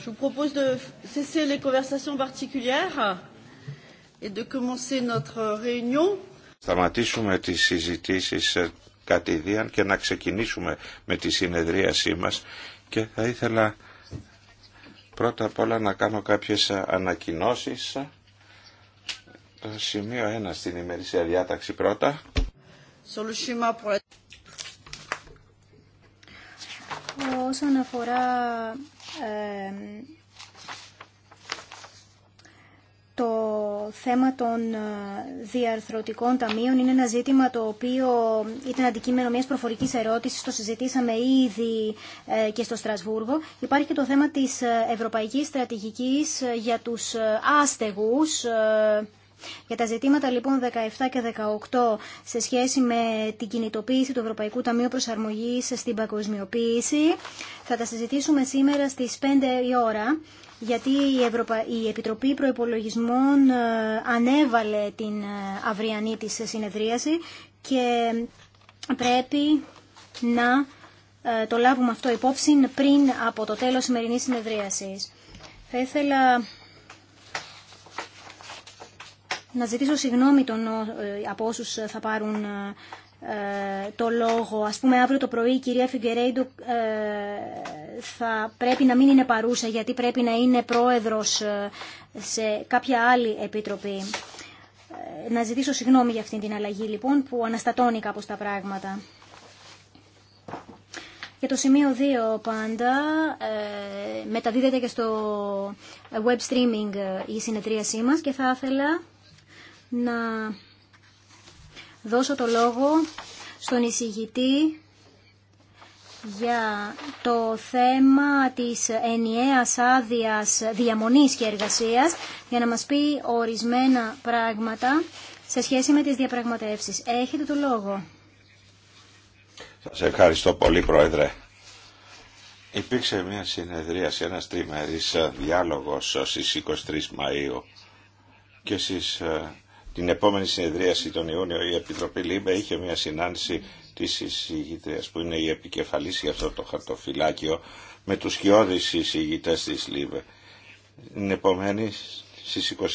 Je vous propose de cesser les conversations particulières et de commencer notre réunion. Σταματήσουμε τις συζητήσεις ε, κατηδίαν και να ξεκινήσουμε με τη συνεδρίασή μας και θα ήθελα πρώτα απ' όλα να κάνω κάποιες ανακοινώσεις. Το σημείο 1 στην ημερήσια διάταξη πρώτα. Όσον αφορά ε, το θέμα των ε, διαρθρωτικών ταμείων είναι ένα ζήτημα το οποίο ήταν αντικείμενο μιας προφορικής ερώτησης, το συζητήσαμε ήδη ε, και στο Στρασβούργο. Υπάρχει και το θέμα της Ευρωπαϊκής Στρατηγικής για τους άστεγους, για τα ζητήματα λοιπόν 17 και 18 σε σχέση με την κινητοποίηση του Ευρωπαϊκού Ταμείου Προσαρμογής στην παγκοσμιοποίηση θα τα συζητήσουμε σήμερα στις 5 η ώρα γιατί η, Επιτροπή Προϋπολογισμών ε, ανέβαλε την ε, αυριανή της συνεδρίαση και πρέπει να ε, το λάβουμε αυτό υπόψη πριν από το τέλος σημερινής συνεδρίασης. Θα ήθελα να ζητήσω συγγνώμη τον, ε, από όσου ε, θα πάρουν ε, το λόγο. Ας πούμε αύριο το πρωί η κυρία Φιγκερέντου θα πρέπει να μην είναι παρούσα γιατί πρέπει να είναι πρόεδρος σε κάποια άλλη επιτροπή. Να ζητήσω συγγνώμη για αυτή την αλλαγή λοιπόν που αναστατώνει κάπως τα πράγματα. Για το σημείο 2 πάντα μεταδίδεται και στο web streaming η συνεδρίασή μας και θα ήθελα να δώσω το λόγο στον εισηγητή για το θέμα της ενιαίας άδειας διαμονής και εργασίας για να μας πει ορισμένα πράγματα σε σχέση με τις διαπραγματεύσεις. Έχετε το λόγο. Σας ευχαριστώ πολύ Πρόεδρε. Υπήρξε μια συνεδρία σε ένας τριμερής διάλογος στις 23 Μαΐου και στις την επόμενη συνεδρίαση τον Ιούνιο η Επιτροπή ΛΥΜΠΕ είχε μια συνάντηση τη εισηγήτριας που είναι η επικεφαλή για αυτό το χαρτοφυλάκιο με του σκιώδεις εισηγητές τη ΛΥΜΠΕ. Την επόμενη στις 22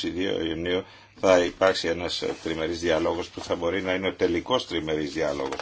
Ιουνίου θα υπάρξει ένα τριμερή διάλογος που θα μπορεί να είναι ο τελικός τριμερής διάλογος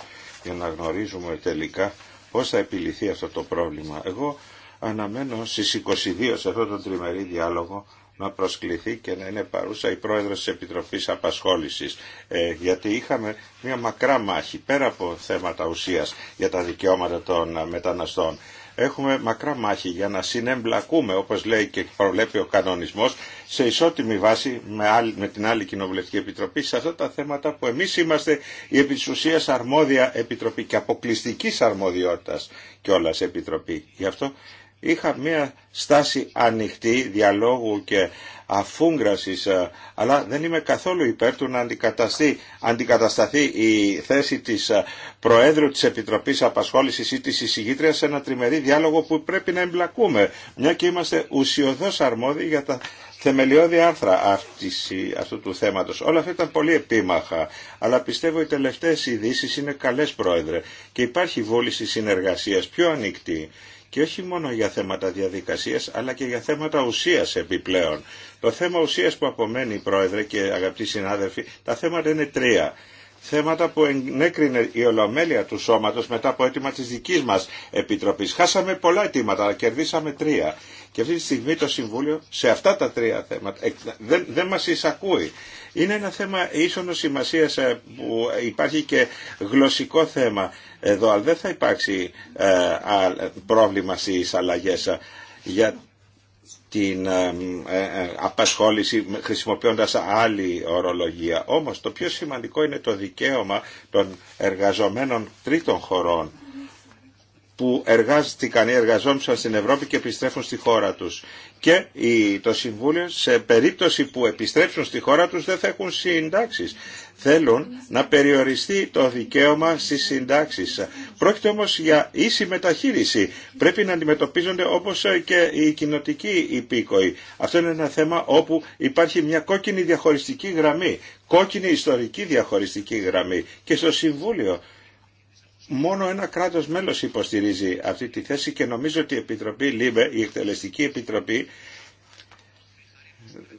για να γνωρίζουμε τελικά πώ θα επιληθεί αυτό το πρόβλημα. Εγώ αναμένω στι 22 σε αυτό το τριμερή διάλογο να προσκληθεί και να είναι παρούσα η πρόεδρος της Επιτροπής Απασχόλησης. Ε, γιατί είχαμε μια μακρά μάχη πέρα από θέματα ουσίας για τα δικαιώματα των μεταναστών. Έχουμε μακρά μάχη για να συνεμπλακούμε, όπως λέει και προβλέπει ο κανονισμός, σε ισότιμη βάση με, με την άλλη Κοινοβουλευτική Επιτροπή σε αυτά τα θέματα που εμείς είμαστε η επί της αρμόδια Επιτροπή και αποκλειστικής αρμοδιότητας κιόλας Επιτροπή. Γι' αυτό είχα μια στάση ανοιχτή διαλόγου και αφούγκρασης, ε, αλλά δεν είμαι καθόλου υπέρ του να αντικατασταθεί η θέση της ε, Προέδρου της Επιτροπής Απασχόλησης ή της εισηγήτριας σε ένα τριμερή διάλογο που πρέπει να εμπλακούμε, μια και είμαστε ουσιοδός αρμόδιοι για τα θεμελιώδη άρθρα αυτής, αυτού του θέματος. Όλα αυτά ήταν πολύ επίμαχα, αλλά πιστεύω οι τελευταίες ειδήσει είναι καλές πρόεδρε και υπάρχει βούληση συνεργασίας πιο ανοιχτή και όχι μόνο για θέματα διαδικασίας αλλά και για θέματα ουσίας επιπλέον. Το θέμα ουσίας που απομένει Πρόεδρε και αγαπητοί συνάδελφοι, τα θέματα είναι τρία θέματα που ενέκρινε η ολομέλεια του σώματος μετά από αίτημα της δικής μας επιτροπής. Χάσαμε πολλά αιτήματα, αλλά κερδίσαμε τρία. Και αυτή τη στιγμή το Συμβούλιο σε αυτά τα τρία θέματα δεν, δεν μας εισακούει. Είναι ένα θέμα ίσονος σημασία ε, που υπάρχει και γλωσσικό θέμα εδώ, αλλά δεν θα υπάρξει ε, πρόβλημα στις αλλαγές ε, για την απασχόληση χρησιμοποιώντας άλλη ορολογία. Όμως το πιο σημαντικό είναι το δικαίωμα των εργαζομένων τρίτων χωρών που εργάστηκαν ή εργαζόντουσαν στην Ευρώπη και επιστρέφουν στη χώρα τους. Και το Συμβούλιο σε περίπτωση που επιστρέψουν στη χώρα τους δεν θα έχουν συντάξεις. Θέλουν να περιοριστεί το δικαίωμα στις συντάξεις. Πρόκειται όμως για ίση μεταχείριση. Πρέπει να αντιμετωπίζονται όπως και οι κοινοτικοί υπήκοοι. Αυτό είναι ένα θέμα όπου υπάρχει μια κόκκινη διαχωριστική γραμμή. Κόκκινη ιστορική διαχωριστική γραμμή. Και στο Συμβούλιο μόνο ένα κράτος μέλος υποστηρίζει αυτή τη θέση και νομίζω ότι η Επιτροπή ΛΥΒΕ, η Εκτελεστική Επιτροπή,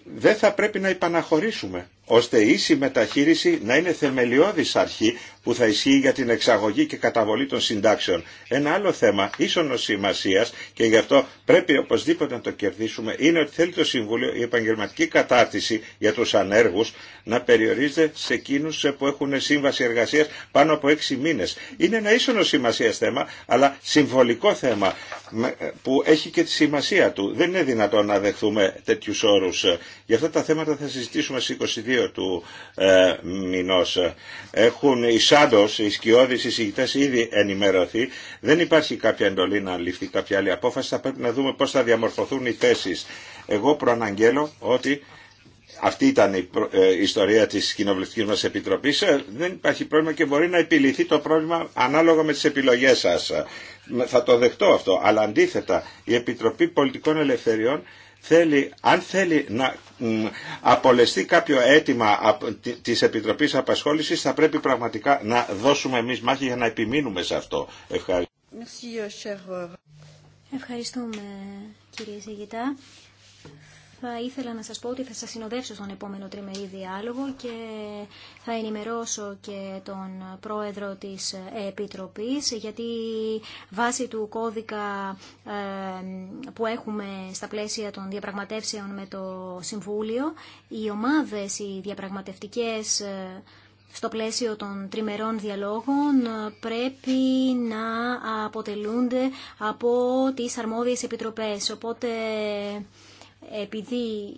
δεν θα πρέπει να υπαναχωρήσουμε ώστε η ίση μεταχείριση να είναι θεμελιώδης αρχή που θα ισχύει για την εξαγωγή και καταβολή των συντάξεων. Ένα άλλο θέμα ίσονος σημασία και γι' αυτό πρέπει οπωσδήποτε να το κερδίσουμε είναι ότι θέλει το Συμβούλιο η επαγγελματική κατάρτιση για τους ανέργους να περιορίζεται σε εκείνους που έχουν σύμβαση εργασίας πάνω από έξι μήνες. Είναι ένα ίσονος σημασία θέμα αλλά συμβολικό θέμα που έχει και τη σημασία του. Δεν είναι δυνατόν να δεχθούμε τέτοιου όρου. Γι' αυτά τα θέματα θα συζητήσουμε στις του ε, Έχουν οι σάντος, οι σκιώδεις, οι ήδη ενημερωθεί. Δεν υπάρχει κάποια εντολή να ληφθεί κάποια άλλη απόφαση. Θα πρέπει να δούμε πώς θα διαμορφωθούν οι θέσει. Εγώ προαναγγέλω ότι αυτή ήταν ε, η ιστορία της κοινοβουλευτικής μας επιτροπής. Ε, δεν υπάρχει πρόβλημα και μπορεί να επιληθεί το πρόβλημα ανάλογα με τις επιλογές σας. Ε, θα το δεχτώ αυτό. Αλλά αντίθετα, η Επιτροπή Πολιτικών Ελευθεριών θέλει, αν θέλει να απολεστεί κάποιο αίτημα της Επιτροπής Απασχόλησης θα πρέπει πραγματικά να δώσουμε εμείς μάχη για να επιμείνουμε σε αυτό. Ευχαριστώ. Ευχαριστούμε κύριε Σιγητά θα ήθελα να σας πω ότι θα σας συνοδεύσω στον επόμενο τριμερή διάλογο και θα ενημερώσω και τον πρόεδρο της Επιτροπής γιατί βάσει του κώδικα ε, που έχουμε στα πλαίσια των διαπραγματεύσεων με το Συμβούλιο οι ομάδες, οι διαπραγματευτικές ε, στο πλαίσιο των τριμερών διαλόγων ε, πρέπει να αποτελούνται από τις αρμόδιες επιτροπές. Οπότε επειδή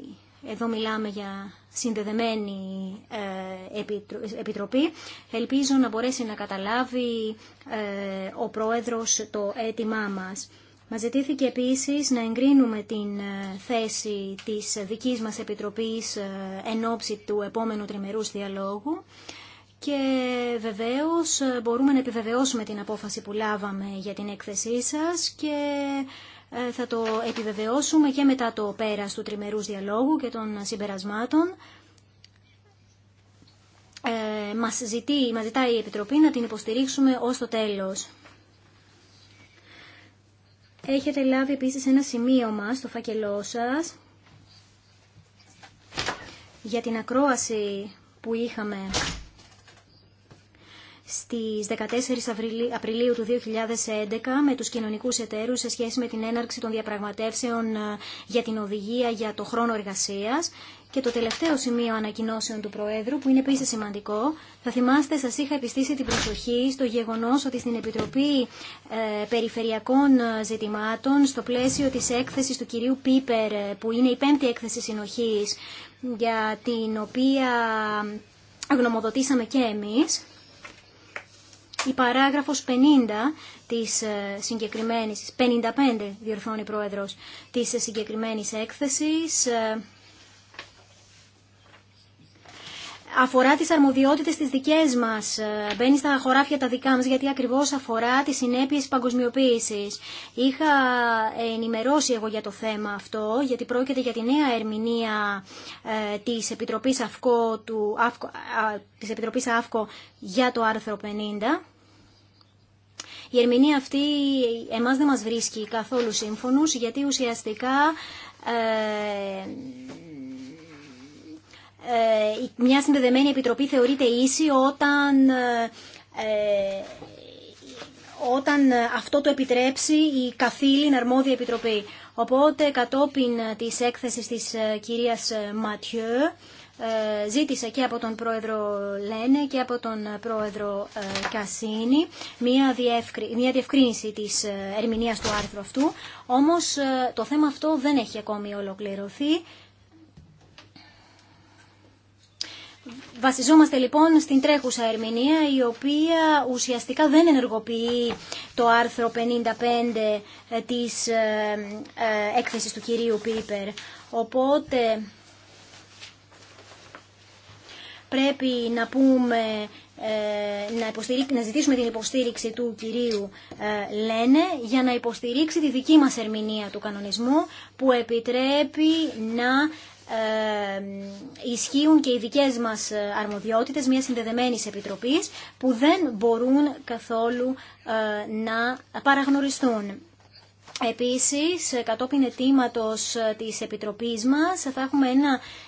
εδώ μιλάμε για συνδεδεμένη ε, επιτροπή. Ελπίζω να μπορέσει να καταλάβει ε, ο Πρόεδρος το αίτημά μας. Μας ζητήθηκε επίσης να εγκρίνουμε την ε, θέση της δικής μας Επιτροπής εν ώψη του επόμενου τριμερούς διαλόγου και βεβαίως μπορούμε να επιβεβαιώσουμε την απόφαση που λάβαμε για την έκθεσή σας και ε, θα το επιβεβαιώσουμε και μετά το πέρας του τριμερούς διαλόγου και των συμπερασμάτων. Ε, μας, ζητεί, μας ζητάει η Επιτροπή να την υποστηρίξουμε ως το τέλος. Έχετε λάβει επίσης ένα σημείωμα στο φακελό σας για την ακρόαση που είχαμε στις 14 Απριλίου του 2011 με τους κοινωνικούς εταίρους σε σχέση με την έναρξη των διαπραγματεύσεων ε, για την οδηγία για το χρόνο εργασίας και το τελευταίο σημείο ανακοινώσεων του Προέδρου, που είναι επίση σημαντικό, θα θυμάστε, σα είχα επιστήσει την προσοχή στο γεγονό ότι στην Επιτροπή ε, Περιφερειακών Ζητημάτων, στο πλαίσιο τη έκθεση του κυρίου Πίπερ, ε, που είναι η πέμπτη έκθεση συνοχή, για την οποία γνωμοδοτήσαμε και εμείς, η παράγραφος 50 της ε, συγκεκριμένης, 55 διορθώνει ο Πρόεδρος, της ε, συγκεκριμένης έκθεσης, ε, αφορά τις αρμοδιότητες της δικές μας, μπαίνει στα χωράφια τα δικά μας, γιατί ακριβώς αφορά τις συνέπειες παγκοσμιοποίησης. Είχα ενημερώσει εγώ για το θέμα αυτό, γιατί πρόκειται για τη νέα ερμηνεία ε, της, Επιτροπής του, της Επιτροπής ΑΦΚΟ για το άρθρο 50. Η ερμηνεία αυτή εμάς δεν μας βρίσκει καθόλου σύμφωνους γιατί ουσιαστικά ε, ε, μια συνδεδεμένη επιτροπή θεωρείται ίση όταν ε, ε, όταν αυτό το επιτρέψει η καθήλυν αρμόδια επιτροπή. Οπότε κατόπιν της έκθεσης της ε, κυρίας Ματιό. Ε, ζήτησα και από τον πρόεδρο Λένε και από τον πρόεδρο ε, Κασίνη μια, μια διευκρίνηση της ε, ερμηνείας του άρθρου αυτού. Όμως το θέμα αυτό δεν έχει ακόμη ολοκληρωθεί. Βασιζόμαστε λοιπόν στην τρέχουσα ερμηνεία η οποία ουσιαστικά δεν ενεργοποιεί το άρθρο 55 της έκθεσης του κυρίου Πίπερ. Οπότε πρέπει να πούμε ε, να, να ζητήσουμε την υποστήριξη του κυρίου ε, Λένε για να υποστηρίξει τη δική μας ερμηνεία του κανονισμού που επιτρέπει να ε, ισχύουν και οι δικές μας αρμοδιότητες μια συνδεδεμένης επιτροπής που δεν μπορούν καθόλου να παραγνωριστούν. Επίσης, κατόπιν ετήματος της Επιτροπής μας, θα έχουμε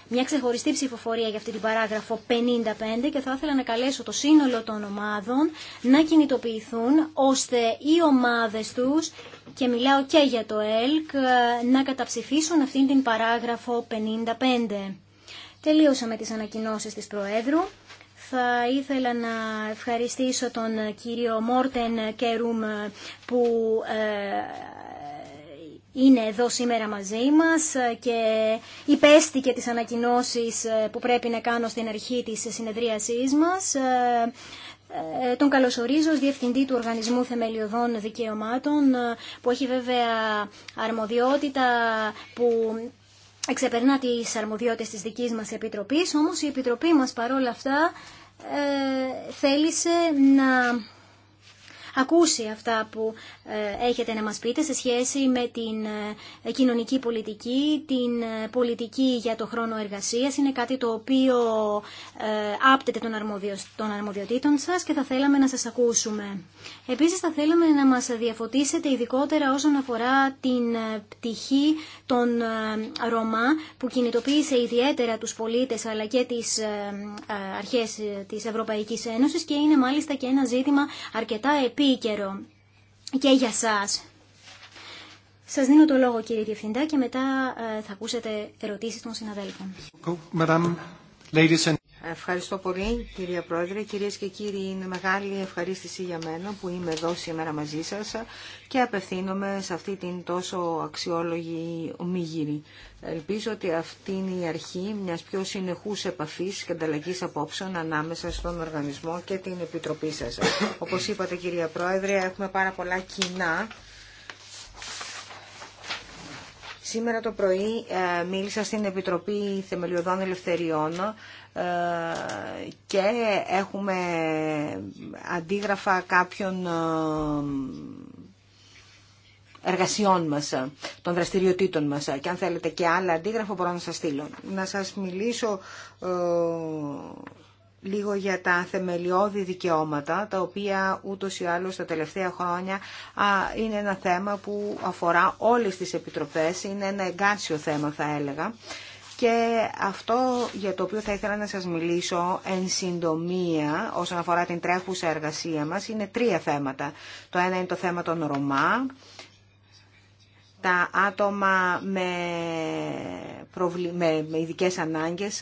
μια ξεχωριστή ψηφοφορία για αυτή την παράγραφο 55 και θα ήθελα να καλέσω το σύνολο των ομάδων να κινητοποιηθούν, ώστε οι ομάδες τους, και μιλάω και για το ΕΛΚ, να καταψηφίσουν αυτήν την παράγραφο 55. Τελείωσα με τις ανακοινώσεις της Προέδρου. Θα ήθελα να ευχαριστήσω τον κύριο Μόρτεν Κέρουμ που ε, είναι εδώ σήμερα μαζί μας ε, και υπέστηκε και τις ανακοινώσεις ε, που πρέπει να κάνω στην αρχή της συνεδρίασής μας. Ε, τον καλωσορίζω ως Διευθυντή του Οργανισμού Θεμελιωδών Δικαιωμάτων που έχει βέβαια αρμοδιότητα που εξεπερνά τις αρμοδιότητες της δικής μας Επιτροπής, όμως η Επιτροπή μας παρόλα αυτά θέλησε να ακούσει αυτά που ε, έχετε να μας πείτε σε σχέση με την ε, κοινωνική πολιτική, την ε, πολιτική για το χρόνο εργασίας. Είναι κάτι το οποίο άπτεται των αρμοδιοτήτων σας και θα θέλαμε να σας ακούσουμε. Επίσης θα θέλαμε να μας διαφωτίσετε ειδικότερα όσον αφορά την πτυχή των Ρωμά που κινητοποίησε ιδιαίτερα τους πολίτες αλλά και τις αρχές της Ευρωπαϊκής Ένωσης και είναι μάλιστα και ένα ζήτημα αρκετά επί Σα και για σας. Σας δίνω το λόγο κύριε Διευθυντά και μετά ε, θα ακούσετε ερωτήσεις των συναδέλφων. Ευχαριστώ πολύ κυρία Πρόεδρε. Κυρίες και κύριοι, είναι μεγάλη ευχαρίστηση για μένα που είμαι εδώ σήμερα μαζί σας και απευθύνομαι σε αυτή την τόσο αξιόλογη ομίγυρη. Ελπίζω ότι αυτή είναι η αρχή μιας πιο συνεχούς επαφής και ανταλλαγής απόψεων ανάμεσα στον οργανισμό και την Επιτροπή σας. Όπως είπατε κυρία Πρόεδρε, έχουμε πάρα πολλά κοινά Σήμερα το πρωί ε, μίλησα στην Επιτροπή Θεμελιωδών Ελευθεριών ε, και έχουμε αντίγραφα κάποιων ε, εργασιών μας, των δραστηριοτήτων μας και αν θέλετε και άλλα αντίγραφα μπορώ να σας στείλω. Να σας μιλήσω λίγο για τα θεμελιώδη δικαιώματα, τα οποία ούτως ή άλλως τα τελευταία χρόνια είναι ένα θέμα που αφορά όλες τις επιτροπές, είναι ένα εγκάσιο θέμα θα έλεγα. Και αυτό για το οποίο θα ήθελα να σας μιλήσω εν συντομία όσον αφορά την τρέχουσα εργασία μας είναι τρία θέματα. Το ένα είναι το θέμα των Ρωμά, τα άτομα με, προβλη... με ανάγκες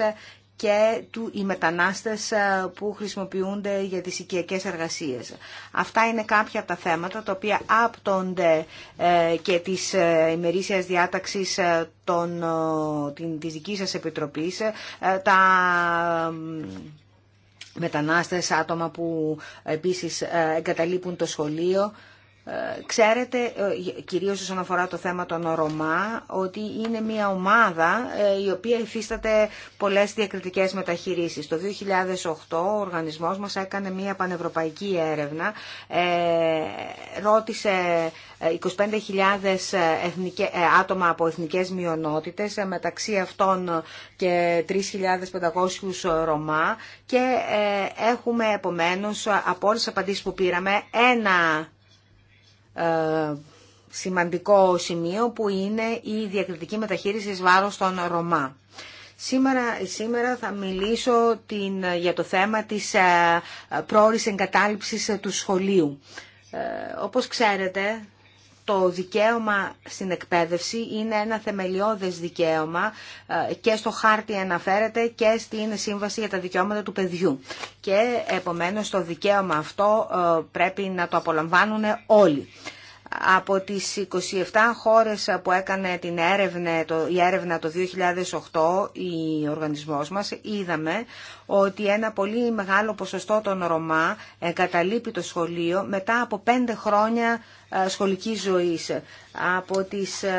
και του, οι μετανάστες ε, που χρησιμοποιούνται για τις οικιακές εργασίες. Αυτά είναι κάποια από τα θέματα τα οποία άπτονται ε, και της ε, ημερήσιας διάταξης των, την, της δικής σας επιτροπής. Τα μετανάστες, άτομα που επίσης εγκαταλείπουν το σχολείο Ξέρετε, ε, κυρίως όσον αφορά το θέμα των Ρωμά, ότι είναι μια ομάδα ε, η οποία υφίσταται πολλές διακριτικές μεταχειρήσεις. Το 2008 ο οργανισμός μας έκανε μια πανευρωπαϊκή έρευνα, ε, ρώτησε 25.000 άτομα από εθνικές μειονότητες, μεταξύ αυτών και 3.500 Ρωμά και έχουμε επομένως από όλες τις απαντήσεις που πήραμε ένα ε, σημαντικό σημείο που είναι η διακριτική μεταχείριση βάρος των Ρωμά. Σήμερα, σήμερα θα μιλήσω την, για το θέμα της ε, πρόορης εγκατάλειψης του σχολείου. Ε, όπως ξέρετε, το δικαίωμα στην εκπαίδευση είναι ένα θεμελιώδες δικαίωμα ε, και στο χάρτη αναφέρεται και στην Σύμβαση για τα Δικαιώματα του Παιδιού. Και επομένως το δικαίωμα αυτό ε, πρέπει να το απολαμβάνουν όλοι. Από τις 27 χώρες που έκανε την έρευνα, το, η έρευνα το 2008, η οργανισμός μας, είδαμε ότι ένα πολύ μεγάλο ποσοστό των Ρωμά εγκαταλείπει το σχολείο μετά από πέντε χρόνια ε, σχολικής ζωής. Από, τις, ε,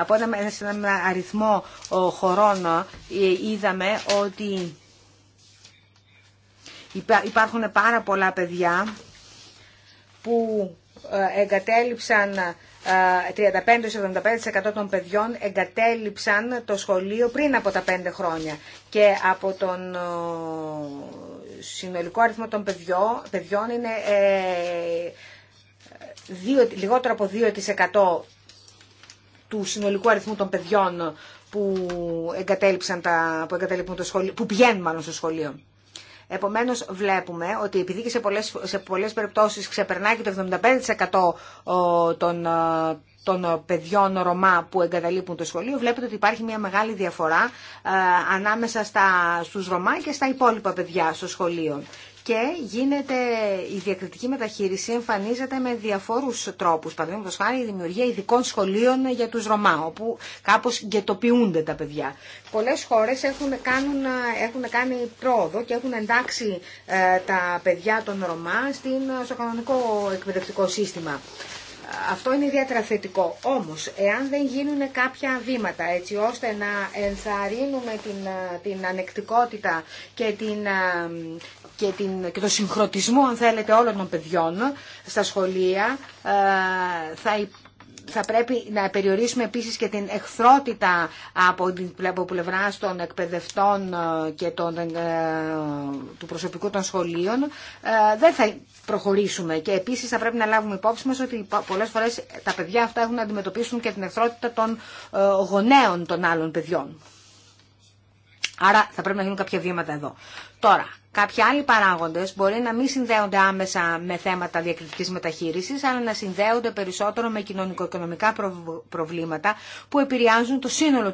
από ένα, αριθμό χωρών ε, είδαμε ότι υπάρχουν πάρα πολλά παιδιά που εγκατέλειψαν 35-75% των παιδιών εγκατέλειψαν το σχολείο πριν από τα 5 χρόνια και από τον συνολικό αριθμό των παιδιών, είναι λιγότερο από 2% του συνολικού αριθμού των παιδιών που, εγκατέλειψαν τα, που, εγκατέλειψαν το σχολείο, που πηγαίνουν μάλλον στο σχολείο. Επομένω, βλέπουμε ότι επειδή και σε πολλέ σε πολλές περιπτώσει ξεπερνάει και το 75% των, ε, των παιδιών Ρωμά που εγκαταλείπουν το σχολείο, βλέπετε ότι υπάρχει μια μεγάλη διαφορά ε, ανάμεσα στα, Ρωμά και στα υπόλοιπα παιδιά στο σχολείο και γίνεται η διακριτική μεταχείριση εμφανίζεται με διαφόρους τρόπους. Παραδείγματο χάρη η δημιουργία ειδικών σχολείων για τους Ρωμά, όπου κάπως γετοποιούνται τα παιδιά. Πολλέ χώρε έχουν, έχουν κάνει πρόοδο και έχουν εντάξει ε, τα παιδιά των Ρωμά στην, στο κανονικό εκπαιδευτικό σύστημα. Αυτό είναι ιδιαίτερα θετικό. Όμως, εάν δεν γίνουν κάποια βήματα έτσι ώστε να ενθαρρύνουμε την, την ανεκτικότητα και, την, και, την, το συγχρονισμό, αν θέλετε, όλων των παιδιών στα σχολεία, θα, θα πρέπει να περιορίσουμε επίσης και την εχθρότητα από την πλευρά των εκπαιδευτών ε, και των, ε, του προσωπικού των σχολείων. Ε, δεν θα προχωρήσουμε και επίσης θα πρέπει να λάβουμε υπόψη μας ότι πολλές φορές τα παιδιά αυτά έχουν να αντιμετωπίσουν και την εχθρότητα των γονέων των άλλων παιδιών. Άρα θα πρέπει να γίνουν κάποια βήματα εδώ. Τώρα, Κάποιοι άλλοι παράγοντες μπορεί να μην συνδέονται άμεσα με θέματα διακριτική μεταχείρισης, αλλά να συνδέονται περισσότερο με κοινωνικο-οικονομικά προβλήματα που επηρεάζουν το σύνολο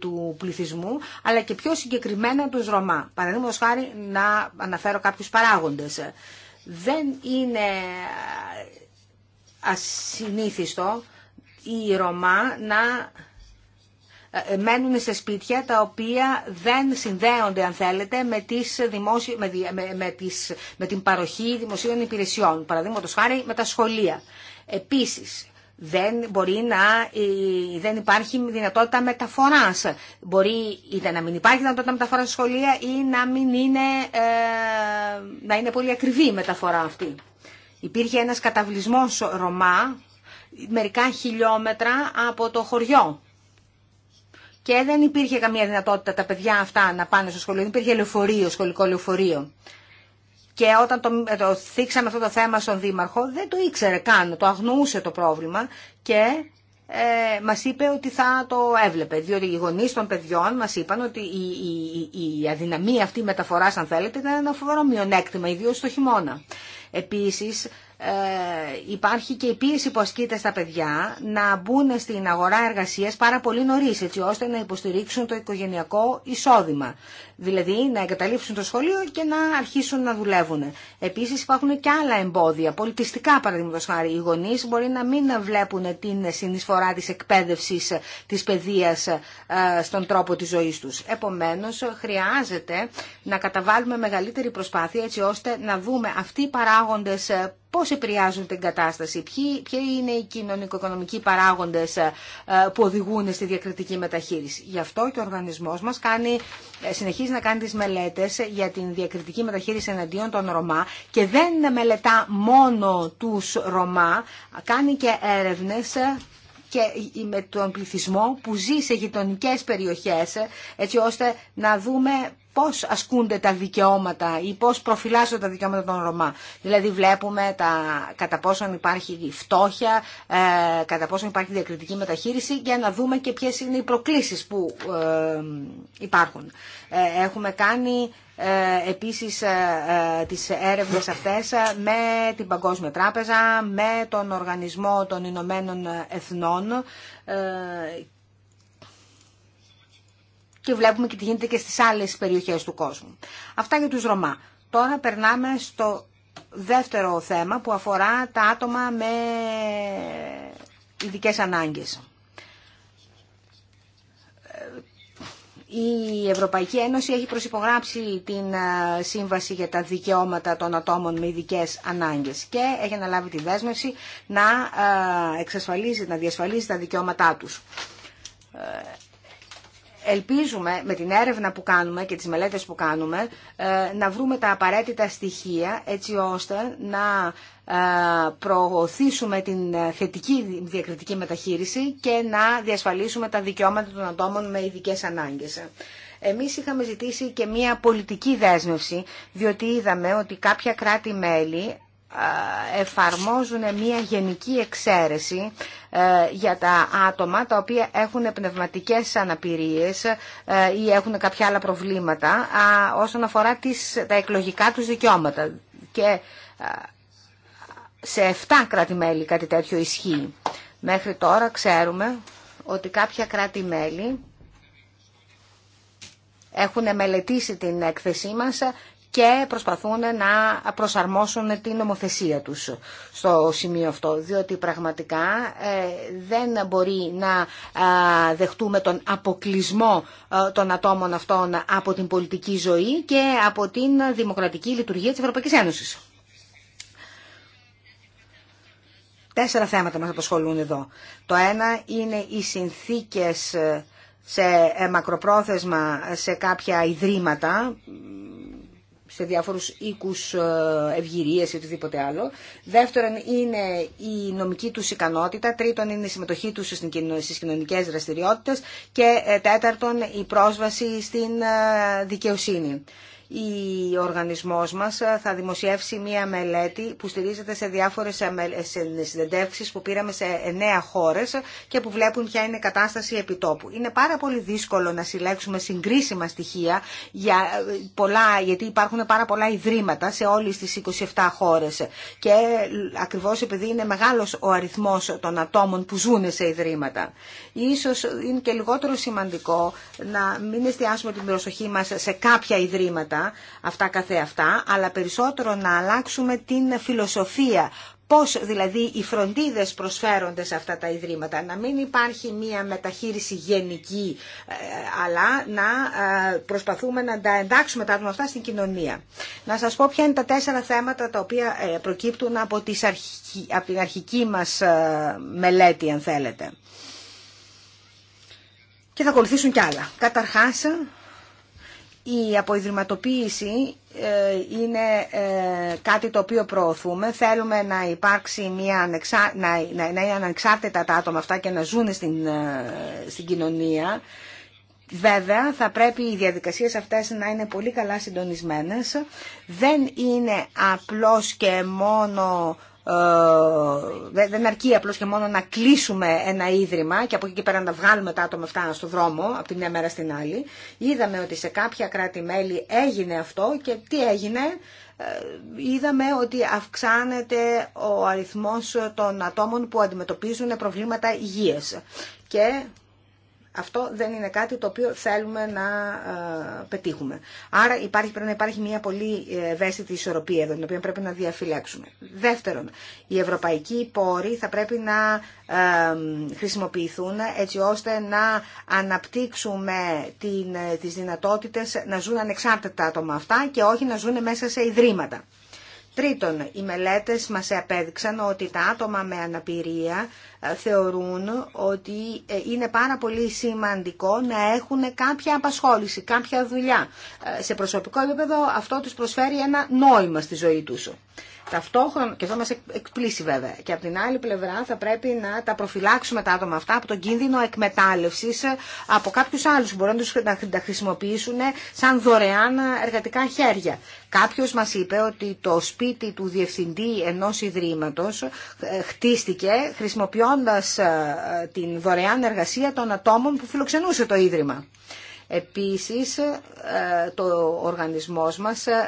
του πληθυσμού, αλλά και πιο συγκεκριμένα τους Ρωμά. Παραδείγματο χάρη να αναφέρω κάποιους παράγοντες. Δεν είναι ασυνήθιστο η Ρωμά να ε, μένουν σε σπίτια τα οποία δεν συνδέονται, αν θέλετε, με, τις με, την παροχή δημοσίων υπηρεσιών, παραδείγματο χάρη με τα σχολεία. Επίσης, δεν, μπορεί να, ε, δεν υπάρχει δυνατότητα μεταφοράς. Μπορεί είτε να μην υπάρχει δυνατότητα μεταφοράς στα σχολεία ή να, μην είναι, ε, να είναι πολύ ακριβή η μεταφορά αυτή. Υπήρχε ένας καταβλισμός Ρωμά, μερικά χιλιόμετρα από το χωριό και δεν υπήρχε καμία δυνατότητα τα παιδιά αυτά να πάνε στο σχολείο. Δεν υπήρχε λεωφορείο, σχολικό λεωφορείο. Και όταν το, ε, το θίξαμε αυτό το θέμα στον Δήμαρχο, δεν το ήξερε καν, το αγνοούσε το πρόβλημα και ε, μας είπε ότι θα το έβλεπε, διότι οι γονείς των παιδιών μας είπαν ότι η, η, αδυναμία αυτή μεταφοράς, αν θέλετε, ήταν ένα φοβερό μειονέκτημα, ιδίως το χειμώνα. Επίσης, ε, υπάρχει και η πίεση που ασκείται στα παιδιά να μπουν στην αγορά εργασίας πάρα πολύ νωρίς, έτσι ώστε να υποστηρίξουν το οικογενειακό εισόδημα δηλαδή να εγκαταλείψουν το σχολείο και να αρχίσουν να δουλεύουν. Επίσης υπάρχουν και άλλα εμπόδια, πολιτιστικά παραδείγματο χάρη. Οι γονείς μπορεί να μην βλέπουν την συνεισφορά της εκπαίδευσης της παιδείας ε, στον τρόπο της ζωής τους. Επομένως χρειάζεται να καταβάλουμε μεγαλύτερη προσπάθεια έτσι ώστε να δούμε αυτοί οι παράγοντες ε, πώς επηρεάζουν την κατάσταση, ποιοι, ποιοι είναι οι κοινωνικο-οικονομικοί παράγοντες ε, που οδηγούν στη διακριτική μεταχείριση. Γι' αυτό και ο οργανισμός μας κάνει, να κάνει τις μελέτες για την διακριτική μεταχείριση εναντίον των Ρωμά και δεν μελετά μόνο τους Ρωμά, κάνει και έρευνες και με τον πληθυσμό που ζει σε γειτονικέ περιοχές, έτσι ώστε να δούμε πώς ασκούνται τα δικαιώματα ή πώς προφυλάσσονται τα δικαιώματα των Ρωμά. Δηλαδή βλέπουμε τα, κατά πόσον υπάρχει φτώχεια, ε, κατά πόσον υπάρχει διακριτική μεταχείριση για να δούμε και ποιες είναι οι προκλήσεις που ε, υπάρχουν. Ε, έχουμε κάνει ε, επίσης τις έρευνες αυτές με την Παγκόσμια Τράπεζα, με τον Οργανισμό των Ηνωμένων Εθνών και βλέπουμε και τι γίνεται και στις άλλες περιοχές του κόσμου. Αυτά για τους Ρωμά. Τώρα περνάμε στο δεύτερο θέμα που αφορά τα άτομα με ειδικέ ανάγκες. Ε, η Ευρωπαϊκή Ένωση έχει προσυπογράψει την ε, Σύμβαση για τα Δικαιώματα των Ατόμων με ειδικέ Ανάγκες και έχει αναλάβει τη δέσμευση να ε, εξασφαλίσει, να διασφαλίζει τα δικαιώματά τους ελπίζουμε με την έρευνα που κάνουμε και τις μελέτες που κάνουμε ε, να βρούμε τα απαραίτητα στοιχεία έτσι ώστε να ε, προωθήσουμε την θετική διακριτική μεταχείριση και να διασφαλίσουμε τα δικαιώματα των ατόμων με ειδικές ανάγκες. Εμείς είχαμε ζητήσει και μία πολιτική δέσμευση, διότι είδαμε ότι κάποια κράτη-μέλη εφαρμόζουν μια γενική εξαίρεση ε, για τα άτομα τα οποία έχουν πνευματικές αναπηρίες ε, ή έχουν κάποια άλλα προβλήματα όσον αφορά τις, τα εκλογικά τους δικαιώματα. Και ε, σε 7 κράτη-μέλη κάτι τέτοιο ισχύει. Μέχρι τώρα ξέρουμε ότι κάποια κράτη-μέλη έχουν μελετήσει την έκθεσή μας και προσπαθούν να προσαρμόσουν την νομοθεσία τους στο σημείο αυτό, διότι πραγματικά ε, δεν μπορεί να δεχτούμε τον αποκλεισμό ε, των ατόμων αυτών από την πολιτική ζωή και από την δημοκρατική λειτουργία της Ευρωπαϊκής Ένωσης. Τέσσερα θέματα μας απασχολούν εδώ. Το ένα είναι οι συνθήκες ε, σε μακροπρόθεσμα σε κάποια ιδρύματα, σε διάφορους οίκους ε, ευγυρίες ή οτιδήποτε άλλο. Δεύτερον είναι η νομική τους ικανότητα. Τρίτον είναι η συμμετοχή τους στις κοινωνικές δραστηριότητες. Και ε, τέταρτον η πρόσβαση στην ε, δικαιοσύνη ο οργανισμός μας θα δημοσιεύσει μία μελέτη που στηρίζεται σε διάφορες συνεντεύξεις που πήραμε σε εννέα χώρες και που βλέπουν ποια είναι η κατάσταση επιτόπου. Είναι πάρα πολύ δύσκολο να συλλέξουμε συγκρίσιμα στοιχεία για πολλά, γιατί υπάρχουν πάρα πολλά ιδρύματα σε όλες τις 27 χώρες και ακριβώς επειδή είναι μεγάλος ο αριθμός των ατόμων που ζουν σε ιδρύματα. Ίσως είναι και λιγότερο σημαντικό να μην εστιάσουμε την προσοχή μας σε κάποια ιδρύματα πράγματα, αυτά καθεαυτά, αλλά περισσότερο να αλλάξουμε την φιλοσοφία πώς δηλαδή οι φροντίδες προσφέρονται σε αυτά τα ιδρύματα. Να μην υπάρχει μία μεταχείριση γενική, ε, αλλά να ε, προσπαθούμε να τα εντάξουμε τα άτομα αυτά στην κοινωνία. Να σας πω ποια είναι τα τέσσερα θέματα τα οποία ε, προκύπτουν από, την αρχική μας μελέτη, αν θέλετε. Και θα ακολουθήσουν κι άλλα. Καταρχάς, η αποϊδρυματοποίηση ε, είναι ε, κάτι το οποίο προωθούμε. Θέλουμε να υπάρξει μια να, να, να είναι ανεξάρτητα τα άτομα αυτά και να ζουν στην, ε, στην κοινωνία. Βέβαια, θα πρέπει οι διαδικασίες αυτές να είναι πολύ καλά συντονισμένες. Δεν είναι απλώς και μόνο ε, δεν αρκεί απλώς και μόνο να κλείσουμε ένα ίδρυμα και από εκεί και πέρα να βγάλουμε τα άτομα αυτά στο δρόμο από τη μια μέρα στην άλλη. Είδαμε ότι σε κάποια κράτη-μέλη έγινε αυτό και τι έγινε. Ε, είδαμε ότι αυξάνεται ο αριθμός των ατόμων που αντιμετωπίζουν προβλήματα υγείας. Και αυτό δεν είναι κάτι το οποίο θέλουμε να ε, πετύχουμε. Άρα υπάρχει, πρέπει να υπάρχει μια πολύ ε, ευαίσθητη ισορροπία εδώ, την οποία πρέπει να διαφυλάξουμε. Δεύτερον, οι ευρωπαϊκοί πόροι θα πρέπει να ε, χρησιμοποιηθούν έτσι ώστε να αναπτύξουμε την, τις δυνατότητες να ζουν ανεξάρτητα άτομα αυτά και όχι να ζουν μέσα σε ιδρύματα. Τρίτον, οι μελέτες μας απέδειξαν ότι τα άτομα με αναπηρία ε, θεωρούν ότι ε, είναι πάρα πολύ σημαντικό να έχουν κάποια απασχόληση, κάποια δουλειά. Ε, σε προσωπικό επίπεδο αυτό τους προσφέρει ένα νόημα στη ζωή τους. Ταυτόχρονα, και αυτό μας εκπλήσει βέβαια, και από την άλλη πλευρά θα πρέπει να τα προφυλάξουμε τα άτομα αυτά από τον κίνδυνο εκμετάλλευση ε, από κάποιους άλλους που μπορούν να τα χρησιμοποιήσουν ε, σαν δωρεάν ε, εργατικά χέρια. Κάποιο μας είπε ότι το σπίτι του διευθυντή ενό ιδρύματος χτίστηκε χρησιμοποιώντα την δωρεάν εργασία των ατόμων που φιλοξενούσε το ίδρυμα. Επίσης, ε, το οργανισμός μας ε,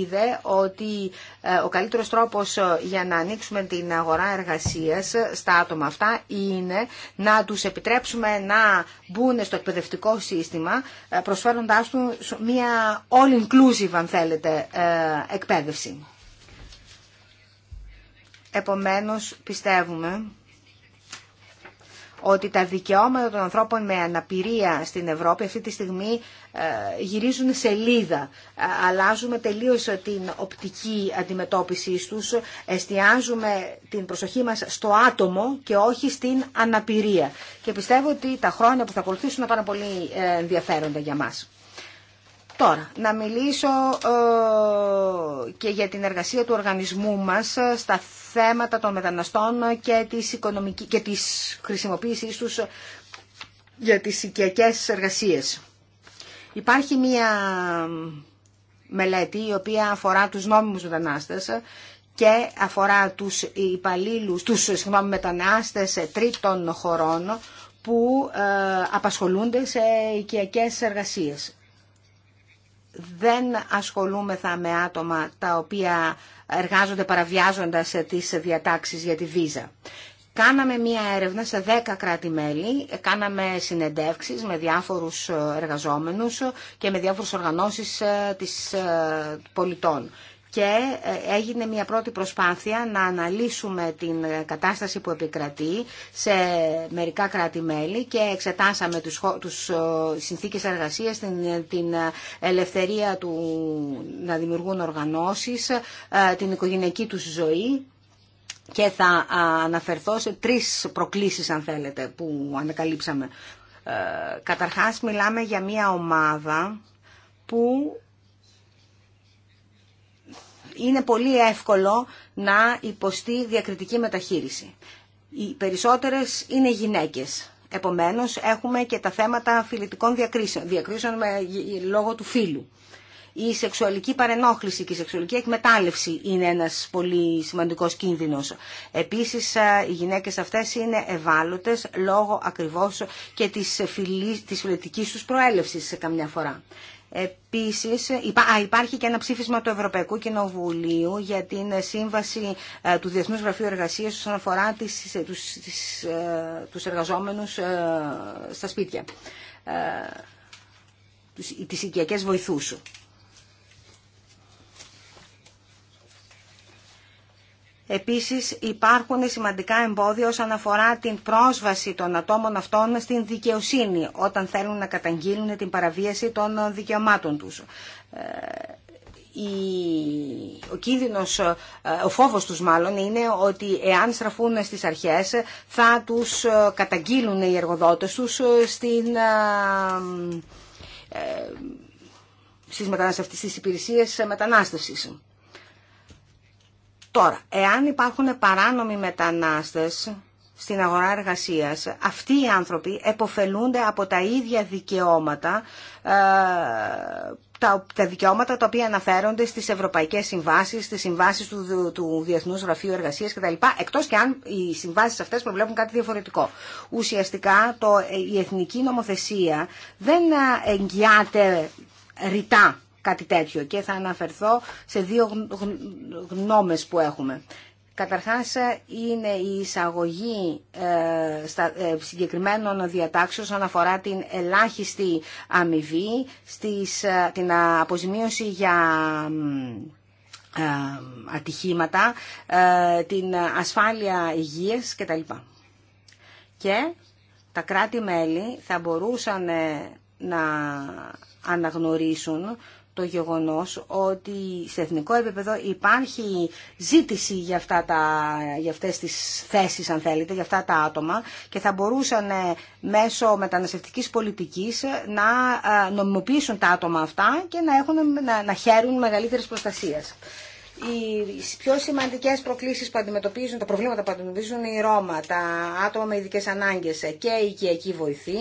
είδε ότι ε, ο καλύτερος τρόπος για να ανοίξουμε την αγορά εργασίας στα άτομα αυτά είναι να τους επιτρέψουμε να μπουν στο εκπαιδευτικό σύστημα προσφέροντάς τους μια all-inclusive, αν θέλετε, εκπαίδευση. Επομένως, πιστεύουμε ότι τα δικαιώματα των ανθρώπων με αναπηρία στην Ευρώπη αυτή τη στιγμή ε, γυρίζουν σελίδα. Ε, αλλάζουμε τελείως ε, την οπτική αντιμετώπιση τους, εστιάζουμε την προσοχή μας στο άτομο και όχι στην αναπηρία. Και πιστεύω ότι τα χρόνια που θα ακολουθήσουν θα πάρα πολύ ενδιαφέροντα για μας. Τώρα, να μιλήσω ε, και για την εργασία του οργανισμού μας ε, στα θέματα των μεταναστών και της, οικονομική, και της χρησιμοποίησής τους για τις οικιακές εργασίες. Υπάρχει μία μελέτη η οποία αφορά τους νόμιμους μετανάστες και αφορά τους υπαλλήλους, τους συγγνώμη, μετανάστες τρίτων χωρών που ε, απασχολούνται σε οικιακές εργασίες δεν ασχολούμεθα με άτομα τα οποία εργάζονται παραβιάζοντας τις διατάξεις για τη βίζα. Κάναμε μία έρευνα σε 10 κράτη-μέλη, κάναμε συνεντεύξεις με διάφορους εργαζόμενους και με διάφορες οργανώσεις ε, της ε, πολιτών και ε, έγινε μια πρώτη προσπάθεια να αναλύσουμε την ε, κατάσταση που επικρατεί σε μερικά κράτη-μέλη και εξετάσαμε τους, τους ε, συνθήκες εργασίας, την, την ελευθερία του να δημιουργούν οργανώσεις, την οικογενειακή τους ζωή και θα αναφερθώ σε τρεις προκλήσεις αν θέλετε που ανακαλύψαμε. Καταρχάς μιλάμε για μια ομάδα που είναι πολύ εύκολο να υποστεί διακριτική μεταχείριση. Οι περισσότερες είναι γυναίκες. Επομένως, έχουμε και τα θέματα φιλετικών διακρίσεων, διακρίσεων λόγω του φίλου. Η σεξουαλική παρενόχληση και η σεξουαλική εκμετάλλευση είναι ένας πολύ σημαντικός κίνδυνος. Επίσης, ε, οι γυναίκες αυτές είναι ευάλωτες λόγω ακριβώς και της, της φιλετικής τους προέλευσης σε καμιά φορά. Επίσης υπάρχει και ένα ψήφισμα του Ευρωπαϊκού Κοινοβουλίου για την σύμβαση ε, του Διεθνού Γραφείου εργασία όσον αφορά τις, ε, ε, εργαζόμενους στα σπίτια, τις οικιακές βοηθούς. Επίσης υπάρχουν σημαντικά εμπόδια όσον αφορά την πρόσβαση των ατόμων αυτών στην δικαιοσύνη όταν θέλουν να καταγγείλουν την παραβίαση των δικαιωμάτων τους. Ε, ο κίνδυνος, ε, ο φόβος τους μάλλον είναι ότι εάν στραφούν στις αρχές θα τους ε, καταγγείλουν οι εργοδότες τους στην στις, μετανάστευση. στις υπηρεσίες μετανάστευσης. Τώρα, εάν υπάρχουν παράνομοι μετανάστες στην αγορά εργασίας, αυτοί οι άνθρωποι εποφελούνται από τα ίδια δικαιώματα, ε, τα, δικαιώματα τα οποία αναφέρονται στις ευρωπαϊκές συμβάσεις, στις συμβάσεις του, του Διεθνούς Γραφείου Εργασίας κτλ. Εκτός και αν οι συμβάσεις αυτές προβλέπουν κάτι διαφορετικό. Ουσιαστικά το, η εθνική νομοθεσία δεν ε, εγγυάται ρητά κάτι τέτοιο και θα αναφερθώ σε δύο γνώμες που έχουμε. Καταρχάς ε, είναι η εισαγωγή ε, ε, συγκεκριμένων διατάξεων όσον αφορά την ελάχιστη αμοιβή, στις, την αποζημίωση για ατυχήματα, την ασφάλεια υγείας κτλ. Και τα κράτη-μέλη θα μπορούσαν να αναγνωρίσουν το γεγονός ότι σε εθνικό επίπεδο υπάρχει ζήτηση για, αυτά τα, για αυτές τις θέσεις, αν θέλετε, για αυτά τα άτομα και θα μπορούσαν ε, μέσω μεταναστευτικής πολιτικής ε, να ε, νομιμοποιήσουν τα άτομα αυτά και να, έχουν, να, να χαίρουν μεγαλύτερης προστασίας οι πιο σημαντικές προκλήσεις που αντιμετωπίζουν, τα προβλήματα που αντιμετωπίζουν οι Ρώμα, τα άτομα με ειδικέ ανάγκε και η οικιακή βοηθή,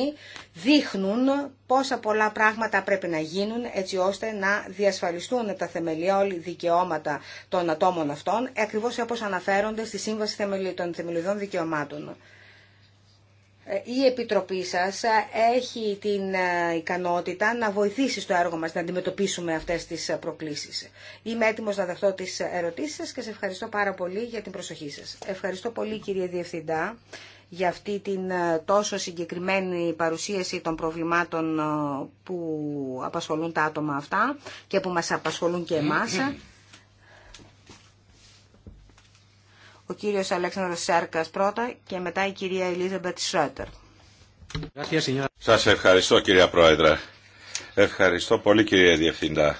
δείχνουν πόσα πολλά πράγματα πρέπει να γίνουν έτσι ώστε να διασφαλιστούν τα θεμελιώδη δικαιώματα των ατόμων αυτών, ακριβώ όπως αναφέρονται στη Σύμβαση των Θεμελιωδών Δικαιωμάτων. Ε, η Επιτροπή σας ε, έχει την ε, ικανότητα να βοηθήσει στο έργο μας να αντιμετωπίσουμε αυτές τις προκλήσεις. Είμαι έτοιμος να δεχτώ τις ερωτήσεις σας και σε ευχαριστώ πάρα πολύ για την προσοχή σας. Ευχαριστώ πολύ κύριε Διευθυντά για αυτή την τόσο συγκεκριμένη παρουσίαση των προβλημάτων που απασχολούν τα άτομα αυτά και που μας απασχολούν και εμάς. Ο κύριος Αλέξανδρος Σάρκας πρώτα και μετά η κυρία Ελίζαμπετ Σρότερ. Σας ευχαριστώ κυρία Πρόεδρε. Ευχαριστώ πολύ κυρία Διευθυντά.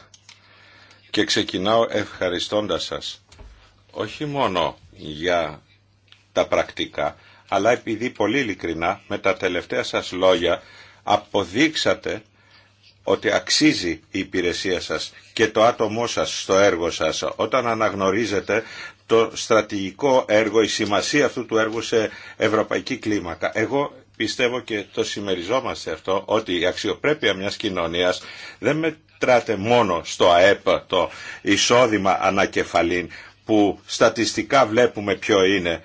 Και ξεκινάω ευχαριστώντας σας. Όχι μόνο για τα πρακτικά, αλλά επειδή πολύ ειλικρινά με τα τελευταία σας λόγια αποδείξατε ότι αξίζει η υπηρεσία σας και το άτομό σας στο έργο σας όταν αναγνωρίζετε το στρατηγικό έργο, η σημασία αυτού του έργου σε ευρωπαϊκή κλίμακα. Εγώ πιστεύω και το συμμεριζόμαστε αυτό, ότι η αξιοπρέπεια μιας κοινωνίας δεν μετράται μόνο στο ΑΕΠ το εισόδημα ανακεφαλήν, που στατιστικά βλέπουμε ποιο είναι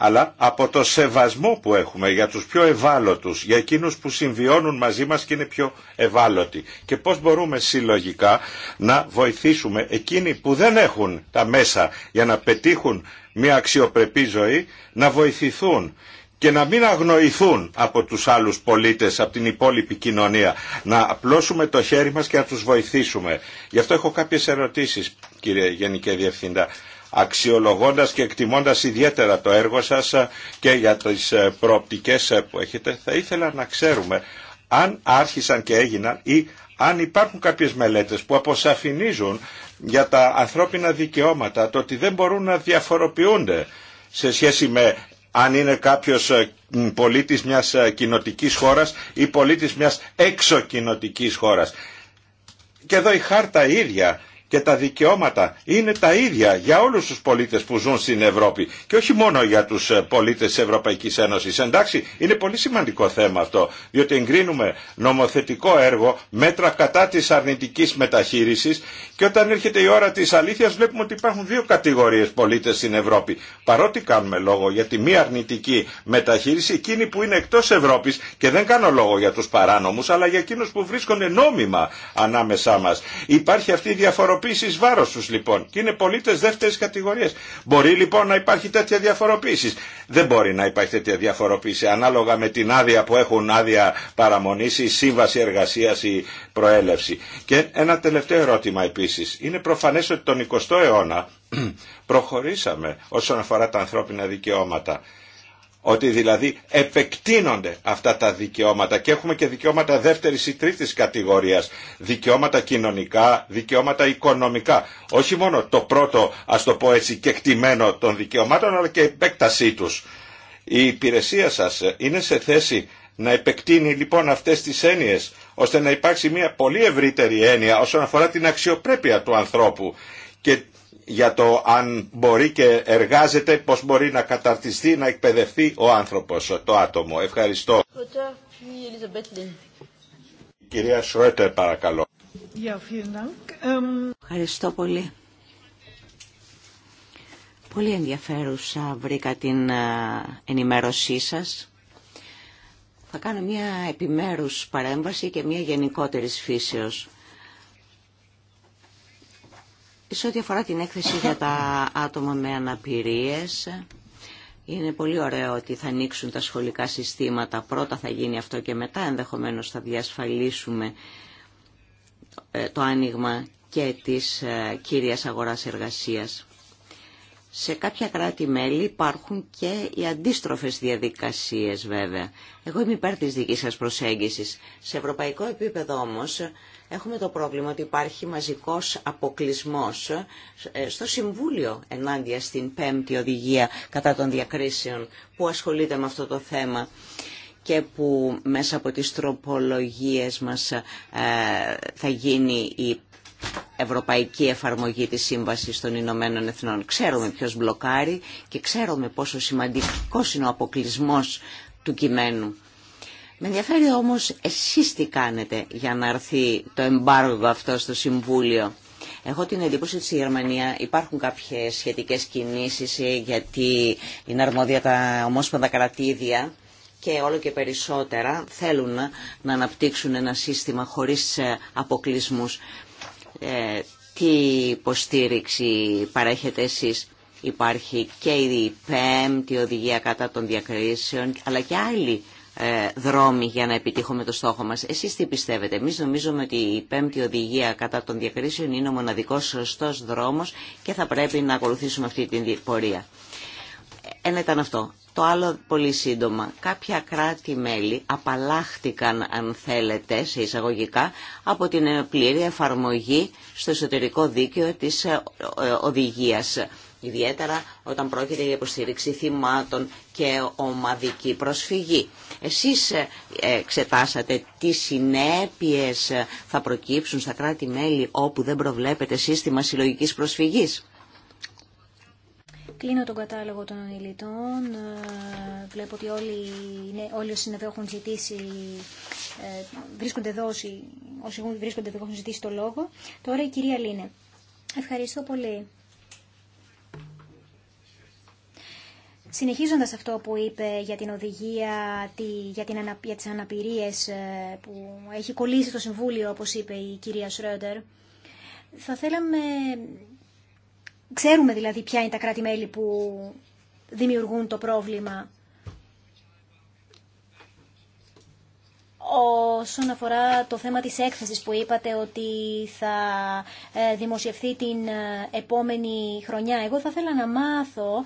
αλλά από το σεβασμό που έχουμε για τους πιο ευάλωτους, για εκείνους που συμβιώνουν μαζί μας και είναι πιο ευάλωτοι. Και πώς μπορούμε συλλογικά να βοηθήσουμε εκείνοι που δεν έχουν τα μέσα για να πετύχουν μια αξιοπρεπή ζωή, να βοηθηθούν και να μην αγνοηθούν από τους άλλους πολίτες, από την υπόλοιπη κοινωνία. Να απλώσουμε το χέρι μας και να τους βοηθήσουμε. Γι' αυτό έχω κάποιες ερωτήσεις, κύριε Γενική Διευθυντά αξιολογώντας και εκτιμώντας ιδιαίτερα το έργο σας ε, και για τις ε, προοπτικές ε, που έχετε, θα ήθελα να ξέρουμε αν άρχισαν και έγιναν ή αν υπάρχουν κάποιες μελέτες που αποσαφηνίζουν για τα ανθρώπινα δικαιώματα το ότι δεν μπορούν να διαφοροποιούνται σε σχέση με αν είναι κάποιος πολίτης μιας κοινοτικής χώρας ή πολίτης μιας έξω χώρας. Και εδώ η πολιτης μιας εξωκοινοτικης χωρας και ίδια και τα δικαιώματα είναι τα ίδια για όλους τους πολίτες που ζουν στην Ευρώπη και όχι μόνο για τους ε, πολίτες της Ευρωπαϊκής Ένωσης. Εντάξει, είναι πολύ σημαντικό θέμα αυτό, διότι εγκρίνουμε νομοθετικό έργο, μέτρα κατά της αρνητικής μεταχείρισης και όταν έρχεται η ώρα της αλήθειας βλέπουμε ότι υπάρχουν δύο κατηγορίες πολίτες στην Ευρώπη. Παρότι κάνουμε λόγο για τη μη αρνητική μεταχείριση, εκείνη που είναι εκτός Ευρώπης και δεν κάνω λόγο για τους παράνομους, αλλά για εκείνους που βρίσκονται νόμιμα ανάμεσά μας. Υπάρχει αυτή η διαφοροποίηση βάρο βάρος λοιπόν και είναι πολίτε δεύτερη κατηγορία. Μπορεί λοιπόν να υπάρχει τέτοια διαφοροποίηση. Δεν μπορεί να υπάρχει τέτοια διαφοροποίηση ανάλογα με την άδεια που έχουν άδεια παραμονής ή σύμβαση εργασία ή προέλευση. Και ένα τελευταίο ερώτημα επίση Είναι προφανέ ότι τον 20ο αιώνα προχωρήσαμε όσον αφορά τα ανθρώπινα δικαιώματα ότι δηλαδή επεκτείνονται αυτά τα δικαιώματα και έχουμε και δικαιώματα δεύτερης ή τρίτης κατηγορίας, δικαιώματα κοινωνικά, δικαιώματα οικονομικά. Όχι μόνο το πρώτο, ας το πω έτσι, κεκτημένο των δικαιωμάτων, αλλά και επέκτασή τους. Η υπηρεσία σας είναι σε θέση να επεκτείνει λοιπόν αυτές τις έννοιες, ώστε να υπάρξει μια πολύ ευρύτερη έννοια όσον αφορά την αξιοπρέπεια του ανθρώπου και για το αν μπορεί και εργάζεται, πώς μπορεί να καταρτιστεί, να εκπαιδευτεί ο άνθρωπος, το άτομο. Ευχαριστώ. κυρία Σρέτερ παρακαλώ. Ευχαριστώ πολύ. Πολύ ενδιαφέρουσα βρήκα την ε, ενημέρωσή σας. Θα κάνω μια επιμέρους παρέμβαση και μια γενικότερη φύσεως. Σε ό,τι αφορά την έκθεση για τα άτομα με αναπηρίες, είναι πολύ ωραίο ότι θα ανοίξουν τα σχολικά συστήματα. Πρώτα θα γίνει αυτό και μετά ενδεχομένως θα διασφαλίσουμε ε, το άνοιγμα και της ε, κύριας αγοράς εργασίας. Σε κάποια κράτη-μέλη υπάρχουν και οι αντίστροφες διαδικασίες βέβαια. Εγώ είμαι υπέρ της δικής σας προσέγγισης. Σε ευρωπαϊκό επίπεδο όμως Έχουμε το πρόβλημα ότι υπάρχει μαζικός αποκλισμός ε, στο Συμβούλιο ενάντια στην πέμπτη οδηγία κατά των διακρίσεων που ασχολείται με αυτό το θέμα και που μέσα από τις τροπολογίες μας ε, θα γίνει η ευρωπαϊκή εφαρμογή της Σύμβασης των Ηνωμένων Εθνών. Ξέρουμε ποιος μπλοκάρει και ξέρουμε πόσο σημαντικός είναι ο αποκλεισμός του κειμένου. Με ενδιαφέρει όμως εσείς τι κάνετε για να έρθει το εμπάργο αυτό στο Συμβούλιο. Έχω την εντύπωση ότι στη Γερμανία υπάρχουν κάποιες σχετικές κινήσεις ε, γιατί είναι αρμόδια τα ομόσπονδα κρατήδια και όλο και περισσότερα θέλουν να αναπτύξουν ένα σύστημα χωρίς ε, αποκλεισμούς. Ε, τι υποστήριξη παρέχετε εσείς. Υπάρχει και η ΠΕΜ, τη Οδηγία κατά των Διακρίσεων, αλλά και άλλοι ε, δρόμοι για να επιτύχουμε το στόχο μας. Εσείς τι πιστεύετε. Εμείς νομίζουμε ότι η πέμπτη οδηγία κατά των διακρίσεων είναι ο μοναδικός σωστός δρόμος και θα πρέπει να ακολουθήσουμε αυτή την πορεία. Ένα ήταν αυτό. Το άλλο πολύ σύντομα. Κάποια κράτη-μέλη απαλλάχτηκαν, αν θέλετε, σε εισαγωγικά, από την πλήρη εφαρμογή στο εσωτερικό δίκαιο της ε, ε, οδηγίας ιδιαίτερα όταν πρόκειται για υποστήριξη θυμάτων και ομαδική προσφυγή. Εσείς ε, εξετάσατε τι συνέπειες θα προκύψουν στα κράτη-μέλη όπου δεν προβλέπετε σύστημα συλλογικής προσφυγής. Κλείνω τον κατάλογο των ομιλητών. Ε, βλέπω ότι όλοι, ναι, όλοι έχουν ζητήσει, ε, βρίσκονται εδώ όσοι βρίσκονται εδώ έχουν ζητήσει το λόγο. Τώρα η κυρία Λίνε. Ευχαριστώ πολύ. Συνεχίζοντας αυτό που είπε για την οδηγία, για, την ανα, τις αναπηρίες ε, που έχει κολλήσει το Συμβούλιο, όπως είπε η κυρία Σρόντερ, θα θέλαμε... Ξέρουμε δηλαδή ποια είναι τα κράτη-μέλη που δημιουργούν το πρόβλημα. όσον αφορά το θέμα της έκθεσης που είπατε ότι θα ε, δημοσιευθεί την ε, επόμενη χρονιά. Εγώ θα ήθελα να μάθω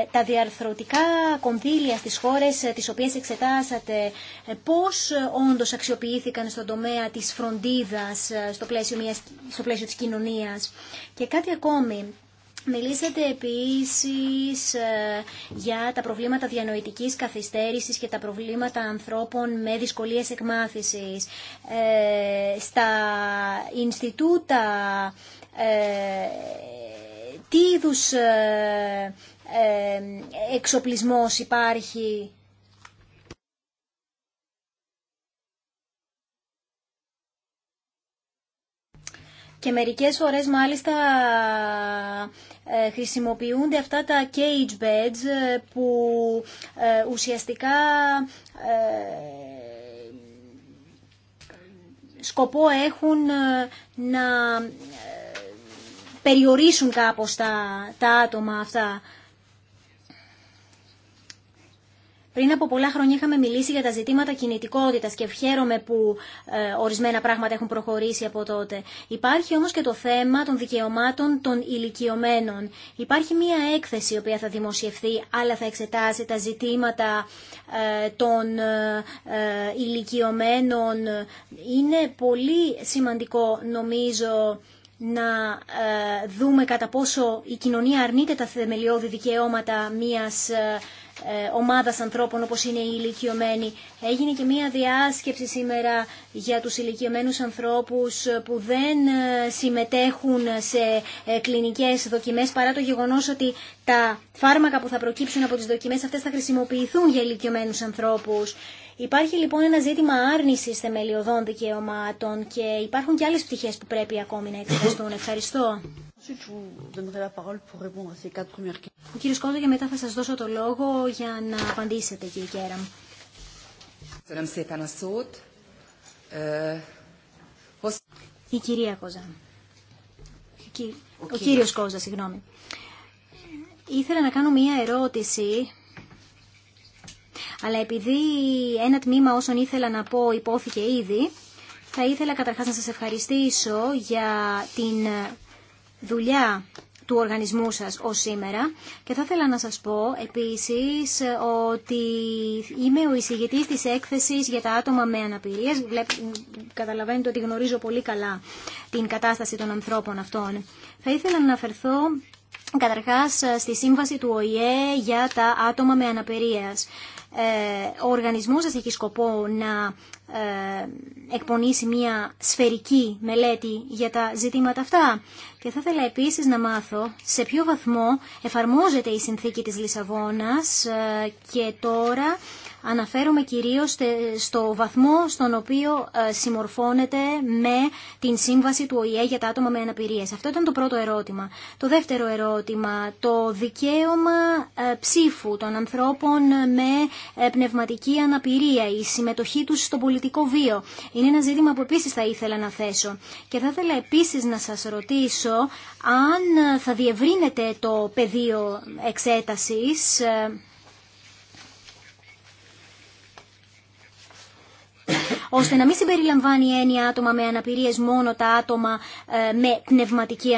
ε, τα διαρθρωτικά κονδύλια στις χώρες τις οποίες εξετάσατε πώς όντως αξιοποιήθηκαν στον τομέα της φροντίδας στο πλαίσιο, μιας, στο πλαίσιο της κοινωνίας. Και κάτι ακόμη, Μιλήσατε επίσης ε, για τα προβλήματα διανοητικής καθυστέρησης και τα προβλήματα ανθρώπων με δυσκολίες εκμάθησης. Ε, στα Ινστιτούτα ε, τι είδου εξοπλισμός υπάρχει Και μερικές φορές μάλιστα ε, χρησιμοποιούνται αυτά τα cage beds ε, που ε, ουσιαστικά σκοπό έχουν να περιορίσουν κάπως τα, τα άτομα αυτά. Πριν από πολλά χρόνια είχαμε μιλήσει για τα ζητήματα κινητικότητας και ευχαίρομαι που ε, ορισμένα πράγματα έχουν προχωρήσει από τότε. Υπάρχει όμως και το θέμα των δικαιωμάτων των ηλικιωμένων. Υπάρχει μία έκθεση η οποία θα δημοσιευθεί, αλλά θα εξετάσει τα ζητήματα ε, των ε, ηλικιωμένων. Είναι πολύ σημαντικό νομίζω να δούμε κατά πόσο η κοινωνία αρνείται τα θεμελιώδη δικαιώματα μιας ε, ομάδας ανθρώπων όπως είναι οι ηλικιωμένοι. Έγινε και μία διάσκεψη σήμερα για τους ηλικιωμένου ανθρώπους που δεν ε, συμμετέχουν σε ε, κλινικές δοκιμές παρά το γεγονός ότι τα φάρμακα που θα προκύψουν από τις δοκιμές αυτές θα χρησιμοποιηθούν για ηλικιωμένου ανθρώπους. Υπάρχει λοιπόν ένα ζήτημα άρνησης θεμελιωδών δικαιωμάτων και υπάρχουν και άλλες πτυχές που πρέπει ακόμη να εξεταστούν. Ευχαριστώ. Ο κύριος Κόντο και μετά θα σας δώσω το λόγο για να απαντήσετε κύριε Κέραμ. Η κυρία Κόζα. Ο, ο κύριος Κόζα, συγγνώμη. Ήθελα να κάνω μία ερώτηση αλλά επειδή ένα τμήμα όσων ήθελα να πω υπόθηκε ήδη, θα ήθελα καταρχάς να σας ευχαριστήσω για την δουλειά του οργανισμού σας ως σήμερα και θα ήθελα να σας πω επίσης ότι είμαι ο εισηγητής της έκθεσης για τα άτομα με αναπηρίες. Καταλαβαίνετε ότι γνωρίζω πολύ καλά την κατάσταση των ανθρώπων αυτών. Θα ήθελα να αναφερθώ καταρχάς στη σύμβαση του ΟΗΕ για τα άτομα με αναπηρίες. Ε, ο οργανισμός σας έχει σκοπό να ε, εκπονήσει μια σφαιρική μελέτη για τα ζητήματα αυτά. Και θα ήθελα επίσης να μάθω σε ποιο βαθμό εφαρμόζεται η συνθήκη της Λισαβόνας ε, και τώρα Αναφέρομαι κυρίως στο βαθμό στον οποίο ε, συμμορφώνεται με την σύμβαση του ΟΗΕ για τα άτομα με αναπηρίες. Αυτό ήταν το πρώτο ερώτημα. Το δεύτερο ερώτημα, το δικαίωμα ε, ψήφου των ανθρώπων με ε, πνευματική αναπηρία, η συμμετοχή τους στο πολιτικό βίο. Είναι ένα ζήτημα που επίσης θα ήθελα να θέσω. Και θα ήθελα επίσης να σας ρωτήσω αν θα διευρύνεται το πεδίο εξέτασης ώστε να μην συμπεριλαμβάνει έννοια άτομα με αναπηρίες μόνο τα άτομα ε, με πνευματική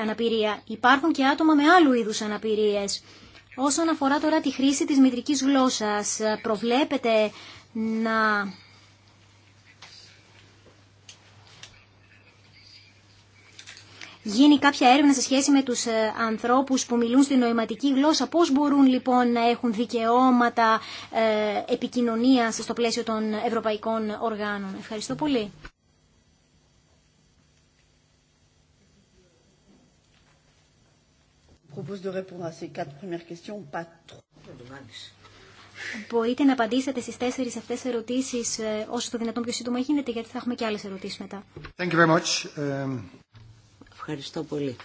αναπηρία. Υπάρχουν και άτομα με άλλου είδους αναπηρίες. Όσον αφορά τώρα τη χρήση της μητρικής γλώσσας, προβλέπετε να γίνει κάποια έρευνα σε σχέση με τους ε, ανθρώπους που μιλούν στη νοηματική γλώσσα. Πώς μπορούν λοιπόν να έχουν δικαιώματα ε, επικοινωνίας στο πλαίσιο των ευρωπαϊκών οργάνων. Ευχαριστώ πολύ. Μπορείτε να απαντήσετε στις τέσσερις αυτές ερωτήσεις ε, όσο το δυνατόν πιο σύντομα γίνεται, γιατί θα έχουμε και άλλες ερωτήσεις μετά. Um, Ευχαριστώ πολύ.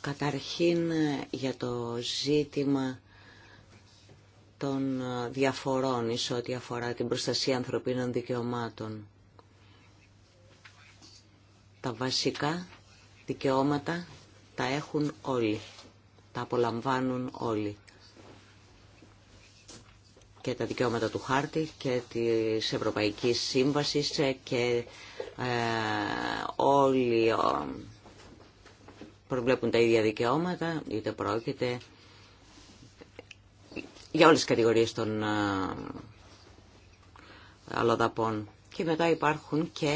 Καταρχήν για το ζήτημα των διαφορών εις ό,τι αφορά την προστασία ανθρωπίνων δικαιωμάτων. Τα βασικά δικαιώματα τα έχουν όλοι, τα απολαμβάνουν όλοι και τα δικαιώματα του χάρτη και της Ευρωπαϊκής Σύμβασης και ε, όλοι ε, προβλέπουν τα ίδια δικαιώματα, είτε πρόκειται για όλες τις κατηγορίες των ε, αλλοδαπών. Και μετά υπάρχουν και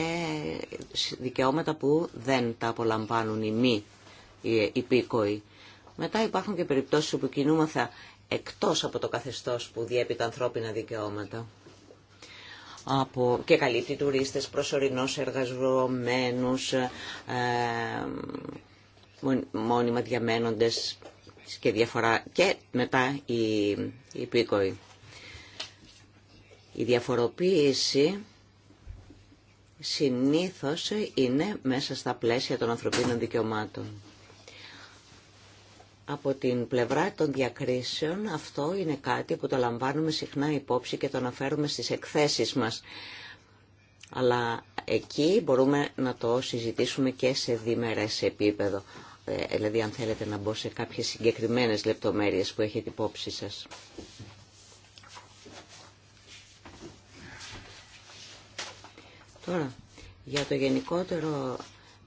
δικαιώματα που δεν τα απολαμβάνουν οι μη υπήκοοι. Μετά υπάρχουν και περιπτώσεις όπου κινούμαθα εκτός από το καθεστώς που διέπει τα ανθρώπινα δικαιώματα. Από... Και καλύπτει τουρίστες, προσωρινώς εργαζομένους, ε, μόνιμα διαμένοντες και διαφορά και μετά οι η Η διαφοροποίηση συνήθως είναι μέσα στα πλαίσια των ανθρωπίνων δικαιωμάτων. Από την πλευρά των διακρίσεων αυτό είναι κάτι που το λαμβάνουμε συχνά υπόψη και το αναφέρουμε στις εκθέσεις μας. Αλλά εκεί μπορούμε να το συζητήσουμε και σε διμερές επίπεδο. Ε, δηλαδή αν θέλετε να μπω σε κάποιες συγκεκριμένες λεπτομέρειες που έχετε υπόψη σας. Τώρα, για το γενικότερο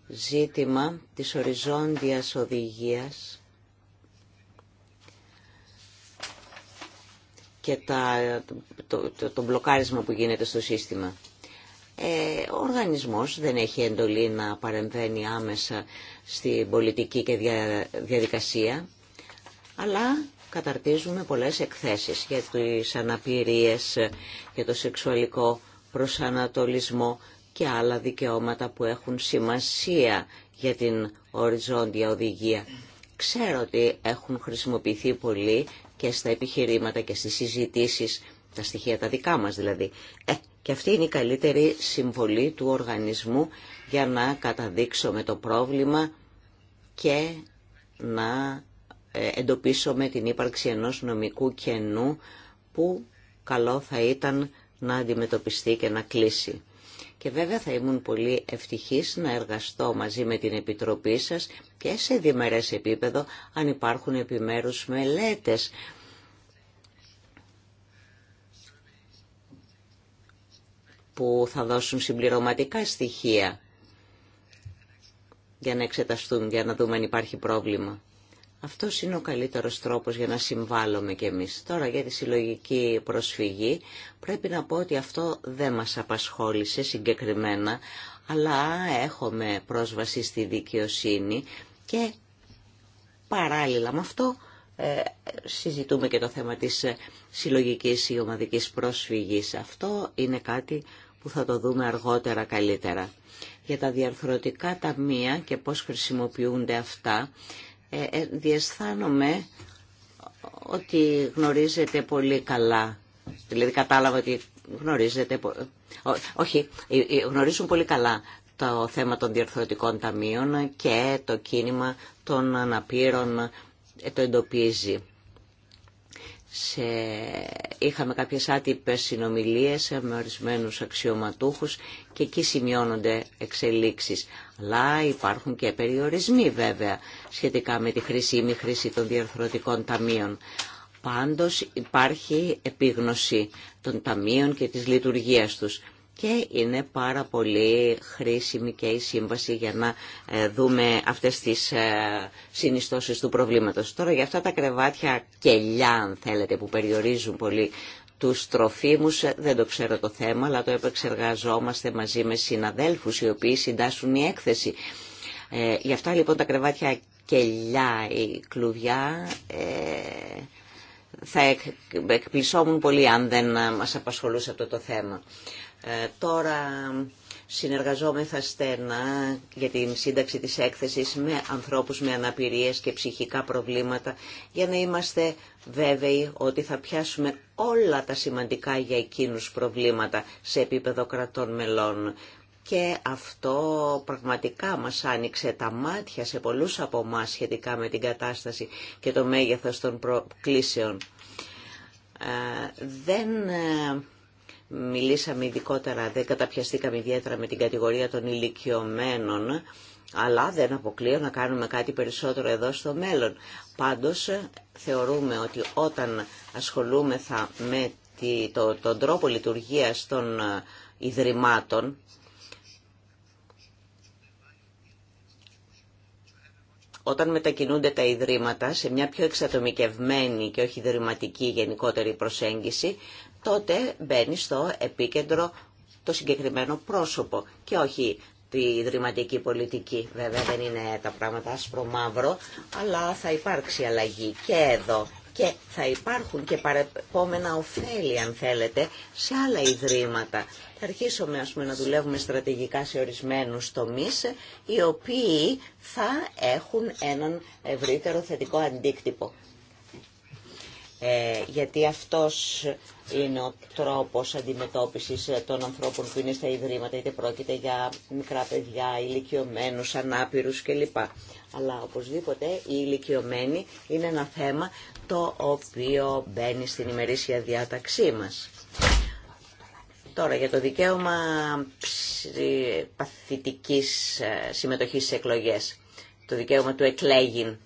ζήτημα της οριζόντιας οδηγίας και τα, το, το, το μπλοκάρισμα που γίνεται στο σύστημα. Ε, ο οργανισμός δεν έχει εντολή να παρεμβαίνει άμεσα στην πολιτική και διαδικασία, αλλά καταρτίζουμε πολλές εκθέσεις για τις αναπηρίες, για το σεξουαλικό προσανατολισμό και άλλα δικαιώματα που έχουν σημασία για την οριζόντια οδηγία. Ξέρω ότι έχουν χρησιμοποιηθεί πολύ και στα επιχειρήματα και στις συζητήσεις, τα στοιχεία τα δικά μας δηλαδή. Ε, και αυτή είναι η καλύτερη συμβολή του οργανισμού για να καταδείξουμε το πρόβλημα και να ε, εντοπίσουμε την ύπαρξη ενός νομικού κενού που καλό θα ήταν να αντιμετωπιστεί και να κλείσει. Και βέβαια θα ήμουν πολύ ευτυχής να εργαστώ μαζί με την Επιτροπή σας και σε διμερές επίπεδο αν υπάρχουν επιμέρους μελέτες. που θα δώσουν συμπληρωματικά στοιχεία για να εξεταστούν, για να δούμε αν υπάρχει πρόβλημα. Αυτό είναι ο καλύτερος τρόπος για να συμβάλλουμε κι εμεί. Τώρα για τη συλλογική προσφυγή πρέπει να πω ότι αυτό δεν μας απασχόλησε συγκεκριμένα, αλλά έχουμε πρόσβαση στη δικαιοσύνη και παράλληλα με αυτό ε, συζητούμε και το θέμα της ε, συλλογικής ή ομαδικής πρόσφυγης. Αυτό είναι κάτι που θα το δούμε αργότερα καλύτερα. Για τα διαρθρωτικά ταμεία και πώς χρησιμοποιούνται αυτά, ε, ε, διαισθάνομαι ότι γνωρίζετε πολύ καλά. Δηλαδή κατάλαβα ότι γνωρίζετε... Ό, όχι, ε, γνωρίζουν πολύ καλά το θέμα των διορθωτικών ταμείων και το κίνημα των αναπήρων το εντοπίζει είχαμε κάποιες άτυπες συνομιλίες με ορισμένους αξιωματούχους και εκεί σημειώνονται εξελίξεις. Αλλά υπάρχουν και περιορισμοί βέβαια σχετικά με τη χρήση ή μη χρήση των διαρθρωτικών ταμείων. Πάντως υπάρχει επίγνωση των ταμείων και της λειτουργίας τους και είναι πάρα πολύ χρήσιμη και η σύμβαση για να ε, δούμε αυτές τις ε, συνιστώσεις του προβλήματος. Τώρα για αυτά τα κρεβάτια κελιά, αν θέλετε, που περιορίζουν πολύ τους τροφίμους, ε, δεν το ξέρω το θέμα, αλλά το επεξεργαζόμαστε μαζί με συναδέλφους οι οποίοι συντάσσουν η έκθεση. Ε, γι' αυτά λοιπόν τα κρεβάτια κελιά ή κλουβιά... Ε, θα εκπλησόμουν πολύ αν δεν μας απασχολούσε αυτό το θέμα. Ε, τώρα συνεργαζόμεθα στενά για την σύνταξη της έκθεσης με ανθρώπους με αναπηρίες και ψυχικά προβλήματα για να είμαστε βέβαιοι ότι θα πιάσουμε όλα τα σημαντικά για εκείνους προβλήματα σε επίπεδο κρατών μελών. Και αυτό πραγματικά μας άνοιξε τα μάτια σε πολλούς από εμά σχετικά με την κατάσταση και το μέγεθος των προκλήσεων. Ε, δεν ε, Μιλήσαμε ειδικότερα, δεν καταπιαστήκαμε ιδιαίτερα με την κατηγορία των ηλικιωμένων, αλλά δεν αποκλείω να κάνουμε κάτι περισσότερο εδώ στο μέλλον. Πάντως θεωρούμε ότι όταν ασχολούμεθα με το, τον τρόπο λειτουργίας των ε, ιδρυμάτων, όταν μετακινούνται τα ιδρύματα σε μια πιο εξατομικευμένη και όχι ιδρυματική γενικότερη προσέγγιση, τότε μπαίνει στο επίκεντρο το συγκεκριμένο πρόσωπο και όχι τη ιδρυματική πολιτική. Βέβαια δεν είναι τα πράγματα άσπρο-μαύρο, αλλά θα υπάρξει αλλαγή και εδώ και θα υπάρχουν και παρεπόμενα ωφέλη, αν θέλετε, σε άλλα ιδρύματα. Θα αρχίσουμε ας πούμε, να δουλεύουμε στρατηγικά σε ορισμένους τομείς, οι οποίοι θα έχουν έναν ευρύτερο θετικό αντίκτυπο. Ε, γιατί αυτός είναι ο τρόπος αντιμετώπισης ε, των ανθρώπων που είναι στα Ιδρύματα, είτε πρόκειται για μικρά παιδιά, ηλικιωμένους, ανάπηρους κλπ. Αλλά οπωσδήποτε οι ηλικιωμένοι είναι ένα θέμα το οποίο μπαίνει στην ημερήσια διάταξή μας. Τώρα για το δικαίωμα παθητικής ε, συμμετοχής σε εκλογές, το δικαίωμα του εκλέγην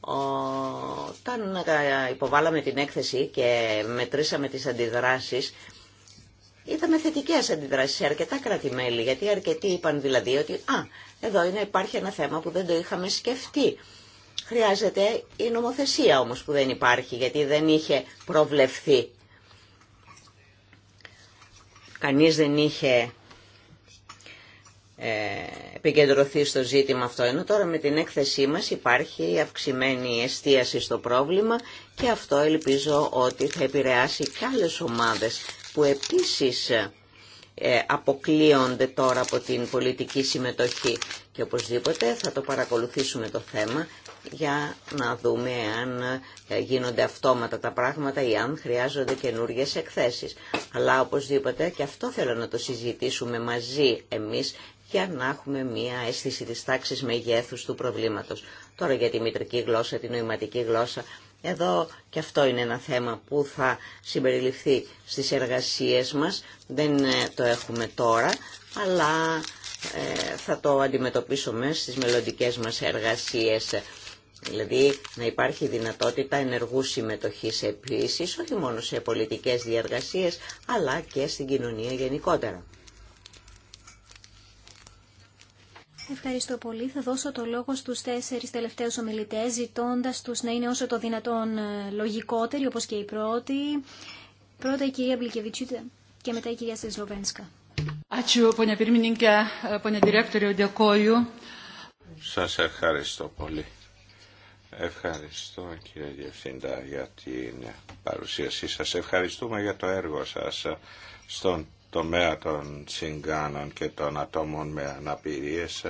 όταν υποβάλαμε την έκθεση και μετρήσαμε τις αντιδράσεις, είδαμε θετικές αντιδράσεις σε αρκετά γιατί αρκετοί είπαν δηλαδή ότι «Α, εδώ είναι, υπάρχει ένα θέμα που δεν το είχαμε σκεφτεί». Χρειάζεται η νομοθεσία όμως που δεν υπάρχει, γιατί δεν είχε προβλεφθεί. Κανείς δεν είχε ε, επικεντρωθεί στο ζήτημα αυτό. Ενώ τώρα με την έκθεσή μας υπάρχει αυξημένη εστίαση στο πρόβλημα και αυτό ελπίζω ότι θα επηρεάσει και άλλες ομάδες που επίσης ε, αποκλείονται τώρα από την πολιτική συμμετοχή και οπωσδήποτε θα το παρακολουθήσουμε το θέμα για να δούμε αν ε, γίνονται αυτόματα τα πράγματα ή αν χρειάζονται καινούριε εκθέσεις. Αλλά οπωσδήποτε και αυτό θέλω να το συζητήσουμε μαζί εμείς για να έχουμε μια αίσθηση της τάξης μεγέθους του προβλήματος. Τώρα για τη μητρική γλώσσα, τη νοηματική γλώσσα, εδώ και αυτό είναι ένα θέμα που θα συμπεριληφθεί στις εργασίες μας. Δεν ε, το έχουμε τώρα, αλλά ε, θα το αντιμετωπίσουμε στις μελλοντικές μας εργασίες. Δηλαδή να υπάρχει δυνατότητα ενεργού συμμετοχής επίσης, όχι μόνο σε πολιτικές διαργασίες, αλλά και στην κοινωνία γενικότερα. Ευχαριστώ πολύ. Θα δώσω το λόγο στους τέσσερις τελευταίους ομιλητές, ζητώντα τους να είναι όσο το δυνατόν ε, λογικότεροι, όπως και η πρώτη. Πρώτα η κυρία Μπλικεβιτσίτα και μετά η κυρία Σεσλοβένσκα. Ε, Σα ευχαριστώ πολύ. Ευχαριστώ κύριε Διευθύντα για την παρουσίασή σας. Ευχαριστούμε για το έργο σας στον τομέα των συγκάνων και των ατόμων με αναπηρίες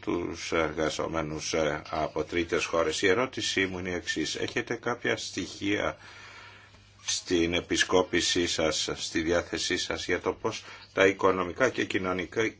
τους εργαζομένους ε, από τρίτες χώρες. Η ερώτησή μου είναι η εξής. Έχετε κάποια στοιχεία στην επισκόπησή σας, στη διάθεσή σας για το πώς τα οικονομικά και κοινωνικά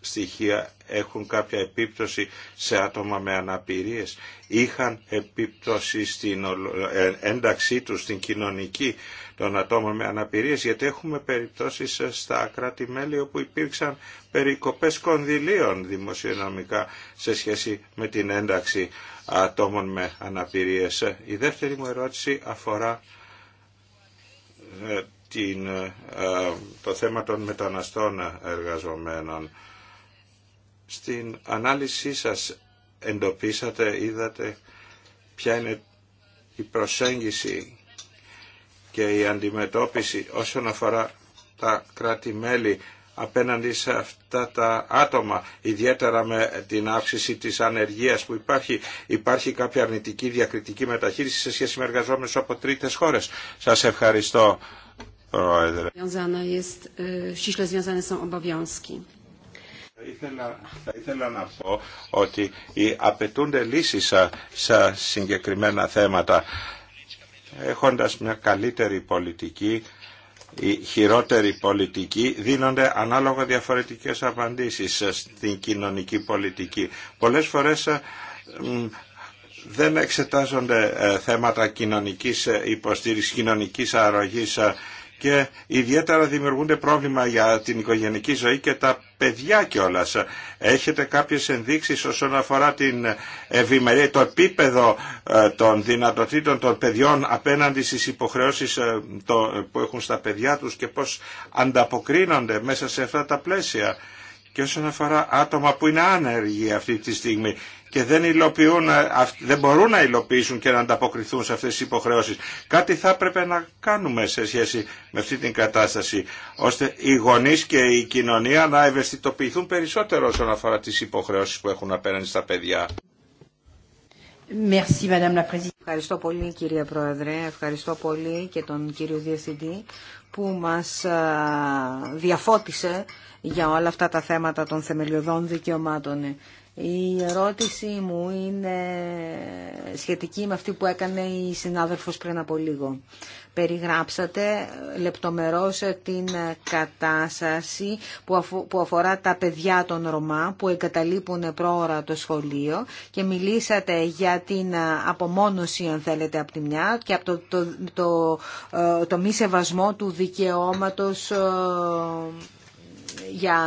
στοιχεία έχουν κάποια επίπτωση σε άτομα με αναπηρίες. Είχαν επίπτωση στην ε, ένταξή τους, στην κοινωνική των ατόμων με αναπηρίες, γιατί έχουμε περιπτώσεις στα κράτη-μέλη όπου υπήρξαν περικοπές κονδυλίων δημοσιονομικά σε σχέση με την ένταξη ατόμων με αναπηρίες. Η δεύτερη μου ερώτηση αφορά ε, την, ε, το θέμα των μεταναστών εργαζομένων. Στην ανάλυση σας εντοπίσατε, είδατε ποια είναι η προσέγγιση και η αντιμετώπιση όσον αφορά τα κράτη-μέλη απέναντι σε αυτά τα άτομα, ιδιαίτερα με την αύξηση της ανεργίας που υπάρχει, υπάρχει κάποια αρνητική διακριτική μεταχείριση σε σχέση με εργαζόμενους από τρίτες χώρες. Σας ευχαριστώ, Πρόεδρε. E, ήθελα, θα ήθελα να πω ότι οι απαιτούνται λύσεις σε συγκεκριμένα θέματα έχοντας μια καλύτερη πολιτική η χειρότερη πολιτική δίνονται ανάλογα διαφορετικές απαντήσεις στην κοινωνική πολιτική. Πολλές φορές ε, δεν εξετάζονται ε, θέματα κοινωνικής ε, υποστήριξης, κοινωνικής αρρωγής και ιδιαίτερα δημιουργούνται πρόβλημα για την οικογενική ζωή και τα παιδιά κιόλα. Έχετε κάποιες ενδείξεις όσον αφορά την ευημερία, το επίπεδο ε, των δυνατοτήτων των παιδιών απέναντι στις υποχρεώσεις ε, που έχουν στα παιδιά τους και πώς ανταποκρίνονται μέσα σε αυτά τα πλαίσια. Και όσον αφορά άτομα που είναι άνεργοι αυτή τη στιγμή, και δεν, υλοποιούν, ε, δεν μπορούν να υλοποιήσουν και να ανταποκριθούν σε αυτές τις υποχρεώσεις. Κάτι θα έπρεπε να κάνουμε σε σχέση με αυτή την κατάσταση, ώστε οι γονείς και η κοινωνία να ευαισθητοποιηθούν περισσότερο όσον αφορά τις υποχρεώσεις που έχουν απέναντι στα παιδιά. Ευχαριστώ πολύ κύριε Πρόεδρε, ευχαριστώ πολύ και τον κύριο Διευθυντή που μας διαφώτισε για όλα αυτά τα θέματα των θεμελιωδών δικαιωμάτων. Η ερώτηση μου είναι σχετική με αυτή που έκανε η συνάδελφος πριν από λίγο. Περιγράψατε λεπτομερώς την κατάσταση που αφορά τα παιδιά των Ρωμά που εγκαταλείπουν πρόωρα το σχολείο και μιλήσατε για την απομόνωση αν θέλετε από τη μια και από το, το, το, ε, το μη σεβασμό του δικαιώματος ε, για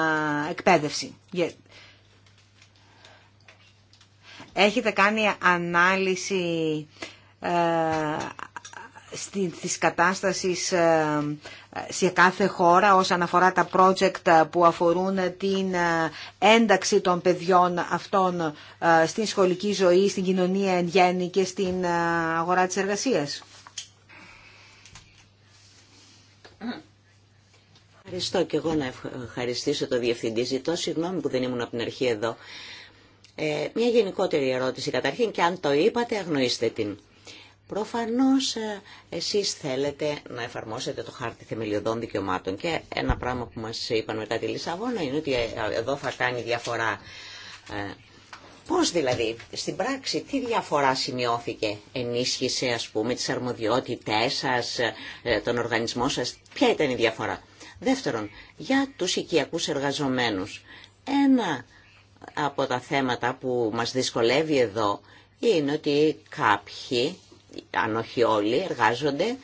εκπαίδευση, Έχετε κάνει ανάλυση ε, της κατάστασης ε, σε κάθε χώρα όσον αφορά τα project που αφορούν την ε, ένταξη των παιδιών αυτών ε, στην σχολική ζωή, στην κοινωνία εν γέννη και στην αγορά της εργασίας. Ευχαριστώ και εγώ να ευχαριστήσω το Διευθυντή. Ζητώ συγγνώμη που δεν ήμουν από την αρχή εδώ. Ε, μια γενικότερη ερώτηση καταρχήν και αν το είπατε αγνοήστε την. Προφανώς ε, εσείς θέλετε να εφαρμόσετε το χάρτη θεμελιωδών δικαιωμάτων και ένα πράγμα που μας είπαν μετά τη Λισαβόνα είναι ότι ε, εδώ θα κάνει διαφορά. Ε, πώς δηλαδή, στην πράξη τι διαφορά σημειώθηκε, ενίσχυσε ας πούμε τις αρμοδιότητές σας, ε, τον οργανισμό σας, ποια ήταν η διαφορά. Δεύτερον, για τους οικιακούς εργαζομένους. Ένα από τα θέματα που μας δυσκολεύει εδώ είναι ότι κάποιοι, αν όχι όλοι, εργάζονται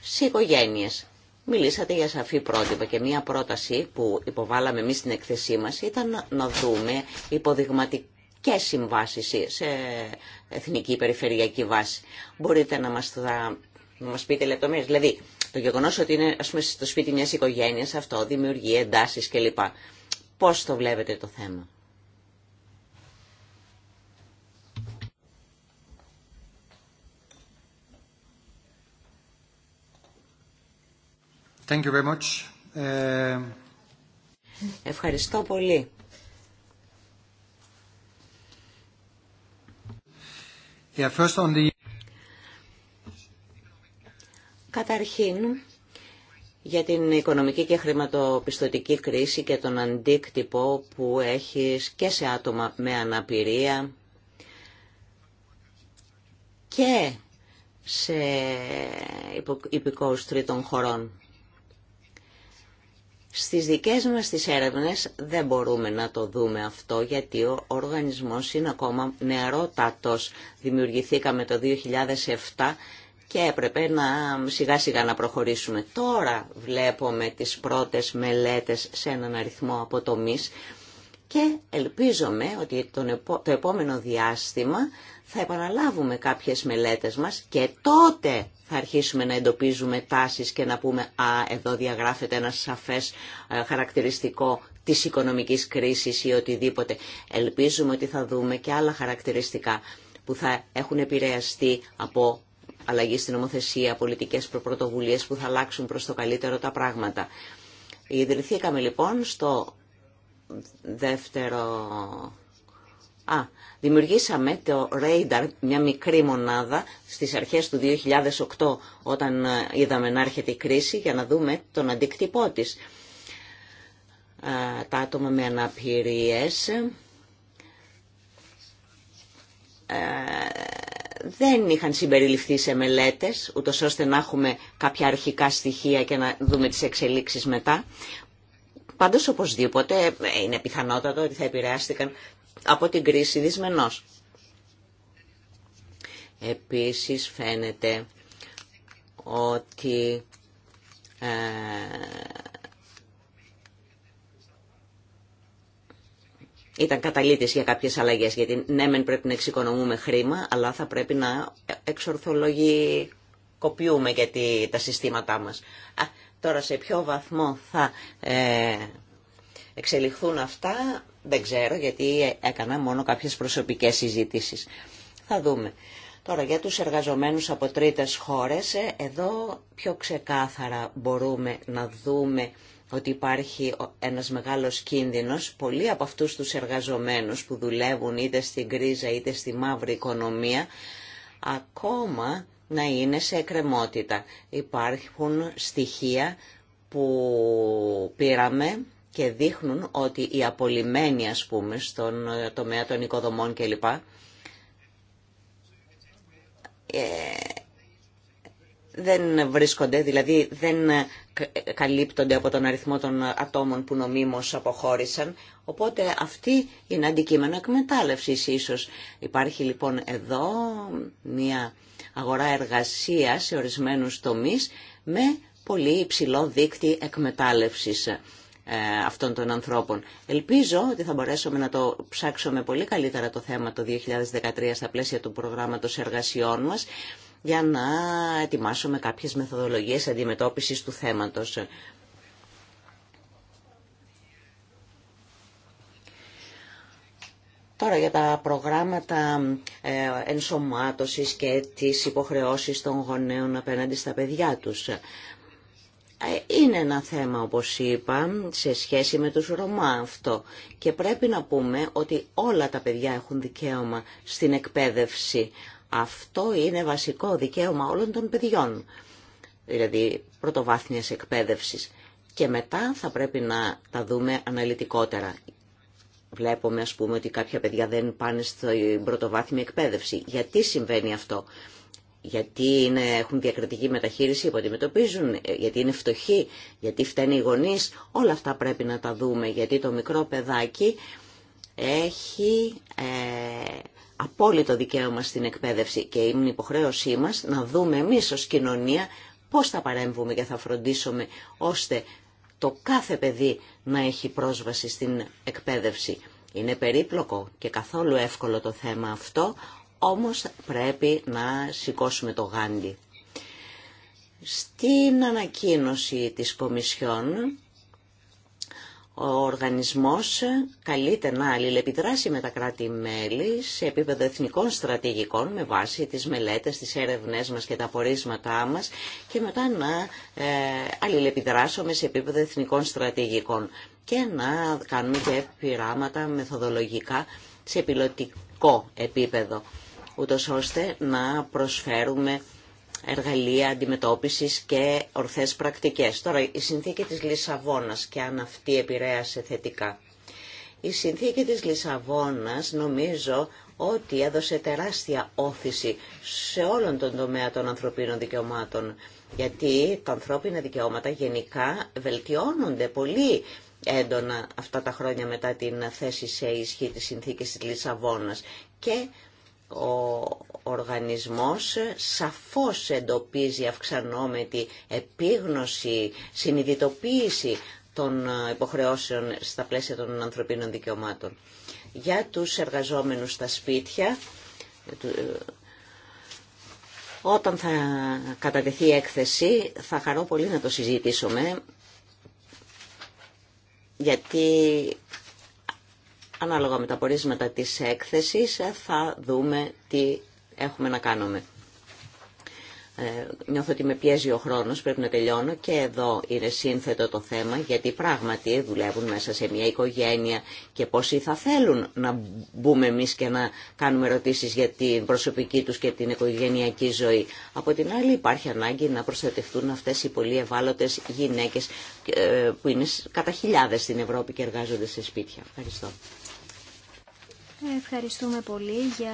σε οικογένειες. Μιλήσατε για σαφή πρότυπα και μία πρόταση που υποβάλαμε εμείς στην εκθεσή μας ήταν να δούμε υποδειγματικές συμβάσεις σε εθνική περιφερειακή βάση. Μπορείτε να μας, να μας πείτε λεπτομέρειες. Δηλαδή, το γεγονός ότι είναι ας πούμε, στο σπίτι μιας οικογένειας αυτό δημιουργεί εντάσεις κλπ. Πώς το βλέπετε το θέμα. Ε, Ευχαριστώ πολύ. Καταρχήν, για την οικονομική και χρηματοπιστωτική κρίση και τον αντίκτυπο που έχει και σε άτομα με αναπηρία και σε υπηκόους τρίτων χωρών. Στις δικές μας τις έρευνες δεν μπορούμε να το δούμε αυτό γιατί ο οργανισμός είναι ακόμα νεαρότατος. Δημιουργηθήκαμε το 2007 και έπρεπε να σιγά σιγά να προχωρήσουμε. Τώρα βλέπουμε τις πρώτες μελέτες σε έναν αριθμό αποτομής και ελπίζομαι ότι το επόμενο διάστημα θα επαναλάβουμε κάποιες μελέτες μας και τότε θα αρχίσουμε να εντοπίζουμε τάσεις και να πούμε «Α, εδώ διαγράφεται ένα σαφές ε, χαρακτηριστικό της οικονομικής κρίσης ή οτιδήποτε». Ελπίζουμε ότι θα δούμε και άλλα χαρακτηριστικά που θα έχουν επηρεαστεί από αλλαγή στην νομοθεσία, πολιτικές προπρωτοβουλίες που θα αλλάξουν προς το καλύτερο τα πράγματα. Ιδρυθήκαμε λοιπόν στο δεύτερο Α, δημιουργήσαμε το Radar, μια μικρή μονάδα, στις αρχές του 2008 όταν ε, είδαμε να έρχεται η κρίση για να δούμε τον αντίκτυπό της. Τα άτομα με αναπηρίες ε, δεν είχαν συμπεριληφθεί σε μελέτες, ούτως ώστε να έχουμε κάποια αρχικά στοιχεία και να δούμε τις εξελίξεις μετά. Πάντως, οπωσδήποτε, ε, είναι πιθανότατο ότι θα επηρεάστηκαν από την κρίση δυσμενός. Επίσης φαίνεται ότι ε, ήταν καταλήτης για κάποιες αλλαγές, γιατί ναι μεν πρέπει να εξοικονομούμε χρήμα, αλλά θα πρέπει να εξορθολογικοποιούμε και τα συστήματά μας. Α, τώρα σε ποιο βαθμό θα... Ε, εξελιχθούν αυτά δεν ξέρω γιατί έκανα μόνο κάποιες προσωπικές συζητήσεις. Θα δούμε. Τώρα για τους εργαζομένους από τρίτες χώρες, ε, εδώ πιο ξεκάθαρα μπορούμε να δούμε ότι υπάρχει ένας μεγάλος κίνδυνος. Πολλοί από αυτούς τους εργαζομένους που δουλεύουν είτε στην κρίζα είτε στη μαύρη οικονομία, ακόμα να είναι σε εκκρεμότητα. Υπάρχουν στοιχεία που πήραμε και δείχνουν ότι οι απολυμμένοι, ας πούμε, στον ε, τομέα των οικοδομών κλπ. Ε, δεν βρίσκονται, δηλαδή δεν ε, καλύπτονται από τον αριθμό των ατόμων που νομίμως αποχώρησαν. Οπότε αυτή είναι αντικείμενο εκμετάλλευσης ίσως. Υπάρχει λοιπόν εδώ μια αγορά εργασίας σε ορισμένους τομείς με πολύ υψηλό δίκτυ εκμετάλλευσης. Ε, αυτών των ανθρώπων. Ελπίζω ότι θα μπορέσουμε να το ψάξουμε πολύ καλύτερα το θέμα το 2013 στα πλαίσια του προγράμματος εργασιών μας για να ετοιμάσουμε κάποιες μεθοδολογίες αντιμετώπισης του θέματος. Τώρα για τα προγράμματα ε, ενσωμάτωσης και τις υποχρεώσεις των γονέων απέναντι στα παιδιά τους είναι ένα θέμα, όπως είπα, σε σχέση με τους Ρωμά αυτό. Και πρέπει να πούμε ότι όλα τα παιδιά έχουν δικαίωμα στην εκπαίδευση. Αυτό είναι βασικό δικαίωμα όλων των παιδιών, δηλαδή πρωτοβάθμιας εκπαίδευσης. Και μετά θα πρέπει να τα δούμε αναλυτικότερα. Βλέπουμε, ας πούμε, ότι κάποια παιδιά δεν πάνε στην πρωτοβάθμια εκπαίδευση. Γιατί συμβαίνει αυτό γιατί είναι, έχουν διακριτική μεταχείριση που αντιμετωπίζουν, γιατί είναι φτωχοί, γιατί φταίνει οι γονείς. Όλα αυτά πρέπει να τα δούμε, γιατί το μικρό παιδάκι έχει ε, απόλυτο δικαίωμα στην εκπαίδευση και είναι υποχρέωσή μας να δούμε εμείς ως κοινωνία πώς θα παρέμβουμε και θα φροντίσουμε ώστε το κάθε παιδί να έχει πρόσβαση στην εκπαίδευση. Είναι περίπλοκο και καθόλου εύκολο το θέμα αυτό, όμως πρέπει να σηκώσουμε το γάντι. Στην ανακοίνωση της Κομισιόν, ο οργανισμός καλείται να αλληλεπιδράσει με τα κράτη-μέλη σε επίπεδο εθνικών στρατηγικών με βάση τις μελέτες, τις έρευνές μας και τα πορίσματά μας και μετά να ε, αλληλεπιδράσουμε σε επίπεδο εθνικών στρατηγικών και να κάνουμε και πειράματα μεθοδολογικά σε πιλωτικό επίπεδο ούτως ώστε να προσφέρουμε εργαλεία αντιμετώπισης και ορθές πρακτικές. Τώρα, η συνθήκη της Λισαβόνας και αν αυτή επηρέασε θετικά. Η συνθήκη της Λισαβόνας νομίζω ότι έδωσε τεράστια όθηση σε όλον τον τομέα των ανθρωπίνων δικαιωμάτων. Γιατί τα ανθρώπινα δικαιώματα γενικά βελτιώνονται πολύ έντονα αυτά τα χρόνια μετά την θέση σε ισχύ της συνθήκης της Λισαβόνας. Και ο οργανισμός σαφώς εντοπίζει αυξανόμετη επίγνωση, συνειδητοποίηση των ε, υποχρεώσεων στα πλαίσια των ανθρωπίνων δικαιωμάτων. Για τους εργαζόμενους στα σπίτια, ε, ε, όταν θα κατατεθεί η έκθεση, θα χαρώ πολύ να το συζητήσουμε, γιατί ανάλογα με τα πορίσματα της έκθεσης ε, θα δούμε τι έχουμε να κάνουμε. Ε, νιώθω ότι με πιέζει ο χρόνος, πρέπει να τελειώνω και εδώ είναι σύνθετο το θέμα γιατί πράγματι δουλεύουν μέσα σε μια οικογένεια και πόσοι θα θέλουν να μπούμε εμεί και να κάνουμε ερωτήσεις για την προσωπική τους και την οικογενειακή ζωή. Από την άλλη υπάρχει ανάγκη να προστατευτούν αυτές οι πολύ ευάλωτε γυναίκες ε, που είναι κατά χιλιάδες στην Ευρώπη και εργάζονται σε σπίτια. Ευχαριστώ. Ευχαριστούμε πολύ για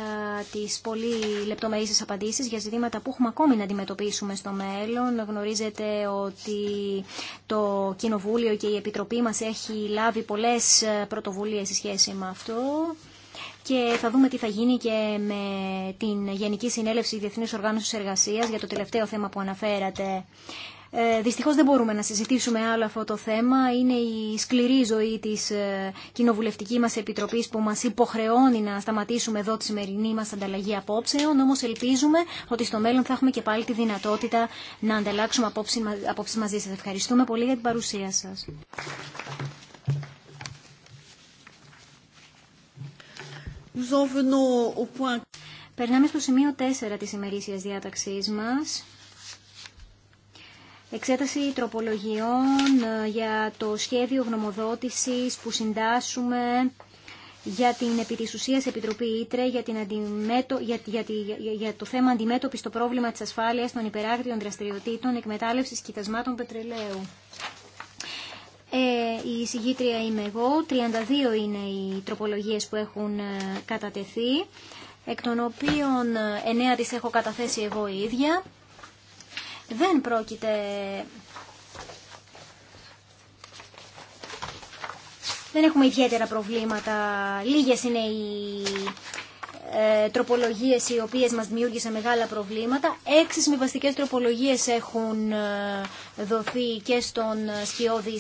τις πολύ λεπτομερείς απαντήσεις για ζητήματα που έχουμε ακόμη να αντιμετωπίσουμε στο μέλλον. Γνωρίζετε ότι το Κοινοβούλιο και η Επιτροπή μας έχει λάβει πολλές πρωτοβουλίες σε σχέση με αυτό και θα δούμε τι θα γίνει και με την Γενική Συνέλευση Διεθνής Οργάνωσης Εργασίας για το τελευταίο θέμα που αναφέρατε. Ε, δυστυχώς δεν μπορούμε να συζητήσουμε άλλο αυτό το θέμα. Είναι η σκληρή ζωή της ε, κοινοβουλευτική μας επιτροπής που μας υποχρεώνει να σταματήσουμε εδώ τη σημερινή μας ανταλλαγή απόψεων. Όμως ελπίζουμε ότι στο μέλλον θα έχουμε και πάλι τη δυνατότητα να ανταλλάξουμε απόψεις μαζί σας. Ευχαριστούμε πολύ για την παρουσία σας. Περνάμε στο σημείο 4 της ημερήσιας διάταξής μας. Εξέταση τροπολογιών ε, για το σχέδιο γνωμοδότησης που συντάσσουμε για την επί της ουσίας Επιτροπή Ήτρε για, την για, για, το θέμα αντιμέτωπης στο πρόβλημα της ασφάλειας των υπεράγριων δραστηριοτήτων εκμετάλλευσης κοιτασμάτων πετρελαίου. Ε, η συγγήτρια είμαι εγώ, 32 είναι οι τροπολογίες που έχουν ε, κατατεθεί, εκ των οποίων 9 ε, τις έχω καταθέσει εγώ ίδια δεν πρόκειται δεν έχουμε ιδιαίτερα προβλήματα. Λίγες είναι οι ε, τροπολογίες οι οποίες μας δημιούργησαν μεγάλα προβλήματα. Έξι συμβιβαστικές τροπολογίες έχουν ε, δοθεί και στον σκιώδη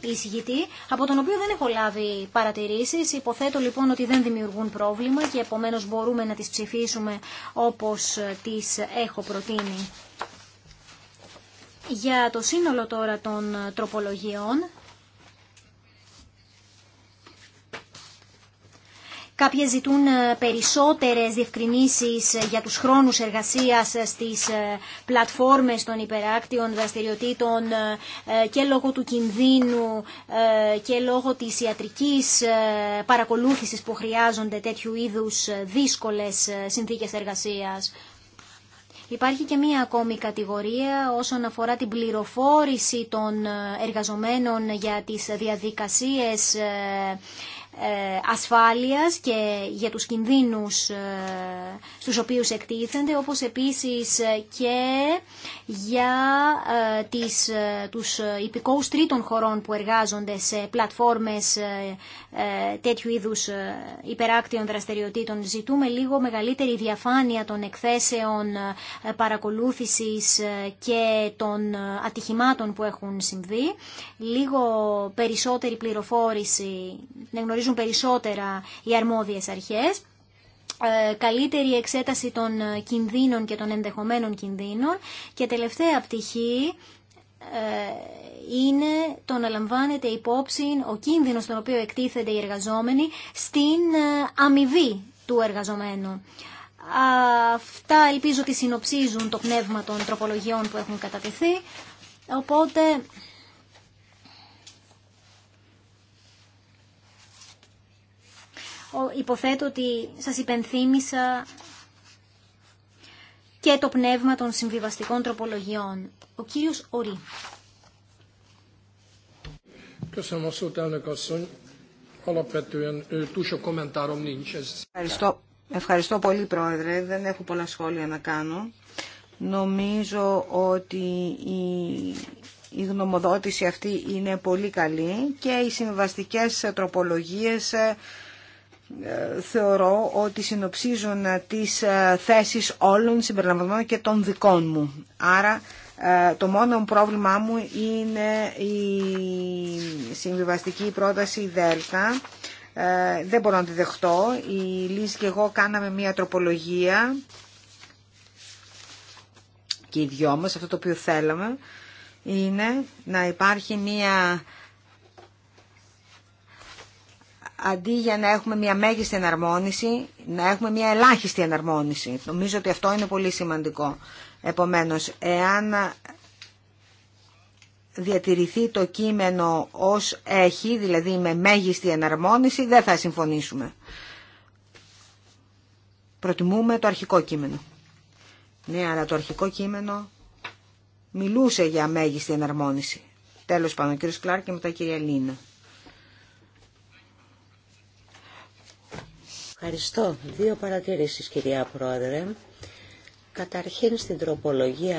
εισηγητή, από τον οποίο δεν έχω λάβει παρατηρήσεις. Υποθέτω λοιπόν ότι δεν δημιουργούν πρόβλημα και επομένως μπορούμε να τις ψηφίσουμε όπως τις έχω προτείνει. Για το σύνολο τώρα των ε, τροπολογιών, Κάποιες ζητούν ε, περισσότερες διευκρινήσεις ε, για τους χρόνους εργασίας στις πλατφόρμες των υπεράκτιων δραστηριοτήτων και λόγω του κινδύνου και λόγω της ιατρικής παρακολούθησης που χρειάζονται τέτοιου είδους δύσκολες συνθήκες εργασίας. Υπάρχει και μία ακόμη κατηγορία όσον αφορά την πληροφόρηση των ε, εργαζομένων για τις διαδικασίες ε, ε, ασφάλειας και για τους κινδύνους ε, στους οποίους εκτίθενται, όπως επίσης ε, και για τις, τους υπηκόους τρίτων χωρών που εργάζονται σε πλατφόρμες τέτοιου είδους υπεράκτιων δραστηριοτήτων. Ζητούμε λίγο μεγαλύτερη διαφάνεια των εκθέσεων παρακολούθησης και των ατυχημάτων που έχουν συμβεί, λίγο περισσότερη πληροφόρηση, γνωρίζουν περισσότερα οι αρμόδιες αρχές ε, καλύτερη εξέταση των ε, κινδύνων και των ενδεχομένων κινδύνων και τελευταία πτυχή ε, είναι το να λαμβάνεται υπόψη ο κίνδυνος στον οποίο εκτίθενται οι εργαζόμενοι στην αμοιβή του εργαζομένου. Αυτά ελπίζω ότι συνοψίζουν το πνεύμα των τροπολογιών που έχουν κατατεθεί. Οπότε Υποθέτω ότι σας υπενθύμησα και το πνεύμα των συμβιβαστικών τροπολογιών. Ο κύριος Ορή. Ευχαριστώ. Ευχαριστώ πολύ, Πρόεδρε. Δεν έχω πολλά σχόλια να κάνω. Νομίζω ότι η γνωμοδότηση αυτή είναι πολύ καλή και οι συμβαστικές τροπολογίες ε, θεωρώ ότι συνοψίζουν τις ε, θέσεις όλων συμπεριλαμβανομένων και των δικών μου. Άρα ε, το μόνο πρόβλημά μου είναι η συμβιβαστική πρόταση ΔΕΛΤΑ. Δεν μπορώ να τη δεχτώ. Η Λύση και εγώ κάναμε μια τροπολογία και οι δυο μας αυτό το οποίο θέλαμε είναι να υπάρχει μια αντί για να έχουμε μια μέγιστη εναρμόνιση, να έχουμε μια ελάχιστη εναρμόνιση. Νομίζω ότι αυτό είναι πολύ σημαντικό. Επομένως, εάν διατηρηθεί το κείμενο ως έχει, δηλαδή με μέγιστη εναρμόνιση, δεν θα συμφωνήσουμε. Προτιμούμε το αρχικό κείμενο. Ναι, αλλά το αρχικό κείμενο μιλούσε για μέγιστη εναρμόνιση. Τέλος πάνω, ο κύριος Κλάρκ και μετά η κυρία Λίνα. Ευχαριστώ. Δύο παρατηρήσεις κυρία Πρόεδρε. Καταρχήν στην τροπολογία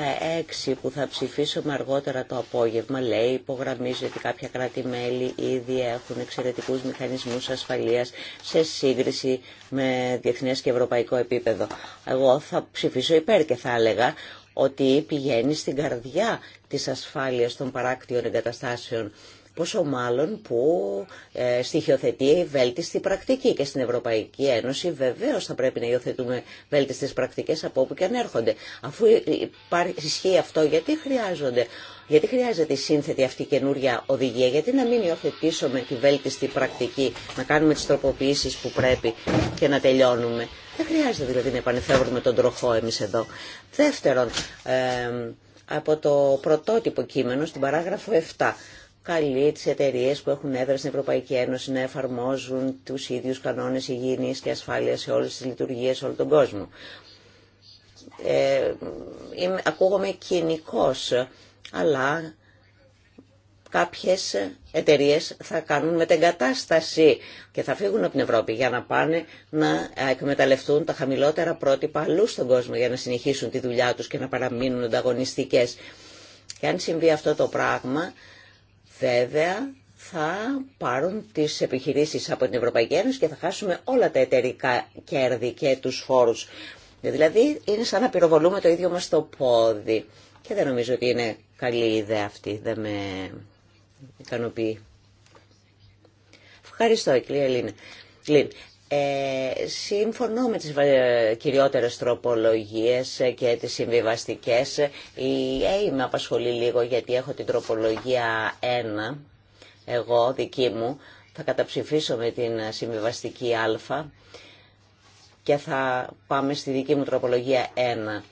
6 που θα ψηφίσουμε αργότερα το απόγευμα λέει υπογραμμίζει ότι κάποια κράτη-μέλη ήδη έχουν εξαιρετικούς μηχανισμούς ασφαλείας σε σύγκριση με διεθνές και ευρωπαϊκό επίπεδο. Εγώ θα ψηφίσω υπέρ και θα έλεγα ότι πηγαίνει στην καρδιά της ασφάλειας των παράκτιων εγκαταστάσεων Πόσο μάλλον που ε, στοιχειοθετεί η βέλτιστη πρακτική και στην Ευρωπαϊκή Ένωση βεβαίω θα πρέπει να υιοθετούμε βέλτιστες πρακτικές από όπου και αν έρχονται. Αφού ισχύει αυτό, γιατί χρειάζονται γιατί χρειάζεται η σύνθετη αυτή καινούρια οδηγία, γιατί να μην υιοθετήσουμε τη βέλτιστη πρακτική, να κάνουμε τις τροποποιήσεις που πρέπει και να τελειώνουμε. Δεν χρειάζεται δηλαδή να επανεφεύρουμε τον τροχό εμείς εδώ. Δεύτερον, ε, από το πρωτότυπο κείμενο στην παράγραφο 7 καλεί τις εταιρείε που έχουν έδρα στην Ευρωπαϊκή Ένωση να εφαρμόζουν τους ίδιους κανόνες υγιεινής και ασφάλειας σε όλες τις λειτουργίες σε όλο τον κόσμο. Ε, είμαι, ακούγομαι κοινικός, αλλά κάποιες εταιρείε θα κάνουν μετεγκατάσταση και θα φύγουν από την Ευρώπη για να πάνε να εκμεταλλευτούν τα χαμηλότερα πρότυπα αλλού στον κόσμο για να συνεχίσουν τη δουλειά τους και να παραμείνουν ανταγωνιστικές. Και αν συμβεί αυτό το πράγμα, Βέβαια, θα πάρουν τις επιχειρήσεις από την Ευρωπαϊκή Ένωση και θα χάσουμε όλα τα εταιρικά κέρδη και τους φόρους. Δηλαδή, είναι σαν να πυροβολούμε το ίδιο μας το πόδι. Και δεν νομίζω ότι είναι καλή ιδέα αυτή, δεν με ικανοποιεί. Ευχαριστώ, κυρία Λίν. Ε, συμφωνώ με τις ε, κυριότερες τροπολογίες ε, και τις συμβιβαστικές. Ε, η είμαι με απασχολεί λίγο γιατί έχω την τροπολογία 1, εγώ δική μου. Θα καταψηφίσω με την συμβιβαστική Α και θα πάμε στη δική μου τροπολογία 1.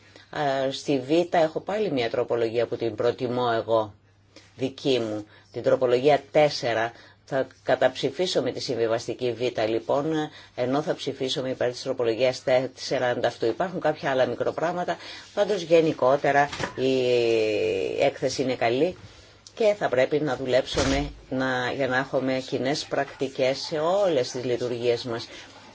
Στη Β έχω πάλι μια τροπολογία που την προτιμώ εγώ, δική μου. Την τροπολογία 4 θα καταψηφίσω με τη συμβιβαστική Β λοιπόν, ενώ θα ψηφίσω με υπέρ της τροπολογίας 40 αυτού. Υπάρχουν κάποια άλλα μικροπράγματα, πάντως γενικότερα η έκθεση είναι καλή και θα πρέπει να δουλέψουμε να, για να έχουμε κοινέ πρακτικές σε όλες τις λειτουργίες μας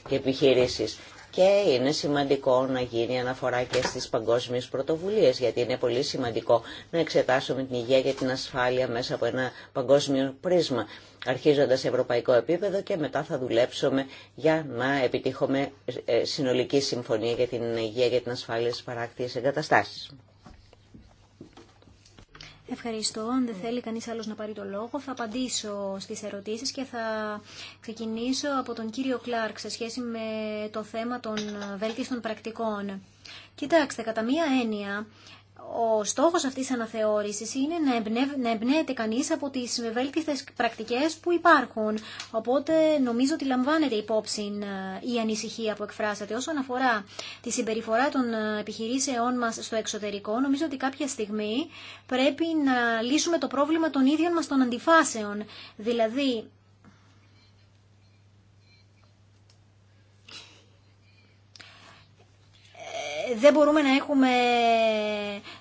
και επιχειρήσεις. Και είναι σημαντικό να γίνει αναφορά και στις παγκόσμιες πρωτοβουλίες, γιατί είναι πολύ σημαντικό να εξετάσουμε την υγεία και την ασφάλεια μέσα από ένα παγκόσμιο πρίσμα αρχίζοντας σε ευρωπαϊκό επίπεδο και μετά θα δουλέψουμε για να επιτύχουμε ε, συνολική συμφωνία για την υγεία και την ασφάλεια στις παράκτιες εγκαταστάσεις. Ευχαριστώ. Αν δεν θέλει κανείς άλλος να πάρει το λόγο, θα απαντήσω στις ερωτήσεις και θα ξεκινήσω από τον κύριο Κλάρκ σε σχέση με το θέμα των βέλτιστων πρακτικών. Κοιτάξτε, κατά μία έννοια, ο στόχος αυτής της αναθεώρησης είναι να εμπνέεται κανείς από τις βέλτιστες πρακτικές που υπάρχουν. Οπότε νομίζω ότι λαμβάνεται υπόψη ε, η ανησυχία που εκφράσατε. Όσον αφορά τη συμπεριφορά των ε, επιχειρήσεών μας στο εξωτερικό, νομίζω ότι κάποια στιγμή πρέπει να λύσουμε το πρόβλημα των ίδιων μας των αντιφάσεων. Δηλαδή, δεν μπορούμε να έχουμε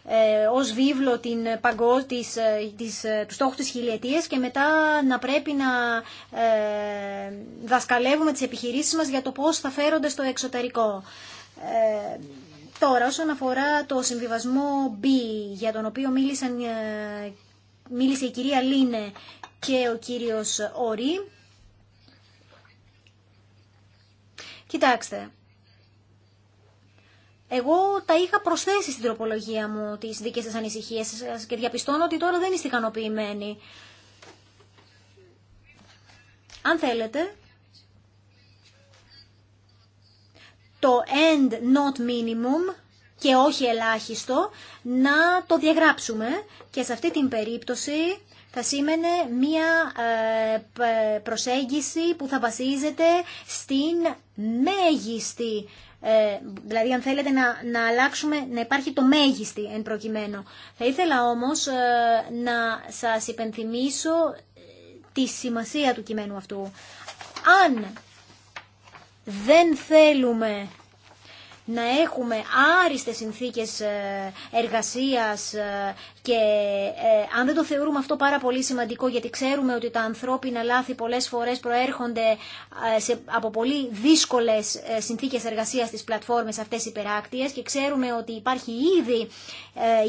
ε, ως βίβλο την παγκό, της, ε, της, ε, του στόχου της χιλιετίας και μετά να πρέπει να δασκαλεύουμε τις επιχειρήσεις μας για το πώς θα φέρονται στο εξωτερικό. Τώρα, όσον αφορά το συμβιβασμό B, για τον οποίο μίλησαν, μίλησε η κυρία Λίνε και ο κύριος Ορή. Κοιτάξτε, εγώ τα είχα προσθέσει στην τροπολογία μου τις δικές σας ανησυχίες και διαπιστώνω ότι τώρα δεν είστε ικανοποιημένοι. Αν θέλετε, το end not minimum και όχι ελάχιστο να το διαγράψουμε και σε αυτή την περίπτωση θα σήμαινε μία ε, προσέγγιση που θα βασίζεται στην μέγιστη ε, δηλαδή αν θέλετε να, αλλάξουμε, να υπάρχει το μέγιστη εν προκειμένου. Θα ήθελα όμως ε, να σας υπενθυμίσω ε, τη σημασία του κειμένου αυτού. Αν δεν θέλουμε να έχουμε άριστες συνθήκες ε, εργασίας ε, και ε, αν δεν το θεωρούμε αυτό πάρα πολύ σημαντικό γιατί ξέρουμε ότι τα ανθρώπινα λάθη πολλές φορές προέρχονται από πολύ δύσκολες συνθήκες εργασίας στις πλατφόρμες αυτές υπεράκτιες και ξέρουμε ότι υπάρχει ήδη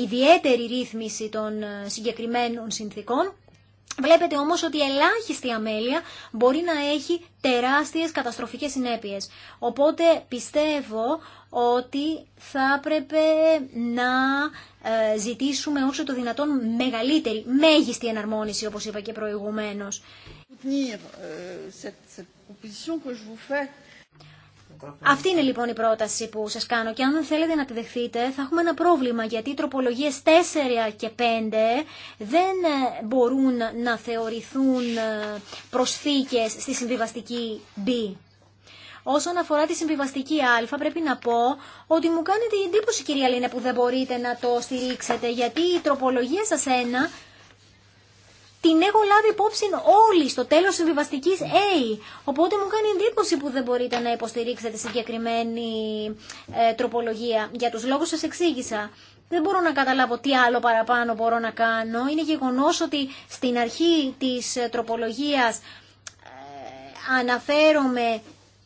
ιδιαίτερη ρύθμιση των συγκεκριμένων συνθήκων Βλέπετε όμως ότι η ελάχιστη αμέλεια μπορεί να έχει τεράστιες καταστροφικές συνέπειες. Οπότε πιστεύω ότι θα έπρεπε να ε, ζητήσουμε όσο το δυνατόν μεγαλύτερη, μέγιστη εναρμόνιση όπως είπα και προηγουμένως. Euh, αυτή είναι λοιπόν η πρόταση που σας κάνω και αν δεν θέλετε να τη δεχθείτε θα έχουμε ένα πρόβλημα γιατί οι τροπολογίες 4 και 5 δεν ε, μπορούν να θεωρηθούν ε, προσθήκες στη συμβιβαστική B. Όσον αφορά τη συμβιβαστική Α, πρέπει να πω ότι μου κάνετε εντύπωση, κυρία Λίνε, που δεν μπορείτε να το στηρίξετε, γιατί η τροπολογία σας 1 την έχω λάβει υπόψη όλοι στο τέλος της βιβαστικής A. Οπότε μου κάνει εντύπωση που δεν μπορείτε να υποστηρίξετε συγκεκριμένη ε, τροπολογία. Για τους λόγους σας εξήγησα. Δεν μπορώ να καταλάβω τι άλλο παραπάνω μπορώ να κάνω. Είναι γεγονός ότι στην αρχή της ε, τροπολογίας ε, αναφέρομαι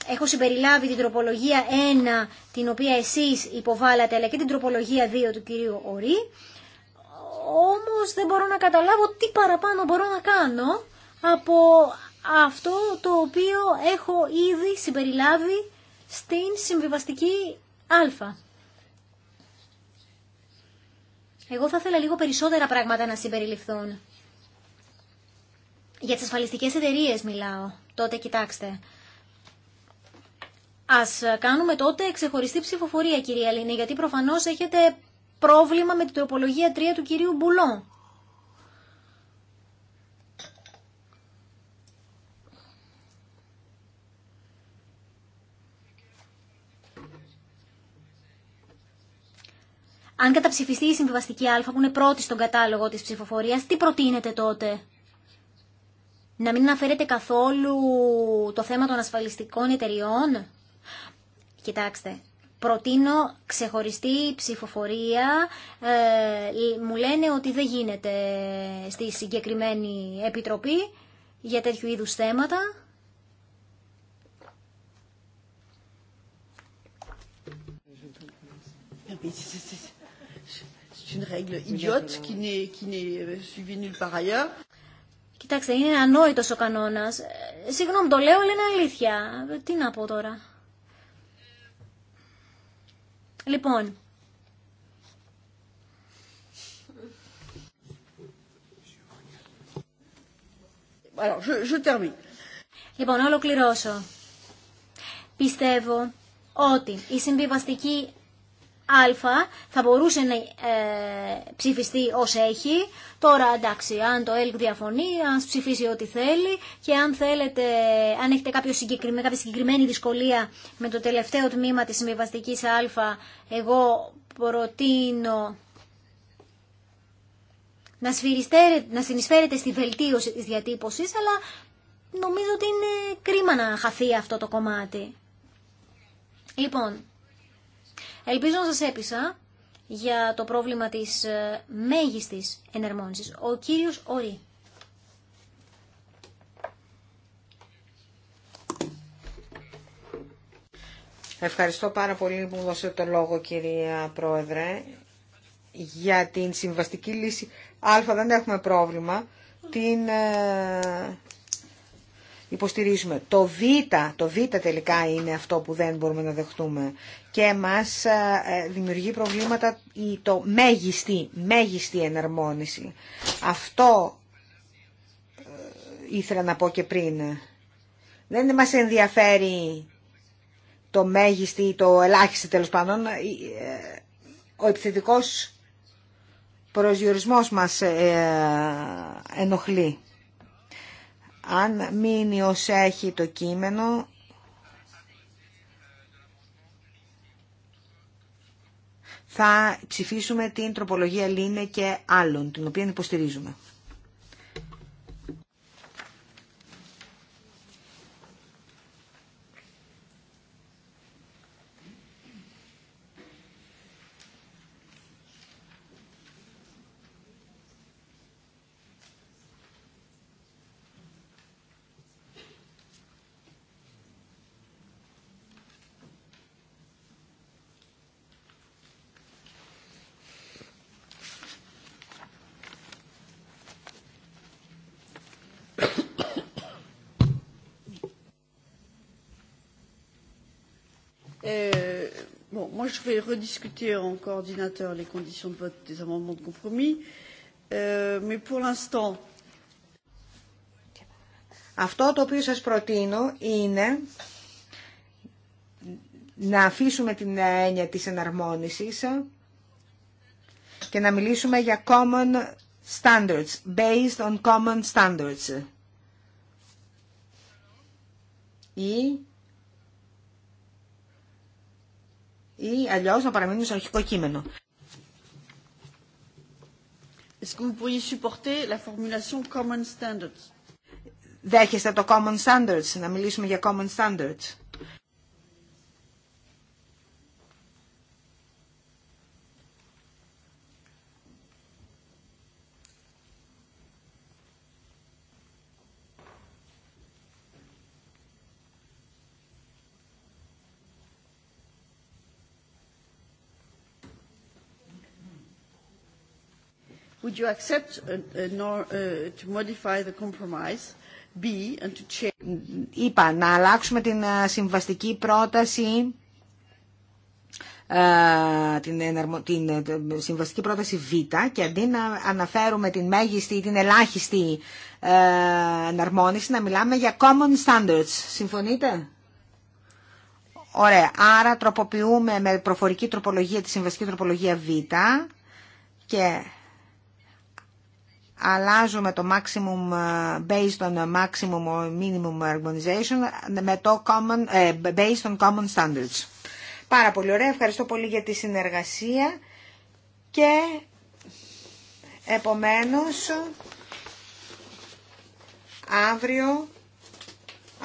έχω συμπεριλάβει την τροπολογία 1, την οποία εσείς υποβάλατε, αλλά και την τροπολογία 2 του κυρίου Ορή όμως δεν μπορώ να καταλάβω τι παραπάνω μπορώ να κάνω από αυτό το οποίο έχω ήδη συμπεριλάβει στην συμβιβαστική α. Εγώ θα ήθελα λίγο περισσότερα πράγματα να συμπεριληφθούν. Για τις ασφαλιστικές εταιρείε μιλάω. Τότε κοιτάξτε. Ας κάνουμε τότε ξεχωριστή ψηφοφορία κυρία Λίνη, γιατί προφανώς έχετε πρόβλημα με την τροπολογία 3 του κυρίου Μπουλό. Αν καταψηφιστεί η συμβιβαστική Α που είναι πρώτη στον κατάλογο της ψηφοφορίας, τι προτείνετε τότε. Να μην αναφέρετε καθόλου το θέμα των ασφαλιστικών εταιριών. Κοιτάξτε, προτείνω ξεχωριστή ψηφοφορία. Ε, μου λένε ότι δεν γίνεται στη συγκεκριμένη επιτροπή για τέτοιου είδους θέματα. Κοιτάξτε, είναι ανόητος ο κανόνας. Ε, συγγνώμη, το λέω, αλλά είναι αλήθεια. Τι να πω τώρα. Λοιπόν, je, Λοιπόν, ολοκληρώσω. Πιστεύω ότι η συμβιβαστική α θα μπορούσε να ε, ψηφιστεί ως έχει. Τώρα εντάξει, αν το ΕΛΚ διαφωνεί, αν ψηφίσει ό,τι θέλει και αν θέλετε, αν έχετε κάποιο συγκεκριμένο, κάποια συγκεκριμένη δυσκολία με το τελευταίο τμήμα της συμβιβαστική α, εγώ προτείνω να, να συνεισφέρετε στη βελτίωση της διατύπωσης, αλλά νομίζω ότι είναι κρίμα να χαθεί αυτό το κομμάτι. Λοιπόν, Ελπίζω να σας έπεισα για το πρόβλημα της ε, μέγιστης ενερμόνησης. Ο κύριος ορι Ευχαριστώ πάρα πολύ που μου δώσετε το λόγο κυρία Πρόεδρε. Για την συμβαστική λύση Α δεν έχουμε πρόβλημα. Την ε, υποστηρίζουμε. Το Β, το Β τελικά είναι αυτό που δεν μπορούμε να δεχτούμε και μας ε, δημιουργεί προβλήματα η, το μέγιστη, μέγιστη εναρμόνιση. Αυτό ε, ήθελα να πω και πριν. Δεν μας ενδιαφέρει το μέγιστη ή το ελάχιστη τέλος πάντων. Ε, ο επιθετικός προσδιορισμός μας ενοχλεί. Αν μείνει ως έχει το κείμενο, θα ψηφίσουμε την τροπολογία Λίνε και άλλων, την οποία υποστηρίζουμε. je vais rediscuter en coordinateur les conditions de vote des amendements de compromis. Euh, Mais pour l'instant. Αυτό το οποίο σας προτείνω είναι να αφήσουμε την έννοια της εναρμόνισης και να μιλήσουμε για common standards, based on common standards. Ή ή αλλιώς να παραμείνουν στο αρχικό κείμενο. Δέχεστε το common standards, να μιλήσουμε για common standards. you accept uh, uh, uh, to modify the compromise B and to Είπα να αλλάξουμε την ε, συμβαστική πρόταση ε, την, την ε, συμβαστική πρόταση Β και αντί να αναφέρουμε την μέγιστη ή την ελάχιστη εναρμόνιση να μιλάμε για common standards. Συμφωνείτε? Ωραία. Άρα τροποποιούμε με προφορική τροπολογία τη συμβαστική τροπολογία Β και αλλάζουμε το maximum ε, based on maximum or minimum harmonization με το common, ε, based on common standards. Πάρα πολύ ωραία. Ευχαριστώ πολύ για τη συνεργασία και επομένως αύριο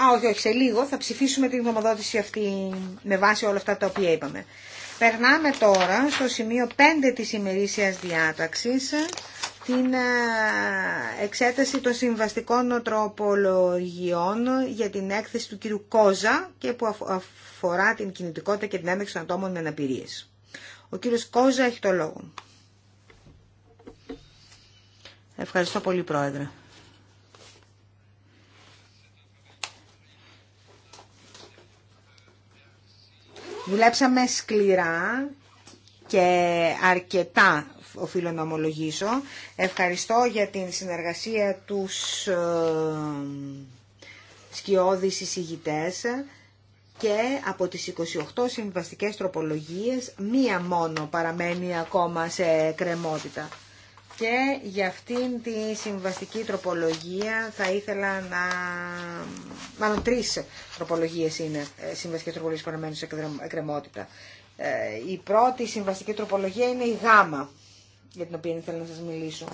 Α, όχι, όχι, σε λίγο θα ψηφίσουμε την γνωμοδότηση αυτή με βάση όλα αυτά τα οποία είπαμε. Περνάμε τώρα στο σημείο 5 της ημερήσιας διάταξης την ε, εξέταση των συμβαστικών τροπολογιών για την έκθεση του κύριου Κόζα και που αφορά την κινητικότητα και την έμεξη των ατόμων με αναπηρίες. Ο κύριος Κόζα έχει το λόγο. Ευχαριστώ πολύ, Πρόεδρε. Δουλέψαμε σκληρά και αρκετά οφείλω να ομολογήσω. Ευχαριστώ για την συνεργασία τους ε, σκιώδης εισηγητές και από τις 28 συμβαστικές τροπολογίες μία μόνο παραμένει ακόμα σε κρεμότητα. Και για αυτήν τη συμβαστική τροπολογία θα ήθελα να... Μάλλον τρεις τροπολογίες είναι ε, συμβαστικές τροπολογίες που παραμένουν σε κρεμότητα. Ε, η πρώτη συμβαστική τροπολογία είναι η γάμα για την οποία ήθελα να σας μιλήσω.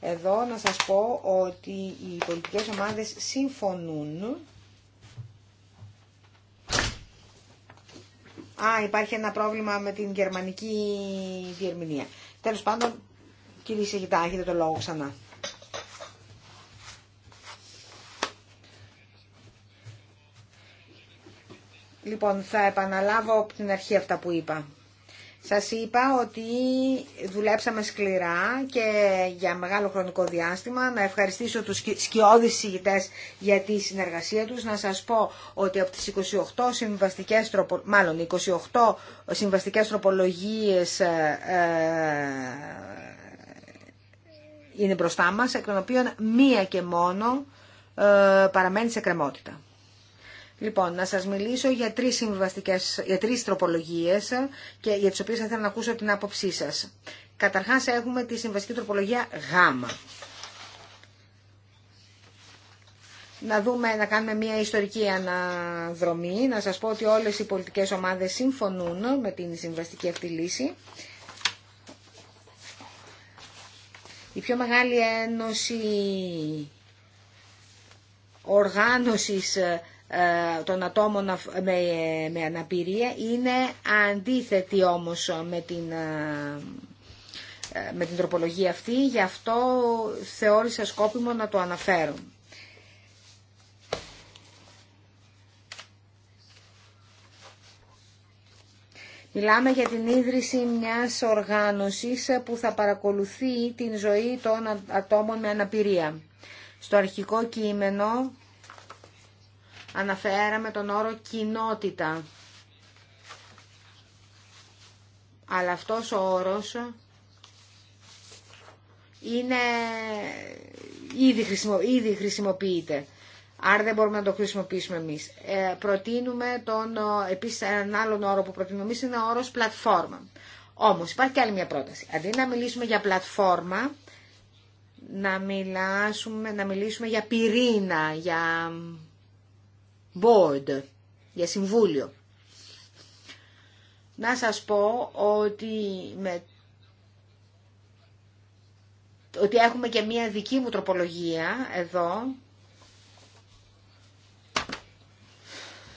Εδώ να σας πω ότι οι πολιτικές ομάδες συμφωνούν. Α, υπάρχει ένα πρόβλημα με την γερμανική διερμηνία. Τέλος πάντων, κύριε Σεγητά, έχετε το λόγο ξανά. Λοιπόν, θα επαναλάβω από την αρχή αυτά που είπα. Σας είπα ότι δουλέψαμε σκληρά και για μεγάλο χρονικό διάστημα. Να ευχαριστήσω τους σκιώδεις συγητές για τη συνεργασία τους. Να σας πω ότι από τις 28 συμβαστικές, τροπο, μάλλον 28 συμβαστικές τροπολογίες ε, ε, είναι μπροστά μας, εκ των οποίων μία και μόνο ε, παραμένει σε κρεμότητα. Λοιπόν, να σας μιλήσω για τρεις, συμβαστικές, για τρεις τροπολογίες και για τις οποίες θα ήθελα να ακούσω την άποψή σας. Καταρχάς έχουμε τη συμβαστική τροπολογία Γ. Να δούμε, να κάνουμε μια ιστορική αναδρομή, να σας πω ότι όλες οι πολιτικές ομάδες συμφωνούν με την συμβαστική αυτή λύση. Η πιο μεγάλη ένωση οργάνωσης ε, ε, των ατόμων με, με αναπηρία είναι αντίθετη όμως με την, ε, ε, με την τροπολογία αυτή, γι' αυτό θεώρησα σκόπιμο να το αναφέρω. Μιλάμε για την ίδρυση μιας οργάνωσης που θα παρακολουθεί την ζωή των ατόμων με αναπηρία. Στο αρχικό κείμενο αναφέραμε τον όρο κοινότητα. Αλλά αυτός ο όρος είναι ήδη, χρησιμο... ήδη χρησιμοποιείται. Άρα δεν μπορούμε να το χρησιμοποιήσουμε εμείς. Ε, προτείνουμε τον, επίσης έναν άλλον όρο που προτείνουμε εμείς είναι ο όρος πλατφόρμα. Όμως υπάρχει και άλλη μια πρόταση. Αντί να μιλήσουμε για πλατφόρμα, να, μιλάσουμε, να μιλήσουμε για πυρήνα, για board, για συμβούλιο. Να σας πω ότι, με... ότι έχουμε και μία δική μου τροπολογία εδώ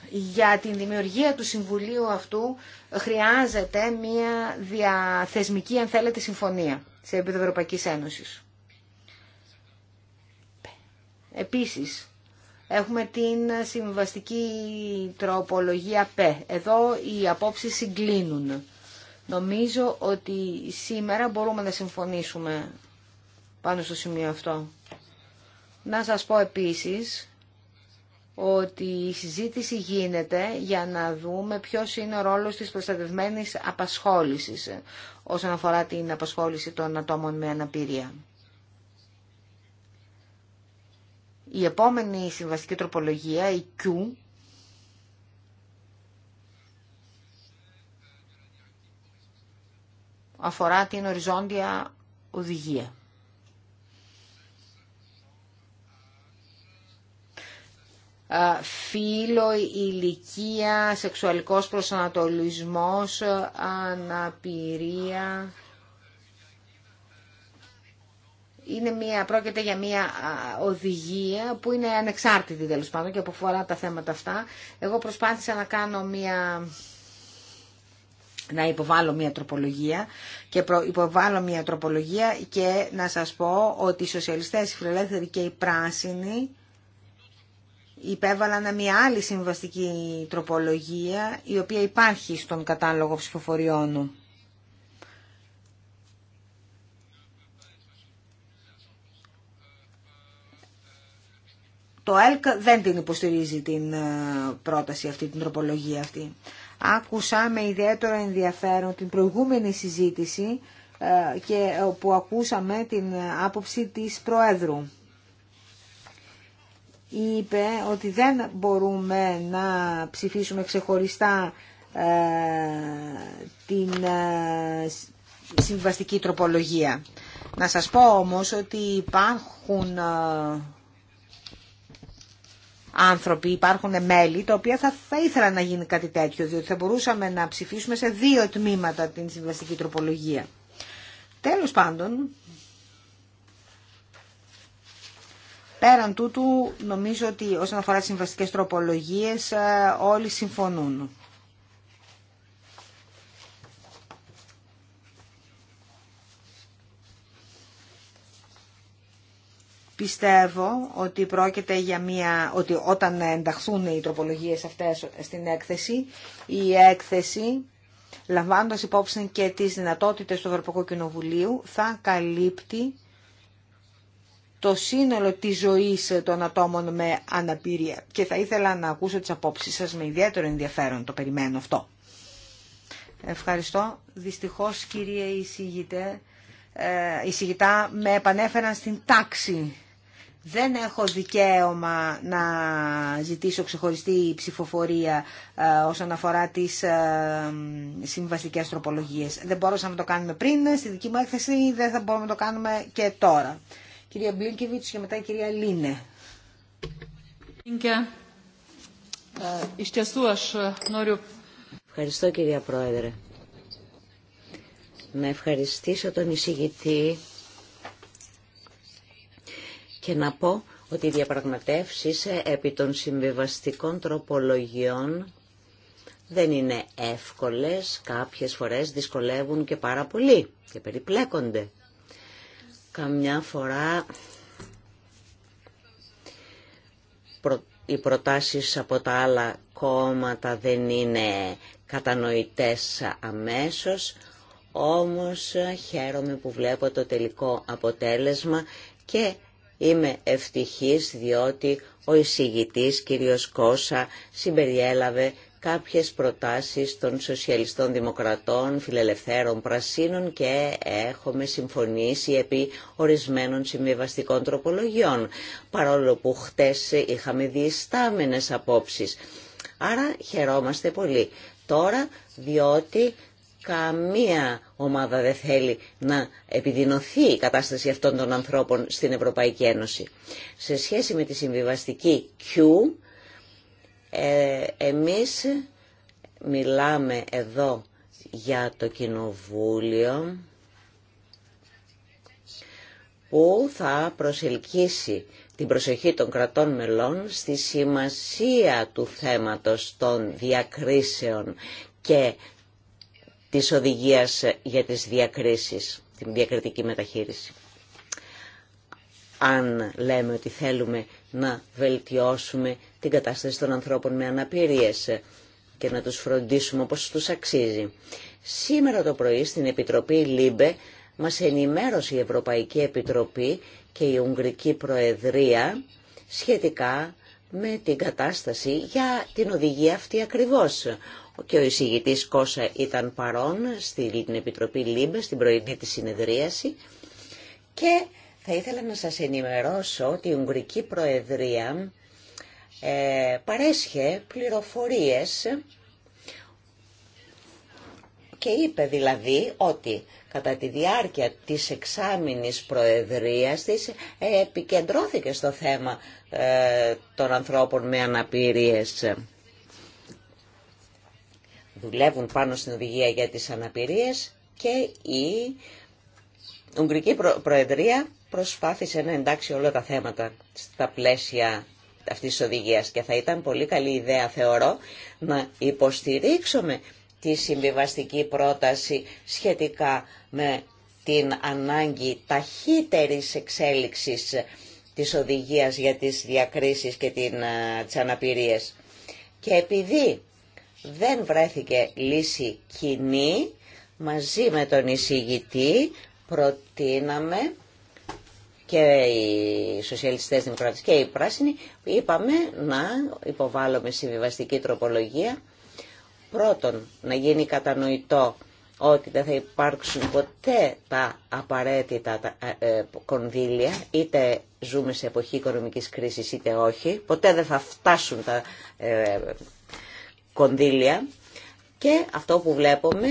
για την δημιουργία του συμβουλίου αυτού χρειάζεται μία διαθεσμική, αν θέλετε, συμφωνία σε επίπεδο Ευρωπαϊκής Ένωσης. Επίσης, Έχουμε την συμβαστική τροπολογία Π. Εδώ οι απόψεις συγκλίνουν. Νομίζω ότι σήμερα μπορούμε να συμφωνήσουμε πάνω στο σημείο αυτό. Να σας πω επίσης ότι η συζήτηση γίνεται για να δούμε ποιος είναι ο ρόλος της προστατευμένης απασχόλησης όσον αφορά την απασχόληση των ατόμων με αναπηρία. Η επόμενη συμβαστική τροπολογία, η Q, αφορά την οριζόντια οδηγία. Φύλλο, ηλικία, σεξουαλικός προσανατολισμός, αναπηρία είναι μια, πρόκειται για μια οδηγία που είναι ανεξάρτητη τέλο πάντων και αποφορά τα θέματα αυτά. Εγώ προσπάθησα να κάνω μια να υποβάλω μια τροπολογία και υποβάλω μια τροπολογία και να σας πω ότι οι σοσιαλιστές, οι φιλελεύθεροι και οι πράσινοι υπέβαλαν μια άλλη συμβαστική τροπολογία η οποία υπάρχει στον κατάλογο ψηφοφοριών Το ΕΛΚ δεν την υποστηρίζει την ε, πρόταση αυτή, την τροπολογία αυτή. Άκουσα με ιδιαίτερο ενδιαφέρον την προηγούμενη συζήτηση ε, και ε, που ακούσαμε την άποψη της Προέδρου. Είπε ότι δεν μπορούμε να ψηφίσουμε ξεχωριστά την συμβαστική τροπολογία. Να σας πω όμως ότι υπάρχουν άνθρωποι, υπάρχουν μέλη τα οποία θα, θα ήθελαν να γίνει κάτι τέτοιο, διότι θα μπορούσαμε να ψηφίσουμε σε δύο τμήματα την συμβαστική τροπολογία. Τέλος πάντων, πέραν τούτου νομίζω ότι όσον αφορά τις συμβαστικές τροπολογίες ε, όλοι συμφωνούν. Πιστεύω ότι πρόκειται για μια, ότι όταν ενταχθούν οι τροπολογίες αυτές στην έκθεση, η έκθεση, λαμβάνοντας υπόψη και τις δυνατότητες του Ευρωπαϊκού Κοινοβουλίου, θα καλύπτει το σύνολο της ζωής των ατόμων με αναπηρία. Και θα ήθελα να ακούσω τις απόψεις σας με ιδιαίτερο ενδιαφέρον, το περιμένω αυτό. Ευχαριστώ. Δυστυχώς, κύριε εισηγητέ, ε, με επανέφεραν στην τάξη δεν έχω δικαίωμα να ζητήσω ξεχωριστή ψηφοφορία ε, όσον αφορά τις ε, συμβαστικές τροπολογίες. Δεν μπορούσαμε να το κάνουμε πριν, στη δική μου έκθεση δεν θα μπορούμε να το κάνουμε και τώρα. Κυρία Μπλίνκεβιτς και μετά η κυρία Λίνε. Ε, Ευχαριστώ κυρία Πρόεδρε. Να ευχαριστήσω τον εισηγητή και να πω ότι οι διαπραγματεύσεις ε, επί των συμβιβαστικών τροπολογιών δεν είναι εύκολες, κάποιες φορές δυσκολεύουν και πάρα πολύ και περιπλέκονται. Καμιά φορά οι προτάσεις από τα άλλα κόμματα δεν είναι κατανοητές αμέσως, όμως χαίρομαι που βλέπω το τελικό αποτέλεσμα και Είμαι ευτυχής διότι ο εισηγητής κύριος κόσα συμπεριέλαβε κάποιες προτάσεις των σοσιαλιστών δημοκρατών, φιλελευθέρων πρασίνων και έχουμε συμφωνήσει επί ορισμένων συμβιβαστικών τροπολογιών, παρόλο που χτες είχαμε διεστάμενες απόψεις. Άρα χαιρόμαστε πολύ. Τώρα διότι Καμία ομάδα δεν θέλει να επιδεινωθεί η κατάσταση αυτών των ανθρώπων στην Ευρωπαϊκή Ένωση. Σε σχέση με τη συμβιβαστική Q, ε, εμείς μιλάμε εδώ για το Κοινοβούλιο που θα προσελκύσει την προσοχή των κρατών μελών στη σημασία του θέματος των διακρίσεων και της οδηγίας για τις διακρίσεις, την διακριτική μεταχείριση. Αν λέμε ότι θέλουμε να βελτιώσουμε την κατάσταση των ανθρώπων με αναπηρίες και να τους φροντίσουμε όπως τους αξίζει. Σήμερα το πρωί στην Επιτροπή ΛΥΜΠΕ μας ενημέρωσε η Ευρωπαϊκή Επιτροπή και η Ουγγρική Προεδρία σχετικά με την κατάσταση για την οδηγία αυτή ακριβώς. Και ο εισηγητής Κώσα ήταν παρόν στην Επιτροπή ΛΥΜΠΕ στην πρωινή της συνεδρίαση και θα ήθελα να σας ενημερώσω ότι η Ουγγρική Προεδρία ε, παρέσχε πληροφορίες και είπε δηλαδή ότι κατά τη διάρκεια της εξάμηνης προεδρίας της ε, επικεντρώθηκε στο θέμα ε, των ανθρώπων με αναπηρίες. Δουλεύουν πάνω στην οδηγία για τις αναπηρίες και η Ουγγρική Προεδρία προσπάθησε να εντάξει όλα τα θέματα στα πλαίσια αυτής της οδηγίας και θα ήταν πολύ καλή ιδέα θεωρώ να υποστηρίξουμε τη συμβιβαστική πρόταση σχετικά με την ανάγκη ταχύτερης εξέλιξης της οδηγίας για τις διακρίσεις και την, ε, τις Και επειδή δεν βρέθηκε λύση κοινή, μαζί με τον εισηγητή προτείναμε και οι σοσιαλιστές δημοκράτες και οι πράσινοι είπαμε να υποβάλλουμε συμβιβαστική τροπολογία Πρώτον, να γίνει κατανοητό ότι δεν θα υπάρξουν ποτέ τα απαραίτητα ε, ε, κονδύλια, είτε ζούμε σε εποχή οικονομικής κρίσης είτε όχι, ποτέ δεν θα φτάσουν τα ε, κονδύλια. Και αυτό που βλέπουμε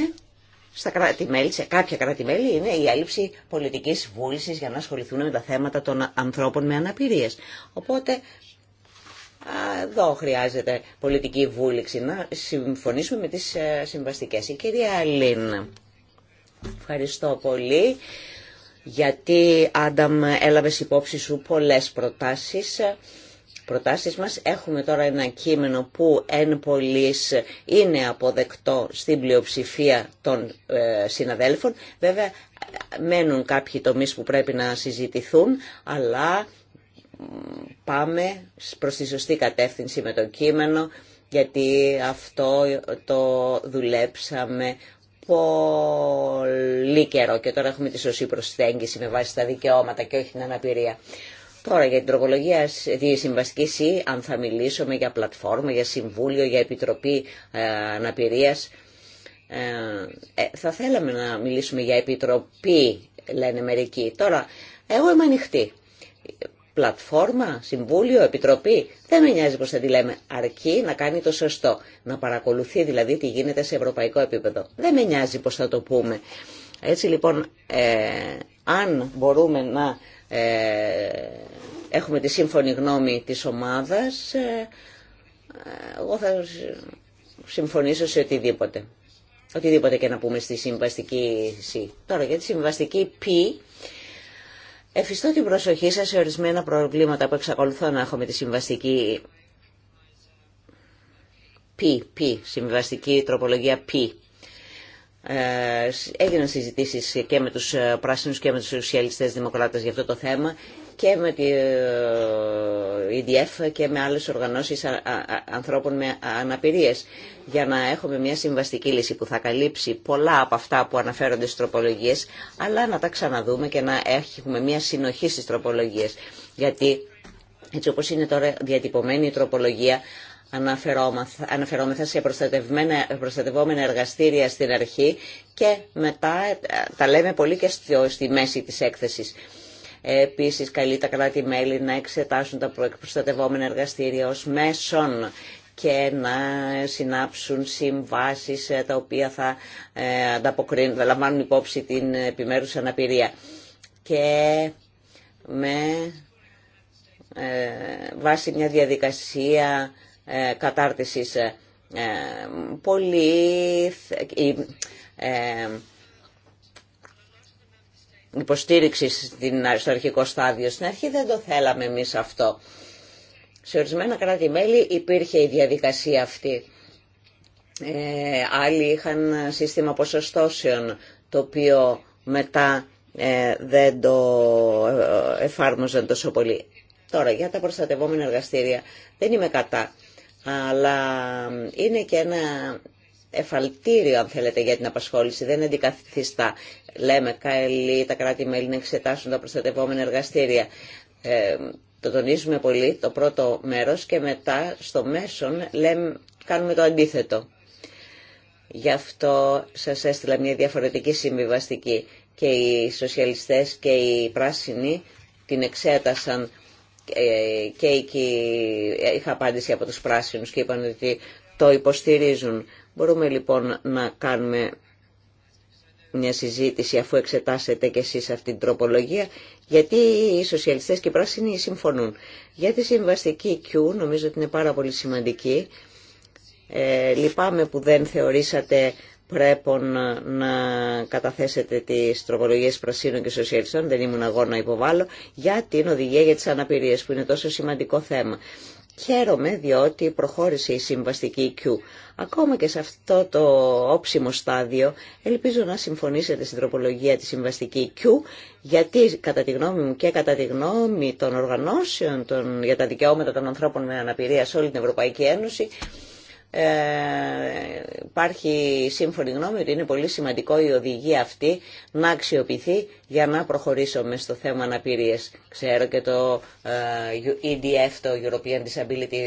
στα κρατη σε κάποια κράτη-μέλη είναι η έλλειψη πολιτικής βούλησης για να ασχοληθούν με τα θέματα των ανθρώπων με αναπηρίες. Οπότε εδώ χρειάζεται πολιτική βούληξη να συμφωνήσουμε με τις ε, συμβαστικές. Η κυρία Αλίν, ευχαριστώ πολύ γιατί Άνταμ έλαβε υπόψη σου πολλές προτάσεις. Προτάσεις μας έχουμε τώρα ένα κείμενο που εν πολλής είναι αποδεκτό στην πλειοψηφία των ε, συναδέλφων. Βέβαια ε, μένουν κάποιοι τομείς που πρέπει να συζητηθούν, αλλά πάμε προς τη σωστή κατεύθυνση με το κείμενο, γιατί αυτό το δουλέψαμε πολύ καιρό και τώρα έχουμε τη σωστή προσθέγγιση με βάση τα δικαιώματα και όχι την αναπηρία. Τώρα για την τροπολογία τη συμβαστική αν θα μιλήσουμε για πλατφόρμα, για συμβούλιο, για επιτροπή ε, αναπηρίας, ε, ε, θα θέλαμε να μιλήσουμε για επιτροπή, λένε μερικοί. Τώρα, εγώ είμαι ανοιχτή πλατφόρμα, συμβούλιο, επιτροπή. Δεν με νοιάζει πώς θα τη λέμε. Αρκεί να κάνει το σωστό. Να παρακολουθεί δηλαδή τι γίνεται σε ευρωπαϊκό επίπεδο. Δεν με νοιάζει πώς θα το πούμε. Έτσι λοιπόν, ε, αν μπορούμε να ε, έχουμε τη σύμφωνη γνώμη της ομάδας, ε, εγώ θα συμφωνήσω σε οτιδήποτε. Οτιδήποτε και να πούμε στη συμβαστική C. Τώρα για τη συμβαστική P, Εφιστώ την προσοχή σας σε ορισμένα προβλήματα που εξακολουθώ να έχω με τη συμβαστική π, π, συμβαστική τροπολογία π. Ε, έγιναν συζητήσεις και με τους ε, πράσινους και με τους σοσιαλιστές δημοκράτες για αυτό το θέμα και με τη EDF ε, και με άλλες οργανώσεις ανθρώπων με αναπηρίες για να έχουμε μια συμβαστική λύση που θα καλύψει πολλά από αυτά που αναφέρονται στις τροπολογίες αλλά να τα ξαναδούμε και να έχουμε μια συνοχή στις τροπολογίες γιατί έτσι όπως είναι τώρα διατυπωμένη η τροπολογία αναφερόμεθα σε προστατευόμενα εργαστήρια στην αρχή και μετά ε, τα λέμε πολύ και στη μέση της έκθεσης. Επίσης καλεί τα κράτη-μέλη να εξετάσουν τα προεκπροστατευόμενα εργαστήρια ω μέσον και να συνάψουν συμβάσεις ε, τα οποία θα, ε, ανταποκρίνουν, θα λαμβάνουν υπόψη την επιμέρους αναπηρία. Και με ε, βάση μια διαδικασία κατάρτισης πολύ υποστήριξη στο αρχικό στάδιο. Στην αρχή δεν το θέλαμε εμείς αυτό. Σε ορισμένα κράτη-μέλη υπήρχε η διαδικασία αυτή. Ε, άλλοι είχαν σύστημα ποσοστώσεων, το οποίο μετά ε, δεν το ε, εφάρμοζαν τόσο πολύ. Τώρα, για τα προστατευόμενα εργαστήρια δεν είμαι κατά, αλλά είναι και ένα εφαλτήριο, αν θέλετε, για την απασχόληση, δεν αντικαθιστά λέμε καλή τα κράτη-μέλη να εξετάσουν τα προστατευόμενα εργαστήρια. Ε, το τονίζουμε πολύ το πρώτο μέρος και μετά στο μέσον λέμε, κάνουμε το αντίθετο. Γι' αυτό σας έστειλα μια διαφορετική συμβιβαστική και οι σοσιαλιστές και οι πράσινοι την εξέτασαν ε, και είχα απάντηση από τους πράσινους και είπαν ότι το υποστηρίζουν. Μπορούμε λοιπόν να κάνουμε μια συζήτηση αφού εξετάσετε και εσείς αυτή την τροπολογία, γιατί οι σοσιαλιστές και οι πράσινοι συμφωνούν. Για τη συμβαστική Q νομίζω ότι είναι πάρα πολύ σημαντική. Ε, λυπάμαι που δεν θεωρήσατε πρέπει να καταθέσετε τις τροπολογίες πρασίνων και σοσιαλιστών, δεν ήμουν εγώ να υποβάλλω, για την οδηγία για τις αναπηρίες που είναι τόσο σημαντικό θέμα. Χαίρομαι διότι προχώρησε η συμβαστική Q. Ακόμα και σε αυτό το όψιμο στάδιο, ελπίζω να συμφωνήσετε στην τροπολογία τη συμβαστική Q, γιατί κατά τη γνώμη μου και κατά τη γνώμη των οργανώσεων των, για τα δικαιώματα των ανθρώπων με αναπηρία σε όλη την Ευρωπαϊκή Ένωση, ε, υπάρχει σύμφωνη γνώμη ότι είναι πολύ σημαντικό η οδηγία αυτή να αξιοποιηθεί για να προχωρήσουμε στο θέμα αναπηρίες. Ξέρω και το ε, EDF, e το European Disability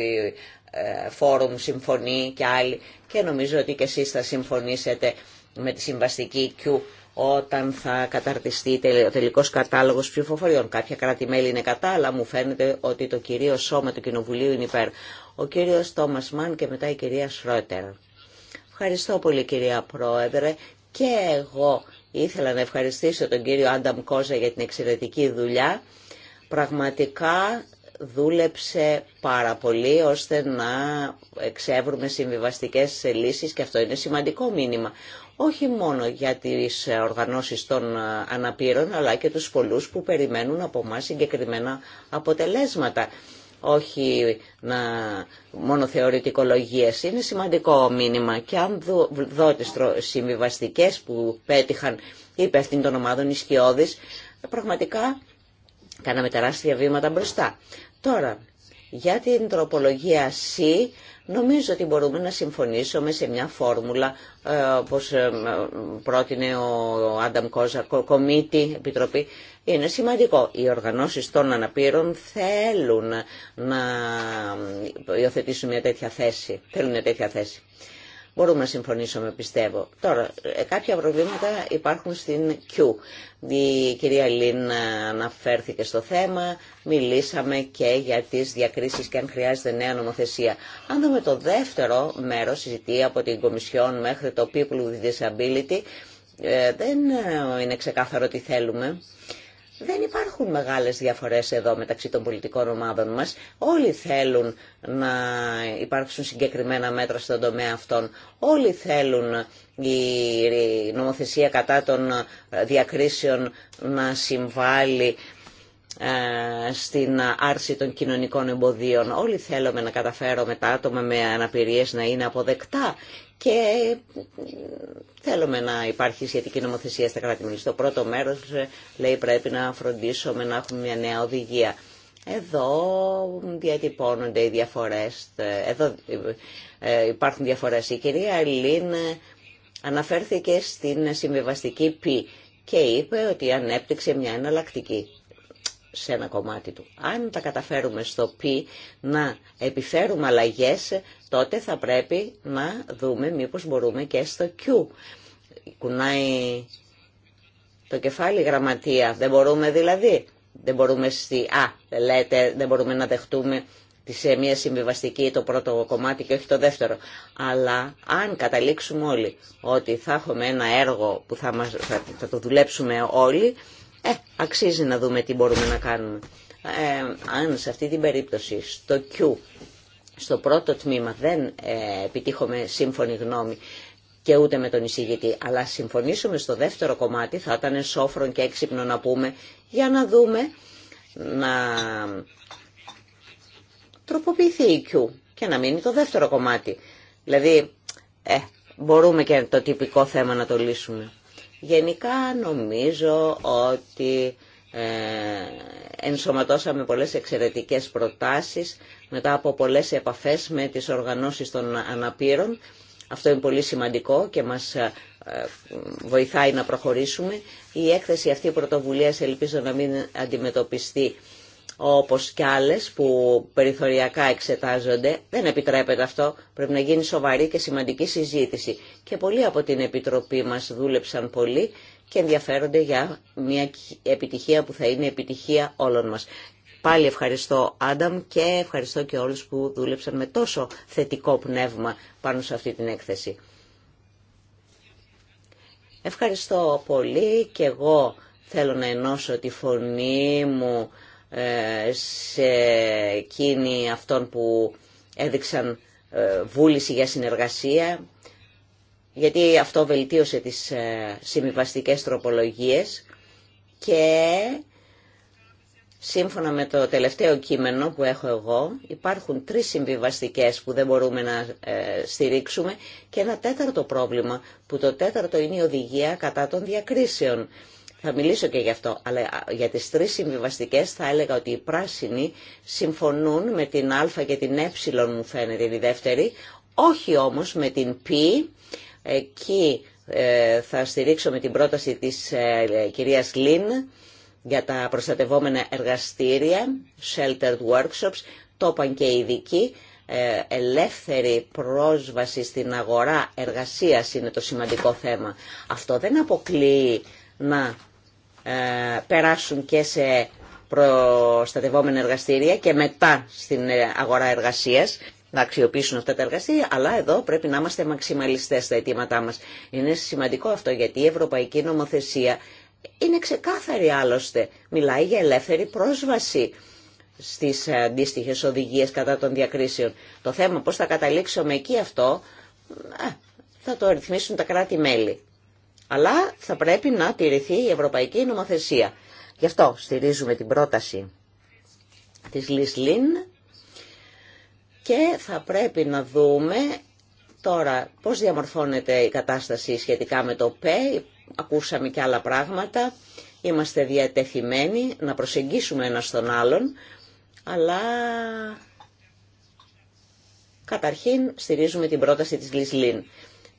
ε, φόρουμ συμφωνεί και άλλοι και νομίζω ότι και εσείς θα συμφωνήσετε με τη συμβαστική Q όταν θα καταρτιστεί ο τελικός κατάλογος ψηφοφοριών. Κάποια κράτη-μέλη είναι κατά, αλλά μου φαίνεται ότι το κυρίο σώμα του Κοινοβουλίου είναι υπέρ. Ο κύριος Τόμας Μαν και μετά η κυρία Σρότερ. Ευχαριστώ πολύ κυρία Πρόεδρε και εγώ ήθελα να ευχαριστήσω τον κύριο Άνταμ Κόζα για την εξαιρετική δουλειά. Πραγματικά δούλεψε πάρα πολύ ώστε να εξεύρουμε συμβιβαστικές λύσεις και αυτό είναι σημαντικό μήνυμα. Όχι μόνο για τις οργανώσεις των αναπήρων αλλά και τους πολλούς που περιμένουν από εμά συγκεκριμένα αποτελέσματα. Όχι να μόνο θεωρητικολογίες. Είναι σημαντικό μήνυμα και αν δω, δω που πέτυχαν οι υπεύθυνοι των ομάδων ισχυώδης, πραγματικά κάναμε τεράστια βήματα μπροστά. Τώρα, για την τροπολογία C, νομίζω ότι μπορούμε να συμφωνήσουμε σε μια φόρμουλα, ε, όπως ε, πρότεινε ο Άνταμ Κόζα, κομίτη, επιτροπή. Είναι σημαντικό. Οι οργανώσεις των αναπήρων θέλουν να ε, υιοθετήσουν μια τέτοια θέση. Θέλουν μια τέτοια θέση. Μπορούμε να συμφωνήσουμε, πιστεύω. Τώρα, ε, κάποια προβλήματα υπάρχουν στην Q. Η κυρία Λίν ε, αναφέρθηκε στο θέμα, μιλήσαμε και για τις διακρίσεις και αν χρειάζεται νέα νομοθεσία. Αν δούμε το δεύτερο μέρος, συζητή από την Κομισιόν μέχρι το People with Disability, ε, δεν είναι ξεκάθαρο τι θέλουμε. Δεν υπάρχουν μεγάλες διαφορές εδώ μεταξύ των πολιτικών ομάδων μας. Όλοι θέλουν να υπάρξουν συγκεκριμένα μέτρα στον τομέα αυτών. Όλοι θέλουν η νομοθεσία κατά των διακρίσεων να συμβάλλει ε, στην άρση των κοινωνικών εμποδίων. Όλοι θέλουμε να καταφέρουμε τα άτομα με αναπηρίες να είναι αποδεκτά και θέλουμε να υπάρχει σχετική νομοθεσία στα κράτη-μέλη. Στο πρώτο μέρος ε, λέει πρέπει να φροντίσουμε να έχουμε μια νέα οδηγία. Εδώ διατυπώνονται οι διαφορές, ε, εδώ ε, υπάρχουν διαφορές. Η κυρία Ελίν αναφέρθηκε στην συμβιβαστική πι και είπε ότι ανέπτυξε μια εναλλακτική σε ένα κομμάτι του. Αν τα καταφέρουμε στο π να επιφέρουμε αλλαγές, τότε θα πρέπει να δούμε μήπως μπορούμε και στο Q. Κουνάει το κεφάλι γραμματεία. Δεν μπορούμε δηλαδή. Δεν μπορούμε στη... Α, λέτε, δεν μπορούμε να δεχτούμε σε μια συμβιβαστική το πρώτο κομμάτι και όχι το δεύτερο. Αλλά αν καταλήξουμε όλοι ότι θα έχουμε ένα έργο που θα, μας, θα το δουλέψουμε όλοι, ε, αξίζει να δούμε τι μπορούμε να κάνουμε. Ε, αν σε αυτή την περίπτωση στο Q, στο πρώτο τμήμα δεν ε, επιτύχουμε σύμφωνη γνώμη και ούτε με τον εισηγητή, αλλά συμφωνήσουμε στο δεύτερο κομμάτι, θα ήταν σόφρον και έξυπνο να πούμε, για να δούμε να τροποποιηθεί η Q και να μείνει το δεύτερο κομμάτι. Δηλαδή, ε, μπορούμε και το τυπικό θέμα να το λύσουμε. Γενικά νομίζω ότι ε, ενσωματώσαμε πολλές εξαιρετικές προτάσεις μετά από πολλές επαφές με τις οργανώσεις των αναπήρων. Αυτό είναι πολύ σημαντικό και μας ε, βοηθάει να προχωρήσουμε. Η έκθεση αυτή πρωτοβουλίας ελπίζω να μην αντιμετωπιστεί όπως κι άλλες που περιθωριακά εξετάζονται. Δεν επιτρέπεται αυτό, πρέπει να γίνει σοβαρή και σημαντική συζήτηση. Και πολλοί από την Επιτροπή μας δούλεψαν πολύ και ενδιαφέρονται για μια επιτυχία που θα είναι επιτυχία όλων μας. Πάλι ευχαριστώ Άνταμ και ευχαριστώ και όλους που δούλεψαν με τόσο θετικό πνεύμα πάνω σε αυτή την έκθεση. Ευχαριστώ πολύ και εγώ θέλω να ενώσω τη φωνή μου ε, σε εκείνοι αυτών που έδειξαν ε, βούληση για συνεργασία, γιατί αυτό βελτίωσε τις ε, συμβιβαστικές τροπολογίες και σύμφωνα με το τελευταίο κείμενο που έχω εγώ υπάρχουν τρεις συμβιβαστικές που δεν μπορούμε να στηρίξουμε και ένα τέταρτο πρόβλημα που το τέταρτο είναι η οδηγία κατά των διακρίσεων. Θα μιλήσω και γι' αυτό, αλλά για τις τρεις συμβιβαστικέ θα έλεγα ότι οι πράσινοι συμφωνούν με την α και την ε μου φαίνεται η δεύτερη, όχι όμως με την π, εκεί ε, θα στηρίξω με την πρόταση της ε, ε, κυρίας Λίν για τα προστατευόμενα εργαστήρια, sheltered workshops, το είπαν και οι ειδικοί, ελεύθερη πρόσβαση στην αγορά εργασίας είναι το σημαντικό θέμα. Αυτό δεν αποκλείει να ε, περάσουν και σε προστατευόμενα εργαστήρια και μετά στην ε, αγορά εργασίας να αξιοποιήσουν αυτά τα εργαστήρια, αλλά εδώ πρέπει να είμαστε μαξιμαλιστές στα αιτήματά μας. Είναι σημαντικό αυτό γιατί η Ευρωπαϊκή Νομοθεσία είναι ξεκάθαρη άλλωστε. Μιλάει για ελεύθερη πρόσβαση στις αντίστοιχε οδηγίες κατά των διακρίσεων. Το θέμα πώς θα καταλήξουμε εκεί αυτό ε, θα το ρυθμίσουν τα κράτη-μέλη αλλά θα πρέπει να τηρηθεί η ευρωπαϊκή νομοθεσία. Γι' αυτό στηρίζουμε την πρόταση της Λισλίν και θα πρέπει να δούμε τώρα πώς διαμορφώνεται η κατάσταση σχετικά με το ΠΕ. Ακούσαμε και άλλα πράγματα. Είμαστε διατεθειμένοι να προσεγγίσουμε ένα στον άλλον, αλλά καταρχήν στηρίζουμε την πρόταση της Λιν.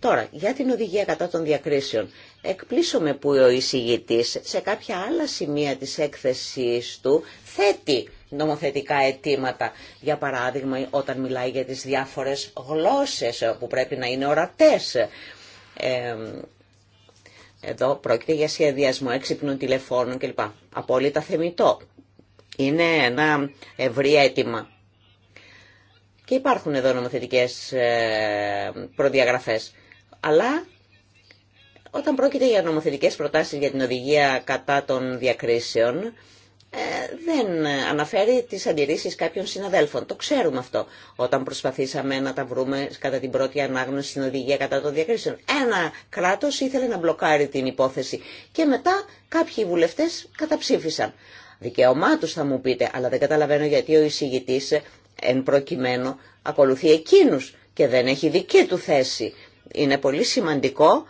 Τώρα, για την οδηγία κατά των διακρίσεων. Εκπλήσωμε που ο εισηγητής σε κάποια άλλα σημεία της έκθεσης του θέτει νομοθετικά αιτήματα. Για παράδειγμα, όταν μιλάει για τις διάφορες γλώσσες που πρέπει να είναι ορατές. Ε, εδώ πρόκειται για σχεδιασμό έξυπνων τηλεφώνων κλπ. Απόλυτα θεμητό. Είναι ένα ευρύ αίτημα. Και υπάρχουν εδώ νομοθετικές ε, προδιαγραφές. Αλλά όταν πρόκειται για νομοθετικές προτάσεις για την οδηγία κατά των διακρίσεων, ε, δεν αναφέρει τις αντιρρήσεις κάποιων συναδέλφων. Το ξέρουμε αυτό. Όταν προσπαθήσαμε να τα βρούμε κατά την πρώτη ανάγνωση στην οδηγία κατά των διακρίσεων. Ένα κράτος ήθελε να μπλοκάρει την υπόθεση και μετά κάποιοι βουλευτές καταψήφισαν. Δικαίωμά θα μου πείτε, αλλά δεν καταλαβαίνω γιατί ο εισηγητής εν προκειμένου ακολουθεί εκείνους και δεν έχει δική του θέση είναι πολύ σημαντικό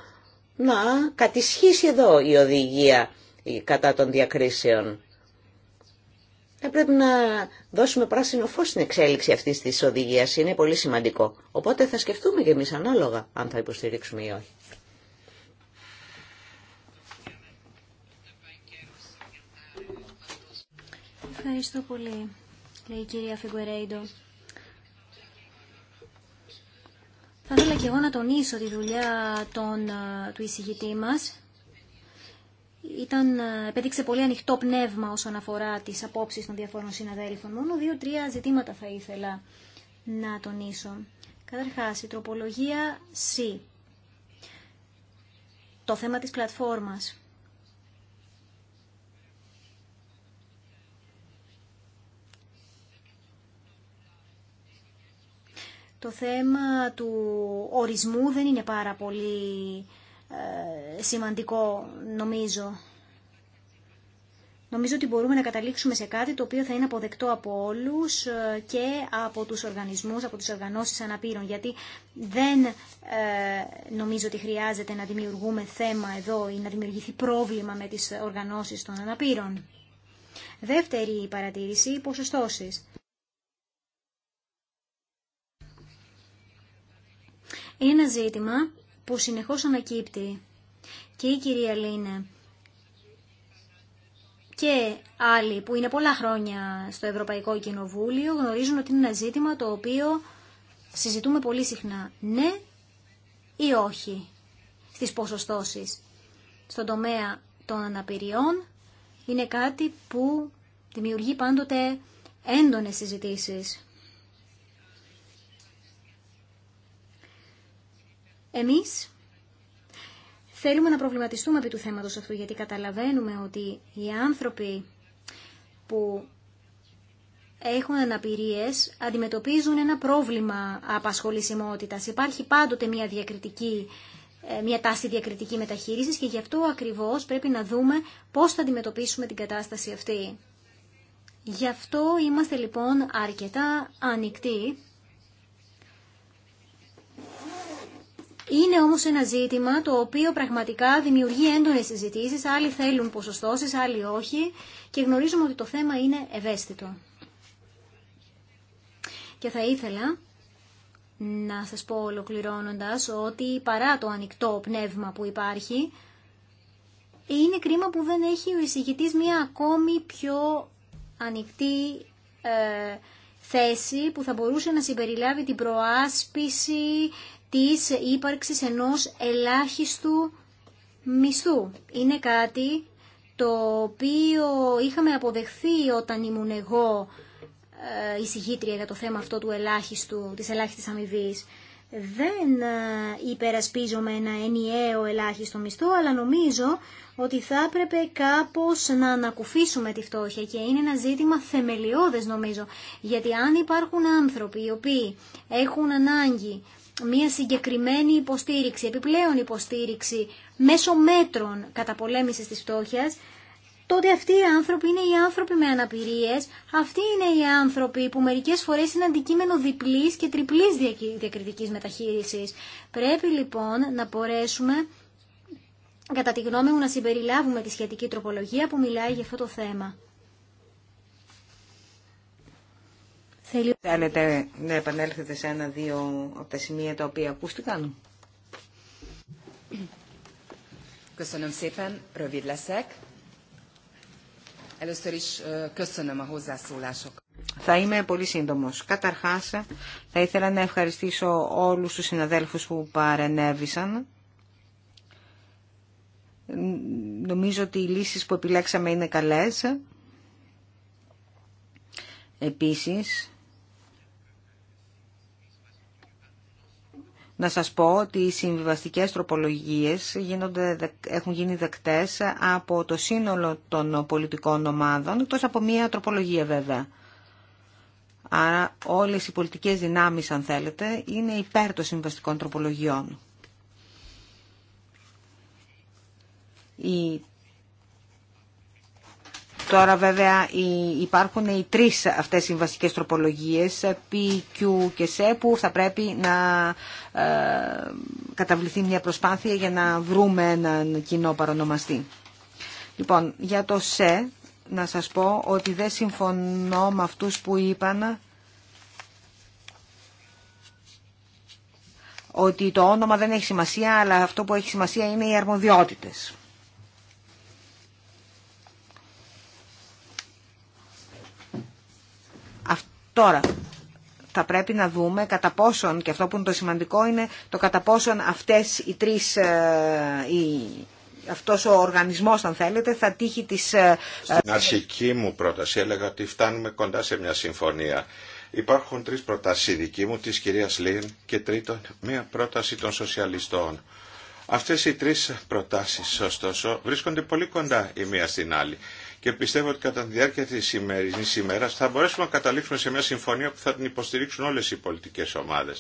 να κατησχύσει εδώ η οδηγία κατά των διακρίσεων. Θα ε, πρέπει να δώσουμε πράσινο φως στην εξέλιξη αυτής της οδηγίας. Είναι πολύ σημαντικό. Οπότε θα σκεφτούμε και εμείς ανάλογα αν θα υποστηρίξουμε ή όχι. Ευχαριστώ πολύ, λέει η κυρία Φιγκουερέιντο. Θα ήθελα και εγώ να τονίσω τη δουλειά των, ε, του εισηγητή μας. Ήταν, ε, επέδειξε πολύ ανοιχτό πνεύμα όσον αφορά τις απόψεις των διαφόρων συναδέλφων. Μόνο δύο-τρία ζητήματα θα ήθελα να τονίσω. Καταρχάς, η τροπολογία C. Το θέμα της πλατφόρμας. Το θέμα του ορισμού δεν είναι πάρα πολύ ε, σημαντικό, νομίζω. Νομίζω ότι μπορούμε να καταλήξουμε σε κάτι το οποίο θα είναι αποδεκτό από όλους ε, και από τους οργανισμούς, από τις οργανώσεις αναπήρων, γιατί δεν ε, νομίζω ότι χρειάζεται να δημιουργούμε θέμα εδώ ή να δημιουργηθεί πρόβλημα με τις οργανώσεις των αναπήρων. Δεύτερη παρατήρηση, ποσοστώσεις. ένα ζήτημα που συνεχώς ανακύπτει. Και η κυρία Λίνε και άλλοι που είναι πολλά χρόνια στο Ευρωπαϊκό Κοινοβούλιο γνωρίζουν ότι είναι ένα ζήτημα το οποίο συζητούμε πολύ συχνά. Ναι ή όχι στις ποσοστώσεις. Στον τομέα των αναπηριών είναι κάτι που δημιουργεί πάντοτε έντονες συζητήσεις. Εμείς θέλουμε να προβληματιστούμε επί του θέματος αυτού, γιατί καταλαβαίνουμε ότι οι άνθρωποι που έχουν αναπηρίες, αντιμετωπίζουν ένα πρόβλημα απασχολησιμότητας. Υπάρχει πάντοτε μια διακριτική ε, μια τάση διακριτική μεταχείρισης και γι' αυτό ακριβώς πρέπει να δούμε πώς θα αντιμετωπίσουμε την κατάσταση αυτή. Γι' αυτό είμαστε λοιπόν αρκετά ανοιχτοί Είναι όμως ένα ζήτημα το οποίο πραγματικά δημιουργεί έντονες συζητήσεις, άλλοι θέλουν ποσοστώσεις, άλλοι όχι και γνωρίζουμε ότι το θέμα είναι ευαίσθητο. Και θα ήθελα να σας πω ολοκληρώνοντας ότι παρά το ανοιχτό πνεύμα που υπάρχει, είναι κρίμα που δεν έχει ο εισηγητής μία ακόμη πιο ανοιχτή ε, θέση που θα μπορούσε να συμπεριλάβει την προάσπιση της ύπαρξης ενός ελάχιστου μισθού. Είναι κάτι το οποίο είχαμε αποδεχθεί όταν ήμουν εγώ ε, εισηγήτρια για το θέμα αυτό του ελάχιστου, της ελάχιστης αμοιβή. Δεν ε, υπερασπίζομαι ένα ενιαίο ελάχιστο μισθό, αλλά νομίζω ότι θα έπρεπε κάπως να ανακουφίσουμε τη φτώχεια και είναι ένα ζήτημα θεμελιώδες νομίζω. Γιατί αν υπάρχουν άνθρωποι οι οποίοι έχουν ανάγκη μια συγκεκριμένη υποστήριξη, επιπλέον υποστήριξη μέσω μέτρων καταπολέμησης της φτώχειας, τότε αυτοί οι άνθρωποι είναι οι άνθρωποι με αναπηρίες, αυτοί είναι οι άνθρωποι που μερικές φορές είναι αντικείμενο διπλής και τριπλής διακριτικής μεταχείρισης. Πρέπει λοιπόν να μπορέσουμε, κατά τη γνώμη μου, να συμπεριλάβουμε τη σχετική τροπολογία που μιλάει για αυτό το θέμα. Θέλει... Θέλετε να επανέλθετε σε ένα-δύο από τα σημεία τα οποία ακούστηκαν. Θα είμαι πολύ σύντομος. Καταρχάς, θα ήθελα να ευχαριστήσω όλους τους συναδέλφους που παρενέβησαν. Νομίζω ότι οι λύσεις που επιλέξαμε είναι καλές. Επίσης, να σας πω ότι οι συμβιβαστικές τροπολογίες έχουν γίνει δεκτές από το σύνολο των πολιτικών ομάδων, εκτός από μία τροπολογία βέβαια. Άρα όλες οι πολιτικές δυνάμεις, αν θέλετε, είναι υπέρ των συμβιβαστικών τροπολογιών. Τώρα βέβαια υπάρχουν οι τρεις αυτές οι βασικές τροπολογίες, P, Q και C, που θα πρέπει να ε, καταβληθεί μια προσπάθεια για να βρούμε έναν κοινό παρονομαστή. Λοιπόν, για το C να σας πω ότι δεν συμφωνώ με αυτούς που είπαν ότι το όνομα δεν έχει σημασία, αλλά αυτό που έχει σημασία είναι οι αρμοδιότητες. Τώρα, θα πρέπει να δούμε κατά πόσον, και αυτό που είναι το σημαντικό είναι το κατά πόσον αυτές οι τρεις, ε, οι, αυτός ο οργανισμός αν θέλετε θα τύχει της... Ε, στην αρχική μου πρόταση έλεγα ότι φτάνουμε κοντά σε μια συμφωνία. Υπάρχουν τρεις προτάσεις δική μου, της κυρίας Λίν και τρίτον μια πρόταση των σοσιαλιστών. Αυτές οι τρεις προτάσεις, ωστόσο, βρίσκονται πολύ κοντά η μία στην άλλη και πιστεύω ότι κατά τη διάρκεια τη σημερινή ημέρα θα μπορέσουμε να καταλήξουμε σε μια συμφωνία που θα την υποστηρίξουν όλε οι πολιτικέ ομάδε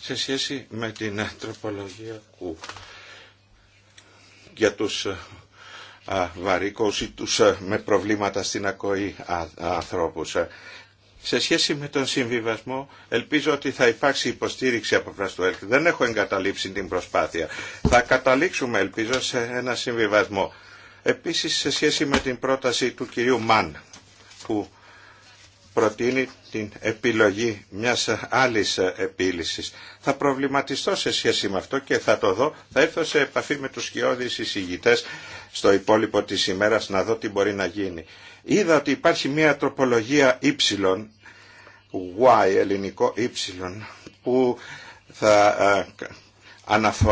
σε σχέση με την τροπολογία που για τους ε, α, βαρύκους ή τους ε, με προβλήματα στην ακοή ανθρώπους. Ε, σε σχέση με τον συμβιβασμό, ελπίζω ότι θα υπάρξει υποστήριξη από πλευρά του Δεν έχω εγκαταλείψει την προσπάθεια. Θα καταλήξουμε, ελπίζω, σε ένα συμβιβασμό. Επίσης σε σχέση με την πρόταση του κυρίου Μαν που προτείνει την επιλογή μιας άλλης επίλυσης. Θα προβληματιστώ σε σχέση με αυτό και θα το δω. Θα έρθω σε επαφή με τους σκιώδεις εισηγητές στο υπόλοιπο της ημέρας να δω τι μπορεί να γίνει. Είδα ότι υπάρχει μια τροπολογία Y, Y ελληνικό Y, που θα ε,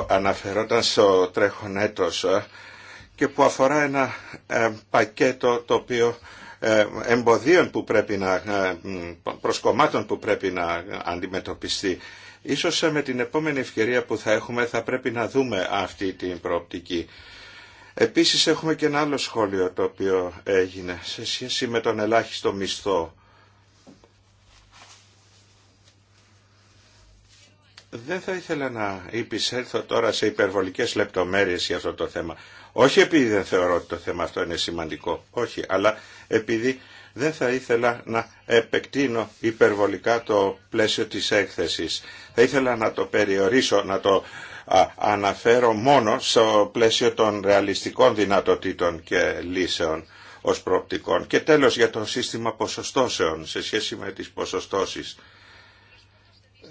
αναφερόταν στο τρέχον έτος ε, και που αφορά ένα ε, πακέτο το οποίο ε, εμποδίων που πρέπει να, ε, προσκομμάτων που πρέπει να αντιμετωπιστεί. Ίσως με την επόμενη ευκαιρία που θα έχουμε θα πρέπει να δούμε αυτή την προοπτική. Επίσης έχουμε και ένα άλλο σχόλιο το οποίο έγινε σε σχέση με τον ελάχιστο μισθό. Δεν θα ήθελα να υπησέλθω τώρα σε υπερβολικές λεπτομέρειες για αυτό το θέμα. Όχι επειδή δεν θεωρώ ότι το θέμα αυτό είναι σημαντικό, όχι, αλλά επειδή δεν θα ήθελα να επεκτείνω υπερβολικά το πλαίσιο της έκθεσης. Θα ήθελα να το περιορίσω, να το αναφέρω μόνο στο πλαίσιο των ρεαλιστικών δυνατοτήτων και λύσεων ως προοπτικών. Και τέλος για το σύστημα ποσοστώσεων σε σχέση με τις ποσοστώσεις.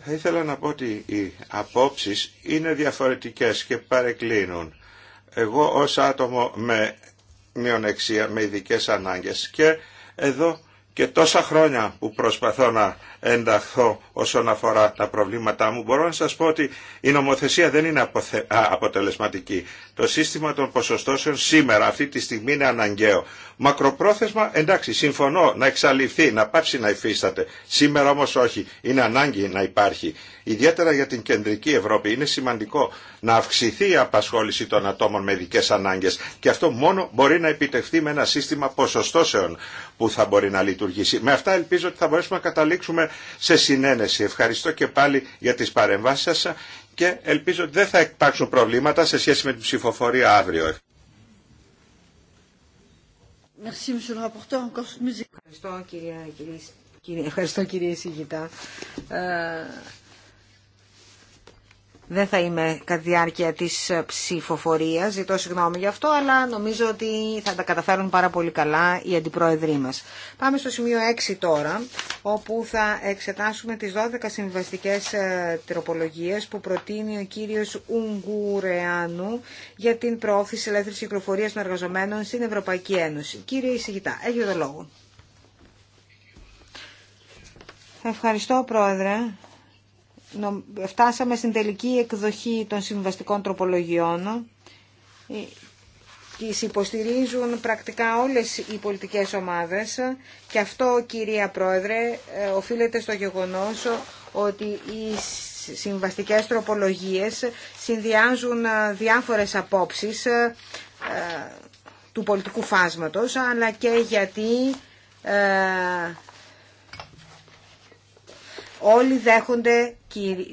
Θα ήθελα να πω ότι οι απόψεις είναι διαφορετικές και παρεκκλίνουν εγώ ως άτομο με μειονεξία, με ειδικέ ανάγκες και εδώ και τόσα χρόνια που προσπαθώ να ενταχθώ όσον αφορά τα προβλήματά μου, μπορώ να σας πω ότι η νομοθεσία δεν είναι αποτελεσματική. Το σύστημα των ποσοστώσεων σήμερα, αυτή τη στιγμή, είναι αναγκαίο. Μακροπρόθεσμα, εντάξει, συμφωνώ να εξαλειφθεί, να πάψει να υφίσταται. Σήμερα όμως όχι. Είναι ανάγκη να υπάρχει ιδιαίτερα για την κεντρική Ευρώπη, είναι σημαντικό να αυξηθεί η απασχόληση των ατόμων με ειδικέ ανάγκε και αυτό μόνο μπορεί να επιτευχθεί με ένα σύστημα ποσοστώσεων που θα μπορεί να λειτουργήσει. Με αυτά ελπίζω ότι θα μπορέσουμε να καταλήξουμε σε συνένεση. Ευχαριστώ και πάλι για τι παρεμβάσει σα και ελπίζω ότι δεν θα υπάρξουν προβλήματα σε σχέση με την ψηφοφορία αύριο. Ευχαριστώ κύριε, ευχαριστώ δεν θα είμαι κατά διάρκεια τη ψηφοφορία, ζητώ συγγνώμη γι' αυτό, αλλά νομίζω ότι θα τα καταφέρουν πάρα πολύ καλά οι αντιπρόεδροί μα. Πάμε στο σημείο 6 τώρα, όπου θα εξετάσουμε τι 12 συμβαστικέ ε, τροπολογίε που προτείνει ο κύριο Ουγγουρεάνου για την προώθηση ελεύθερη κυκλοφορία των εργαζομένων στην Ευρωπαϊκή Ένωση. Κύριε Ισηγητά, έχετε το λόγο. Ευχαριστώ, Πρόεδρε φτάσαμε στην τελική εκδοχή των συμβαστικών τροπολογιών. Ε, τις υποστηρίζουν πρακτικά όλες οι πολιτικές ομάδες και αυτό, κυρία Πρόεδρε, ε, οφείλεται στο γεγονός ότι οι συμβαστικές τροπολογίες συνδυάζουν ε, διάφορες απόψεις του πολιτικού φάσματος, αλλά και γιατί όλοι δέχονται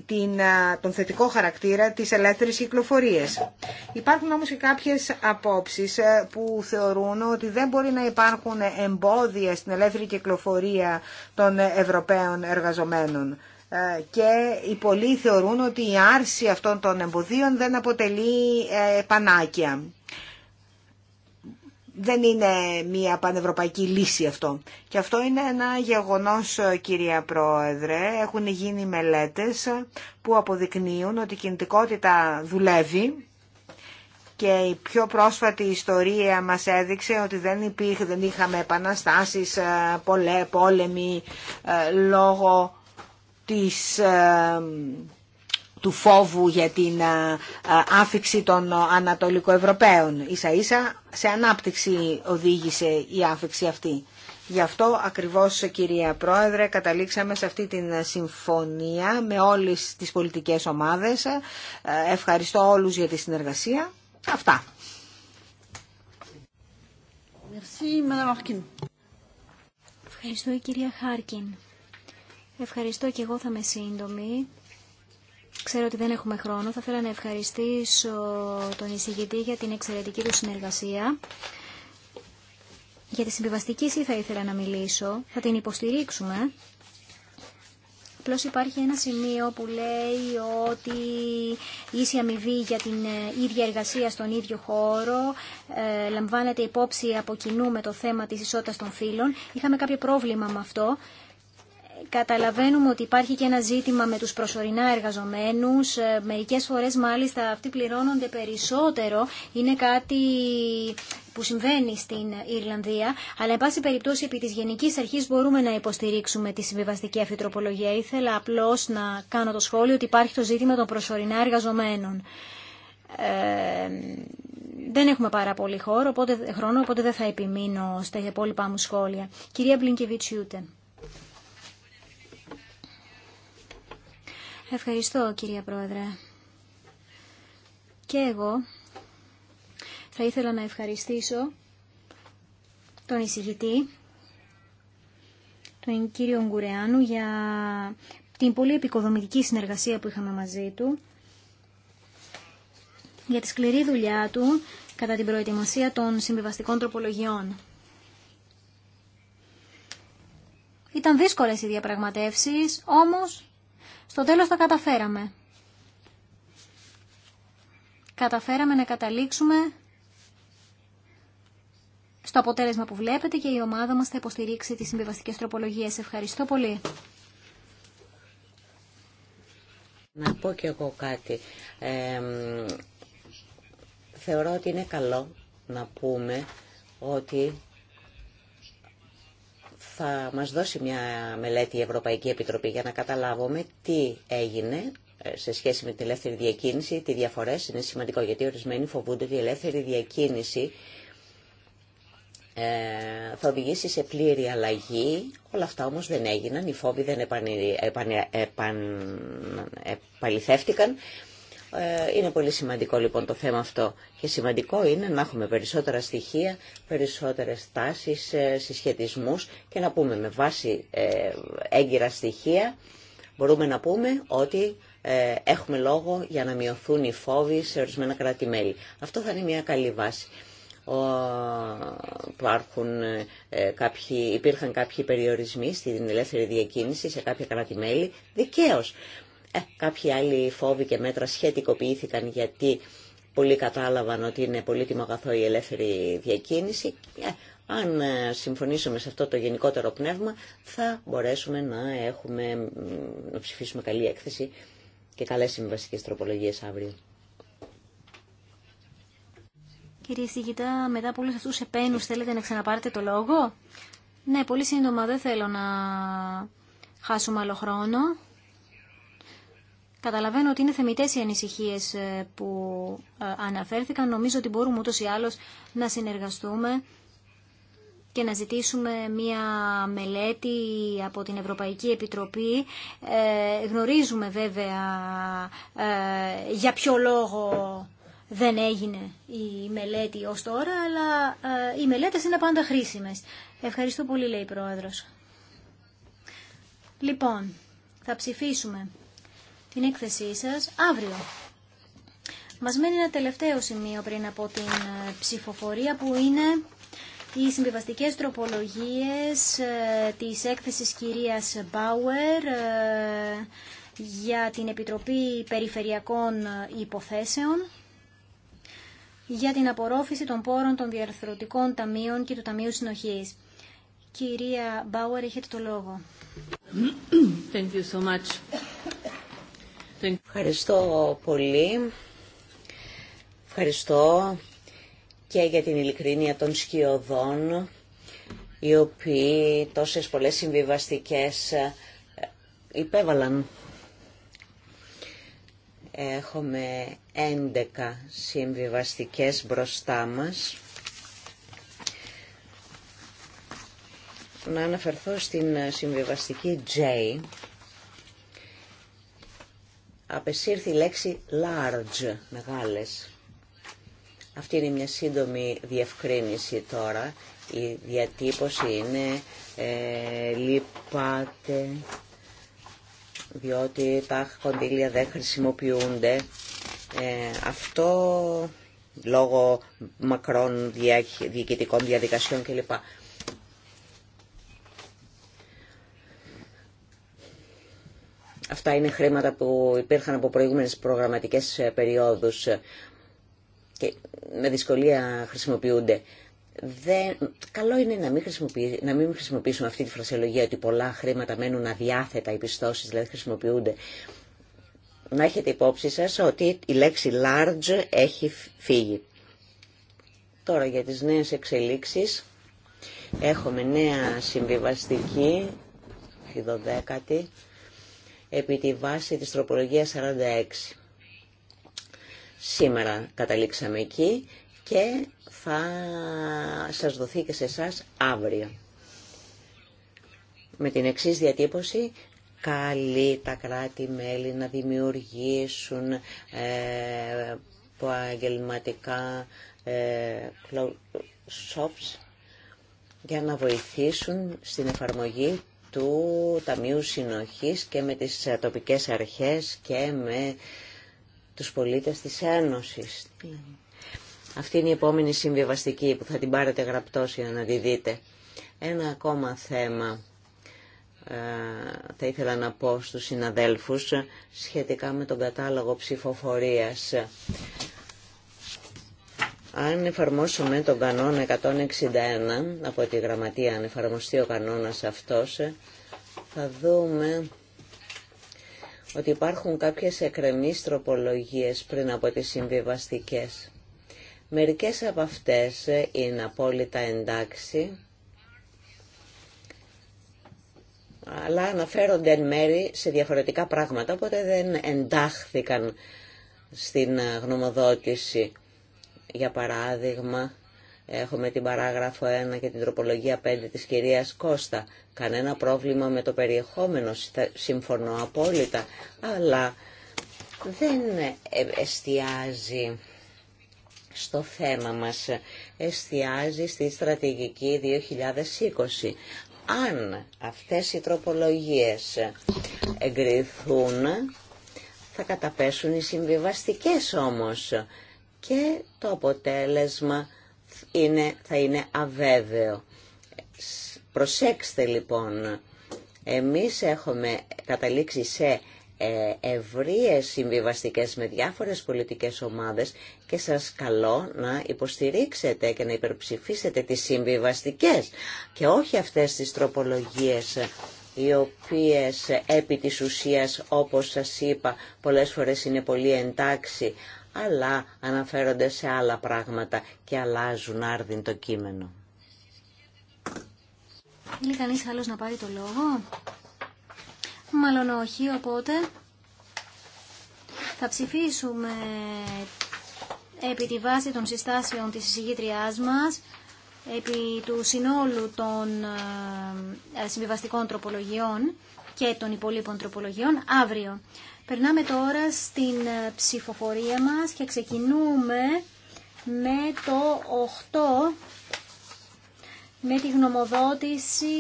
την, τον θετικό χαρακτήρα της ελεύθερης κυκλοφορίας. Υπάρχουν όμως και κάποιες απόψεις ε, που θεωρούν ότι δεν μπορεί να υπάρχουν εμπόδια στην ελεύθερη κυκλοφορία των Ευρωπαίων εργαζομένων ε, και οι πολλοί θεωρούν ότι η άρση αυτών των εμποδίων δεν αποτελεί ε, πανάκια δεν είναι μια πανευρωπαϊκή λύση αυτό. Και αυτό είναι ένα γεγονός, κυρία Πρόεδρε. Έχουν γίνει μελέτες που αποδεικνύουν ότι η κινητικότητα δουλεύει και η πιο πρόσφατη ιστορία μας έδειξε ότι δεν, υπήρχε, δεν είχαμε επαναστάσεις, ε, πολλέ, πόλεμοι, ε, λόγω της ε, του φόβου για την ε, ε, άφηξη των Ανατολικοευρωπαίων. Ίσα ίσα σε ανάπτυξη οδήγησε η άφηξη αυτή. Γι' αυτό ακριβώς κυρία Πρόεδρε καταλήξαμε σε αυτή την συμφωνία με όλες τις πολιτικές ομάδες. Ε, ευχαριστώ όλους για τη συνεργασία. Αυτά. Ευχαριστώ η κυρία Χάρκιν. Ευχαριστώ και εγώ θα είμαι σύντομη. Ξέρω ότι δεν έχουμε χρόνο. Θα ήθελα να ευχαριστήσω τον εισηγητή για την εξαιρετική του συνεργασία. Για τη συμβιβαστική ΣΥ θα ήθελα να μιλήσω. Θα την υποστηρίξουμε. Απλώς υπάρχει ένα σημείο που λέει ότι η ίση αμοιβή για την ε, ίδια εργασία στον ίδιο χώρο ε, λαμβάνεται υπόψη από κοινού με το θέμα της ισότητας των φύλων. Είχαμε κάποιο πρόβλημα με αυτό Καταλαβαίνουμε ότι υπάρχει και ένα ζήτημα με τους προσωρινά εργαζομένους. Ε, μερικές φορές μάλιστα αυτοί πληρώνονται περισσότερο. Είναι κάτι που συμβαίνει στην Ιρλανδία. Αλλά, εν πάση περιπτώσει, επί της γενικής αρχής μπορούμε να υποστηρίξουμε τη συμβιβαστική αφιτροπολογία. Ήθελα απλώς να κάνω το σχόλιο ότι υπάρχει το ζήτημα των προσωρινά εργαζομένων. Ε, δεν έχουμε πάρα πολύ χώρο, οπότε, χρόνο, οπότε δεν θα επιμείνω στα υπόλοιπά μου σχόλια. Κυρία Μπλινκεβίτσιούτε. Ευχαριστώ κυρία Πρόεδρε. Και εγώ θα ήθελα να ευχαριστήσω τον εισηγητή, τον κύριο Γκουρεάνου, για την πολύ επικοδομητική συνεργασία που είχαμε μαζί του, για τη σκληρή δουλειά του κατά την προετοιμασία των συμβιβαστικών τροπολογιών. Ήταν δύσκολες οι διαπραγματεύσεις, όμως στο τέλος τα καταφέραμε. Καταφέραμε να καταλήξουμε στο αποτέλεσμα που βλέπετε και η ομάδα μας θα υποστηρίξει τις συμβιβαστικές τροπολογίες. Ευχαριστώ πολύ. Να πω κι εγώ κάτι. θεωρώ ότι είναι καλό να πούμε ότι θα μας δώσει μια μελέτη η Ευρωπαϊκή Επιτροπή για να καταλάβουμε τι έγινε ε, σε σχέση με την ελεύθερη διακίνηση, τι διαφορές είναι σημαντικό γιατί ορισμένοι φοβούνται ότι η ελεύθερη διακίνηση ε, θα οδηγήσει σε πλήρη αλλαγή. Όλα αυτά όμως δεν έγιναν, οι φόβοι δεν επαληθεύτηκαν. Ε, είναι πολύ σημαντικό λοιπόν το θέμα αυτό και σημαντικό είναι να έχουμε περισσότερα στοιχεία, περισσότερες τάσεις, ε, συσχετισμούς και να πούμε με βάση ε, έγκυρα στοιχεία μπορούμε να πούμε ότι έχουμε λόγο για να μειωθούν οι φόβοι σε ορισμένα κράτη-μέλη. Αυτό θα είναι μια καλή βάση. Υπάρχουν, ε, υπήρχαν κάποιοι περιορισμοί στην ελεύθερη διακίνηση σε κάποια κράτη-μέλη, ε, κάποιοι άλλοι φόβοι και μέτρα σχετικοποιήθηκαν γιατί πολλοί κατάλαβαν ότι είναι πολύτιμο αγαθό η ελεύθερη διακίνηση. Ε, αν ε, συμφωνήσουμε σε αυτό το γενικότερο πνεύμα θα μπορέσουμε να, έχουμε, να ψηφίσουμε καλή έκθεση και καλές συμβασικές τροπολογίες αύριο. Κύριε Σιγητά, μετά από όλους αυτούς επένους θέλετε να ξαναπάρετε το λόγο. Ναι, πολύ σύντομα δεν θέλω να χάσουμε άλλο χρόνο. Καταλαβαίνω ότι είναι θεμητές οι ανησυχίες ε, που ε, αναφέρθηκαν. Νομίζω ότι μπορούμε ούτως ή άλλως να συνεργαστούμε και να ζητήσουμε μία μελέτη από την Ευρωπαϊκή Επιτροπή. Ε, γνωρίζουμε βέβαια για ποιο λόγο δεν έγινε η μελέτη ως τώρα, αλλά οι μελέτες είναι πάντα χρήσιμες. Ευχαριστώ πολύ, λέει η Πρόεδρος. Λοιπόν, θα ψηφίσουμε την έκθεσή σας αύριο. Μας μένει ένα τελευταίο σημείο πριν από την ε, ψηφοφορία που είναι οι συμβιβαστικές τροπολογίες ε, της έκθεσης κυρίας Μπάουερ ε, για την Επιτροπή Περιφερειακών Υποθέσεων για την απορρόφηση των πόρων των διαρθρωτικών ταμείων και του Ταμείου Συνοχής. Κυρία Μπάουερ, έχετε το λόγο. Thank you so much. Ευχαριστώ πολύ. Ευχαριστώ και για την ειλικρίνεια των σκιωδών, οι οποίοι τόσες πολλές συμβιβαστικές ε, υπέβαλαν. Έχουμε 11 συμβιβαστικές μπροστά μας. Να αναφερθώ στην συμβιβαστική J, απεσύρθη η λέξη large, μεγάλες. Αυτή είναι μια σύντομη διευκρίνηση τώρα. Η διατύπωση είναι ε, λυπάται διότι τα κοντήλια δεν χρησιμοποιούνται. Ε, αυτό λόγω μακρών διοικητικών διαδικασιών κλπ. Αυτά είναι χρήματα που υπήρχαν από προηγούμενες προγραμματικές ε, περιόδους ε, και με δυσκολία χρησιμοποιούνται. Δεν... Καλό είναι να μην, χρησιμοποιήσουμε, αυτή τη φρασιολογία ότι πολλά χρήματα μένουν αδιάθετα, οι πιστώσεις δηλαδή χρησιμοποιούνται. Να έχετε υπόψη σας ότι η λέξη large έχει φύγει. Τώρα για τις νέες εξελίξεις έχουμε νέα συμβιβαστική, 12η επί τη βάση της τροπολογίας 46. Σήμερα καταλήξαμε εκεί και θα σας δοθεί και σε εσά αύριο. Με την εξής διατύπωση καλή τα κράτη-μέλη να δημιουργήσουν ε, επαγγελματικά ε, shops για να βοηθήσουν στην εφαρμογή του Ταμείου Συνοχής και με τις τοπικές αρχές και με τους πολίτες της Ένωσης. Αυτή είναι η επόμενη συμβιβαστική που θα την πάρετε γραπτός για να τη δείτε. Ένα ακόμα θέμα ε, θα ήθελα να πω στους συναδέλφους σχετικά με τον κατάλογο ψηφοφορίας. Αν εφαρμόσουμε τον κανόνα 161 από τη γραμματεία, αν εφαρμοστεί ο κανόνας αυτός, ε, θα δούμε ότι υπάρχουν κάποιες εκρεμείς τροπολογίες πριν από τις συμβιβαστικές. Μερικές από αυτές ε, είναι απόλυτα εντάξει, αλλά αναφέρονται εν μέρη σε διαφορετικά πράγματα, οπότε δεν εντάχθηκαν στην ε, γνωμοδότηση. Για παράδειγμα, έχουμε την παράγραφο 1 και την τροπολογία 5 της κυρίας Κώστα. Κανένα πρόβλημα με το περιεχόμενο, συμφωνώ απόλυτα, αλλά δεν εστιάζει στο θέμα μας, εστιάζει στη στρατηγική 2020. Αν αυτές οι τροπολογίες εγκριθούν, θα καταπέσουν οι συμβιβαστικές όμως και το αποτέλεσμα είναι, θα είναι αβέβαιο. Προσέξτε λοιπόν, εμείς έχουμε καταλήξει σε ε, ευρείες συμβιβαστικές με διάφορες πολιτικές ομάδες και σας καλώ να υποστηρίξετε και να υπερψηφίσετε τις συμβιβαστικές και όχι αυτές τις τροπολογίες οι οποίες επί της ουσίας όπως σας είπα πολλές φορές είναι πολύ εντάξει αλλά αναφέρονται σε άλλα πράγματα και αλλάζουν άρδιν το κείμενο. Είναι κανείς άλλος να πάρει το λόγο? Μάλλον όχι, οπότε θα ψηφίσουμε επί τη βάση των συστάσεων της εισηγήτριάς μας, επί του συνόλου των ε, συμβιβαστικών τροπολογιών και των υπολείπων τροπολογιών αύριο. Περνάμε τώρα στην ε, ψηφοφορία μας και ξεκινούμε με το 8 με τη γνωμοδότηση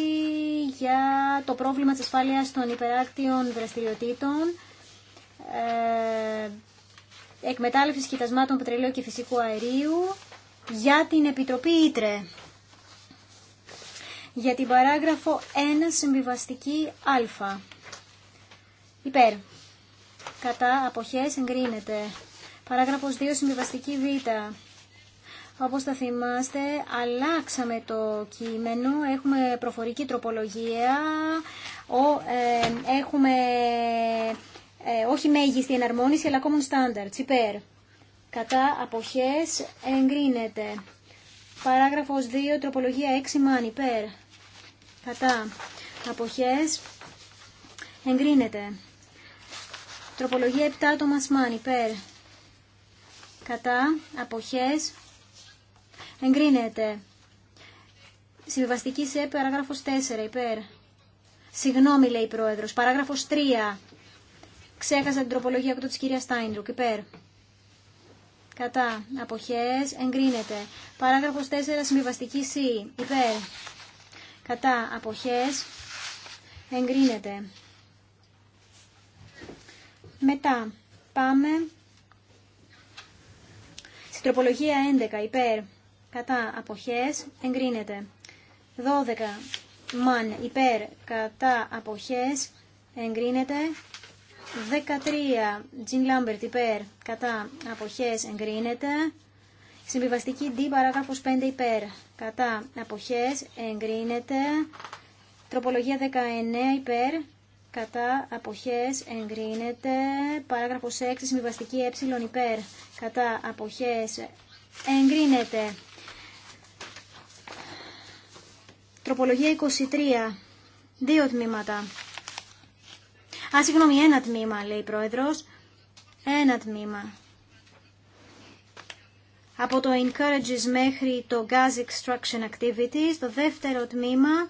για το πρόβλημα της ασφάλειας των υπεράκτιων δραστηριοτήτων ε, εκμετάλλευσης κοιτασμάτων πετρελαίου και φυσικού αερίου για την Επιτροπή Ήτρε για την παράγραφο 1 συμβιβαστική α υπέρ κατά αποχές εγκρίνεται. Παράγραφος 2 συμβιβαστική β. Όπως θα θυμάστε, αλλάξαμε το κείμενο, έχουμε προφορική τροπολογία, ο, έχουμε ε, όχι μέγιστη εναρμόνιση, αλλά common standards, υπέρ. Κατά αποχές εγκρίνεται. Παράγραφος 2, τροπολογία 6, μαν, υπέρ. Κατά αποχές εγκρίνεται. Τροπολογία 7 το μασμάν υπέρ. Κατά. Αποχές. Εγκρίνεται. Συμβιβαστική σε παράγραφος 4 υπέρ. Συγγνώμη λέει η πρόεδρος. Παράγραφος 3. Ξέχασα την τροπολογία από το της κυρία Στάιντρουκ υπέρ. Κατά. Αποχές. Εγκρίνεται. Παράγραφος 4. Συμβιβαστική C. Υπέρ. Κατά. Αποχές. Εγκρίνεται. Μετά πάμε στην τροπολογία 11 υπέρ κατά αποχές εγκρίνεται. 12 μαν υπέρ κατά αποχές εγκρίνεται. 13 Τζιν Λάμπερτ υπέρ κατά αποχές εγκρίνεται. Συμβιβαστική D παράγραφος 5 υπέρ κατά αποχές εγκρίνεται. Τροπολογία 19 υπέρ κατά αποχές εγκρίνεται. Παράγραφος 6, συμβιβαστική ε υπέρ κατά αποχές εγκρίνεται. Τροπολογία 23, δύο τμήματα. Α, συγγνώμη, ένα τμήμα, λέει η Πρόεδρος. Ένα τμήμα. Από το encourages μέχρι το gas extraction activities, το δεύτερο τμήμα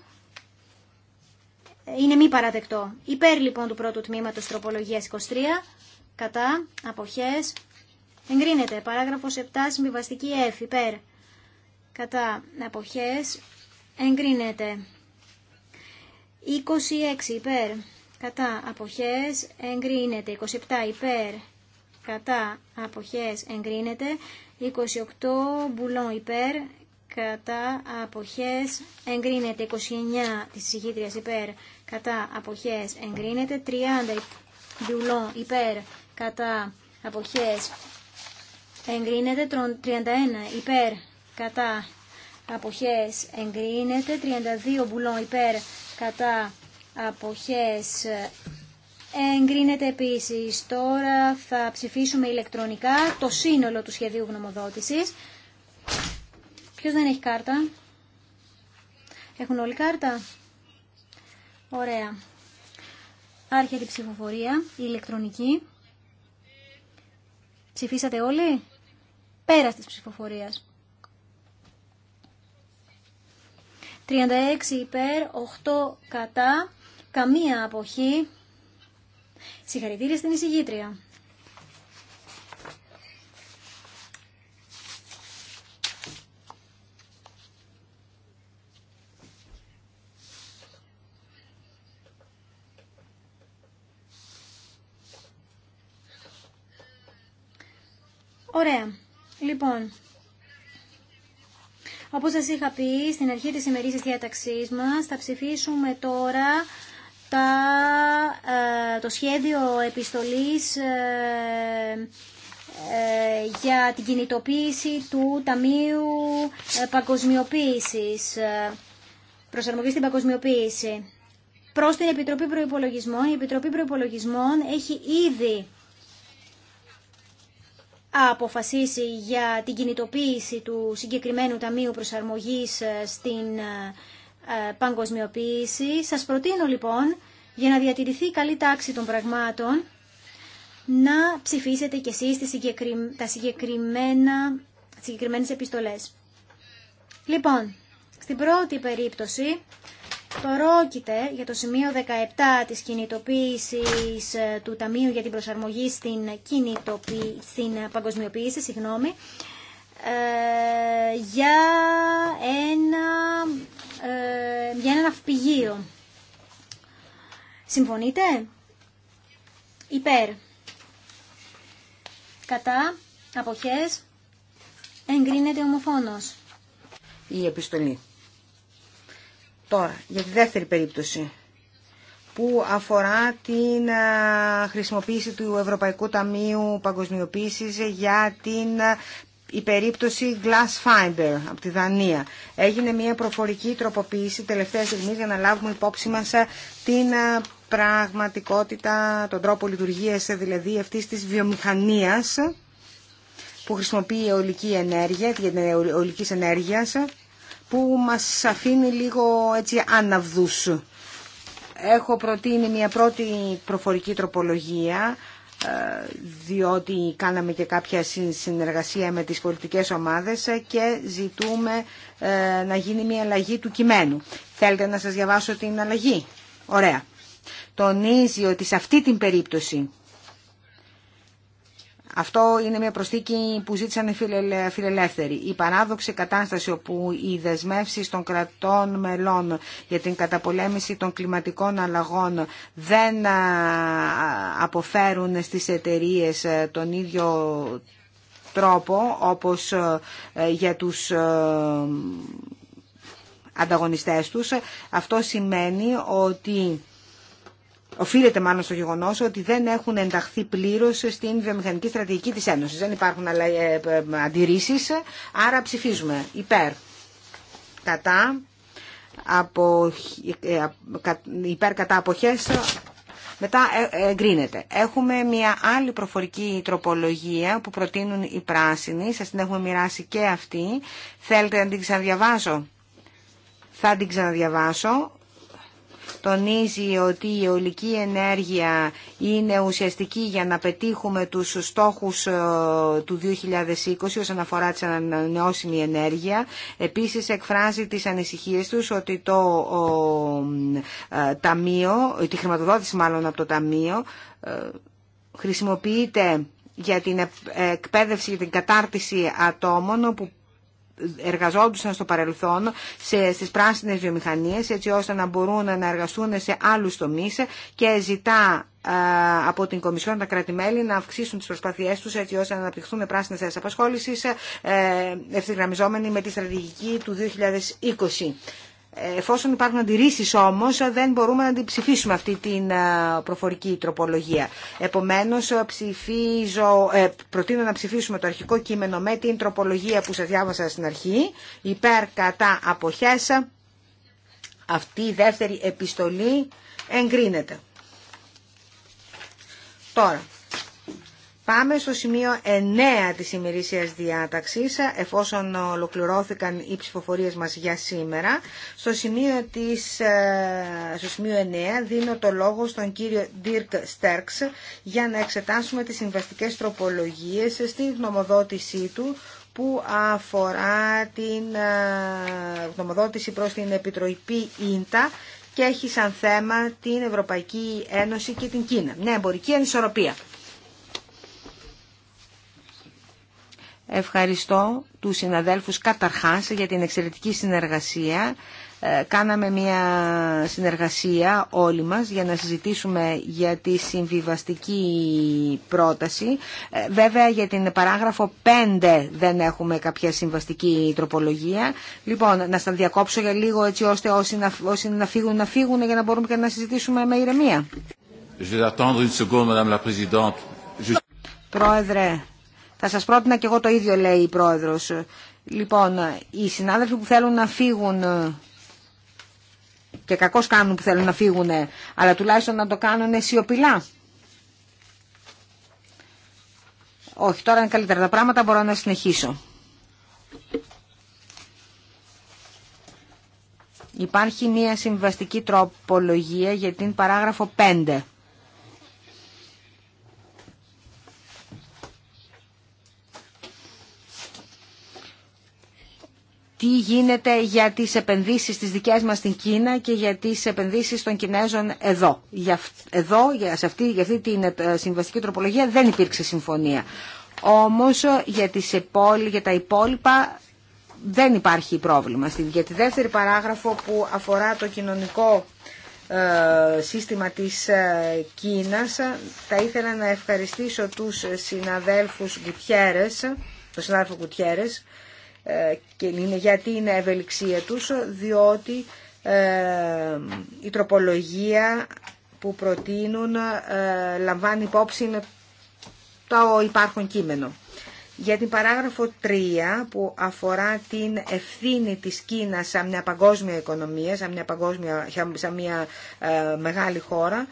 είναι μη παραδεκτό. Υπέρ λοιπόν του πρώτου τμήματος τροπολογίας 23, κατά, αποχές, εγκρίνεται. Παράγραφος 7, συμβιβαστική F, υπέρ, κατά, αποχές, εγκρίνεται. 26 υπέρ, κατά, αποχές, εγκρίνεται. 27 υπέρ, κατά, αποχές, εγκρίνεται. 28 μπουλόν υπέρ, κατά αποχές εγκρίνεται 29 της συγχύτριας υπέρ κατά αποχές εγκρίνεται 30 διουλών υπέρ κατά αποχές εγκρίνεται 31 υπέρ κατά αποχές εγκρίνεται 32 μπουλό υπέρ κατά αποχές εγκρίνεται επίσης τώρα θα ψηφίσουμε ηλεκτρονικά το σύνολο του σχεδίου γνωμοδότησης Ποιος δεν έχει κάρτα. Έχουν όλοι κάρτα. Ωραία. Άρχεται η ψηφοφορία, η ηλεκτρονική. Ψηφίσατε όλοι. πέρα της ψηφοφορίας. 36 υπέρ, 8 κατά, καμία αποχή. Συγχαρητήρια στην εισηγήτρια. Ωραία. Λοιπόν, όπως σας είχα πει στην αρχή της ημερήσης διάταξής μας, θα ψηφίσουμε τώρα τα, ε, το σχέδιο επιστολής ε, ε, για την κινητοποίηση του Ταμείου Παγκοσμιοποίησης, προσαρμογής στην παγκοσμιοποίηση. Προς την Επιτροπή Προϋπολογισμών, η Επιτροπή Προϋπολογισμών έχει ήδη αποφασίσει για την κινητοποίηση του συγκεκριμένου Ταμείου Προσαρμογής ε, στην ε, ε, παγκοσμιοποίηση. Σας προτείνω λοιπόν, για να διατηρηθεί καλή τάξη των πραγμάτων, να ψηφίσετε κι εσείς τα συγκεκριμένα... τις συγκεκριμένες επιστολές. Λοιπόν, στην πρώτη περίπτωση Πρόκειται για το σημείο 17 της κινητοποίησης ε, του Ταμείου για την προσαρμογή στην, στην παγκοσμιοποίηση, συγγνώμη, ε, για, ένα, ε, για ένα ναυπηγείο. Συμφωνείτε? Υπέρ. Κατά. Αποχές. Εγκρίνεται ομοφόνος. Η επιστολή. Τώρα, για τη δεύτερη περίπτωση που αφορά την χρησιμοποίηση του Ευρωπαϊκού Ταμείου Παγκοσμιοποίησης για την η περίπτωση Glass Fiber από τη Δανία. Έγινε μια προφορική τροποποίηση τελευταία στιγμή για να λάβουμε υπόψη μας την πραγματικότητα, τον τρόπο λειτουργίας δηλαδή αυτή της βιομηχανίας που χρησιμοποιεί η ολική ενέργεια, την ολική ενέργεια που μας αφήνει λίγο έτσι άναυδους. Έχω προτείνει μια πρώτη προφορική τροπολογία ε, διότι κάναμε και κάποια συνεργασία με τις πολιτικές ομάδες και ζητούμε ε, να γίνει μια αλλαγή του κειμένου. Θέλετε να σας διαβάσω την αλλαγή. Ωραία. Τονίζει ότι σε αυτή την περίπτωση αυτό είναι μια προσθήκη που ζήτησαν οι φιλελεύθεροι. Η παράδοξη κατάσταση όπου οι δεσμεύσει των κρατών μελών για την καταπολέμηση των κλιματικών αλλαγών δεν αποφέρουν στις εταιρείε ε, τον ίδιο τρόπο όπως ε, για τους ε, ανταγωνιστές τους. Αυτό σημαίνει ότι οφείλεται μάλλον στο γεγονό ότι δεν έχουν ενταχθεί πλήρω στην βιομηχανική στρατηγική τη Ένωση. Δεν υπάρχουν ε, ε, αντιρρήσει, άρα ψηφίζουμε υπέρ. Κατά, από, ε, υπέρ κατά αποχές μετά εγκρίνεται. Έχουμε μια άλλη προφορική τροπολογία που προτείνουν οι πράσινοι. Σας την έχουμε μοιράσει και αυτή. Θέλετε να την ξαναδιαβάσω. Θα την ξαναδιαβάσω τονίζει ότι η ολική ενέργεια είναι ουσιαστική για να πετύχουμε τους στόχους ε, του 2020 όσον αφορά την ανανεώσιμη ενέργεια. Επίσης εκφράζει τις ανησυχίες τους ότι το ε, ταμείο, τη χρηματοδότηση μάλλον από το ταμείο ε, χρησιμοποιείται για την εκπαίδευση και την κατάρτιση ατόμων που εργαζόντουσαν στο παρελθόν σε, στις πράσινες βιομηχανίες έτσι ώστε να μπορούν να εργαστούν σε άλλους τομείς και ζητά από την Κομισιόν τα κράτη-μέλη να αυξήσουν τις προσπάθειές τους έτσι ώστε να αναπτυχθούν πράσινες θέσεις απασχόλησης ε, ευθυγραμμιζόμενοι με τη στρατηγική του 2020. Εφόσον υπάρχουν αντιρρήσει όμω, δεν μπορούμε να αντιψηφίσουμε αυτή την προφορική τροπολογία. Επομένω, ψηφίζω, ε, προτείνω να ψηφίσουμε το αρχικό κείμενο με την τροπολογία που σα διάβασα στην αρχή, υπέρ κατά αποχέσα Αυτή η δεύτερη επιστολή εγκρίνεται. Τώρα, Πάμε στο σημείο 9 της ημερήσιας διάταξης, εφόσον ολοκληρώθηκαν οι ψηφοφορίες μας για σήμερα. Στο σημείο, της, ε, στο σημείο 9 δίνω το λόγο στον κύριο Dirk Sterks για να εξετάσουμε τις συμβαστικές τροπολογίες στην γνωμοδότησή του που αφορά την ε, γνωμοδότηση προς την Επιτροπή Ίντα και έχει σαν θέμα την Ευρωπαϊκή Ένωση και την Κίνα. Μια εμπορική ανισορροπία. Ευχαριστώ τους συναδέλφους καταρχάς για την εξαιρετική συνεργασία. Ε, κάναμε μια συνεργασία όλοι μας για να συζητήσουμε για τη συμβιβαστική πρόταση. Ε, βέβαια για την παράγραφο 5 δεν έχουμε κάποια συμβαστική τροπολογία. Λοιπόν, να στα διακόψω για λίγο έτσι ώστε όσοι να, να φύγουν να φύγουν για να μπορούμε και να συζητήσουμε με ηρεμία. Πρόεδρε, θα σας πρότεινα και εγώ το ίδιο λέει η πρόεδρος. Λοιπόν, οι συνάδελφοι που θέλουν να φύγουν και κακώς κάνουν που θέλουν να φύγουν, αλλά τουλάχιστον να το κάνουν σιωπηλά. Όχι, τώρα είναι καλύτερα τα πράγματα, μπορώ να συνεχίσω. Υπάρχει μία συμβαστική τροπολογία για την παράγραφο 5. τι γίνεται για τις επενδύσεις της δικές μας στην Κίνα και για τις επενδύσεις των Κινέζων εδώ. Για, εδώ, για, σε αυτή, για την ε, συμβαστική τροπολογία δεν υπήρξε συμφωνία. Όμως ε, για, τις για τα υπόλοιπα δεν υπάρχει πρόβλημα. Για τη δεύτερη παράγραφο που αφορά το κοινωνικό ε, σύστημα της Κίνας θα ήθελα να ευχαριστήσω τους συναδέλφους Γκουτιέρες, τον συνάδελφο Γκουτιέρες, ε, και είναι γιατί είναι ευελιξία τους, διότι ε, η τροπολογία που προτείνουν ε, λαμβάνει υπόψη το υπάρχον κείμενο. Για την παράγραφο 3 που αφορά την ευθύνη της Κίνας σαν μια παγκόσμια οικονομία, σαν μια, παγκόσμια, σαν μια μεγάλη χώρα,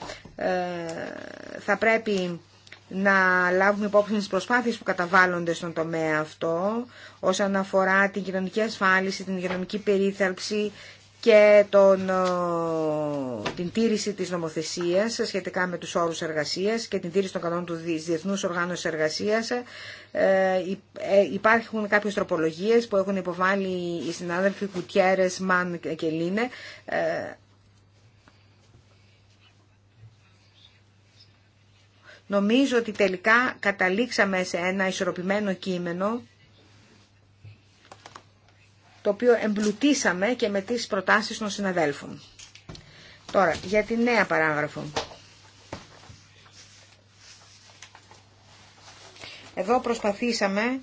θα πρέπει να λάβουμε υπόψη τις προσπάθειες που καταβάλλονται στον τομέα αυτό όσον αφορά την κοινωνική ασφάλιση, την υγειονομική περίθαλψη και τον, ε, την τήρηση της νομοθεσίας σχετικά με τους όρους εργασίας και την τήρηση των κανόνων του Διεθνούς Οργάνωσης Εργασίας. Ε, ε, υπάρχουν κάποιες τροπολογίες που έχουν υποβάλει οι συνάδελφοι Κουτιέρες, Μαν και Λίνε. Νομίζω ότι τελικά καταλήξαμε σε ένα ισορροπημένο κείμενο το οποίο εμπλουτίσαμε και με τις προτάσεις των συναδέλφων. Τώρα, για τη νέα παράγραφο. Εδώ προσπαθήσαμε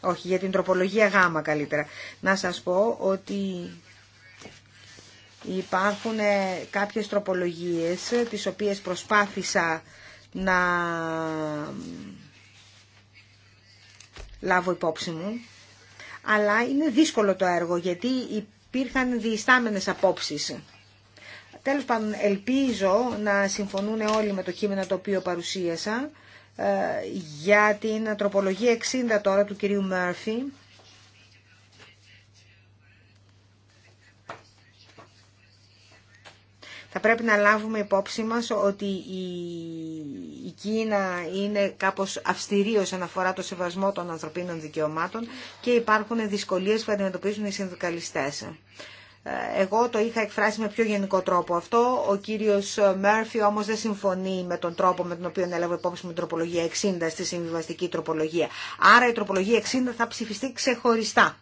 όχι για την τροπολογία γάμα καλύτερα. Να σας πω ότι Υπάρχουν ε, κάποιες τροπολογίες ε, τις οποίες προσπάθησα να λάβω υπόψη μου. Αλλά είναι δύσκολο το έργο γιατί υπήρχαν διστάμενες απόψεις. Τέλος πάντων, ελπίζω να συμφωνούν όλοι με το κείμενο το οποίο παρουσίασα ε, για την τροπολογία 60 τώρα του κυρίου Μέρφυ Θα πρέπει να λάβουμε υπόψη μας ότι η Κίνα είναι κάπως αυστηρή όσον αφορά το σεβασμό των ανθρωπίνων δικαιωμάτων και υπάρχουν δυσκολίες που αντιμετωπίζουν οι συνδικαλιστές. Ε, εγώ το είχα εκφράσει με πιο γενικό τρόπο αυτό. Ο κύριος Μέρφυ όμως δεν συμφωνεί με τον τρόπο με τον οποίο έλαβε υπόψη με την τροπολογία 60 στη συμβιβαστική τροπολογία. Άρα η τροπολογία 60 θα ψηφιστεί ξεχωριστά.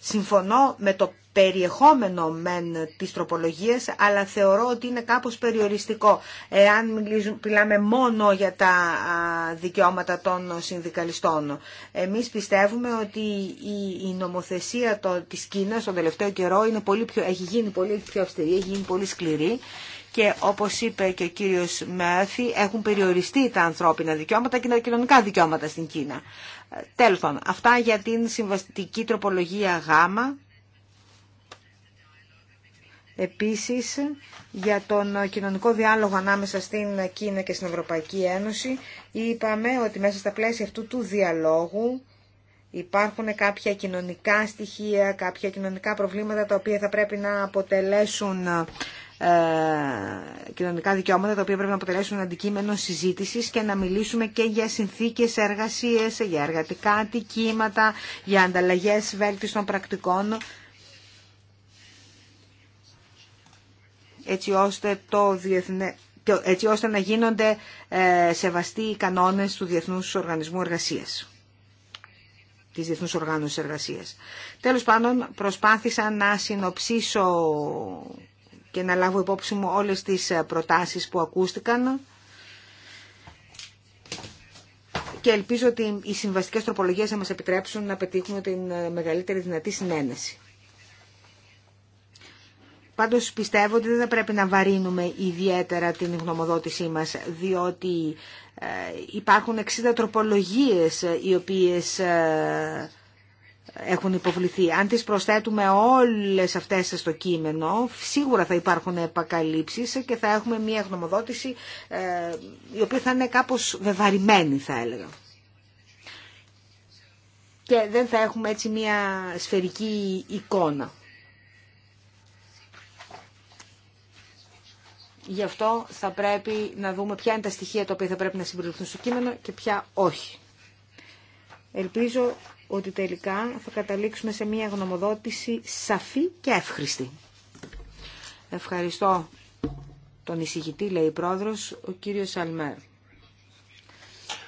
Συμφωνώ με το περιεχόμενο μεν της τροπολογίας, αλλά θεωρώ ότι είναι κάπως περιοριστικό. Εάν μιλάμε μόνο για τα δικαιώματα των συνδικαλιστών. Εμείς πιστεύουμε ότι η νομοθεσία της Κίνας τον τελευταίο καιρό είναι πολύ πιο, έχει γίνει πολύ πιο αυστηρή, έχει γίνει πολύ σκληρή και όπως είπε και ο κύριος Μέρφυ έχουν περιοριστεί τα ανθρώπινα δικαιώματα και τα κοινωνικά δικαιώματα στην Κίνα. Ε, τέλος αυτά για την συμβαστική τροπολογία γάμα Επίσης, για τον κοινωνικό διάλογο ανάμεσα στην Κίνα και στην Ευρωπαϊκή Ένωση, είπαμε ότι μέσα στα πλαίσια αυτού του διαλόγου υπάρχουν κάποια κοινωνικά στοιχεία, κάποια κοινωνικά προβλήματα τα οποία θα πρέπει να αποτελέσουν ε, κοινωνικά δικαιώματα τα οποία πρέπει να αποτελέσουν αντικείμενο συζήτησης και να μιλήσουμε και για συνθήκες εργασίες, για εργατικά αντικείμενα, για ανταλλαγές βέλτιστων πρακτικών. έτσι ώστε, το διεθνε... έτσι ώστε να γίνονται ε, σεβαστοί οι κανόνες του Διεθνούς Οργανισμού Εργασίας της Διεθνούς Οργάνωσης Εργασίας. Τέλος πάντων, προσπάθησα να συνοψίσω και να λάβω υπόψη μου όλες τις ε, προτάσεις που ακούστηκαν και ελπίζω ότι οι συμβαστικές τροπολογίες θα μας επιτρέψουν να πετύχουμε την ε, μεγαλύτερη δυνατή συνένεση. Πάντως πιστεύω ότι δεν πρέπει να βαρύνουμε ιδιαίτερα την γνωμοδότησή μας, διότι ε, υπάρχουν 60 τροπολογίες οι οποίες ε, έχουν υποβληθεί. Αν τις προσθέτουμε όλες αυτές στο κείμενο, σίγουρα θα υπάρχουν επακαλύψεις και θα έχουμε μια γνωμοδότηση ε, η οποία θα είναι κάπως βεβαρημένη θα έλεγα. Και δεν θα έχουμε έτσι μια σφαιρική εικόνα. Γι' αυτό θα πρέπει να δούμε ποια είναι τα στοιχεία τα οποία θα πρέπει να συμπληρωθούν στο κείμενο και ποια όχι. Ελπίζω ότι τελικά θα καταλήξουμε σε μια γνωμοδότηση σαφή και εύχριστη. Ευχαριστώ τον εισηγητή, λέει η πρόεδρος, ο κύριος Αλμέρ.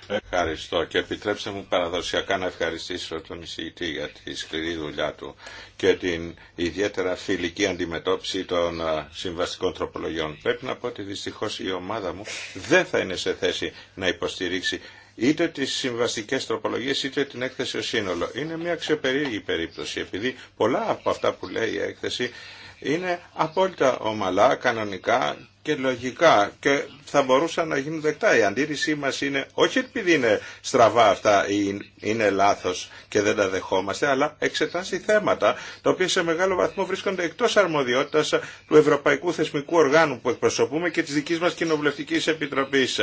Ευχαριστώ και επιτρέψτε μου παραδοσιακά να ευχαριστήσω τον εισηγητή για τη σκληρή δουλειά του και την ιδιαίτερα φιλική αντιμετώπιση των συμβαστικών τροπολογιών. Πρέπει να πω ότι δυστυχώς η ομάδα μου δεν θα είναι σε θέση να υποστηρίξει είτε τις συμβαστικές τροπολογίες είτε την έκθεση ως σύνολο. Είναι μια ξεπερίεργη περίπτωση επειδή πολλά από αυτά που λέει η έκθεση είναι απόλυτα ομαλά, κανονικά και λογικά και θα μπορούσαν να γίνουν δεκτά. Η αντίρρησή μας είναι όχι επειδή είναι στραβά αυτά ή είναι λάθος και δεν τα δεχόμαστε, αλλά εξετάσει θέματα τα οποία σε μεγάλο βαθμό βρίσκονται εκτός αρμοδιότητας του Ευρωπαϊκού Θεσμικού Οργάνου που εκπροσωπούμε και της δικής μας Κοινοβουλευτικής Επιτροπής.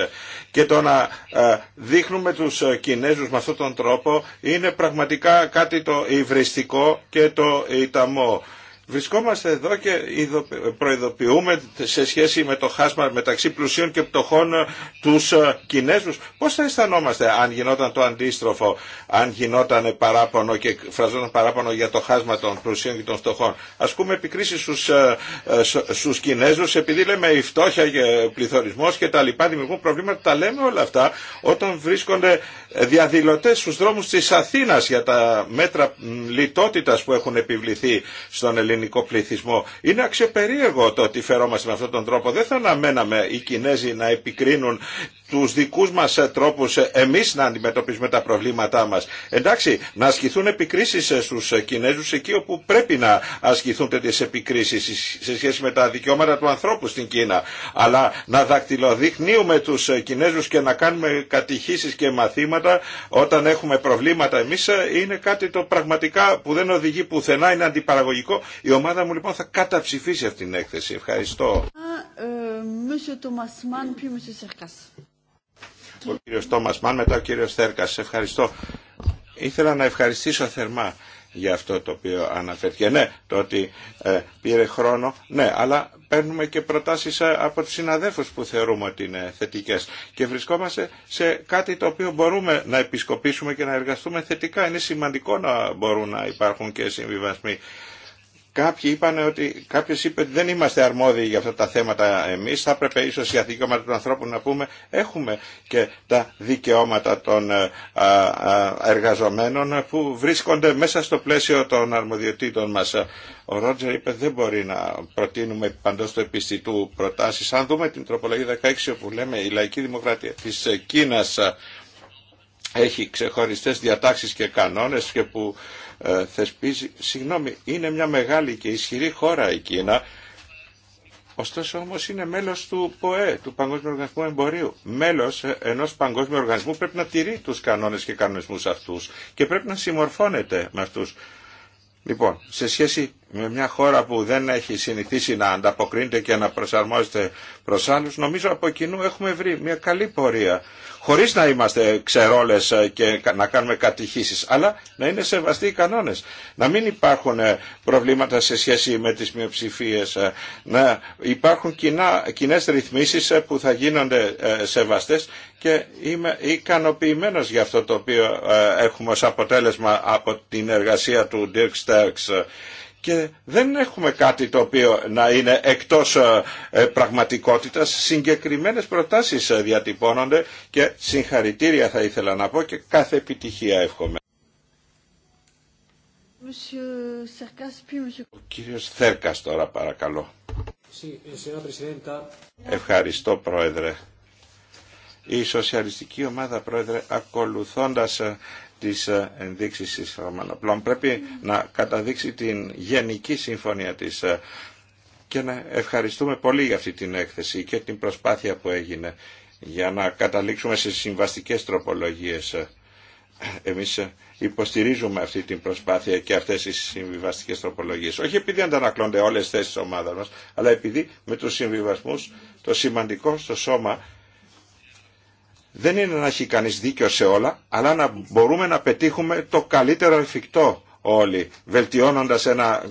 Και το να ε, δείχνουμε τους Κινέζους με αυτόν τον τρόπο είναι πραγματικά κάτι το υβριστικό και το ιταμό. Βρισκόμαστε εδώ και προειδοποιούμε σε σχέση με το χάσμα μεταξύ πλουσίων και πτωχών ε, τους ε, Κινέζους. Πώς θα αισθανόμαστε αν γινόταν το αντίστροφο, αν γινόταν παράπονο και φραζόταν παράπονο για το χάσμα των πλουσίων και των φτωχών. Ασκούμε επικρίσεις στους, ε, στους Κινέζους επειδή λέμε η φτώχεια και πληθωρισμός και τα λοιπά δημιουργούν προβλήματα. Τα λέμε όλα αυτά όταν βρίσκονται διαδηλωτές στους δρόμους της Αθήνας για τα μέτρα λιτότητας που έχουν επιβληθεί στον ελληνικό πληθυσμό. Είναι αξιοπερίεργο το ότι φερόμαστε με αυτόν τον τρόπο. Δεν θα αναμέναμε οι Κινέζοι να επικρίνουν τους δικούς μας τρόπους εμείς να αντιμετωπίσουμε τα προβλήματά μας. Εντάξει, να ασκηθούν επικρίσεις στους Κινέζους εκεί όπου πρέπει να ασκηθούν τέτοιες επικρίσεις σε σχέση με τα δικαιώματα του ανθρώπου στην Κίνα. Αλλά να δακτυλοδείχνουμε τους Κινέζους και να κάνουμε κατηχήσεις και μαθήματα όταν έχουμε προβλήματα εμείς, ε, είναι κάτι το πραγματικά που δεν οδηγεί πουθενά, είναι αντιπαραγωγικό. Η ομάδα μου λοιπόν θα καταψηφίσει αυτή την έκθεση. Ευχαριστώ. Ε, ο κύριος Τόμας Μαν, μετά ο κύριος Θέρκας. Ευχαριστώ. Ήθελα να ευχαριστήσω θερμά για αυτό το οποίο αναφέρθηκε. Ναι, το ότι ε, πήρε χρόνο, ναι, αλλά παίρνουμε και προτάσεις ε, από τους συναδέλφους που θεωρούμε ότι είναι θετικές και βρισκόμαστε σε κάτι το οποίο μπορούμε να επισκοπήσουμε και να εργαστούμε θετικά. Είναι σημαντικό να μπορούν να υπάρχουν και συμβιβασμοί. Κάποιοι είπαν ότι, κάποιος είπε ότι δεν είμαστε αρμόδιοι για αυτά τα θέματα εμείς, θα έπρεπε ίσως για δικαιώματα των ανθρώπων να πούμε έχουμε και τα δικαιώματα των ε, εργαζομένων που βρίσκονται μέσα στο πλαίσιο των αρμοδιοτήτων μας. Ο Ρότζερ είπε δεν μπορεί να προτείνουμε παντός του επιστητού προτάσεις. Αν δούμε την τροπολογία 16 που λέμε η λαϊκή δημοκρατία της Κίνας έχει ξεχωριστές διατάξεις και κανόνες και που ε, θεσπίζει. Συγγνώμη, είναι μια μεγάλη και ισχυρή χώρα η Κίνα. Ωστόσο όμως είναι μέλος του ΠΟΕ, του Παγκόσμιου Οργανισμού Εμπορίου. Μέλος ε, ενός παγκόσμιου οργανισμού πρέπει να τηρεί τους κανόνες και κανονισμούς αυτούς και πρέπει να συμμορφώνεται με αυτούς. Λοιπόν, σε σχέση με μια χώρα που δεν έχει συνηθίσει να ανταποκρίνεται και να προσαρμόζεται προς άλλους, νομίζω από κοινού έχουμε βρει μια καλή πορεία. Χωρίς να είμαστε ξερόλες και να κάνουμε κατηχήσεις, αλλά να είναι σεβαστοί οι κανόνες. Να μην υπάρχουν ε, προβλήματα σε σχέση με τις μειοψηφίες, ε, να υπάρχουν κοινέ κοινές ε, που θα γίνονται σεβαστές και είμαι ικανοποιημένος για αυτό το οποίο έχουμε ως αποτέλεσμα από την εργασία του Dirk Sterks και δεν έχουμε κάτι το οποίο να είναι εκτός ε, ε, πραγματικότητας. Συγκεκριμένες προτάσεις ε, διατυπώνονται και συγχαρητήρια θα ήθελα να πω και κάθε επιτυχία εύχομαι. Ο κύριος Θέρκας τώρα παρακαλώ. Eh, Ευχαριστώ πρόεδρε. Η σοσιαλιστική ομάδα πρόεδρε ακολουθώντας τις ε, ενδείξεις τη Ρωμανοπλών. Πρέπει να καταδείξει την γενική συμφωνία της ε, και να ευχαριστούμε πολύ για αυτή την έκθεση και την προσπάθεια που έγινε για να καταλήξουμε σε συμβαστικές τροπολογίες. Ε, εμείς υποστηρίζουμε αυτή την προσπάθεια και αυτές τις συμβιβαστικές τροπολογίες. Όχι επειδή αντανακλώνται όλες τις θέσεις της ομάδας μας, αλλά επειδή με τους συμβιβασμούς το σημαντικό στο σώμα δεν είναι να έχει κανείς δίκιο σε όλα, αλλά να μπορούμε να πετύχουμε το καλύτερο εφικτό όλοι, βελτιώνοντας ένα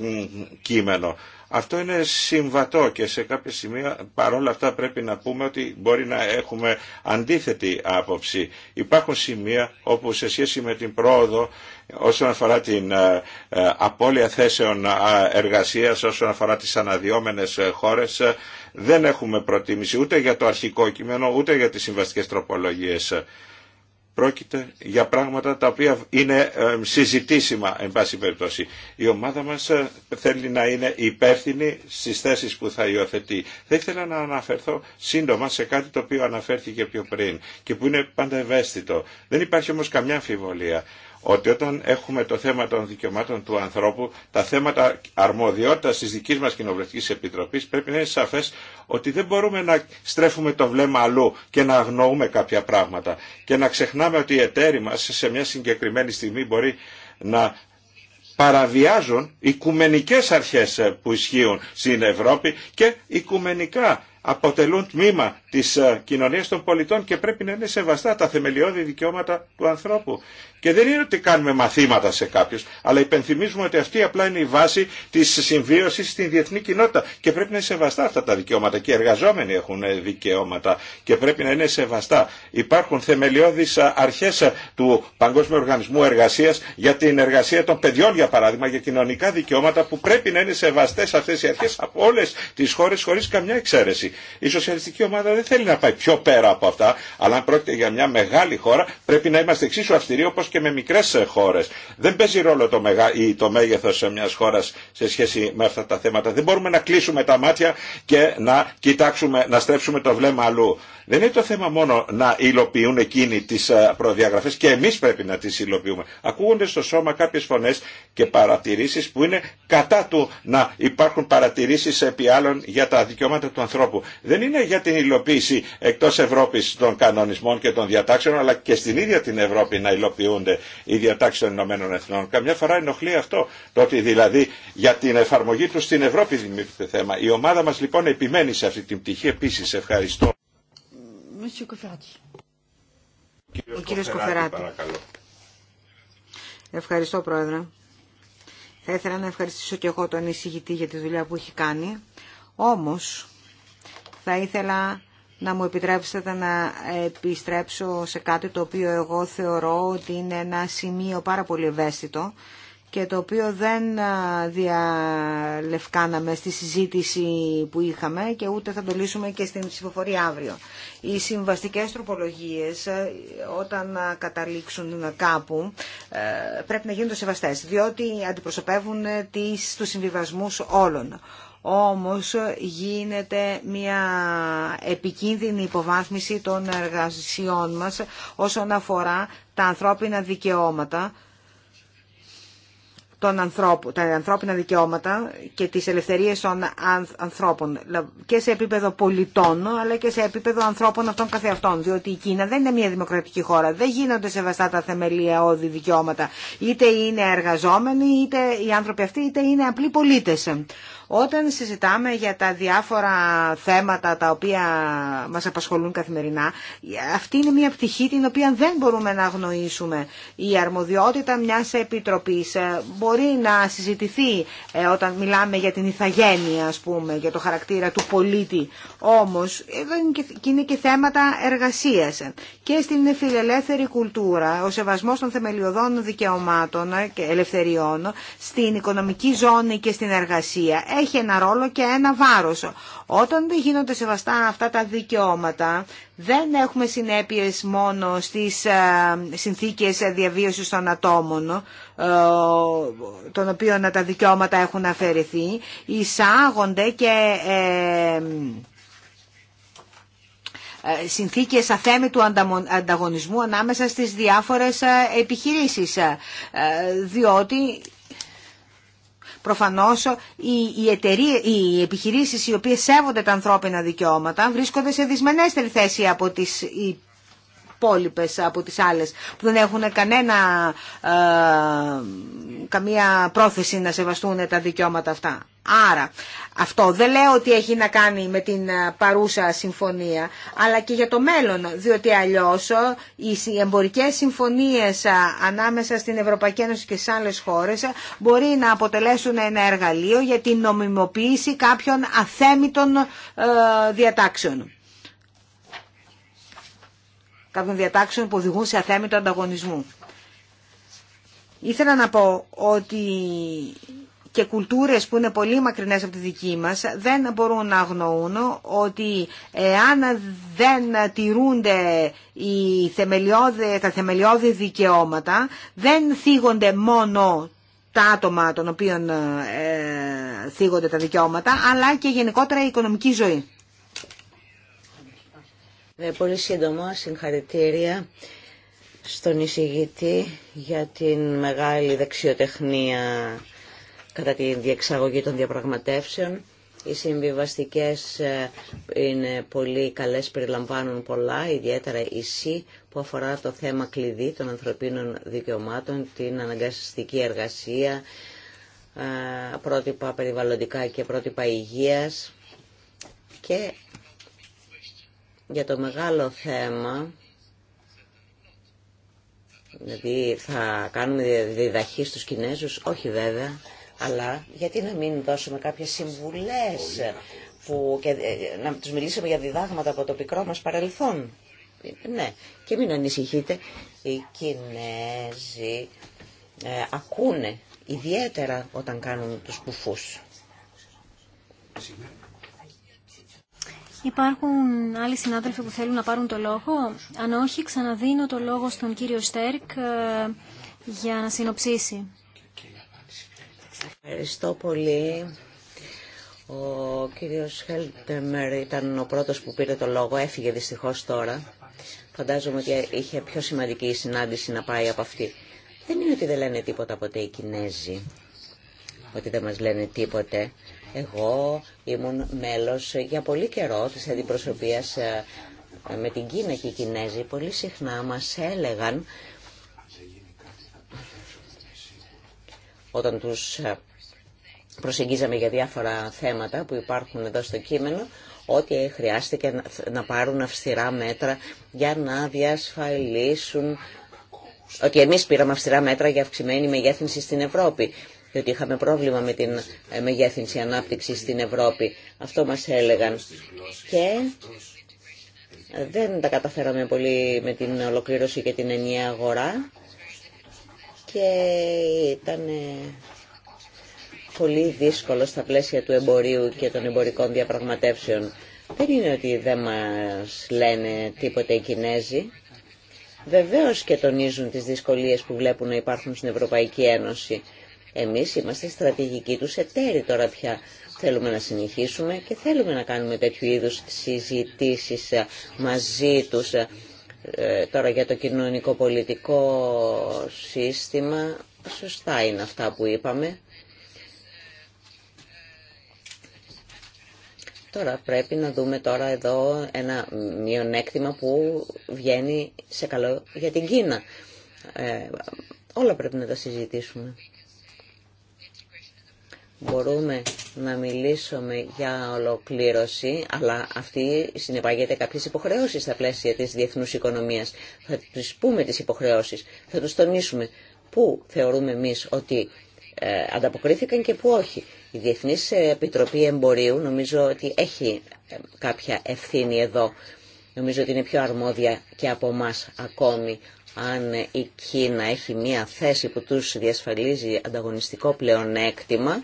κείμενο. Αυτό είναι συμβατό και σε κάποια σημεία παρόλα αυτά πρέπει να πούμε ότι μπορεί να έχουμε αντίθετη άποψη. Υπάρχουν σημεία όπου σε σχέση με την πρόοδο όσον αφορά την ε, ε, απώλεια θέσεων ε, εργασίας, όσον αφορά τις αναδιόμενες χώρες, δεν έχουμε προτίμηση ούτε για το αρχικό κείμενο ούτε για τις συμβαστικές τροπολογίες. Πρόκειται για πράγματα τα οποία είναι ε, συζητήσιμα, εν πάση περιπτώσει. Η ομάδα μας ε, θέλει να είναι υπεύθυνη στις θέσεις που θα υιοθετεί. Θα ήθελα να αναφερθώ σύντομα σε κάτι το οποίο αναφέρθηκε πιο πριν και που είναι πάντα ευαίσθητο. Δεν υπάρχει όμως καμιά αμφιβολία ότι όταν έχουμε το θέμα των δικαιωμάτων του ανθρώπου, τα θέματα αρμοδιότητας της δικής μας Κοινοβουλευτικής Επιτροπής πρέπει να είναι σαφές ότι δεν μπορούμε να στρέφουμε το βλέμμα αλλού και να αγνοούμε κάποια πράγματα και να ξεχνάμε ότι οι εταίροι μας σε μια συγκεκριμένη στιγμή μπορεί να παραβιάζουν οικουμενικές αρχές που ισχύουν στην Ευρώπη και οικουμενικά αποτελούν τμήμα της ε, κοινωνίας των πολιτών και πρέπει να είναι σεβαστά τα θεμελιώδη δικαιώματα του ανθρώπου. Και δεν είναι ότι κάνουμε μαθήματα σε κάποιους, αλλά υπενθυμίζουμε ότι αυτή απλά είναι η βάση της συμβίωσης στην διεθνή κοινότητα και πρέπει να είναι σεβαστά αυτά τα δικαιώματα και οι εργαζόμενοι έχουν δικαιώματα και πρέπει να είναι σεβαστά. Υπάρχουν θεμελιώδεις αρχές του Παγκόσμιου Οργανισμού Εργασίας για την εργασία των παιδιών για παράδειγμα, για κοινωνικά δικαιώματα που πρέπει να είναι σεβαστές αυτές οι αρχές από όλες τις χώρες χωρίς καμιά εξαίρεση. Η σοσιαλιστική ομάδα δεν θέλει να πάει πιο πέρα από αυτά, αλλά αν πρόκειται για μια μεγάλη χώρα πρέπει να είμαστε εξίσου αυστηροί όπως και με μικρές ε, χώρες. Δεν παίζει ρόλο το, μεγα... ή το μέγεθος ε, μιας χώρας σε σχέση με αυτά τα θέματα. Δεν μπορούμε να κλείσουμε τα μάτια και να, κοιτάξουμε, να στρέψουμε το βλέμμα αλλού. Δεν είναι το θέμα μόνο να υλοποιούν εκείνοι τις ε, προδιαγραφές και εμείς πρέπει να τις υλοποιούμε. Ακούγονται στο σώμα κάποιες φωνές και παρατηρήσεις που είναι κατά του να υπάρχουν παρατηρήσεις επί άλλων για τα δικαιώματα του ανθρώπου. Δεν είναι για την υλοποίηση εκτός Ευρώπης των κανονισμών και των διατάξεων αλλά και στην ίδια την Ευρώπη να υλοποιούνται οι διατάξεις των Ηνωμένων Εθνών. Καμιά φορά ενοχλεί αυτό το ότι δηλαδή για την εφαρμογή του στην Ευρώπη δημιουργείται θέμα. Η ομάδα μας λοιπόν επιμένει σε αυτή την πτυχή επίσης. Ευχαριστώ. Ο Ευχαριστώ, Πρόεδρε. Θα ήθελα να ευχαριστήσω και εγώ τον εισηγητή για τη δουλειά που έχει κάνει. Όμως, θα ήθελα να μου επιτρέψετε να επιστρέψω σε κάτι το οποίο εγώ θεωρώ ότι είναι ένα σημείο πάρα πολύ ευαίσθητο και το οποίο δεν διαλευκάναμε στη συζήτηση που είχαμε και ούτε θα το λύσουμε και στην ψηφοφορία αύριο. Οι συμβαστικές τροπολογίες όταν καταλήξουν κάπου πρέπει να γίνονται σεβαστές διότι αντιπροσωπεύουν τις, τους συμβιβασμούς όλων. Όμως γίνεται μια επικίνδυνη υποβάθμιση των εργασιών μας όσον αφορά τα ανθρώπινα δικαιώματα των ανθρώπων, τα ανθρώπινα δικαιώματα και τις ελευθερίες των ανθρώπων και σε επίπεδο πολιτών αλλά και σε επίπεδο ανθρώπων αυτών καθεαυτών διότι η Κίνα δεν είναι μια δημοκρατική χώρα δεν γίνονται σεβαστά τα όδη δικαιώματα είτε είναι εργαζόμενοι είτε οι άνθρωποι αυτοί είτε είναι απλοί πολίτες όταν συζητάμε για τα διάφορα θέματα τα οποία μας απασχολούν καθημερινά, αυτή είναι μια πτυχή την οποία δεν μπορούμε να αγνοήσουμε. Η αρμοδιότητα μιας επιτροπής ε, μπορεί να συζητηθεί ε, όταν μιλάμε για την ηθαγένεια, ας πούμε, για το χαρακτήρα του πολίτη. Όμως, είναι και θέματα εργασίας. Και στην φιλελεύθερη κουλτούρα, ο σεβασμός των θεμελιωδών δικαιωμάτων ε, και ελευθεριών, στην οικονομική ζώνη και στην εργασία έχει ένα ρόλο και ένα βάρος. Όταν δεν γίνονται σεβαστά αυτά τα δικαιώματα, δεν έχουμε συνέπειες μόνο στις ε, συνθήκες διαβίωσης των ατόμων, ε, των οποίων τα δικαιώματα έχουν αφαιρεθεί, εισάγονται και ε, συνθήκες αθέμη του ανταγωνισμού ανάμεσα στις διάφορες επιχειρήσεις, διότι Προφανώ, οι, οι, οι επιχειρήσεις οι οποίες σέβονται τα ανθρώπινα δικαιώματα βρίσκονται σε δυσμενέστερη θέση από τις από τις άλλες που δεν έχουν κανένα, ε, καμία πρόθεση να σεβαστούν τα δικαιώματα αυτά. Άρα, αυτό δεν λέω ότι έχει να κάνει με την ε, παρούσα συμφωνία, αλλά και για το μέλλον, διότι αλλιώς ε, οι εμπορικές συμφωνίες ανάμεσα στην Ευρωπαϊκή Ένωση και σε άλλες χώρες μπορεί να αποτελέσουν ένα εργαλείο για την νομιμοποίηση κάποιων αθέμητων διατάξεων κάποιων διατάξεων που οδηγούν σε αθέμητο ανταγωνισμό. Ήθελα να πω ότι και κουλτούρες που είναι πολύ μακρινές από τη δική μας δεν μπορούν να αγνοούν ότι εάν δεν τηρούνται οι θεμελιώδη, τα θεμελιώδη δικαιώματα δεν θίγονται μόνο τα άτομα των οποίων ε, θίγονται τα δικαιώματα αλλά και γενικότερα η οικονομική ζωή. Ε, πολύ σύντομα συγχαρητήρια στον εισηγητή για την μεγάλη δεξιοτεχνία κατά τη διεξαγωγή των διαπραγματεύσεων. Οι συμβιβαστικές ε, είναι πολύ καλές, περιλαμβάνουν πολλά, ιδιαίτερα η ΣΥ που αφορά το θέμα κλειδί των ανθρωπίνων δικαιωμάτων, την αναγκαστική εργασία, ε, πρότυπα περιβαλλοντικά και πρότυπα υγείας και για το μεγάλο θέμα, δηλαδή θα κάνουμε διδαχή στους Κινέζους, όχι βέβαια, αλλά γιατί να μην δώσουμε κάποιες συμβουλές που, ε, να τους μιλήσουμε για διδάγματα από το πικρό μας παρελθόν. Ναι, και μην ανησυχείτε, οι Κινέζοι ε, ακούνε ιδιαίτερα όταν κάνουν τους κουφούς. Υπάρχουν άλλοι συνάδελφοι που θέλουν να πάρουν το λόγο. Αν όχι, ξαναδίνω το λόγο στον κύριο Στέρκ ε, για να συνοψίσει. Ευχαριστώ πολύ. Ο κύριος Χέλτεμερ ήταν ο πρώτος που πήρε το λόγο. Έφυγε δυστυχώς τώρα. Φαντάζομαι ότι είχε πιο σημαντική συνάντηση να πάει από αυτή. Δεν είναι ότι δεν λένε τίποτα ποτέ οι Κινέζοι. Ότι δεν μας λένε τίποτε. Εγώ ήμουν μέλος για πολύ καιρό της αντιπροσωπείας ε, με την Κίνα και οι Κινέζοι. Πολύ συχνά μας έλεγαν όταν τους ε, προσεγγίζαμε για διάφορα θέματα που υπάρχουν εδώ στο κείμενο, ότι χρειάστηκε να πάρουν αυστηρά μέτρα για να διασφαλίσουν ότι εμείς πήραμε αυστηρά μέτρα για αυξημένη μεγέθυνση στην Ευρώπη διότι είχαμε πρόβλημα με την ε, μεγέθυνση ανάπτυξη στην Ευρώπη. Αυτό μας έλεγαν. Και δεν τα καταφέραμε πολύ με την ολοκλήρωση και την ενιαία αγορά και ήταν πολύ δύσκολο στα πλαίσια του εμπορίου και των εμπορικών διαπραγματεύσεων. Δεν είναι ότι δεν μας λένε τίποτε οι Κινέζοι. Βεβαίως και τονίζουν τις δυσκολίες που βλέπουν να υπάρχουν στην Ευρωπαϊκή Ένωση. Εμείς είμαστε στρατηγικοί τους εταίροι τώρα πια. Θέλουμε να συνεχίσουμε και θέλουμε να κάνουμε τέτοιου είδους συζητήσεις ε, μαζί τους ε, τώρα για το κοινωνικό πολιτικό σύστημα. Σωστά είναι αυτά που είπαμε. Τώρα πρέπει να δούμε τώρα εδώ ένα μειονέκτημα που βγαίνει σε καλό για την Κίνα. Ε, όλα πρέπει να τα συζητήσουμε μπορούμε να μιλήσουμε για ολοκλήρωση, αλλά αυτή συνεπάγεται κάποιες υποχρεώσεις στα πλαίσια της διεθνούς οικονομίας. Θα τους πούμε τις υποχρεώσεις, θα τους τονίσουμε πού θεωρούμε εμείς ότι ε, ανταποκρίθηκαν και πού όχι. Η Διεθνής Επιτροπή Εμπορίου νομίζω ότι έχει ε, κάποια ευθύνη εδώ. Νομίζω ότι είναι πιο αρμόδια και από εμά ακόμη αν η Κίνα έχει μία θέση που τους διασφαλίζει ανταγωνιστικό πλεονέκτημα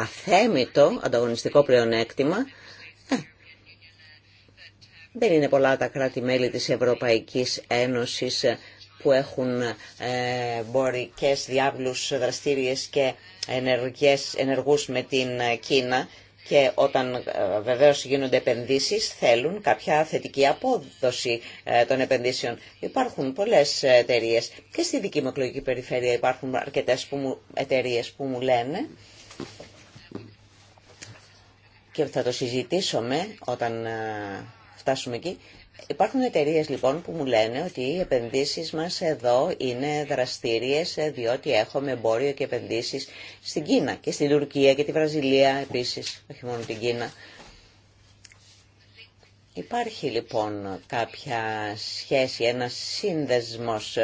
αθέμητο ανταγωνιστικό πλεονέκτημα, ε, δεν είναι πολλά τα κράτη-μέλη της Ευρωπαϊκής Ένωσης ε, που έχουν ε, μπορικές διάβλους δραστήριες και ενεργές, ενεργούς με την ε, Κίνα και όταν ε, βεβαίως γίνονται επενδύσεις θέλουν κάποια θετική απόδοση των επενδύσεων. Υπάρχουν πολλές εταιρείε και στη δική μου εκλογική περιφέρεια υπάρχουν αρκετές που που μου λένε και θα το συζητήσουμε όταν ε, φτάσουμε εκεί. Υπάρχουν εταιρείε λοιπόν που μου λένε ότι οι επενδύσεις μας εδώ είναι δραστήριες ε, διότι έχουμε εμπόριο και επενδύσεις στην Κίνα και στην Τουρκία και τη Βραζιλία επίσης, όχι μόνο την Κίνα. Υπάρχει λοιπόν κάποια σχέση, ένας σύνδεσμος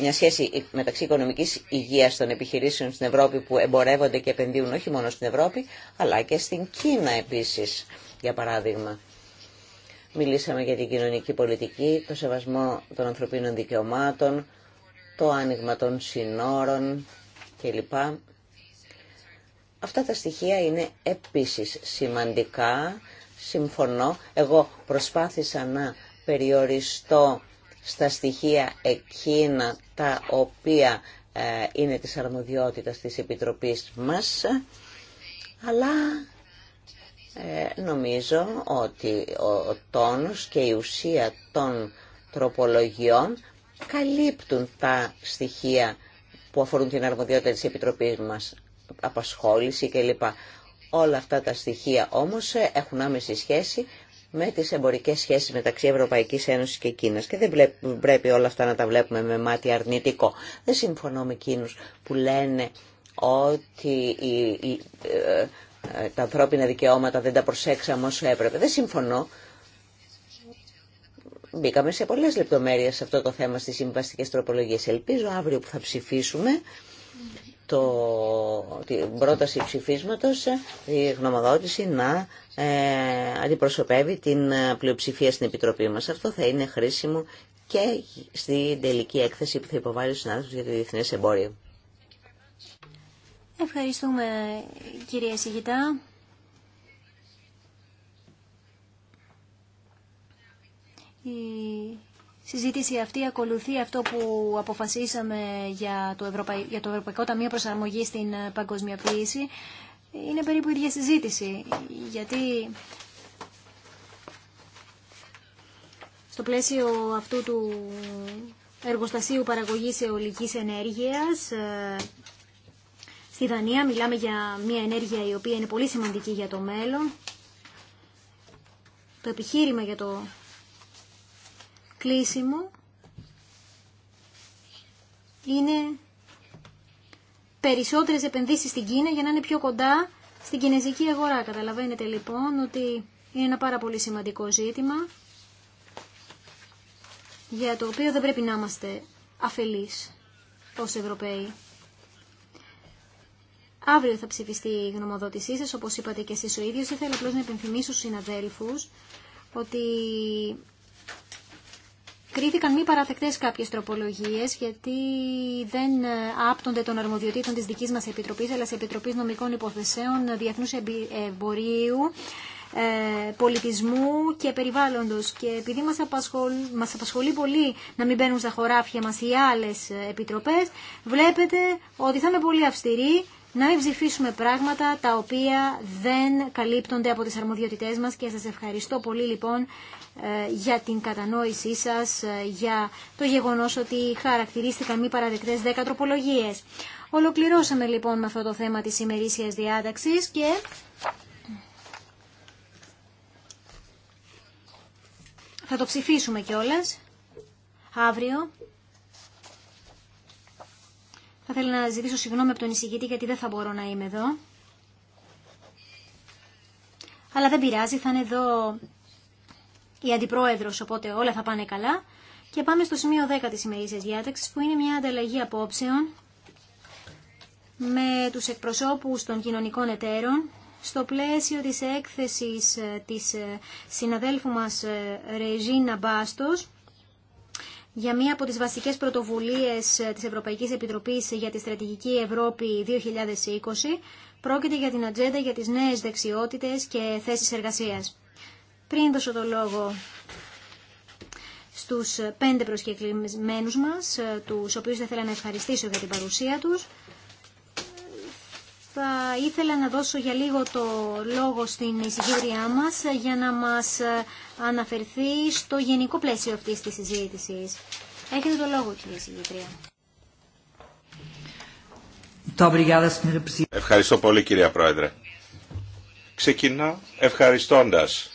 μια σχέση μεταξύ οικονομικής υγείας των επιχειρήσεων στην Ευρώπη που εμπορεύονται και επενδύουν όχι μόνο στην Ευρώπη, αλλά και στην Κίνα επίσης, για παράδειγμα. Μιλήσαμε για την κοινωνική πολιτική, το σεβασμό των ανθρωπίνων δικαιωμάτων, το άνοιγμα των συνόρων κλπ. Αυτά τα στοιχεία είναι επίσης σημαντικά, συμφωνώ. Εγώ προσπάθησα να περιοριστώ στα στοιχεία εκείνα τα οποία ε, είναι της αρμοδιότητας της Επιτροπής μας, αλλά ε, νομίζω ότι ο τόνος και η ουσία των τροπολογιών καλύπτουν τα στοιχεία που αφορούν την αρμοδιότητα της Επιτροπής μας, απασχόληση κλπ. Όλα αυτά τα στοιχεία όμως έχουν άμεση σχέση με τι εμπορικές σχέσεις μεταξύ Ευρωπαϊκή Ένωση και Κίνας και δεν πρέπει όλα αυτά να τα βλέπουμε με μάτι αρνητικό. Δεν συμφωνώ με εκείνου που λένε ότι η, ε, ε, τα ανθρώπινα δικαιώματα δεν τα προσέξαμε όσο έπρεπε. Δεν συμφωνώ. Μπήκαμε σε πολλές λεπτομέρειες σε αυτό το θέμα στις συμβαστικές τροπολογίες. Ελπίζω αύριο που θα ψηφίσουμε το, την πρόταση ψηφίσματος, η γνωμοδότηση να ε, αντιπροσωπεύει την ε, πλειοψηφία στην Επιτροπή μας. Αυτό θα είναι χρήσιμο και στην τελική έκθεση που θα υποβάλει ο συνάδελφος για το Διεθνές Εμπόριο. Ευχαριστούμε κυρία Σιγητά. Η συζήτηση αυτή ακολουθεί αυτό που αποφασίσαμε για το, Ευρωπαϊκό Ταμείο Προσαρμογής στην Παγκοσμιοποίηση είναι περίπου η ίδια συζήτηση, γιατί στο πλαίσιο αυτού του εργοστασίου παραγωγής αιωλικής ενέργειας, ε, στη Δανία μιλάμε για μια ενέργεια η οποία είναι πολύ σημαντική για το μέλλον. Το επιχείρημα για το κλείσιμο είναι περισσότερες επενδύσεις στην Κίνα για να είναι πιο κοντά στην κινέζικη αγορά. Καταλαβαίνετε λοιπόν ότι είναι ένα πάρα πολύ σημαντικό ζήτημα για το οποίο δεν πρέπει να είμαστε αφελείς ως Ευρωπαίοι. Αύριο θα ψηφιστεί η γνωμοδότησή σας, όπως είπατε και εσείς ο ίδιος. Ήθελα απλώς να υπενθυμίσω στους συναδέλφους ότι Κρίθηκαν μη παραθεκτές κάποιες τροπολογίες γιατί δεν άπτονται των αρμοδιοτήτων της δική μα Επιτροπής αλλά τη Επιτροπή Νομικών Υποθεσέων διεθνού Εμπορίου ε, πολιτισμού και περιβάλλοντος και επειδή μας απασχολεί, μας απασχολεί πολύ να μην μπαίνουν στα χωράφια μας οι άλλες επιτροπές βλέπετε ότι θα είμαι πολύ αυστηρή να ευζηφίσουμε πράγματα τα οποία δεν καλύπτονται από τις αρμοδιότητές μας και σας ευχαριστώ πολύ λοιπόν ε, για την κατανόησή σας, ε, για το γεγονός ότι χαρακτηρίστηκαν μη παραδεκτές 10 τροπολογίες. Ολοκληρώσαμε λοιπόν με αυτό το θέμα της ημερήσιας διάταξης και... Θα το ψηφίσουμε κιόλας αύριο θα ήθελα να ζητήσω συγγνώμη από τον εισηγητή γιατί δεν θα μπορώ να είμαι εδώ. Αλλά δεν πειράζει, θα είναι εδώ η αντιπρόεδρος, οπότε όλα θα πάνε καλά. Και πάμε στο σημείο 10 της ημερήσιας διάταξης, που είναι μια ανταλλαγή απόψεων με τους εκπροσώπους των κοινωνικών εταίρων, στο πλαίσιο της έκθεσης ε, της ε, συναδέλφου μας ε, Ρεζίνα Μπάστος, για μία από τις βασικές πρωτοβουλίες ε, της Ευρωπαϊκής Επιτροπής για τη Στρατηγική Ευρώπη 2020. Πρόκειται για την ατζέντα για τις νέες δεξιότητες και θέσεις εργασίας. Πριν δώσω το λόγο στους πέντε προσκεκλημένους μας, ε, τους οποίους θα ήθελα να ευχαριστήσω για την παρουσία τους, θα ήθελα να δώσω για λίγο το λόγο στην εισηγήτριά μας για να μας αναφερθεί στο γενικό πλαίσιο αυτής της συζήτησης. Έχετε το λόγο κυρία εισηγήτρια. Ευχαριστώ πολύ κυρία Πρόεδρε. Ξεκινώ ευχαριστώντας,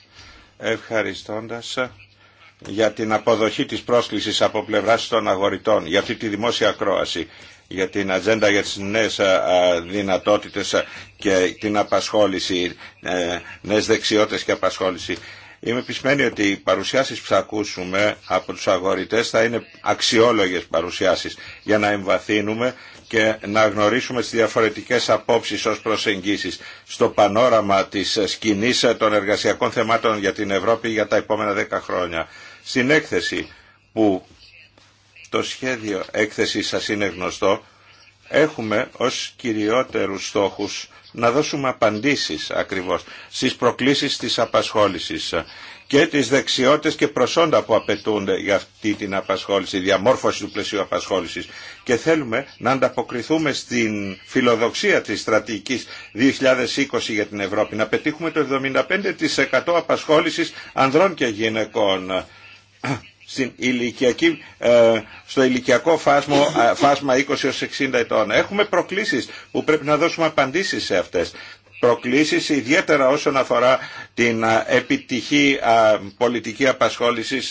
ευχαριστώντας για την αποδοχή της πρόσκλησης από πλευράς των αγορητών για αυτή τη δημόσια ακρόαση για την ατζέντα για τις νέες δυνατότητες και την απασχόληση, ε, νέες δεξιότητες και απασχόληση. Είμαι πισμένη ότι οι παρουσιάσεις που θα ακούσουμε από τους αγορητές θα είναι αξιόλογες παρουσιάσεις για να εμβαθύνουμε και να γνωρίσουμε τις διαφορετικές απόψεις ως προσεγγίσεις στο πανόραμα της σκηνής των εργασιακών θεμάτων για την Ευρώπη για τα επόμενα δέκα χρόνια. Στην έκθεση που το σχέδιο έκθεσης σας είναι γνωστό, έχουμε ως κυριότερους στόχους να δώσουμε απαντήσεις ακριβώς στις προκλήσεις της απασχόλησης και τις δεξιότητες και προσόντα που απαιτούνται για αυτή την απασχόληση, διαμόρφωση του πλαισίου απασχόλησης. Και θέλουμε να ανταποκριθούμε στην φιλοδοξία της στρατηγικής 2020 για την Ευρώπη, να πετύχουμε το 75% απασχόλησης ανδρών και γυναικών ε, στο ηλικιακό ε, φάσμα, φάσμα 20 έως 60 ετών. Έχουμε προκλήσεις που πρέπει να δώσουμε απαντήσεις σε αυτές. Προκλήσεις ιδιαίτερα όσον αφορά την ε, επιτυχή πολιτική απασχόληση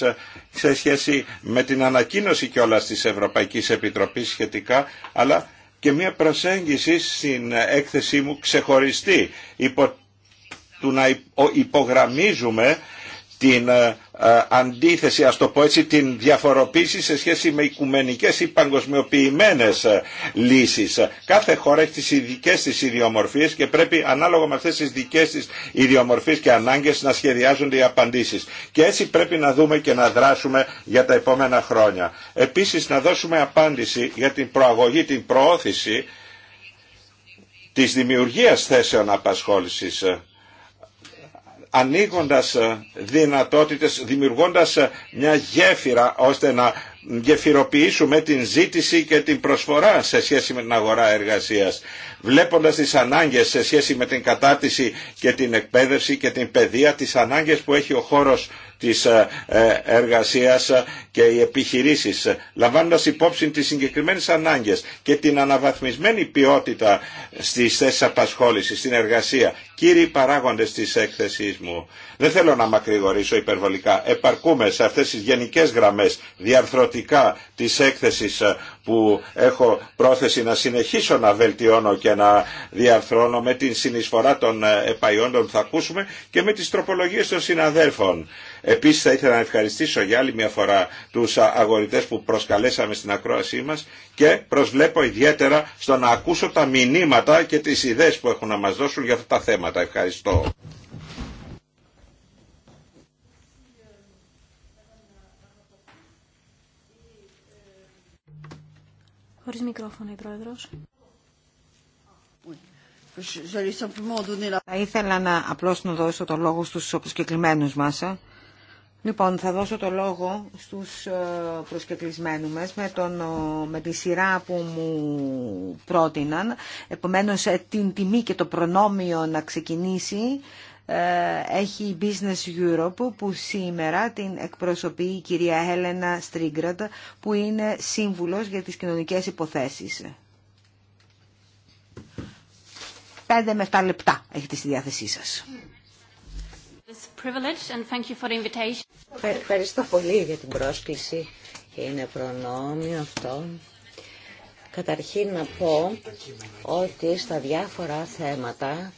σε σχέση με την ανακοίνωση κιόλας της Ευρωπαϊκής Επιτροπής σχετικά, αλλά και μια προσέγγιση στην έκθεσή μου ξεχωριστή υπό του να υπογραμμίζουμε την ε, ε, αντίθεση, ας το πω έτσι, την διαφοροποίηση σε σχέση με οικουμενικές ή παγκοσμιοποιημένες ε, λύσεις. Κάθε χώρα έχει τις ειδικές της ιδιομορφίες και πρέπει ανάλογα με αυτές τις δικές της ιδιομορφίες και ανάγκες να σχεδιάζονται οι απαντήσεις. Και έτσι πρέπει να δούμε και να δράσουμε για τα επόμενα χρόνια. Επίσης να δώσουμε απάντηση για την προαγωγή, την προώθηση της δημιουργίας θέσεων απασχόλησης ανοίγοντας ε, δυνατότητες, δημιουργώντας ε, μια γέφυρα ώστε να γεφυροποιήσουμε την ζήτηση και την προσφορά σε σχέση με την αγορά εργασίας, βλέποντας τις ανάγκες σε σχέση με την κατάρτιση και την εκπαίδευση και την παιδεία, τις ανάγκες που έχει ο χώρος της ε, ε, εργασίας και οι επιχειρήσεις, λαμβάνοντας υπόψη τις συγκεκριμένες ανάγκες και την αναβαθμισμένη ποιότητα στις θέσεις απασχόλησης, στην εργασία. Κύριοι παράγοντες της έκθεσής μου, δεν θέλω να μακρηγορήσω υπερβολικά, επαρκούμε σε αυτές τις γενικές γραμμές διαρθρωτικά της έκθεσης ε, που έχω πρόθεση να συνεχίσω να βελτιώνω και να διαρθρώνω με την συνεισφορά των επαϊόντων που θα ακούσουμε και με τις τροπολογίες των συναδέλφων. Επίση, θα ήθελα να ευχαριστήσω για άλλη μια φορά τους αγορητέ που προσκαλέσαμε στην ακρόασή μας και προσβλέπω ιδιαίτερα στο να ακούσω τα μηνύματα και τις ιδέες που έχουν να μα δώσουν για αυτά τα θέματα. Ευχαριστώ. Χωρίς μικρόφωνο η Θα ήθελα να απλώς να δώσω το λόγο στους προσκεκλημένους μας Λοιπόν, θα δώσω το λόγο στους ε, προσκεκλισμένους μας με, τον, με τη σειρά που μου πρότειναν. Επομένως, ε, την τιμή και το προνόμιο να ξεκινήσει ε, έχει η Business Europe που σήμερα την εκπροσωπεί η κυρία Έλενα Στρίγκραντ που είναι σύμβουλος για τις κοινωνικές υποθέσεις. Πέντε με 7 λεπτά έχετε στη διάθεσή σας. Ε, ευχαριστώ πολύ για την πρόσκληση. Είναι προνόμιο αυτό. Καταρχήν να πω ότι στα διάφορα θέματα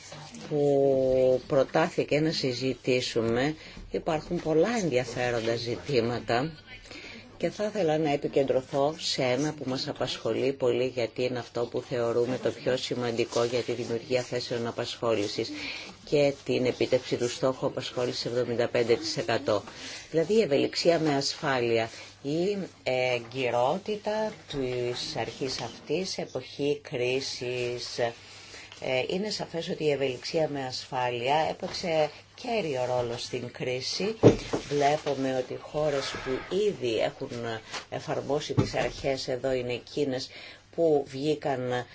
που προτάθηκε να συζητήσουμε υπάρχουν πολλά ενδιαφέροντα ζητήματα και θα ήθελα να επικεντρωθώ σε ένα που μας απασχολεί πολύ γιατί είναι αυτό που θεωρούμε το πιο σημαντικό για τη δημιουργία θέσεων απασχόλησης και την επίτευξη του στόχου απασχόληση 75%. Δηλαδή η ευελιξία με ασφάλεια, η εγκυρότητα της αρχής αυτής, εποχή κρίσης. Ε, είναι σαφές ότι η ευελιξία με ασφάλεια έπαιξε κέριο ρόλο στην κρίση. Βλέπουμε ότι χώρες που ήδη έχουν εφαρμόσει τις αρχές εδώ είναι εκείνες που βγήκαν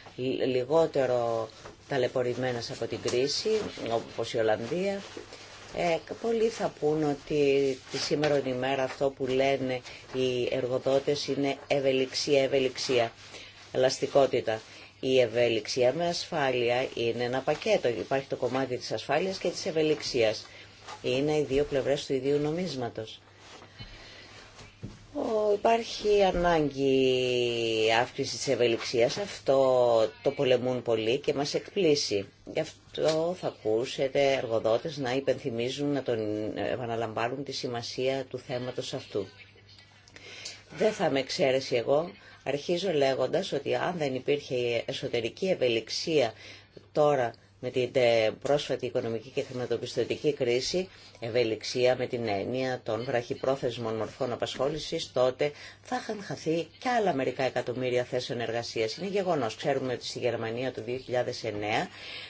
λιγότερο ταλαιπωρημένες από την κρίση, όπως η Ολλανδία. Ε, πολλοί θα πούν ότι τη σήμερα ημέρα αυτό που λένε οι εργοδότες είναι ευελιξία, ευελιξία, ελαστικότητα. Η ευελιξία με ασφάλεια είναι ένα πακέτο. Υπάρχει το κομμάτι της ασφάλειας και της ευελιξίας. Είναι οι δύο πλευρές του ίδιου νομίσματος. Υπάρχει ανάγκη αύξηση της ευελιξίας, αυτό το πολεμούν πολύ και μας εκπλήσει. Γι' αυτό θα ακούσετε εργοδότες να υπενθυμίζουν, να τον επαναλαμβάνουν τη σημασία του θέματος αυτού. Δεν θα με εξαίρεση εγώ, αρχίζω λέγοντας ότι αν δεν υπήρχε η εσωτερική ευελιξία τώρα με την ε, πρόσφατη οικονομική και χρηματοπιστωτική κρίση, ευελιξία με την έννοια των βραχυπρόθεσμων μορφών απασχόλησης, τότε θα είχαν χαθεί και άλλα μερικά εκατομμύρια θέσεων εργασίας. Είναι γεγονός. Ξέρουμε ότι στη Γερμανία το 2009,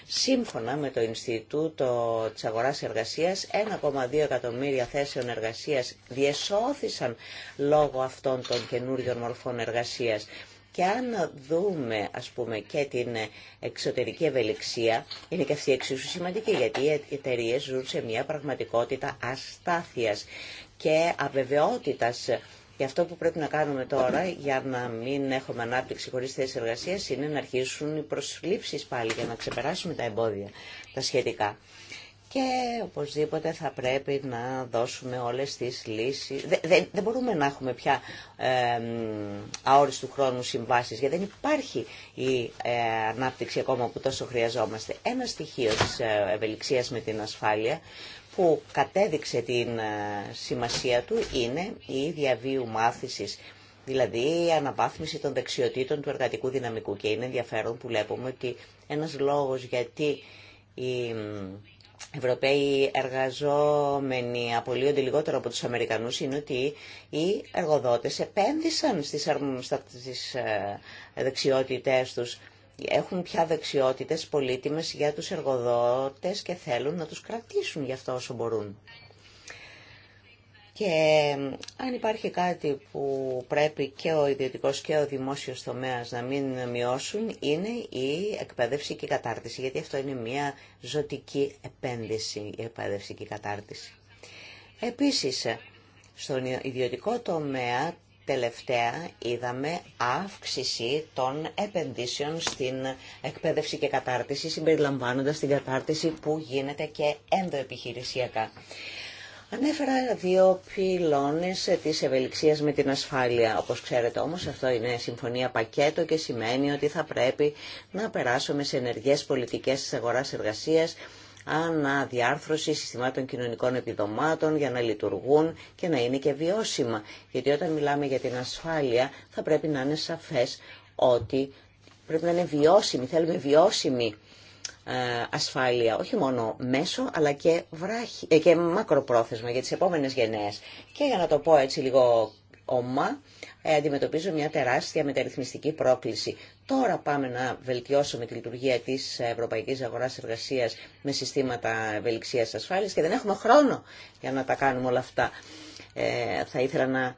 σύμφωνα με το Ινστιτούτο τη αγορά εργασία, 1,2 εκατομμύρια θέσεων εργασία διεσώθησαν λόγω αυτών των καινούριων μορφών εργασία. Και αν δούμε, ας πούμε, και την εξωτερική ευελιξία, είναι και αυτή εξίσου σημαντική, γιατί οι εταιρείε ζουν σε μια πραγματικότητα αστάθειας και αβεβαιότητας. Και αυτό που πρέπει να κάνουμε τώρα για να μην έχουμε ανάπτυξη χωρίς θέσεις εργασίας είναι να αρχίσουν οι προσλήψεις πάλι για να ξεπεράσουμε τα εμπόδια τα σχετικά και οπωσδήποτε θα πρέπει να δώσουμε όλες τις λύσεις. Δεν, δεν, μπορούμε να έχουμε πια ε, αόριστου χρόνου συμβάσεις, γιατί δεν υπάρχει η ε, ανάπτυξη ακόμα που τόσο χρειαζόμαστε. Ένα στοιχείο της ε, ευελιξίας με την ασφάλεια που κατέδειξε την ε, σημασία του είναι η διαβίου μάθησης δηλαδή η αναβάθμιση των δεξιοτήτων του εργατικού δυναμικού. Και είναι ενδιαφέρον που βλέπουμε ότι ένας λόγος γιατί η Ευρωπαίοι εργαζόμενοι απολύονται λιγότερο από τους Αμερικανούς είναι ότι οι εργοδότες επένδυσαν στις, στις ε, δεξιότητές τους. Έχουν πια δεξιότητες πολύτιμες για τους εργοδότες και θέλουν να τους κρατήσουν γι' αυτό όσο μπορούν. Και αν υπάρχει κάτι που πρέπει και ο ιδιωτικός και ο δημόσιος τομέας να μην μειώσουν είναι η εκπαίδευση και η κατάρτιση, γιατί αυτό είναι μια ζωτική επένδυση, η εκπαίδευση και η κατάρτιση. Επίσης, στον ιδιωτικό τομέα τελευταία είδαμε αύξηση των επενδύσεων στην εκπαίδευση και κατάρτιση, συμπεριλαμβάνοντας την κατάρτιση που γίνεται και ενδοεπιχειρησιακά. Ανέφερα δύο πυλώνε τη ευελιξία με την ασφάλεια. Όπως ξέρετε όμω, αυτό είναι συμφωνία πακέτο και σημαίνει ότι θα πρέπει να περάσουμε σε ενεργές πολιτικές τη αγορά εργασία αναδιάρθρωση συστημάτων κοινωνικών επιδομάτων για να λειτουργούν και να είναι και βιώσιμα. Γιατί όταν μιλάμε για την ασφάλεια θα πρέπει να είναι σαφές ότι πρέπει να είναι βιώσιμη, θέλουμε βιώσιμη ε, ασφάλεια, όχι μόνο μέσο αλλά και, ε, και μακροπρόθεσμα για τις επόμενες γενναίες. Και για να το πω έτσι λίγο ομά, ε, αντιμετωπίζω μια τεράστια μεταρρυθμιστική πρόκληση. Τώρα πάμε να βελτιώσουμε τη λειτουργία της Ευρωπαϊκής Αγοράς Εργασίας με συστήματα ευελιξίας ασφάλειας και δεν έχουμε χρόνο για να τα κάνουμε όλα αυτά. θα ήθελα να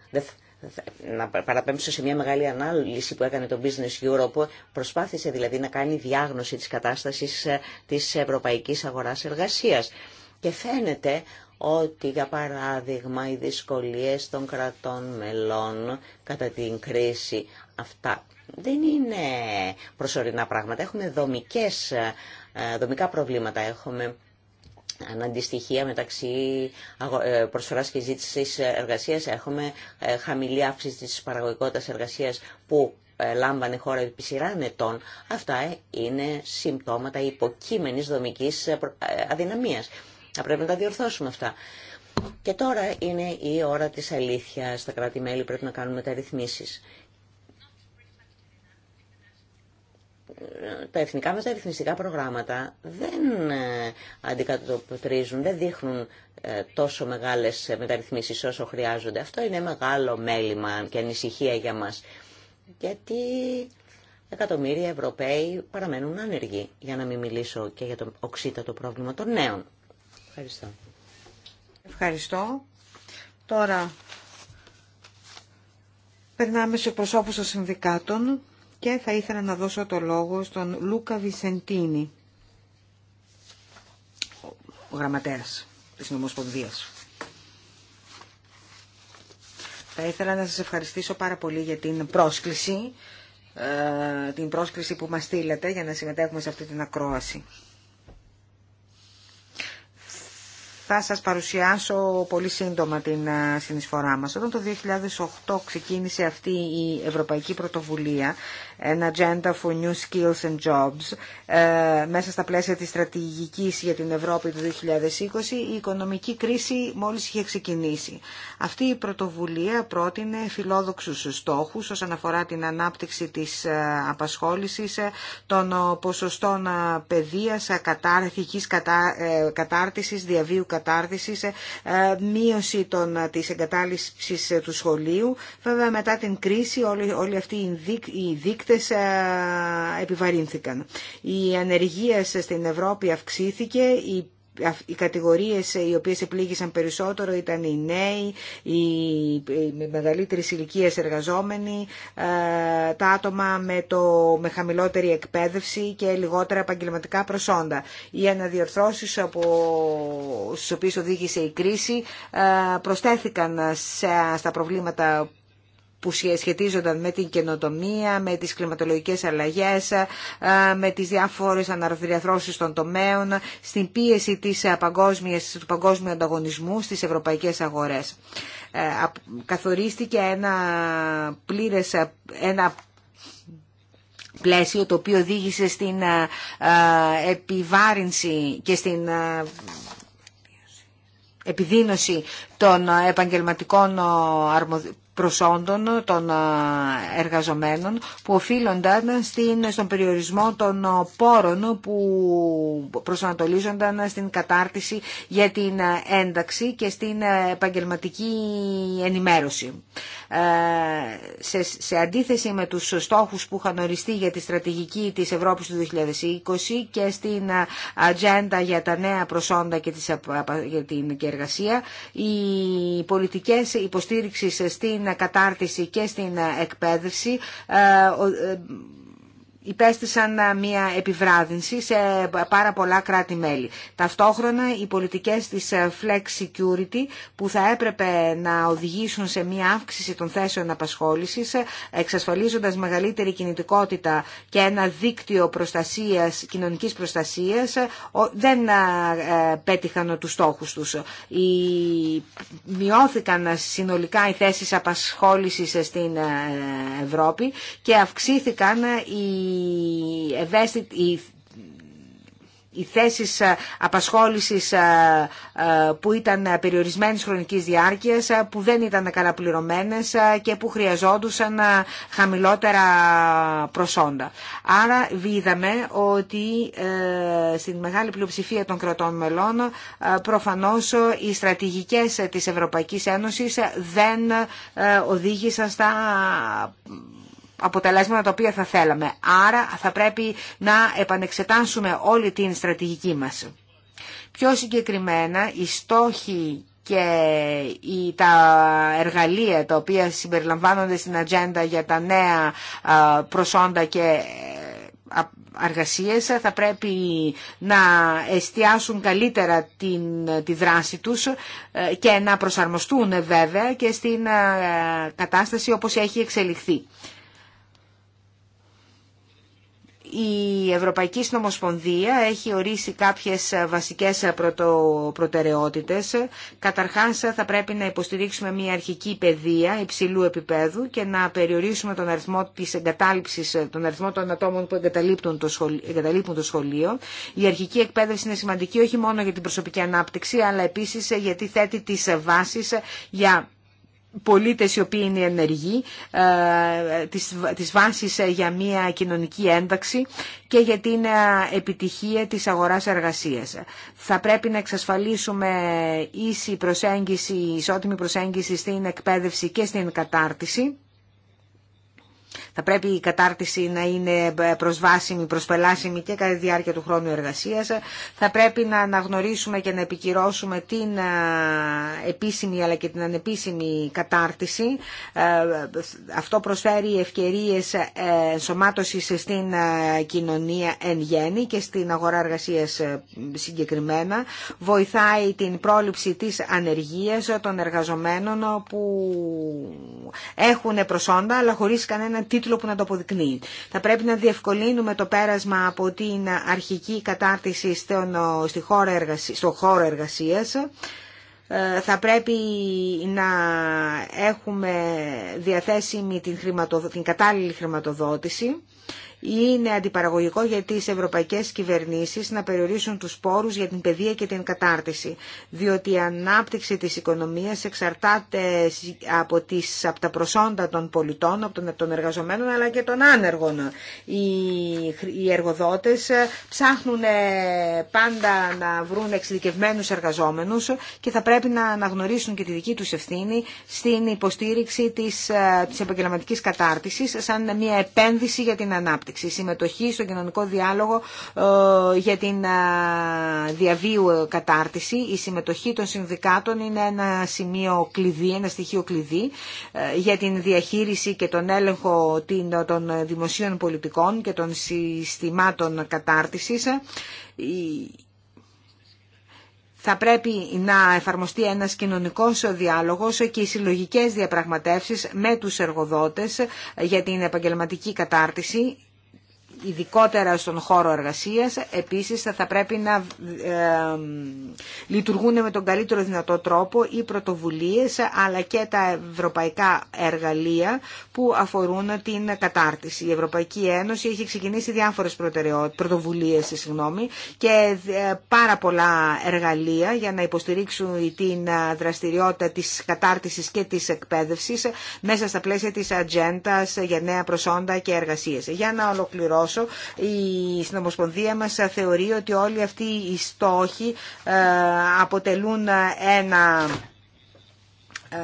να παραπέμψω σε μια μεγάλη ανάλυση που έκανε το Business Europe, προσπάθησε δηλαδή να κάνει διάγνωση της κατάστασης ε, της ευρωπαϊκής αγοράς εργασίας. Και φαίνεται ότι για παράδειγμα οι δυσκολίες των κρατών μελών κατά την κρίση αυτά δεν είναι προσωρινά πράγματα. Έχουμε δομικές, ε, δομικά προβλήματα, έχουμε αντιστοιχεία μεταξύ ε, προσφοράς και ζήτησης εργασίας. Έχουμε ε, χαμηλή αύξηση της παραγωγικότητας εργασίας που ε, λάμβανε χώρα επί σειρά ετών. Αυτά είναι συμπτώματα υποκείμενης δομικής αδυναμίας. Θα πρέπει να τα διορθώσουμε αυτά. Και τώρα είναι η ώρα της αλήθειας. Στα κράτη-μέλη πρέπει να τα ρυθμίσεις. τα εθνικά μας τα προγράμματα δεν ε, αντικατοπτρίζουν, δεν δείχνουν ε, τόσο μεγάλες ε, μεταρρυθμίσεις όσο χρειάζονται. Αυτό είναι μεγάλο μέλημα και ανησυχία για μας. Γιατί εκατομμύρια Ευρωπαίοι παραμένουν άνεργοι, για να μην μιλήσω και για το οξύτατο πρόβλημα των νέων. Ευχαριστώ. Ευχαριστώ. Τώρα περνάμε σε προσώπους των συνδικάτων και θα ήθελα να δώσω το λόγο στον Λούκα Βισεντίνη, ο γραμματέας της Νομοσπονδίας. Θα ήθελα να σας ευχαριστήσω πάρα πολύ για την πρόσκληση, ε, την πρόσκληση που μας στείλετε για να συμμετέχουμε σε αυτή την ακρόαση. θα σας παρουσιάσω πολύ σύντομα την ε, συνεισφορά μας. Όταν το 2008 ξεκίνησε αυτή η Ευρωπαϊκή Πρωτοβουλία, ένα agenda for new skills and jobs ε, μέσα στα πλαίσια της στρατηγικής για την Ευρώπη του 2020 η οικονομική κρίση μόλις είχε ξεκινήσει. Αυτή η πρωτοβουλία πρότεινε φιλόδοξους στόχους όσον αφορά την ανάπτυξη της ε, απασχόλησης ε, των ποσοστών παιδείας, καταρχικής κατά, κατάρτισης, διαβίου κατάρτισης, μείωση των, της εγκατάλειψης του σχολείου. Βέβαια μετά την κρίση όλοι, αυτοί οι δείκτες επιβαρύνθηκαν. Η ανεργία στην Ευρώπη αυξήθηκε, οι κατηγορίες οι οποίες επλήγησαν περισσότερο ήταν οι νέοι, οι με μεγαλύτερες εργαζόμενοι, τα άτομα με, το, χαμηλότερη εκπαίδευση και λιγότερα επαγγελματικά προσόντα. Οι αναδιορθώσεις από στις οποίες οδήγησε η κρίση προσθέθηκαν στα προβλήματα που σχετίζονταν με την καινοτομία, με τις κλιματολογικές αλλαγές, με τις διάφορες αναρθριαθρώσεις των τομέων, στην πίεση της του παγκόσμιου ανταγωνισμού στις ευρωπαϊκές αγορές. Ε, καθορίστηκε ένα πλήρες, ένα πλαίσιο το οποίο οδήγησε στην επιβάρυνση και στην επιδίνωση των επαγγελματικών προσόντων των εργαζομένων που οφείλονταν στην, στον περιορισμό των πόρων που προσανατολίζονταν στην κατάρτιση για την ένταξη και στην επαγγελματική ενημέρωση. Ε, σε, αντίθεση με τους στόχους που είχαν οριστεί για τη στρατηγική της Ευρώπης του 2020 και στην ατζέντα για τα νέα προσόντα και, για την και εργασία, οι πολιτικές στην στην κατάρτιση και στην εκπαίδευση ε, ε, υπέστησαν ε, μια επιβράδυνση σε πάρα πολλά κράτη-μέλη. Ταυτόχρονα οι πολιτικές της ε, Flex Security που θα έπρεπε να οδηγήσουν σε μια αύξηση των θέσεων απασχόλησης ε, εξασφαλίζοντας μεγαλύτερη κινητικότητα και ένα δίκτυο προστασίας, κοινωνικής προστασίας δεν πέτυχαν τους στόχους τους. Μειώθηκαν συνολικά οι θέσεις απασχόλησης στην Ευρώπη και αυξήθηκαν οι οι, οι θέσεις ε, απασχόλησης ε, ε, που ήταν περιορισμένης χρονικής διάρκειας, που δεν ήταν καλά και που χρειαζόντουσαν χαμηλότερα προσόντα. Άρα είδαμε ότι στην μεγάλη πλειοψηφία των κρατών μελών προφανώς οι στρατηγικές της Ευρωπαϊκής Ένωσης δεν οδήγησαν στα αποτελέσματα τα οποία θα θέλαμε. Άρα θα πρέπει να επανεξετάσουμε όλη την στρατηγική μας. Πιο συγκεκριμένα, οι στόχοι και τα εργαλεία τα οποία συμπεριλαμβάνονται στην ατζέντα για τα νέα προσόντα και ε, αργασίες θα πρέπει να εστιάσουν καλύτερα την, τη δράση τους ε, και να προσαρμοστούν βέβαια και στην ε, κατάσταση όπως έχει εξελιχθεί η Ευρωπαϊκή Συνομοσπονδία έχει ορίσει κάποιες βασικές προτεραιότητες. Καταρχάς θα πρέπει να υποστηρίξουμε μια αρχική παιδεία υψηλού επίπεδου και να περιορίσουμε τον αριθμό της εγκατάλειψης, τον αριθμό των ατόμων που εγκαταλείπουν το, σχολείο, εγκαταλείπουν το σχολείο. Η αρχική εκπαίδευση είναι σημαντική όχι μόνο για την προσωπική ανάπτυξη, αλλά επίσης γιατί θέτει τις βάσεις για πολίτες οι οποίοι είναι ενεργοί, ε, της βάσεις για μια κοινωνική ένταξη και για την ε, επιτυχία της αγοράς εργασίας. Θα πρέπει να εξασφαλίσουμε ίση προσέγγιση, ισότιμη προσέγγιση στην εκπαίδευση και στην κατάρτιση θα πρέπει η κατάρτιση να είναι ε, προσβάσιμη, προσπελάσιμη και κατά τη διάρκεια του χρόνου εργασίας. Θα πρέπει να αναγνωρίσουμε και να επικυρώσουμε την ε, επίσημη αλλά και την ανεπίσημη κατάρτιση. Ε, αυτό προσφέρει ευκαιρίες ενσωμάτωσης στην κοινωνία εν γέννη και στην αγορά εργασίας συγκεκριμένα. Βοηθάει την πρόληψη της ανεργίας των εργαζομένων που έχουν προσόντα αλλά χωρίς κανένα τίτλο τίτλο Θα πρέπει να διευκολύνουμε το πέρασμα από την αρχική κατάρτιση στο χώρο εργασίας ε, θα πρέπει να έχουμε διαθέσιμη την, την κατάλληλη χρηματοδότηση είναι αντιπαραγωγικό για τι ευρωπαϊκές κυβερνήσεις να περιορίσουν τους πόρους για την παιδεία και την κατάρτιση, διότι η ανάπτυξη της οικονομίας εξαρτάται από, τις, από τα προσόντα των πολιτών, από των, εργαζομένων αλλά και των άνεργων. Οι, οι εργοδότες ψάχνουν ε, πάντα να βρουν εξειδικευμένους εργαζόμενους και θα πρέπει να αναγνωρίσουν και τη δική τους ευθύνη στην υποστήριξη της, ε, της επαγγελματικής κατάρτισης σαν μια επένδυση για την ανάπτυξη ανάπτυξη, συμμετοχή στον κοινωνικό διάλογο ε, για την ε, διαβίου ε, κατάρτιση. Η συμμετοχή των συνδικάτων είναι ένα σημείο κλειδί, ένα στοιχείο κλειδί για την διαχείριση και τον έλεγχο των δημοσίων πολιτικών και των συστημάτων κατάρτισης θα πρέπει να εφαρμοστεί ένας κοινωνικός διάλογος και οι συλλογικές διαπραγματεύσεις με τους εργοδότες για την επαγγελματική κατάρτιση ειδικότερα στον χώρο εργασίας, επίσης θα πρέπει να λειτουργούν με τον καλύτερο δυνατό τρόπο οι πρωτοβουλίες αλλά και τα ευρωπαϊκά εργαλεία που αφορούν την κατάρτιση. Η Ευρωπαϊκή Ένωση έχει ξεκινήσει διάφορες πρωτοβουλίες συγγνώμη, και ε, πάρα πολλά εργαλεία για να υποστηρίξουν την δραστηριότητα της κατάρτισης και της εκπαίδευσης μέσα στα πλαίσια της ατζέντα για νέα προσόντα και εργασίες. Για να ολοκληρώσω ωστόσο η συνομοσπονδία μας θεωρεί ότι όλοι αυτοί οι στόχοι ε, αποτελούν ένα ε,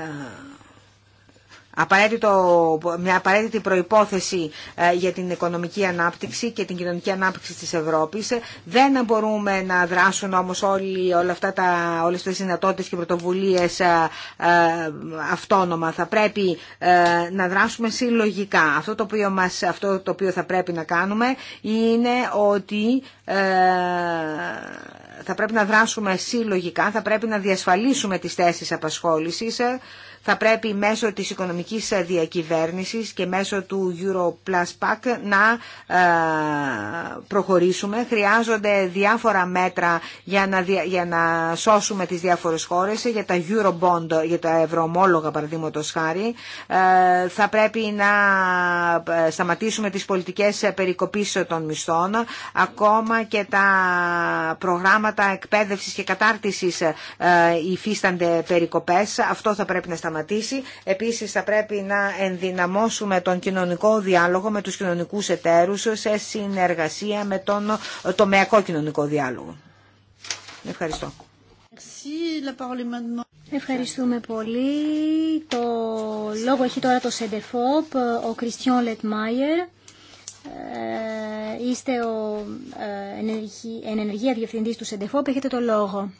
απαραίτητο, μια απαραίτητη προϋπόθεση ε, για την οικονομική ανάπτυξη και την κοινωνική ανάπτυξη της Ευρώπης. Δεν μπορούμε να δράσουν όμως όλοι, όλα αυτά τα, όλες τις δυνατότητες και πρωτοβουλίες ε, ε, αυτόνομα. Θα πρέπει να δράσουμε συλλογικά. Αυτό το οποίο, μας, αυτό το οποίο θα πρέπει να κάνουμε είναι ότι θα πρέπει να δράσουμε συλλογικά, θα πρέπει να διασφαλίσουμε τις θέσεις απασχόλησης, θα πρέπει μέσω της οικονομικής διακυβέρνησης και μέσω του Europlus Pack να ε, προχωρήσουμε. Χρειάζονται διάφορα μέτρα για να, για να σώσουμε τις διάφορες χώρες, για τα Eurobond, για τα ευρωομόλογα παραδείγματο χάρη. Ε, θα πρέπει να ε, σταματήσουμε τις πολιτικές περικοπής των μισθών, ακόμα και τα προγράμματα τα εκπαίδευση και κατάρτιση ε, ε, υφίστανται περικοπές. Αυτό θα πρέπει να σταματήσει. Επίση, θα πρέπει να ενδυναμώσουμε τον κοινωνικό διάλογο με τους κοινωνικούς εταίρους σε συνεργασία με τον τομεακό κοινωνικό διάλογο. Ευχαριστώ. Ευχαριστούμε πολύ. Το λόγο έχει τώρα το ΣΕΝΤΕΦΟΠ, ο Κριστιόν Λετμάιερ. Ε, είστε ο ε, ενεργεία διευθυντής του ΣΕΝΤΕΦΟΠ, έχετε το λόγο.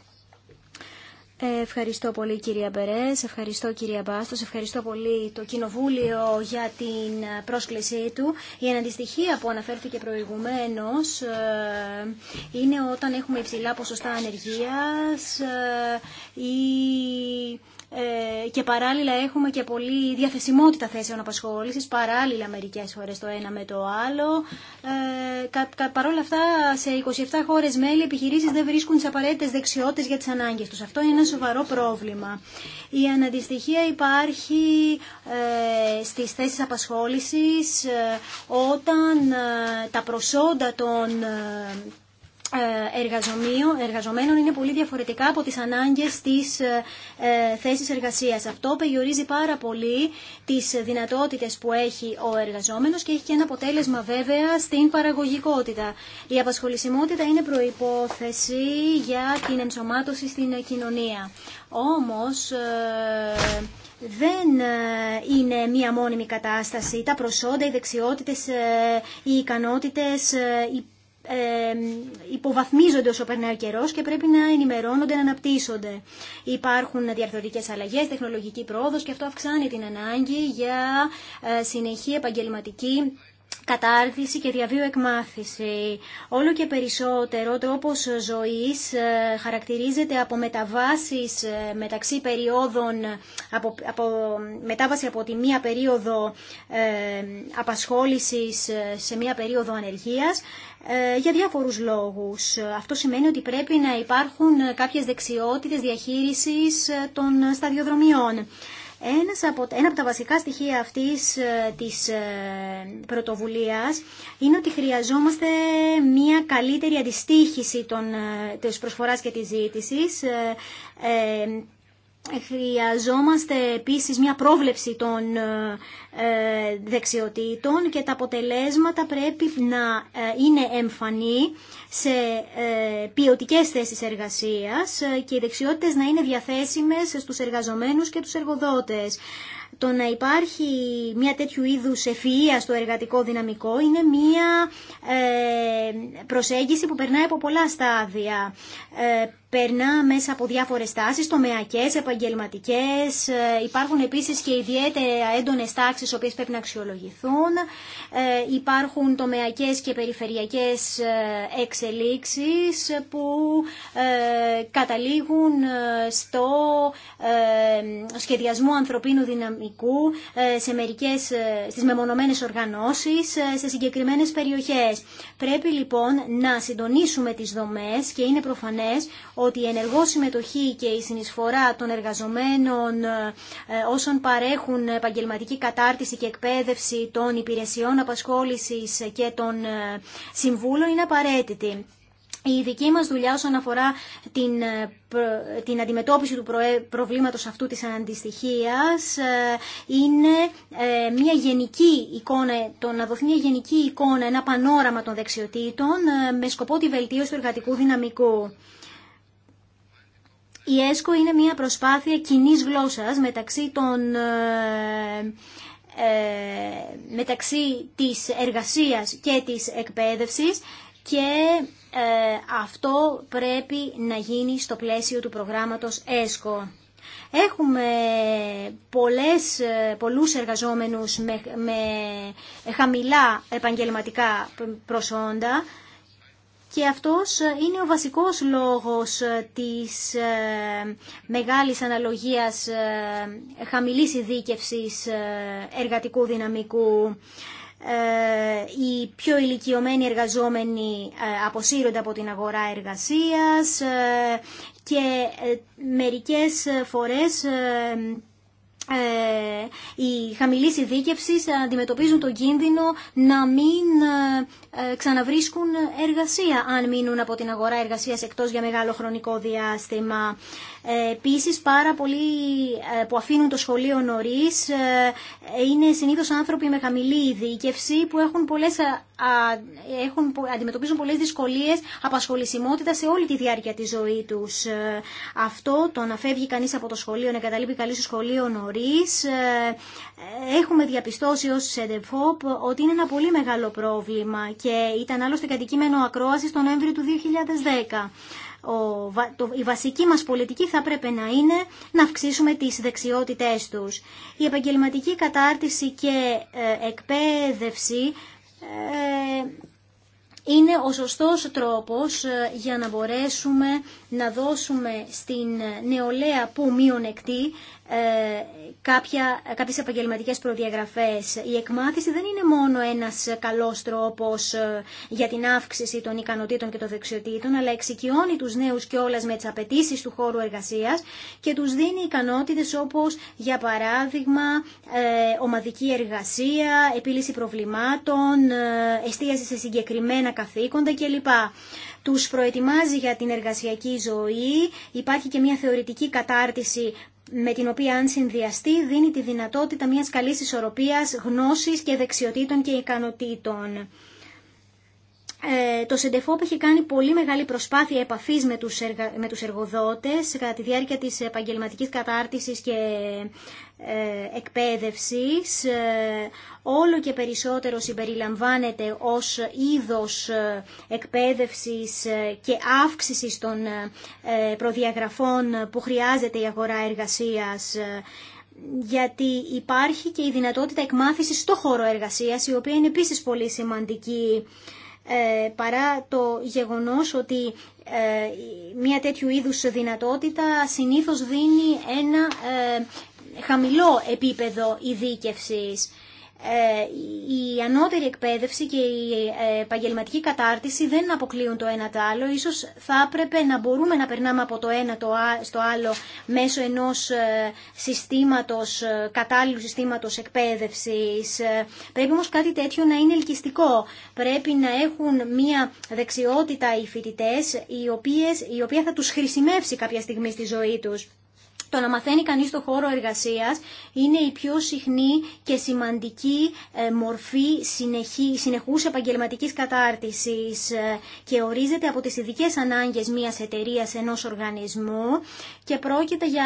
Ε, ευχαριστώ πολύ κυρία Μπερές, ευχαριστώ κυρία Μπάστος, ευχαριστώ πολύ το Κοινοβούλιο για την πρόσκλησή του. Η αναντιστοιχία που αναφέρθηκε προηγουμένως είναι όταν έχουμε υψηλά ποσοστά ανεργίας ή ε, και παράλληλα έχουμε και πολλή διαθεσιμότητα θέσεων απασχόλησης, παράλληλα μερικές φορές το ένα με το άλλο. Ε, Παρ' όλα αυτά σε 27 χώρες μέλη επιχειρήσεις δεν βρίσκουν τις απαραίτητες δεξιότητες για τις ανάγκες τους. Αυτό είναι ένα σοβαρό πρόβλημα. Η αναντιστοιχία υπάρχει ε, στις θέσεις απασχόλησης όταν τα προσόντα των ε, εργαζομένων είναι πολύ διαφορετικά από τις ανάγκες της ε, ε, θέσης εργασίας. Αυτό περιορίζει πάρα πολύ τις δυνατότητες που έχει ο εργαζόμενος και έχει και ένα αποτέλεσμα βέβαια στην παραγωγικότητα. Η απασχολησιμότητα είναι προϋπόθεση για την ενσωμάτωση στην κοινωνία. Όμως δεν είναι μία μόνιμη κατάσταση. Τα προσόντα, οι δεξιότητες, οι ικανότητες, υποβαθμίζονται όσο περνάει ο καιρό και πρέπει να ενημερώνονται, να αναπτύσσονται. Υπάρχουν διαρθρωτικέ αλλαγέ, τεχνολογική πρόοδο και αυτό αυξάνει την ανάγκη για ε, συνεχή επαγγελματική κατάρτιση και διαβίου εκμάθηση. Όλο και περισσότερο τρόπος ζωής ε, χαρακτηρίζεται από μεταβάσεις ε, μεταξύ περιόδων, από, μετάβαση από τη μία περίοδο ε, απασχόλησης σε μία περίοδο ανεργίας για διάφορους λόγους. Αυτό σημαίνει ότι πρέπει να υπάρχουν κάποιες δεξιότητες διαχείρισης των σταδιοδρομιών. Ένας από, ένα από τα βασικά στοιχεία αυτής ε, της ε, πρωτοβουλίας είναι ότι χρειαζόμαστε μια καλύτερη αντιστοίχηση των, ε, της προσφοράς και της ζήτησης Χρειαζόμαστε επίσης μια πρόβλεψη των ε, ε, δεξιοτήτων και τα αποτελέσματα πρέπει να ε, είναι εμφανή σε ποιοτικές θέσεις εργασίας και οι δεξιότητες να είναι διαθέσιμες στους εργαζομένους και τους εργοδότες. Το να υπάρχει μια τέτοιου είδους ευφυΐα στο εργατικό δυναμικό είναι μια προσέγγιση που περνάει από πολλά στάδια περνά μέσα από διάφορε τάσει, τομεακές, επαγγελματικέ, ε, Υπάρχουν επίσης και ιδιαίτερα τάξει, οι οποίε πρέπει να αξιολογηθούν. Ε, υπάρχουν τομεακέ και περιφερειακές ε, εξελίξεις που καταλήγουν στο σχεδιασμό ανθρωπίνου δυναμικού σε μερικές, στις μεμονωμένες οργανώσεις, σε συγκεκριμένες περιοχές. Πρέπει λοιπόν να συντονίσουμε τις δομές και είναι προφανές ότι η ενεργό συμμετοχή και η συνεισφορά των εργαζομένων ε, όσων παρέχουν επαγγελματική κατάρτιση και εκπαίδευση των υπηρεσιών απασχόλησης και των ε, συμβούλων είναι απαραίτητη. Η δική μας δουλειά όσον αφορά την, ε, την αντιμετώπιση του προβλήματος αυτού της αντιστοιχίας είναι μια γενική εικόνα, το να δοθεί μια γενική εικόνα, ένα πανόραμα των δεξιοτήτων με σκοπό τη βελτίωση του εργατικού δυναμικού. Η ΕΣΚΟ είναι μια προσπάθεια κοινή γλώσσας μεταξύ των ε, ε, μεταξύ της εργασίας και της εκπαίδευσης και ε, αυτό πρέπει να γίνει στο πλαίσιο του προγράμματος ΕΣΚΟ. Έχουμε πολλές, πολλούς εργαζόμενους με, με χαμηλά επαγγελματικά προσόντα και αυτός ε, είναι ο βασικός λόγος ε, της ε, μεγάλης αναλογίας χαμηλής ειδίκευσης εργατικού δυναμικού. Οι πιο ηλικιωμένοι εργαζόμενοι αποσύρονται από την αγορά εργασίας και μερικές φορές ε, οι χαμηλή ειδίκευση αντιμετωπίζουν τον κίνδυνο να μην ε, ε, ξαναβρίσκουν εργασία αν μείνουν από την αγορά εργασίας εκτός για μεγάλο χρονικό διάστημα. Ε, επίσης πάρα πολλοί ε, που αφήνουν το σχολείο νωρίς ε, είναι συνήθως άνθρωποι με χαμηλή ειδίκευση που έχουν πολλές, έχουν, αντιμετωπίζουν πολλές δυσκολίες απασχολησιμότητα σε όλη τη διάρκεια της ζωής τους. Αυτό το να φεύγει κανείς από το σχολείο, να καταλείπει καλή στο σχολείο νωρίς, έχουμε διαπιστώσει ως ΣΕΝΤΕΦΟΠ ότι είναι ένα πολύ μεγάλο πρόβλημα και ήταν άλλωστε κατοικείμενο ακρόαση τον Νοέμβριο του 2010 η βασική μας πολιτική θα πρέπει να είναι να αυξήσουμε τις δεξιότητές τους. Η επαγγελματική κατάρτιση και ε, εκπαίδευση ε, είναι ο σωστός τρόπος ε, για να μπορέσουμε να δώσουμε στην νεολαία που μειονεκτεί ε, κάποια, κάποιες επαγγελματικές προδιαγραφές. Η εκμάθηση δεν είναι μόνο ένας καλός τρόπος ε, για την αύξηση των ικανοτήτων και των δεξιοτήτων, αλλά εξοικειώνει τους νέους και όλες με τις απαιτήσει του χώρου εργασίας και τους δίνει ικανότητες όπως, για παράδειγμα, ε, ομαδική εργασία, επίλυση προβλημάτων, εστίαση σε συγκεκριμένα καθήκοντα κλπ τους προετοιμάζει για την εργασιακή ζωή. Υπάρχει και μια θεωρητική κατάρτιση με την οποία αν συνδυαστεί δίνει τη δυνατότητα μιας καλής ισορροπίας γνώσης και δεξιοτήτων και ικανοτήτων. Ε, το ΣΕΝΤΕΦΟΠ έχει κάνει πολύ μεγάλη προσπάθεια επαφής με τους, εργοδότες κατά τη διάρκεια της επαγγελματικής κατάρτισης και ε, εκπαίδευσης ε, όλο και περισσότερο συμπεριλαμβάνεται ως είδος ε, εκπαίδευσης και αύξησης των προδιαγραφών που χρειάζεται η αγορά εργασίας γιατί υπάρχει και η δυνατότητα εκμάθησης στο χώρο εργασίας η οποία είναι επίσης πολύ σημαντική παρά το γεγονός ότι μια τέτοιου είδους δυνατότητα συνήθως δίνει ένα χαμηλό επίπεδο ειδίκευσης. Ε, η ανώτερη εκπαίδευση και η ε, επαγγελματική κατάρτιση δεν αποκλείουν το ένα το άλλο. Ίσως θα έπρεπε να μπορούμε να περνάμε από το ένα στο άλλο μέσω ενός ε, συστήματος, κατάλληλου συστήματος εκπαίδευσης. Πρέπει όμως κάτι τέτοιο να είναι ελκυστικό. Πρέπει να έχουν μια δεξιότητα οι φοιτητές η οποία θα τους χρησιμεύσει κάποια στιγμή στη ζωή τους το να μαθαίνει κανείς το χώρο εργασίας είναι η πιο συχνή και σημαντική ε, μορφή συνεχού συνεχούς επαγγελματικής κατάρτισης ε, και ορίζεται από τις ειδικέ ανάγκες μιας εταιρείας ενός οργανισμού και πρόκειται για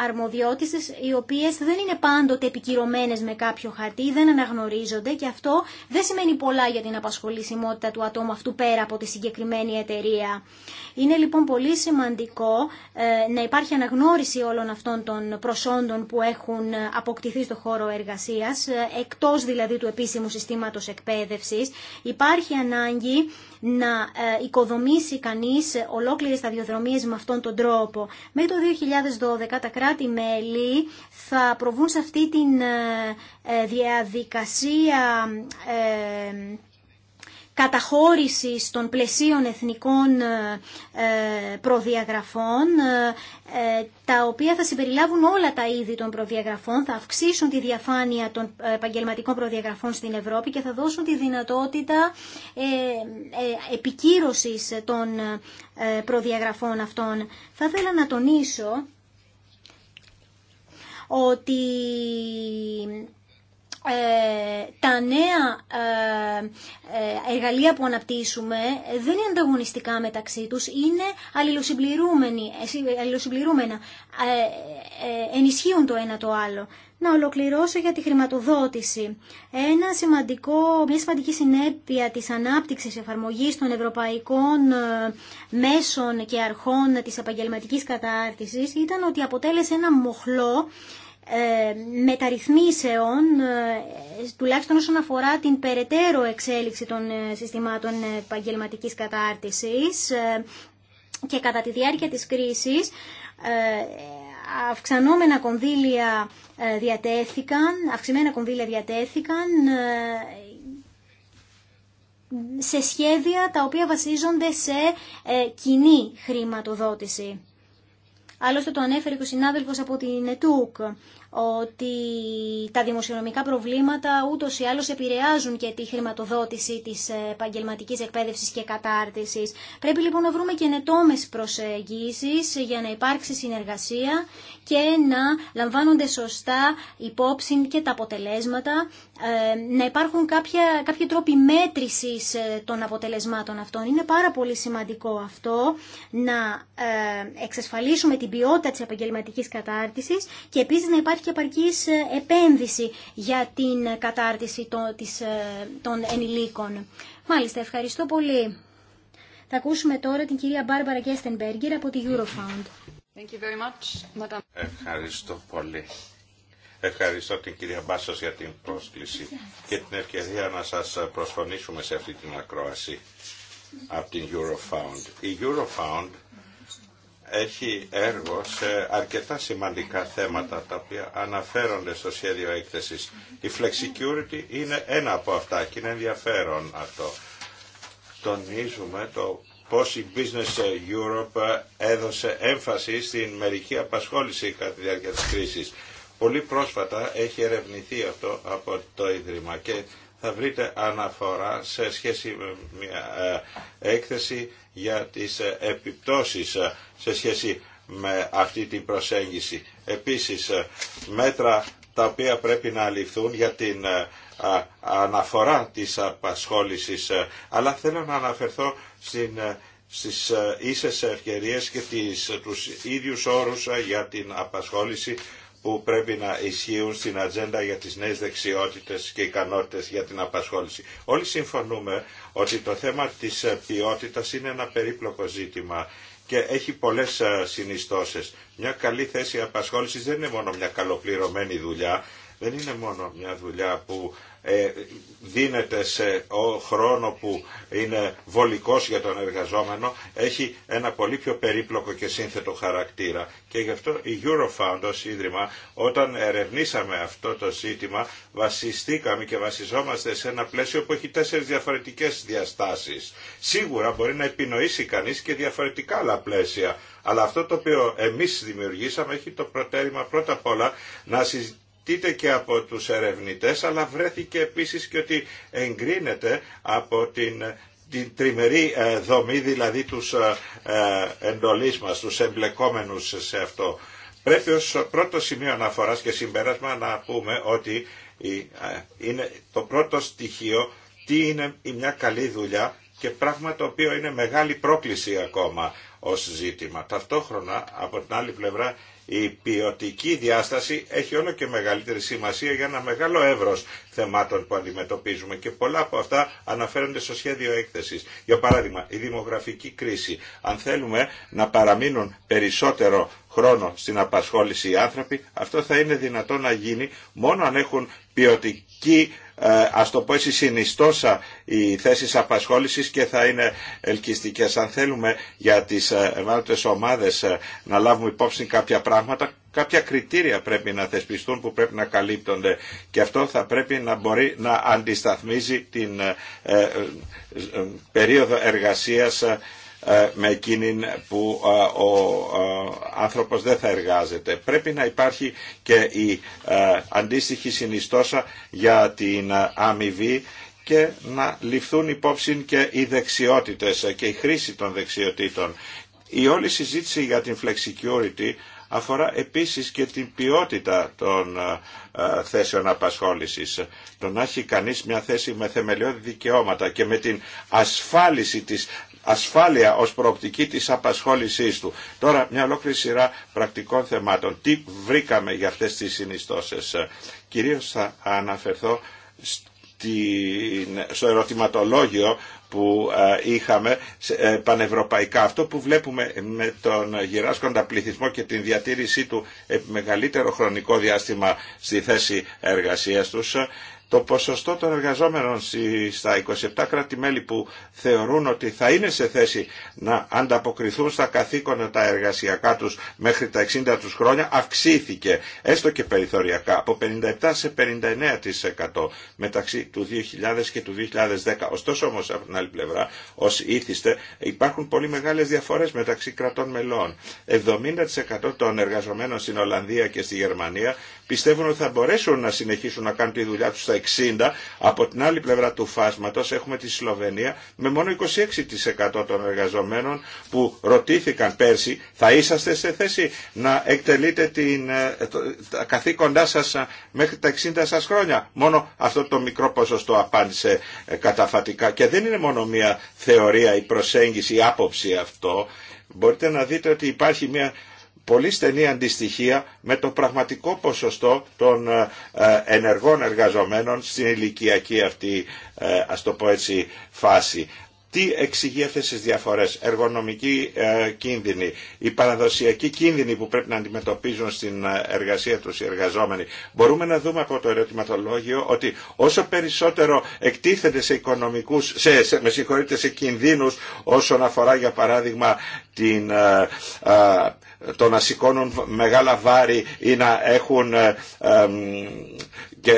ε, αρμοδιότητες οι οποίες δεν είναι πάντοτε επικυρωμένες με κάποιο χαρτί, δεν αναγνωρίζονται και αυτό δεν σημαίνει πολλά για την απασχολησιμότητα του ατόμου αυτού πέρα από τη συγκεκριμένη εταιρεία. Είναι λοιπόν πολύ σημαντικό να υπάρχει αναγνώριση όλων αυτών των προσόντων που έχουν αποκτηθεί στο χώρο εργασίας, εκτός δηλαδή του επίσημου συστήματος εκπαίδευσης, υπάρχει ανάγκη να ε, οικοδομήσει κανείς ολόκληρες σταδιοδρομίες με αυτόν τον τρόπο. με το 2012 τα κράτη-μέλη θα προβούν σε αυτή τη ε, ε, διαδικασία καταχώρησης των πλαισίων εθνικών ε, ε, προδιαγραφών, ε, τα οποία θα συμπεριλάβουν όλα τα είδη των προδιαγραφών, θα αυξήσουν τη διαφάνεια των επαγγελματικών προδιαγραφών στην Ευρώπη και θα δώσουν τη δυνατότητα επικύρωσης των προδιαγραφών αυτών. Θα ήθελα να τονίσω ότι ε, τα νέα ε, ε, εργαλεία που αναπτύσσουμε δεν είναι ανταγωνιστικά μεταξύ τους, είναι αλληλοσυμπληρούμενα, ενισχύουν το ένα το άλλο. Να ολοκληρώσω για τη χρηματοδότηση. Ένα σημαντικό, μια σημαντική συνέπεια της ανάπτυξης εφαρμογής των ευρωπαϊκών μέσων και αρχών της επαγγελματικής κατάρτισης ήταν ότι αποτέλεσε ένα μοχλό ε, μεταρρυθμίσεων, ε, τουλάχιστον όσον αφορά την περαιτέρω εξέλιξη των ε, συστημάτων επαγγελματική κατάρτισης και κατά τη διάρκεια της κρίσης αυξανόμενα κονδύλια διατέθηκαν, αυξημένα κονδύλια διατέθηκαν σε σχέδια τα οποία βασίζονται σε κοινή χρηματοδότηση. Άλλωστε το ανέφερε και ο συνάδελφος από την ΕΤΟΚ ότι τα δημοσιονομικά προβλήματα ούτως ή άλλως επηρεάζουν και τη χρηματοδότηση της επαγγελματική εκπαίδευσης και κατάρτισης. Πρέπει λοιπόν να βρούμε και νετόμες προσεγγίσεις για να υπάρξει συνεργασία και να λαμβάνονται σωστά υπόψη και τα αποτελέσματα, ε, να υπάρχουν κάποια, κάποιοι τρόποι μέτρησης ε, των αποτελεσμάτων αυτών. Είναι πάρα πολύ σημαντικό αυτό να ε, εξασφαλίσουμε την ποιότητα της επαγγελματική κατάρτισης και επίσης να υπάρχει και επαρκή ε, επένδυση για την κατάρτιση ε, των ενηλίκων. Μάλιστα, ευχαριστώ πολύ. Θα ακούσουμε τώρα την κυρία Μπάρμπαρα Γκέστενμπεργκερ από τη Eurofound. Thank you Ευχαριστώ πολύ. Ευχαριστώ την κυρία Μπάσος για την πρόσκληση και την ευκαιρία να σας προσφωνήσουμε σε αυτή την ακρόαση από την Eurofound. Η Eurofound έχει έργο σε αρκετά σημαντικά θέματα τα οποία αναφέρονται στο σχέδιο έκθεσης. Η flexicurity είναι ένα από αυτά και είναι ενδιαφέρον αυτό. Τονίζουμε το πώς η Business Europe έδωσε έμφαση στην μερική απασχόληση κατά τη διάρκεια της κρίσης. Πολύ πρόσφατα έχει ερευνηθεί αυτό από το Ίδρυμα και θα βρείτε αναφορά σε σχέση με μια ε, έκθεση για τις επιπτώσεις ε, σε σχέση με αυτή την προσέγγιση. Επίσης, ε, μέτρα τα οποία πρέπει να ληφθούν για την ε, αναφορά της απασχόλησης, ε, αλλά θέλω να αναφερθώ στην στις ίσες ευκαιρίες και τις, τους ίδιους όρους για την απασχόληση που πρέπει να ισχύουν στην ατζέντα για τις νέες δεξιότητες και ικανότητες για την απασχόληση. Όλοι συμφωνούμε ότι το θέμα της ποιότητας είναι ένα περίπλοκο ζήτημα και έχει πολλές ε, συνιστώσεις. Μια καλή θέση απασχόλησης δεν είναι μόνο μια καλοπληρωμένη δουλειά, δεν είναι μόνο μια δουλειά που ε, δίνεται σε χρόνο που είναι βολικός για τον εργαζόμενο έχει ένα πολύ πιο περίπλοκο και σύνθετο χαρακτήρα. Και γι' αυτό η Eurofound ως Ίδρυμα όταν ερευνήσαμε αυτό το ζήτημα βασιστήκαμε και βασιζόμαστε σε ένα πλαίσιο που έχει τέσσερις διαφορετικές διαστάσεις. Σίγουρα μπορεί να επινοήσει κανείς και διαφορετικά άλλα πλαίσια. Αλλά αυτό το οποίο εμείς δημιουργήσαμε έχει το προτέρημα πρώτα απ' όλα να συζητήσουμε είτε και από τους ερευνητές, αλλά βρέθηκε επίσης και ότι εγκρίνεται από την την τριμερή ε, δομή, δηλαδή τους ε, ε, εντολείς μας, τους εμπλεκόμενους σε αυτό. Πρέπει ως πρώτο σημείο αναφοράς και συμπέρασμα να πούμε ότι είναι το πρώτο στοιχείο τι είναι η μια καλή δουλειά και πράγμα το οποίο είναι μεγάλη πρόκληση ακόμα ως ζήτημα. Ταυτόχρονα από την άλλη πλευρά η ποιοτική διάσταση έχει όλο και μεγαλύτερη σημασία για ένα μεγάλο εύρος θεμάτων που αντιμετωπίζουμε και πολλά από αυτά αναφέρονται στο σχέδιο έκθεσης. Για παράδειγμα, η δημογραφική κρίση. Αν θέλουμε να παραμείνουν περισσότερο χρόνο στην απασχόληση οι άνθρωποι, αυτό θα είναι δυνατό να γίνει μόνο αν έχουν ποιοτική ε, ας το πω έτσι συνιστόσα οι θέσεις απασχόλησης και θα είναι ελκυστικές. Αν θέλουμε για τις ε, ευάλωτες ομάδες ε, να λάβουμε υπόψη κάποια πράγματα, κάποια κριτήρια πρέπει να θεσπιστούν που πρέπει να καλύπτονται και αυτό θα πρέπει να μπορεί να αντισταθμίζει την περίοδο εργασίας ε, με εκείνη που ε, ο ε, άνθρωπος δεν θα εργάζεται. Πρέπει να υπάρχει και η αντίστοιχη συνιστόσα για την αμοιβή και να ληφθούν υπόψη και οι δεξιότητες και η χρήση των δεξιοτήτων. Η όλη συζήτηση για την flexicurity αφορά επίσης και την ποιότητα των θέσεων απασχόλησης. Το να έχει κανείς μια θέση με θεμελιώδη δικαιώματα και με την ασφάλιση της ασφάλεια ως προοπτική της απασχόλησής του. Τώρα μια ολόκληρη σειρά πρακτικών θεμάτων. Τι βρήκαμε για αυτές τις συνιστώσεις. Ε, κυρίως θα αναφερθώ στο ερωτηματολόγιο που ε, είχαμε ε, πανευρωπαϊκά. Αυτό που βλέπουμε με τον γυράσκοντα πληθυσμό και την διατήρησή του μεγαλύτερο χρονικό διάστημα στη θέση εργασίας τους το ποσοστό των εργαζόμενων στα 27 κράτη-μέλη που θεωρούν ότι θα είναι σε θέση να ανταποκριθούν στα καθήκοντα τα εργασιακά τους μέχρι τα 60 τους χρόνια αυξήθηκε, έστω και περιθωριακά, από 57 σε 59% μεταξύ του 2000 και του 2010. Ωστόσο όμως από την άλλη πλευρά, ως ήθιστε, υπάρχουν πολύ μεγάλες διαφορές μεταξύ κρατών μελών. 70% των εργαζομένων στην Ολλανδία και στη Γερμανία πιστεύουν ότι θα μπορέσουν να συνεχίσουν να κάνουν τη δουλειά τους 60. Από την άλλη πλευρά του φάσματος έχουμε τη Σλοβενία με μόνο 26% των εργαζομένων που ρωτήθηκαν πέρσι θα είσαστε σε θέση να εκτελείτε την, ε, τα καθήκοντά σας ε, μέχρι τα 60 σας χρόνια. Μόνο αυτό το μικρό ποσοστό απάντησε ε, καταφατικά και δεν είναι μόνο μια θεωρία, η προσέγγιση, η άποψη αυτό. Μπορείτε να δείτε ότι υπάρχει μια πολύ στενή αντιστοιχεία με το πραγματικό ποσοστό των ε, ε, ενεργών εργαζομένων στην ηλικιακή αυτή, ε, ας το πω έτσι, φάση. Τι εξηγεί αυτέ τι διαφορέ, εργονομική ε, κίνδυνη παραδοσιακή παραδοσιακή που πρέπει να αντιμετωπίζουν στην εργασία του οι εργαζόμενοι. Μπορούμε να δούμε από το ερωτηματολόγιο ότι όσο περισσότερο εκτίθενται σε οικονομικού, σε, με συγχωρείτε, σε κινδύνου όσον αφορά για παράδειγμα την το να σηκώνουν μεγάλα βάρη ή να έχουν ε, ε,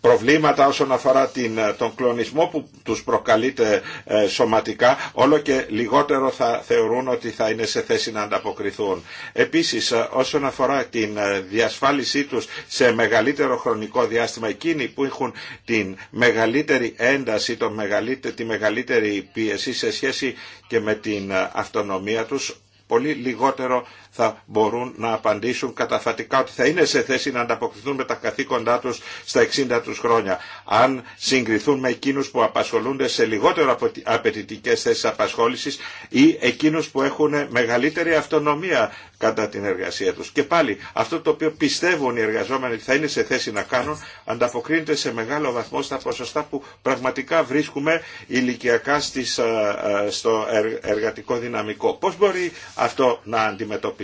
προβλήματα όσον αφορά την, ε, τον κλονισμό που τους προκαλείται σωματικά, όλο και λιγότερο θα θεωρούν ότι θα είναι σε θέση να ανταποκριθούν. Επίσης, όσον αφορά την διασφάλισή τους σε μεγαλύτερο χρονικό διάστημα, εκείνοι που έχουν την μεγαλύτερη ένταση, το μεγαλύτε τη μεγαλύτερη πίεση σε σχέση και με την αυτονομία τους, πολύ λιγότερο θα μπορούν να απαντήσουν καταφατικά ότι θα είναι σε θέση να ανταποκριθούν με τα καθήκοντά τους στα 60 τους χρόνια. Αν συγκριθούν με εκείνους που απασχολούνται σε λιγότερο απαιτητικέ θέσεις απασχόλησης ή εκείνους που έχουν μεγαλύτερη αυτονομία κατά την εργασία τους. Και πάλι αυτό το οποίο πιστεύουν οι εργαζόμενοι ότι θα είναι σε θέση να κάνουν ανταποκρίνεται σε μεγάλο βαθμό στα ποσοστά που πραγματικά βρίσκουμε ηλικιακά ε, ε, στο εργατικό δυναμικό. Πώς μπορεί αυτό να αντιμετωπίσει.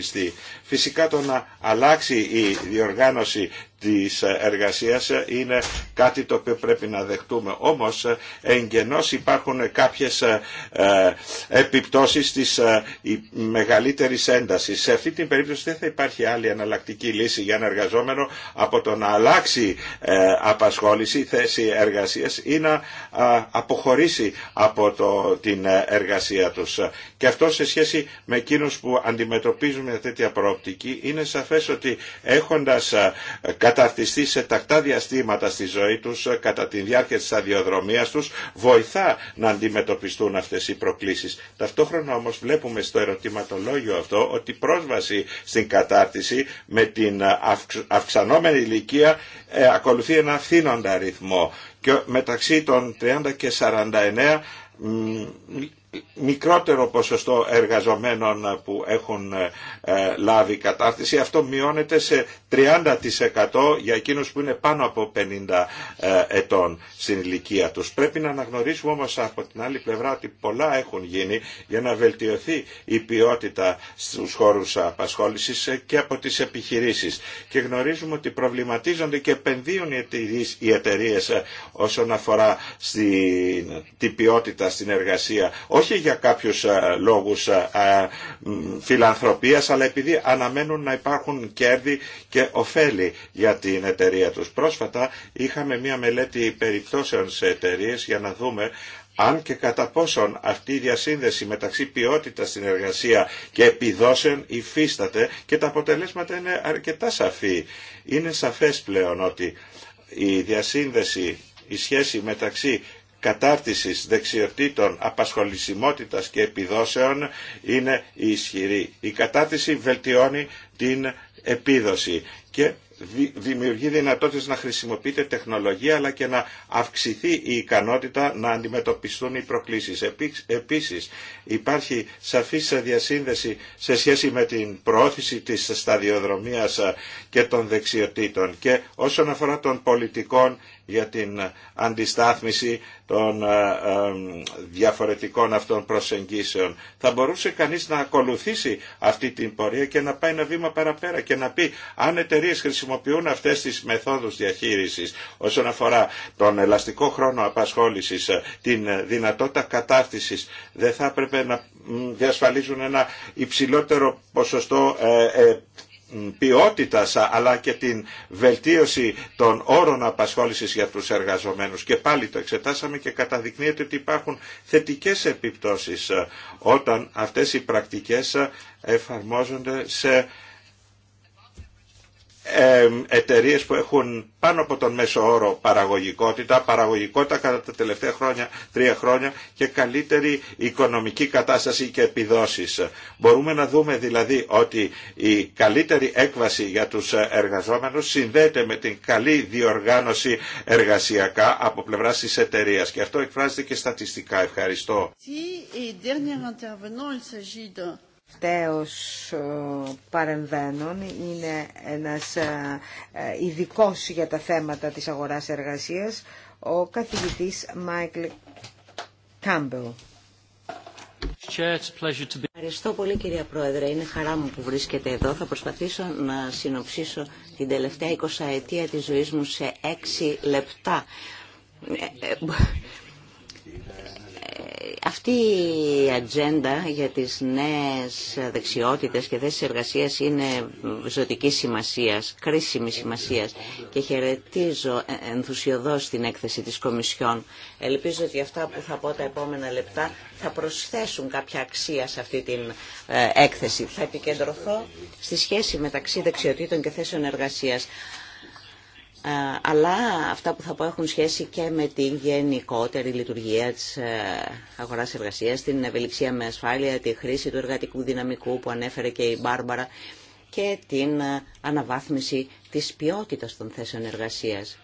Φυσικά το να αλλάξει η διοργάνωση της εργασίας είναι κάτι το οποίο πρέπει να δεχτούμε. Όμως εγγενώς υπάρχουν κάποιες ε, επιπτώσεις της ε, μεγαλύτερης έντασης. Σε αυτή την περίπτωση δεν θα υπάρχει άλλη αναλλακτική λύση για ένα εργαζόμενο από το να αλλάξει ε, απασχόληση, θέση εργασίας ή να αποχωρήσει από το, την εργασία τους. Και αυτό σε σχέση με εκείνους που αντιμετωπίζουν μια τέτοια προοπτική είναι σαφές ότι έχοντας καταρτιστεί σε τακτά διαστήματα στη ζωή τους ε, κατά τη διάρκεια της αδειοδρομίας τους βοηθά να αντιμετωπιστούν αυτές οι προκλήσεις. Ταυτόχρονα όμως βλέπουμε στο ερωτηματολόγιο αυτό ότι η πρόσβαση στην κατάρτιση με την ε, αυξανόμενη ηλικία ε, ακολουθεί ένα αυθύνοντα ρυθμό και μεταξύ των 30 και 49 μικρότερο ποσοστό εργαζομένων που έχουν ε, ε, λάβει κατάρτιση. Αυτό μειώνεται σε 30% για εκείνους που είναι πάνω από 50 ε, ετών στην ηλικία τους. Πρέπει να αναγνωρίσουμε όμως από την άλλη πλευρά ότι πολλά έχουν γίνει για να βελτιωθεί η ποιότητα στους χώρους απασχόλησης και από τις επιχειρήσεις. Και γνωρίζουμε ότι προβληματίζονται και επενδύουν οι εταιρείε όσον αφορά στην, την ποιότητα στην εργασία όχι για κάποιους ε, λόγους ε, ε, φιλανθρωπίας, αλλά επειδή αναμένουν να υπάρχουν κέρδη και ωφέλη για την εταιρεία τους. Πρόσφατα είχαμε μια μελέτη περιπτώσεων σε εταιρείε για να δούμε αν και κατά πόσον αυτή η διασύνδεση μεταξύ ποιότητα στην εργασία και επιδόσεων υφίσταται και τα αποτελέσματα είναι αρκετά σαφή. Είναι σαφές πλέον ότι η διασύνδεση, η σχέση μεταξύ κατάρτισης δεξιοτήτων, απασχολησιμότητας και επιδόσεων είναι ισχυρή. Η κατάρτιση βελτιώνει την επίδοση και δημιουργεί δυνατότητες να χρησιμοποιείται τεχνολογία αλλά και να αυξηθεί η ικανότητα να αντιμετωπιστούν οι προκλήσεις. Επίσης υπάρχει σαφής διασύνδεση σε σχέση με την προώθηση της σταδιοδρομίας και των δεξιοτήτων και όσον αφορά των πολιτικών για την αντιστάθμιση των ε, ε, διαφορετικών αυτών προσεγγίσεων. Θα μπορούσε κανείς να ακολουθήσει αυτή την πορεία και να πάει ένα βήμα παραπέρα και να πει αν εταιρείε χρησιμοποιούν αυτές τις μεθόδους διαχείρισης όσον αφορά τον ελαστικό χρόνο απασχόλησης, ε, την δυνατότητα κατάρτισης, δεν θα έπρεπε να διασφαλίζουν ένα υψηλότερο ποσοστό ποιότητας αλλά και την βελτίωση των όρων απασχόλησης για τους εργαζομένους και πάλι το εξετάσαμε και καταδεικνύεται ότι υπάρχουν θετικές επιπτώσεις ε, όταν αυτές οι πρακτικές ε, εφαρμόζονται σε εταιρείε που έχουν πάνω από τον μέσο όρο παραγωγικότητα, παραγωγικότητα κατά τα τελευταία χρόνια, τρία χρόνια και καλύτερη οικονομική κατάσταση και επιδόσεις. Μπορούμε να δούμε δηλαδή ότι η καλύτερη έκβαση για τους εργαζόμενους συνδέεται με την καλή διοργάνωση εργασιακά από πλευράς της εταιρεία και αυτό εκφράζεται και στατιστικά. Ευχαριστώ τελευταίος παρεμβαίνων είναι ένας ε, ε, ειδικό για τα θέματα της αγοράς εργασίας, ο καθηγητής Μάικλ Κάμπελ. Ευχαριστώ πολύ κυρία Πρόεδρε. Είναι χαρά μου που βρίσκεται εδώ. Θα προσπαθήσω να συνοψίσω την τελευταία 20 ετία της ζωής μου σε έξι λεπτά. Ε, αυτή η ατζέντα για τις νέες δεξιότητες και θέσεις εργασίας είναι ζωτική σημασίας, κρίσιμη σημασίας και χαιρετίζω ενθουσιοδός την έκθεση της Κομισιόν. Ελπίζω ότι αυτά που θα πω τα επόμενα λεπτά θα προσθέσουν κάποια αξία σε αυτή την ε, έκθεση. Θα επικεντρωθώ στη σχέση μεταξύ δεξιοτήτων και θέσεων εργασία αλλά αυτά που θα πω έχουν σχέση και με την γενικότερη λειτουργία της ε, αγοράς εργασίας, την ευελιξία με ασφάλεια, τη χρήση του εργατικού δυναμικού που ανέφερε και η Μπάρμπαρα και την ε, αναβάθμιση της ποιότητας των θέσεων εργασίας.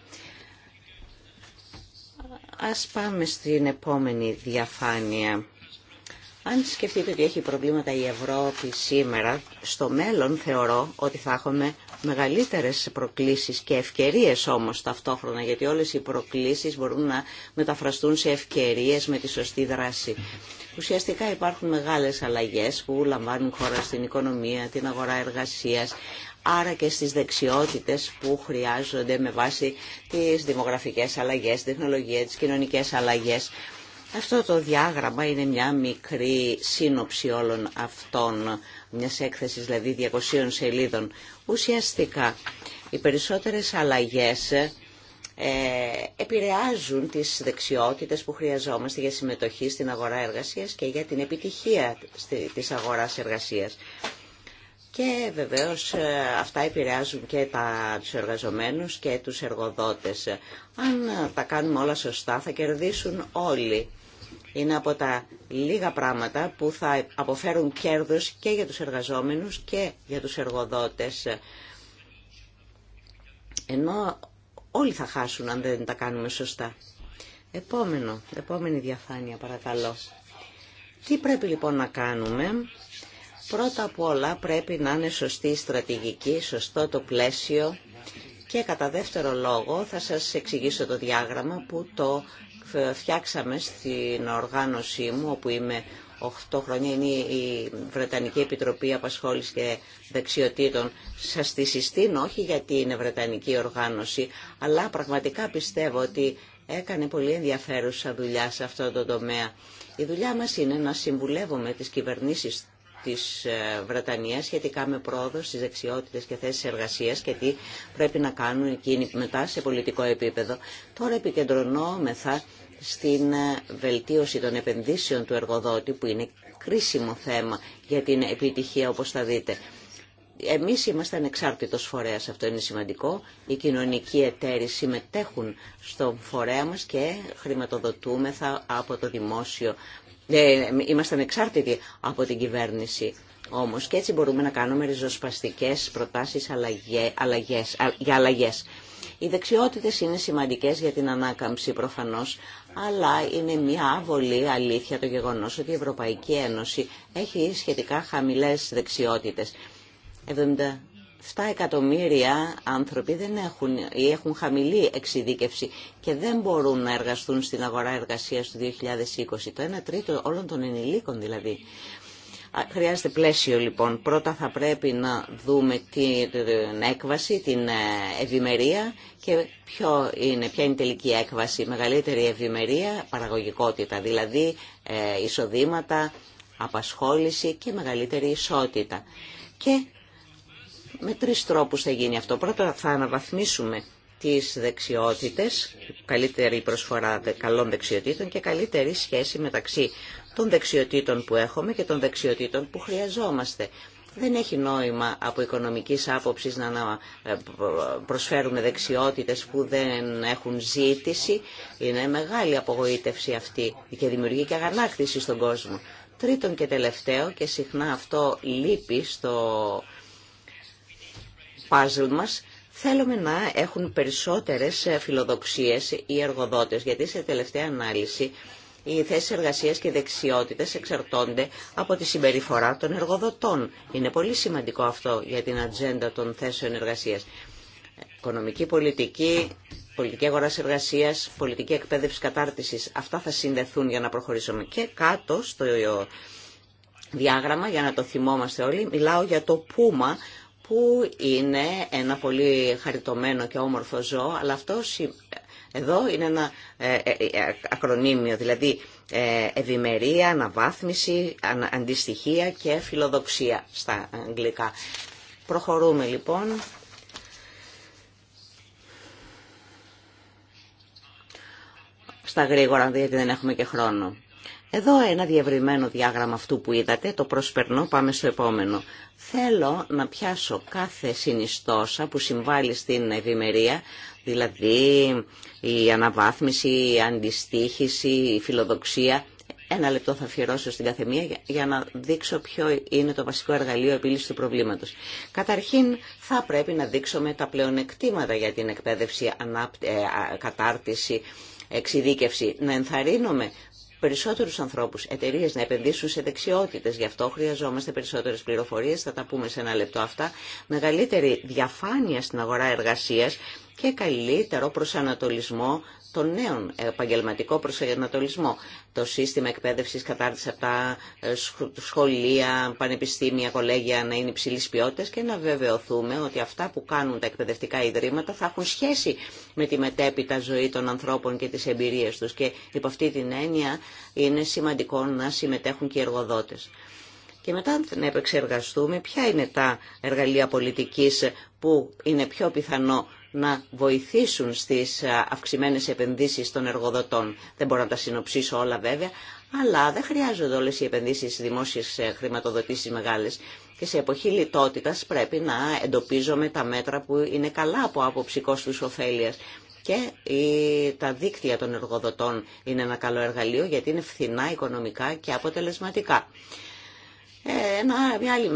Ας πάμε στην επόμενη διαφάνεια. Αν σκεφτείτε ότι έχει προβλήματα η Ευρώπη σήμερα, στο μέλλον θεωρώ ότι θα έχουμε μεγαλύτερες προκλήσεις και ευκαιρίες όμως ταυτόχρονα, γιατί όλες οι προκλήσεις μπορούν να μεταφραστούν σε ευκαιρίες με τη σωστή δράση. Ουσιαστικά υπάρχουν μεγάλες αλλαγές που λαμβάνουν χώρα στην οικονομία, την αγορά εργασίας, άρα και στις δεξιότητες που χρειάζονται με βάση τις δημογραφικές αλλαγές, τεχνολογία, τις κοινωνικές αλλαγές. Αυτό το διάγραμμα είναι μια μικρή σύνοψη όλων αυτών, μιας έκθεσης δηλαδή 200 σελίδων. Ουσιαστικά, οι περισσότερες αλλαγές ε, επηρεάζουν τις δεξιότητες που χρειαζόμαστε για συμμετοχή στην αγορά εργασίας και για την επιτυχία της αγοράς εργασίας και βεβαίως ε, αυτά επηρεάζουν και τα, τους εργαζομένους και τους εργοδότες. Αν τα κάνουμε όλα σωστά θα κερδίσουν όλοι. Είναι από τα λίγα πράγματα που θα αποφέρουν κέρδος και για τους εργαζόμενους και για τους εργοδότες. Ενώ όλοι θα χάσουν αν δεν τα κάνουμε σωστά. Επόμενο, επόμενη διαφάνεια παρακαλώ. Τι πρέπει λοιπόν να κάνουμε Πρώτα απ' όλα πρέπει να είναι σωστή η στρατηγική, σωστό το πλαίσιο και κατά δεύτερο λόγο θα σας εξηγήσω το διάγραμμα που το φτιάξαμε στην οργάνωσή μου όπου είμαι 8 χρόνια είναι η Βρετανική Επιτροπή Απασχόλησης και Δεξιοτήτων. Σας τη συστήνω όχι γιατί είναι Βρετανική οργάνωση αλλά πραγματικά πιστεύω ότι έκανε πολύ ενδιαφέρουσα δουλειά σε αυτό το τομέα. Η δουλειά μας είναι να συμβουλεύουμε τις κυβερνήσεις της ε, Βρετανίας σχετικά με πρόοδο στις δεξιότητες και θέσεις εργασίας και τι πρέπει να κάνουν εκείνοι μετά σε πολιτικό επίπεδο. Τώρα επικεντρωνόμεθα στην ε, βελτίωση των επενδύσεων του εργοδότη που είναι κρίσιμο θέμα για την επιτυχία όπως θα δείτε. Εμείς είμαστε ανεξάρτητος φορέας, αυτό είναι σημαντικό. Οι κοινωνικοί εταίροι συμμετέχουν στον φορέα μας και χρηματοδοτούμεθα από το δημόσιο ε, είμαστε ανεξάρτητοι από την κυβέρνηση όμως και έτσι μπορούμε να κάνουμε ριζοσπαστικές προτάσεις αλλαγέ, για αλλαγές. Οι δεξιότητες είναι σημαντικές για την ανάκαμψη προφανώς, αλλά είναι μια άβολη αλήθεια το γεγονός ότι η Ευρωπαϊκή Ένωση έχει σχετικά χαμηλές δεξιότητες. 7 εκατομμύρια άνθρωποι δεν έχουν ή έχουν χαμηλή εξειδίκευση και δεν μπορούν να εργαστούν στην αγορά εργασίας του 2020, το 1 τρίτο όλων των ενηλίκων δηλαδή. Χρειάζεται πλαίσιο λοιπόν. Πρώτα θα πρέπει να δούμε την έκβαση, την ε, ευημερία και ποιο είναι, ποια είναι η τελική έκβαση. Μεγαλύτερη ευημερία, παραγωγικότητα, δηλαδή ε, εισοδήματα, απασχόληση και μεγαλύτερη ισότητα. Και με τρεις τρόπους θα γίνει αυτό. Πρώτα θα αναβαθμίσουμε τις δεξιότητες, καλύτερη προσφορά καλών δεξιοτήτων και καλύτερη σχέση μεταξύ των δεξιοτήτων που έχουμε και των δεξιοτήτων που χρειαζόμαστε. Δεν έχει νόημα από οικονομικής άποψης να ε, προσφέρουμε δεξιότητες που δεν έχουν ζήτηση. Είναι μεγάλη απογοήτευση αυτή και δημιουργεί και αγανάκτηση στον κόσμο. Τρίτον και τελευταίο, και συχνά αυτό λείπει στο παζλ μας, θέλουμε να έχουν περισσότερες ε, φιλοδοξίες οι εργοδότες, γιατί σε τελευταία ανάλυση οι θέσει εργασία και δεξιότητε εξαρτώνται από τη συμπεριφορά των εργοδοτών. Είναι πολύ σημαντικό αυτό για την ατζέντα των θέσεων εργασία. Οικονομική πολιτική, πολιτική αγορά εργασία, πολιτική εκπαίδευση κατάρτιση. Αυτά θα συνδεθούν για να προχωρήσουμε. Και κάτω στο διάγραμμα, για να το θυμόμαστε όλοι, μιλάω για το πούμα που είναι ένα πολύ χαριτωμένο και όμορφο ζώο, αλλά αυτό εδώ είναι ένα ε, ε, ε, ακρονίμιο, δηλαδή ευημερία, αναβάθμιση, αντιστοιχία και φιλοδοξία στα αγγλικά. Προχωρούμε λοιπόν. Στα γρήγορα, γιατί δεν έχουμε και χρόνο. Εδώ ένα διευρυμένο διάγραμμα αυτού που είδατε, το προσπερνώ, πάμε στο επόμενο. Θέλω να πιάσω κάθε συνιστόσα που συμβάλλει στην ευημερία, δηλαδή η αναβάθμιση, η αντιστήχηση, η φιλοδοξία. Ένα λεπτό θα αφιερώσω στην καθεμία για να δείξω ποιο είναι το βασικό εργαλείο επίλυσης του προβλήματος. Καταρχήν θα πρέπει να δείξουμε τα πλεονεκτήματα για την εκπαίδευση, ε, κατάρτιση, εξειδίκευση. Να ενθαρρύνουμε Περισσότερου ανθρώπου, εταιρείε να επενδύσουν σε δεξιότητε, Γι' αυτό χρειαζόμαστε περισσότερε πληροφορίε, θα τα πούμε σε ένα λεπτό αυτά. Μεγαλύτερη διαφάνεια στην αγορά εργασία και καλύτερο προσανατολισμό τον νέων επαγγελματικό προσανατολισμό. Το σύστημα εκπαίδευση κατάρτιση από τα ε, σχολεία, πανεπιστήμια, κολέγια να είναι υψηλή ποιότητα και να βεβαιωθούμε ότι αυτά που κάνουν τα εκπαιδευτικά ιδρύματα θα έχουν σχέση με τη μετέπειτα ζωή των ανθρώπων και τι εμπειρίε του. και υπό αυτή την έννοια είναι σημαντικό να συμμετέχουν και οι εργοδότε. Και μετά να επεξεργαστούμε ποια είναι τα εργαλεία πολιτικής που είναι πιο πιθανό να βοηθήσουν στις αυξημένες επενδύσεις των εργοδοτών. Δεν μπορώ να τα συνοψίσω όλα βέβαια, αλλά δεν χρειάζονται όλες οι επενδύσεις δημόσιε δημόσιες χρηματοδοτήσεις μεγάλες. Και σε εποχή λιτότητας πρέπει να εντοπίζουμε τα μέτρα που είναι καλά από άποψη κόστους ωφέλειας. Και τα δίκτυα των εργοδοτών είναι ένα καλό εργαλείο γιατί είναι φθηνά οικονομικά και αποτελεσματικά. Ε, ένα, μια άλλη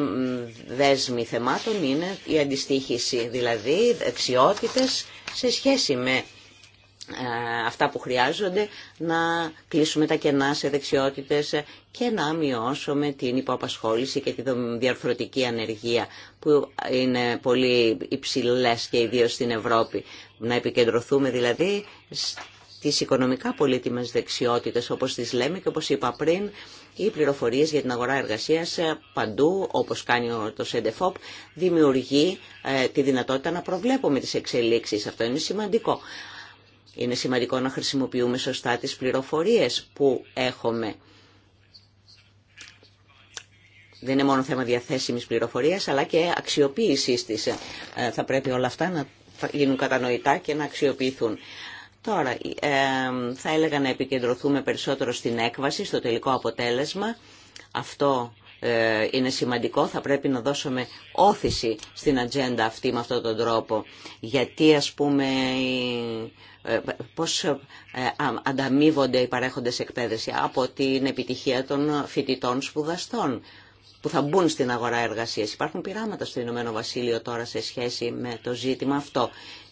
δέσμη θεμάτων είναι η αντιστοίχηση, δηλαδή δεξιότητες σε σχέση με ε, αυτά που χρειάζονται να κλείσουμε τα κενά σε δεξιότητες και να μειώσουμε την υποαπασχόληση και τη διαρθρωτική ανεργία που είναι πολύ υψηλές και ιδίως στην Ευρώπη. Να επικεντρωθούμε δηλαδή στις οικονομικά πολύτιμες δεξιότητες όπως τις λέμε και όπως είπα πριν οι πληροφορίες για την αγορά εργασίας ε, παντού, όπως κάνει το ΣΕΝΤΕΦΟΠ, δημιουργεί ε, τη δυνατότητα να προβλέπουμε τις εξελίξεις. Αυτό είναι σημαντικό. Είναι σημαντικό να χρησιμοποιούμε σωστά τις πληροφορίες που έχουμε. Δεν είναι μόνο θέμα διαθέσιμης πληροφορίας, αλλά και αξιοποίησης της. Ε, θα πρέπει όλα αυτά να γίνουν κατανοητά και να αξιοποιηθούν. Τώρα, ε, θα έλεγα να επικεντρωθούμε περισσότερο στην έκβαση, στο τελικό αποτέλεσμα. Αυτό ε, είναι σημαντικό, θα πρέπει να δώσουμε όθηση στην ατζέντα αυτή με αυτόν τον τρόπο. Γιατί ας πούμε ε, πώς ανταμείβονται οι παρέχοντες εκπαίδευση από την επιτυχία των φοιτητών σπουδαστών που θα μπουν στην αγορά εργασίας. Υπάρχουν πειράματα στο Ηνωμένο Βασίλειο τώρα σε σχέση με το ζήτημα αυτό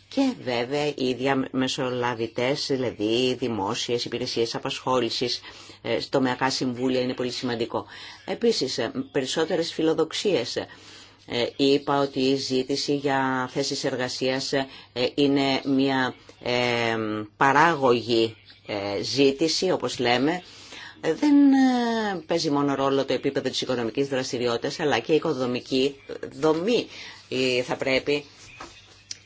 και βέβαια οι διαμεσολαβητές, δηλαδή οι δημόσιες υπηρεσίες απασχόλησης, ε, τομεακά συμβούλια είναι πολύ σημαντικό. Επίσης, ε, περισσότερες φιλοδοξίες. Ε, είπα ότι η ζήτηση για θέσεις εργασίας είναι μια παράγωγη ζήτηση, όπως λέμε, δεν παίζει μόνο ρόλο το επίπεδο της οικονομικής δραστηριότητας, αλλά και η οικοδομική δομή θα πρέπει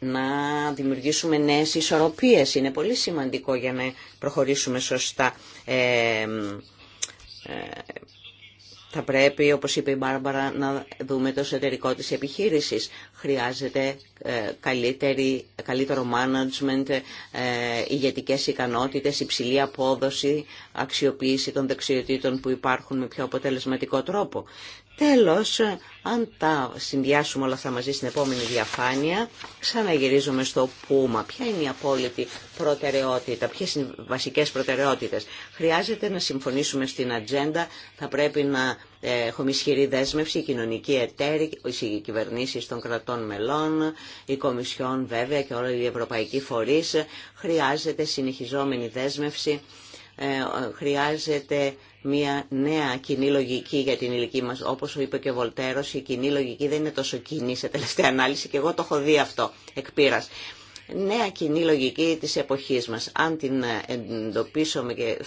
να δημιουργήσουμε νέες ισορροπίες. Είναι πολύ σημαντικό για να προχωρήσουμε σωστά. Ε, ε, θα πρέπει, όπως είπε η Μπάρμπαρα, να δούμε το εσωτερικό της επιχείρησης. Χρειάζεται ε, καλύτερη, καλύτερο management, ε, ηγετικές ικανότητες, υψηλή απόδοση, αξιοποίηση των δεξιοτήτων που υπάρχουν με πιο αποτελεσματικό τρόπο. Τέλος, αν τα συνδυάσουμε όλα αυτά μαζί στην επόμενη διαφάνεια, ξαναγυρίζουμε στο πούμα. Ποια είναι η απόλυτη προτεραιότητα, ποιες είναι οι βασικές προτεραιότητες. Χρειάζεται να συμφωνήσουμε στην ατζέντα, θα πρέπει να ε, έχουμε ισχυρή δέσμευση, η κοινωνικοί εταίροι, οι κυβερνήσει των κρατών μελών, η Κομισιόν βέβαια και όλοι οι ευρωπαϊκοί φορείς. Χρειάζεται συνεχιζόμενη δέσμευση, ε, χρειάζεται μια νέα κοινή λογική για την ηλική μας. Όπως είπε και ο Βολτέρος, η κοινή λογική δεν είναι τόσο κοινή σε τελευταία ανάλυση και εγώ το έχω δει αυτό εκ πείρας. Νέα κοινή λογική της εποχής μας, αν την ε, εντοπίσουμε και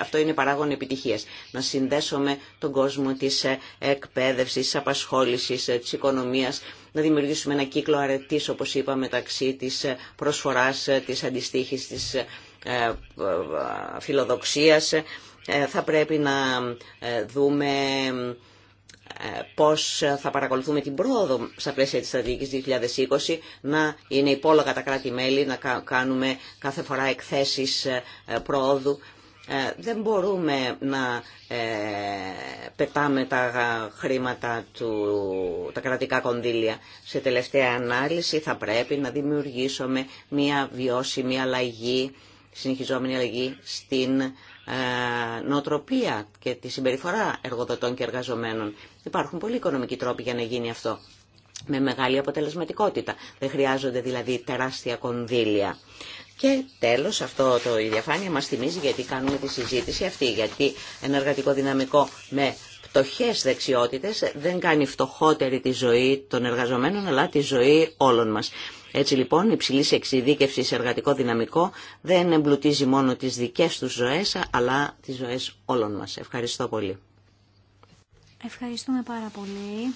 αυτό είναι παράγον επιτυχίας, να συνδέσουμε τον κόσμο της ε, εκπαίδευσης, της απασχόλησης, ε, της οικονομίας, να δημιουργήσουμε ένα κύκλο αρετής, όπως είπα, μεταξύ της προσφοράς, της αντιστοίχης, της φιλοδοξίας, ε, θα πρέπει να ε, δούμε ε, πώς θα παρακολουθούμε την πρόοδο στα πλαίσια της στρατηγικής 2020, να είναι υπόλογα τα κράτη-μέλη, να κάνουμε κάθε φορά εκθέσεις πρόοδου. Δεν μπορούμε να πετάμε τα χρήματα, του, τα κρατικά κονδύλια. Σε τελευταία ανάλυση θα πρέπει να δημιουργήσουμε μια βιώσιμη αλλαγή, συνεχιζόμενη αλλαγή στην ε, νοοτροπία και τη συμπεριφορά εργοδοτών και εργαζομένων. Υπάρχουν πολλοί οικονομικοί τρόποι για να γίνει αυτό με μεγάλη αποτελεσματικότητα. Δεν χρειάζονται δηλαδή τεράστια κονδύλια. Και τέλος, αυτό το η διαφάνεια μας θυμίζει γιατί κάνουμε τη συζήτηση αυτή, γιατί ένα εργατικό δυναμικό με πτωχές δεξιότητες δεν κάνει φτωχότερη τη ζωή των εργαζομένων, αλλά τη ζωή όλων μας. Έτσι λοιπόν η ψηλή εξειδίκευση σε εργατικό δυναμικό δεν εμπλουτίζει μόνο τις δικές τους ζωές αλλά τις ζωές όλων μας. Ευχαριστώ πολύ. Ευχαριστούμε πάρα πολύ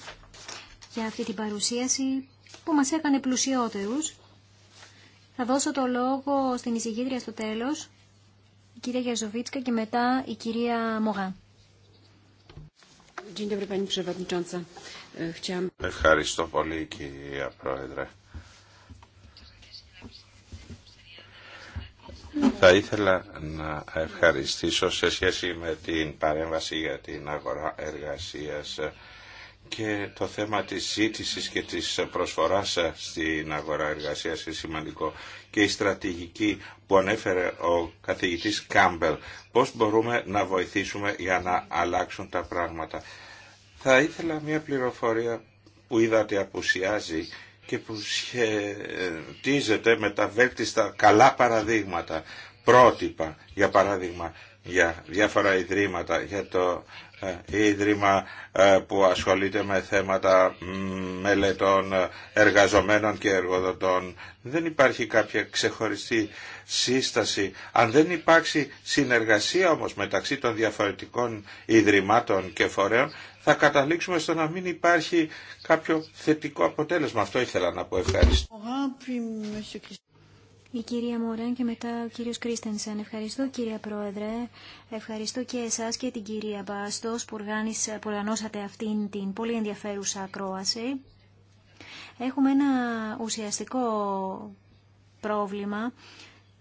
για αυτή την παρουσίαση που μας έκανε πλουσιότερους. Θα δώσω το λόγο στην εισηγήτρια στο τέλος, η κυρία Γιαζοβίτσκα και μετά η κυρία Μογά. Ε, Ευχαριστώ πολύ κυρία Πρόεδρε. Θα ήθελα να ευχαριστήσω σε σχέση με την παρέμβαση για την αγορά εργασίας και το θέμα της ζήτησης και της προσφοράς στην αγορά εργασίας είναι σημαντικό και η στρατηγική που ανέφερε ο καθηγητής Κάμπελ. Πώς μπορούμε να βοηθήσουμε για να αλλάξουν τα πράγματα. Θα ήθελα μια πληροφορία που είδατε απουσιάζει και που σχετίζεται με τα βέλτιστα καλά παραδείγματα, πρότυπα, για παράδειγμα, για διάφορα ιδρύματα, για το ε, ίδρυμα ε, που ασχολείται με θέματα μελετών ε, εργαζομένων και εργοδοτών. Δεν υπάρχει κάποια ξεχωριστή σύσταση. Αν δεν υπάρξει συνεργασία όμως μεταξύ των διαφορετικών ιδρυμάτων και φορέων, θα καταλήξουμε στο να μην υπάρχει κάποιο θετικό αποτέλεσμα. Αυτό ήθελα να πω. Ευχαριστώ. Η κυρία Μωρέν και μετά ο κύριος Κρίστενσεν. Ευχαριστώ κυρία Πρόεδρε. Ευχαριστώ και εσάς και την κυρία Μπάστος που οργανώσατε αυτήν την πολύ ενδιαφέρουσα ακρόαση. Έχουμε ένα ουσιαστικό πρόβλημα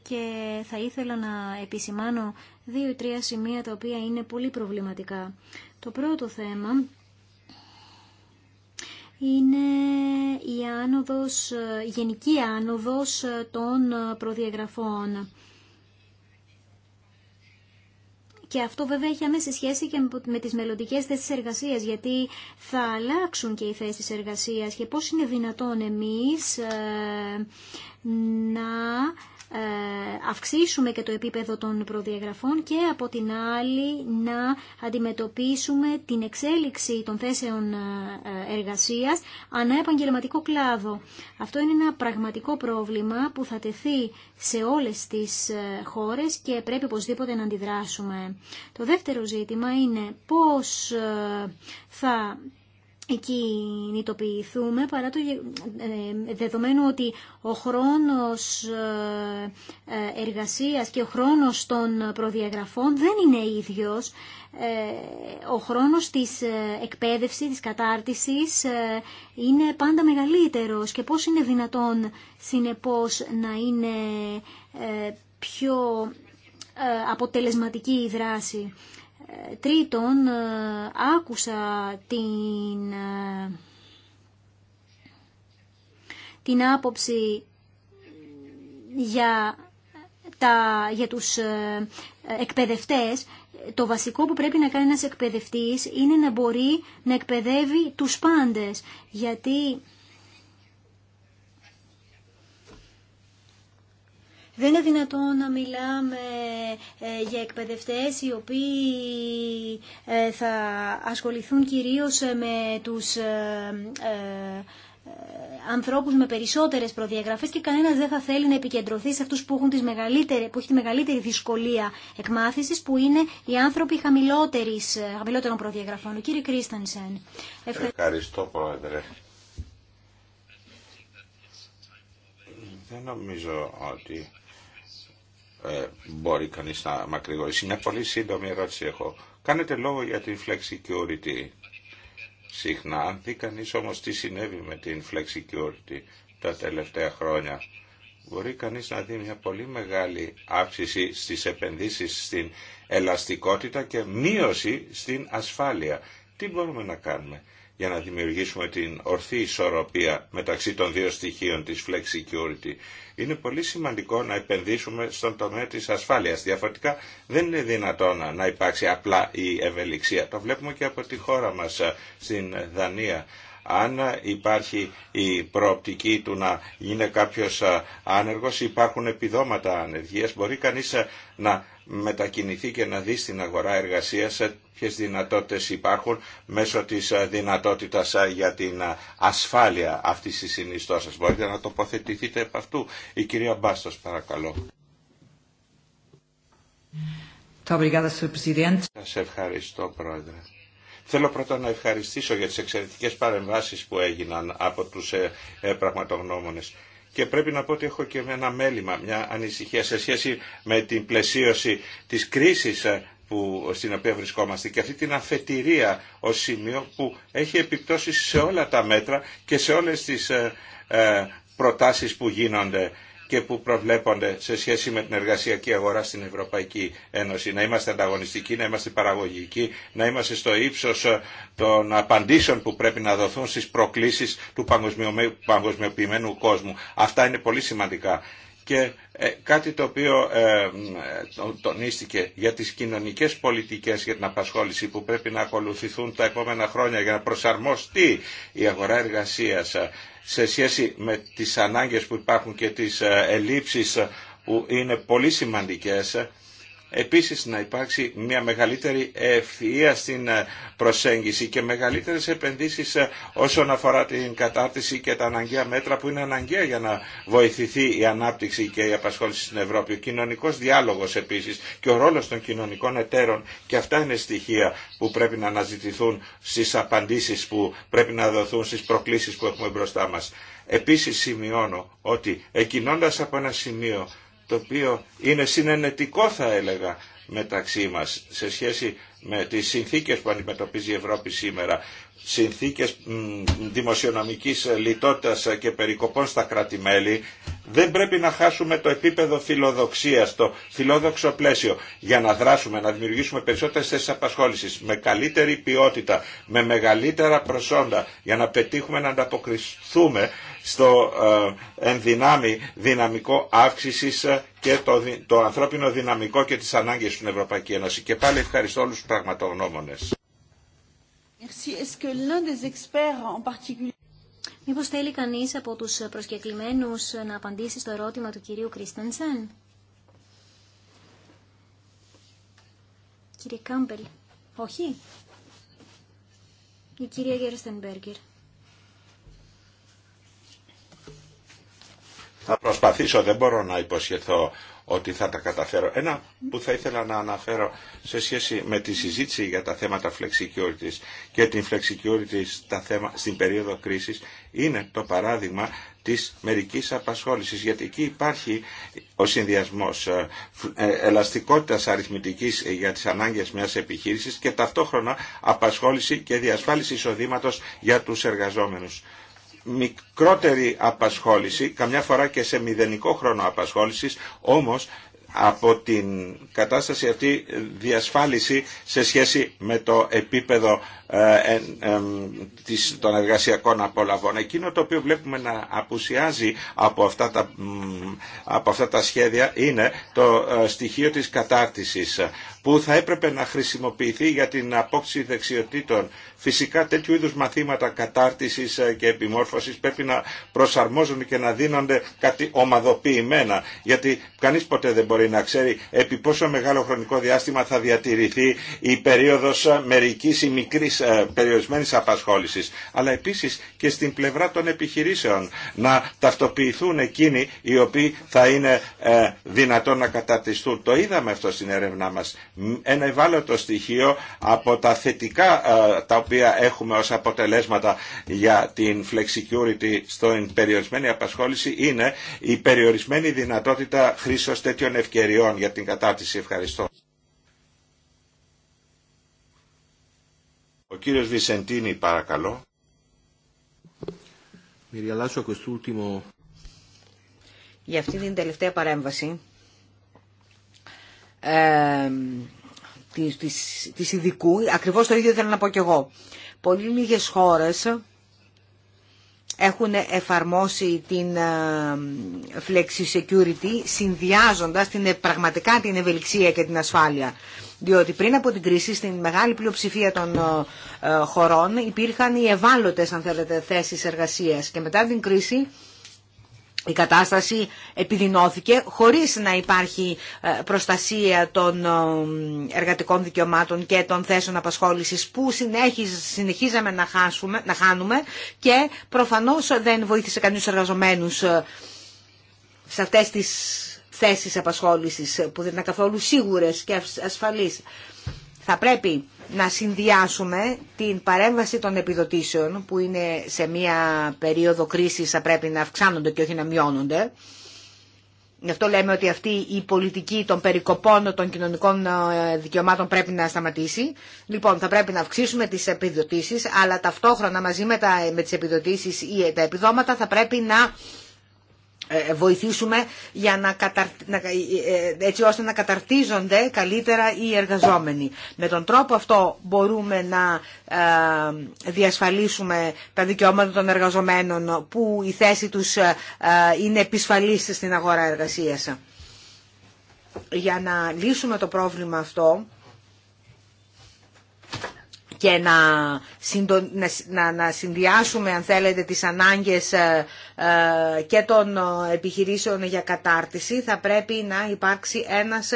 και θα ήθελα να επισημάνω δύο ή τρία σημεία τα οποία είναι πολύ προβληματικά. Το πρώτο θέμα είναι η άνοδος, η ανοδος άνοδος των προδιαγραφών. Και αυτό βέβαια έχει αμέσως σχέση και με τις μελλοντικέ θέσεις εργασίας, γιατί θα αλλάξουν και οι θέσεις εργασίας και πώς είναι δυνατόν εμείς ε, να ε, αυξήσουμε και το επίπεδο των προδιαγραφών και από την άλλη να αντιμετωπίσουμε την εξέλιξη των θέσεων ε, εργασίας ανά επαγγελματικό κλάδο. Αυτό είναι ένα πραγματικό πρόβλημα που θα τεθεί σε όλες τις ε, χώρες και πρέπει οπωσδήποτε να αντιδράσουμε. Το δεύτερο ζήτημα είναι πώς θα κινητοποιηθούμε παρά το ε, ε, δεδομένου ότι ο χρόνος ε, εργασίας και ο χρόνος των προδιαγραφών δεν είναι ίδιος. Ο χρόνος της εκπαίδευσης, της κατάρτισης είναι πάντα μεγαλύτερος και πώς είναι δυνατόν συνεπώς να είναι πιο αποτελεσματική η δράση. Τρίτον, ε, άκουσα την, ε, την άποψη για, τα, για τους ε, εκπαιδευτές. Το βασικό που πρέπει να κάνει ένας εκπαιδευτής είναι να μπορεί να εκπαιδεύει τους πάντες. Γιατί Δεν είναι δυνατόν να μιλάμε ε, για εκπαιδευτές οι οποίοι ε, θα ασχοληθούν κυρίως ε, με τους ανθρώπους με περισσότερες προδιαγραφές και κανένας δεν θα θέλει να επικεντρωθεί σε αυτούς που, έχουν τις μεγαλύτερη, που έχει τη μεγαλύτερη δυσκολία εκμάθησης που είναι οι άνθρωποι χαμηλότερης, χαμηλότερων προδιαγραφών. Ο κύριε Κρίστανσεν. Ευχαριστώ πρόεδρε. Δεν νομίζω ότι ε, μπορεί κανείς να μακρηγορήσει. Μια πολύ σύντομη ερώτηση έχω. Κάνετε λόγο για την flexicurity. Συχνά, αν δει κανείς όμως τι συνέβη με την flexicurity τα τελευταία χρόνια, μπορεί κανείς να δει μια πολύ μεγάλη αύξηση στις επενδύσεις στην ελαστικότητα και μείωση στην ασφάλεια. Τι μπορούμε να κάνουμε για να δημιουργήσουμε την ορθή ισορροπία μεταξύ των δύο στοιχείων της Flex Security. Είναι πολύ σημαντικό να επενδύσουμε στον τομέα της ασφάλειας. Διαφορετικά δεν είναι δυνατόν να υπάρξει απλά η ευελιξία. Το βλέπουμε και από τη χώρα μας ε, στην Δανία αν υπάρχει η προοπτική του να γίνει κάποιος ε, άνεργος, υπάρχουν επιδόματα ανεργίας, μπορεί κανείς ε, να μετακινηθεί και να δει στην αγορά εργασίας ποιε δυνατότητες υπάρχουν μέσω της δυνατότητας για την ασφάλεια αυτής της συνιστώσας. Μπορείτε να τοποθετηθείτε επ' αυτού. Η κυρία Μπάστος παρακαλώ. Σας ευχαριστώ πρόεδρε. Θέλω πρώτα να ευχαριστήσω για τις εξαιρετικές παρεμβάσεις που έγιναν από τους ε, ε, πραγματογνώμονες και πρέπει να πω ότι έχω και ένα μέλημα, μια ανησυχία σε σχέση με την πλαισίωση της κρίσης ε, που, στην οποία βρισκόμαστε και αυτή την αφετηρία ως σημείο που έχει επιπτώσει σε όλα τα μέτρα και σε όλες τις ε, ε προτάσεις που γίνονται και που προβλέπονται σε σχέση με την εργασιακή αγορά στην Ευρωπαϊκή Ένωση. Να είμαστε ανταγωνιστικοί, να είμαστε παραγωγικοί, να είμαστε στο ύψος ε, των απαντήσεων που πρέπει να δοθούν στις προκλήσεις του παγκοσμιοποιημένου κόσμου. Αυτά είναι πολύ σημαντικά. Και ε, κάτι το οποίο ε, ε, τονίστηκε για τις κοινωνικές πολιτικές για την απασχόληση που πρέπει να ακολουθηθούν τα επόμενα χρόνια για να προσαρμοστεί η αγορά εργασίας σε σχέση με τις ανάγκες που υπάρχουν και τις ελλείψεις που είναι πολύ σημαντικές Επίσης να υπάρξει μια μεγαλύτερη ευθεία στην ε, προσέγγιση και μεγαλύτερες επενδύσεις ε, όσον αφορά την κατάρτιση και τα αναγκαία μέτρα που είναι αναγκαία για να βοηθηθεί η ανάπτυξη και η απασχόληση στην Ευρώπη. Ο κοινωνικός διάλογος επίσης και ο ρόλος των κοινωνικών εταίρων και αυτά είναι στοιχεία που πρέπει να αναζητηθούν στις απαντήσεις που πρέπει να δοθούν στις προκλήσεις που έχουμε μπροστά μας. Επίσης σημειώνω ότι εκκινώντας από ένα σημείο το οποίο είναι συνενετικό θα έλεγα μεταξύ μας σε σχέση με τις συνθήκες που αντιμετωπίζει η Ευρώπη σήμερα συνθήκες δημοσιονομικής λιτότητας και περικοπών στα κράτη-μέλη, δεν πρέπει να χάσουμε το επίπεδο φιλοδοξίας, το φιλόδοξο πλαίσιο για να δράσουμε, να δημιουργήσουμε περισσότερες θέσεις απασχόλησης με καλύτερη ποιότητα, με μεγαλύτερα προσόντα για να πετύχουμε να ανταποκριθούμε στο ε, ενδυνάμει δυναμικό αύξησης ε, και το, το ανθρώπινο δυναμικό και τις ανάγκες στην Ευρωπαϊκή Ένωση. Και πάλι ευχαριστώ όλους τους πραγματογνώμονες. Μήπω θέλει κανεί από του προσκεκλημένου να απαντήσει στο ερώτημα του κυρίου Κρίστενσεν. Κύριε Κάμπελ, όχι. Η κυρία Γερστενμπέργκερ. Θα προσπαθήσω, δεν μπορώ να υποσχεθώ ότι θα τα καταφέρω. Ένα που θα ήθελα να αναφέρω σε σχέση με τη συζήτηση για τα θέματα flexicurity και την flexicurity στα θέμα, στην περίοδο κρίσης είναι το παράδειγμα της μερικής απασχόλησης, γιατί εκεί υπάρχει ο συνδυασμός ε, ε, ελαστικότητας αριθμητικής για τις ανάγκες μιας επιχείρησης και ταυτόχρονα απασχόληση και διασφάλιση εισοδήματος για τους εργαζόμενους μικρότερη απασχόληση, καμιά φορά και σε μηδενικό χρόνο απασχόλησης, όμως από την κατάσταση αυτή διασφάλιση σε σχέση με το επίπεδο ε, ε, ε, των εργασιακών απολαβών. Εκείνο το οποίο βλέπουμε να απουσιάζει από αυτά τα, από αυτά τα σχέδια είναι το στοιχείο της κατάρτισης που θα έπρεπε να χρησιμοποιηθεί για την απόκτηση δεξιοτήτων. Φυσικά τέτοιου είδους μαθήματα κατάρτισης και επιμόρφωσης πρέπει να προσαρμόζουν και να δίνονται κάτι ομαδοποιημένα, γιατί κανείς ποτέ δεν μπορεί να ξέρει επί πόσο μεγάλο χρονικό διάστημα θα διατηρηθεί η περίοδος μερικής ή μικρής ε, περιορισμένης απασχόλησης, αλλά επίσης και στην πλευρά των επιχειρήσεων να ταυτοποιηθούν εκείνοι οι οποίοι θα είναι ε, δυνατόν να καταρτιστούν. Το είδαμε αυτό στην έρευνά μας. Ένα ευάλωτο στοιχείο από τα θετικά ε, τα οποία έχουμε ως αποτελέσματα για την flexicurity στην περιορισμένη απασχόληση είναι η περιορισμένη δυνατότητα χρήσεως τέτοιων ευκαιριών για την κατάρτιση. Ευχαριστώ. κύριος Βισεντίνη παρακαλώ. Για αυτή την τελευταία παρέμβαση ε, της, της, της ειδικού, ακριβώς το ίδιο ήθελα να πω κι εγώ. Πολύ λίγες χώρες έχουν εφαρμόσει την ε, Flexi Security συνδυάζοντας την, ε, πραγματικά την ευελιξία και την ασφάλεια. Διότι πριν από την κρίση στην μεγάλη πλειοψηφία των ε, χωρών υπήρχαν οι ευάλωτες αν θέλετε, θέσεις εργασίας και μετά την κρίση η κατάσταση επιδεινώθηκε χωρίς να υπάρχει ε, προστασία των ε, εργατικών δικαιωμάτων και των θέσεων απασχόλησης που συνεχίζαμε να, χάσουμε, να χάνουμε και προφανώς δεν βοήθησε κανείς τους εργαζομένους ε, σε αυτές τις θέσεις απασχόλησης που δεν ήταν καθόλου σίγουρες και ασφαλείς θα πρέπει να συνδυάσουμε την παρέμβαση των επιδοτήσεων που είναι σε μια περίοδο κρίσης θα πρέπει να αυξάνονται και όχι να μειώνονται. Γι' αυτό λέμε ότι αυτή η πολιτική των περικοπών των κοινωνικών ε, δικαιωμάτων πρέπει να σταματήσει. Λοιπόν, θα πρέπει να αυξήσουμε τις επιδοτήσεις, αλλά ταυτόχρονα μαζί με, τα, με τις επιδοτήσεις ή τα επιδόματα θα πρέπει να ε, ε, βοηθήσουμε για να καταρ... Ε, έτσι ώστε να καταρτίζονται καλύτερα οι εργαζόμενοι. Με τον τρόπο αυτό μπορούμε να διασφαλίσουμε τα δικαιώματα των εργαζομένων που η θέση τους είναι επισφαλής στην αγορά εργασίας. Για να λύσουμε το πρόβλημα αυτό και να, συντο... να, να συνδυάσουμε αν θέλετε τις ανάγκες ε, ε, και των ε, επιχειρήσεων για κατάρτιση θα πρέπει να υπάρξει ένας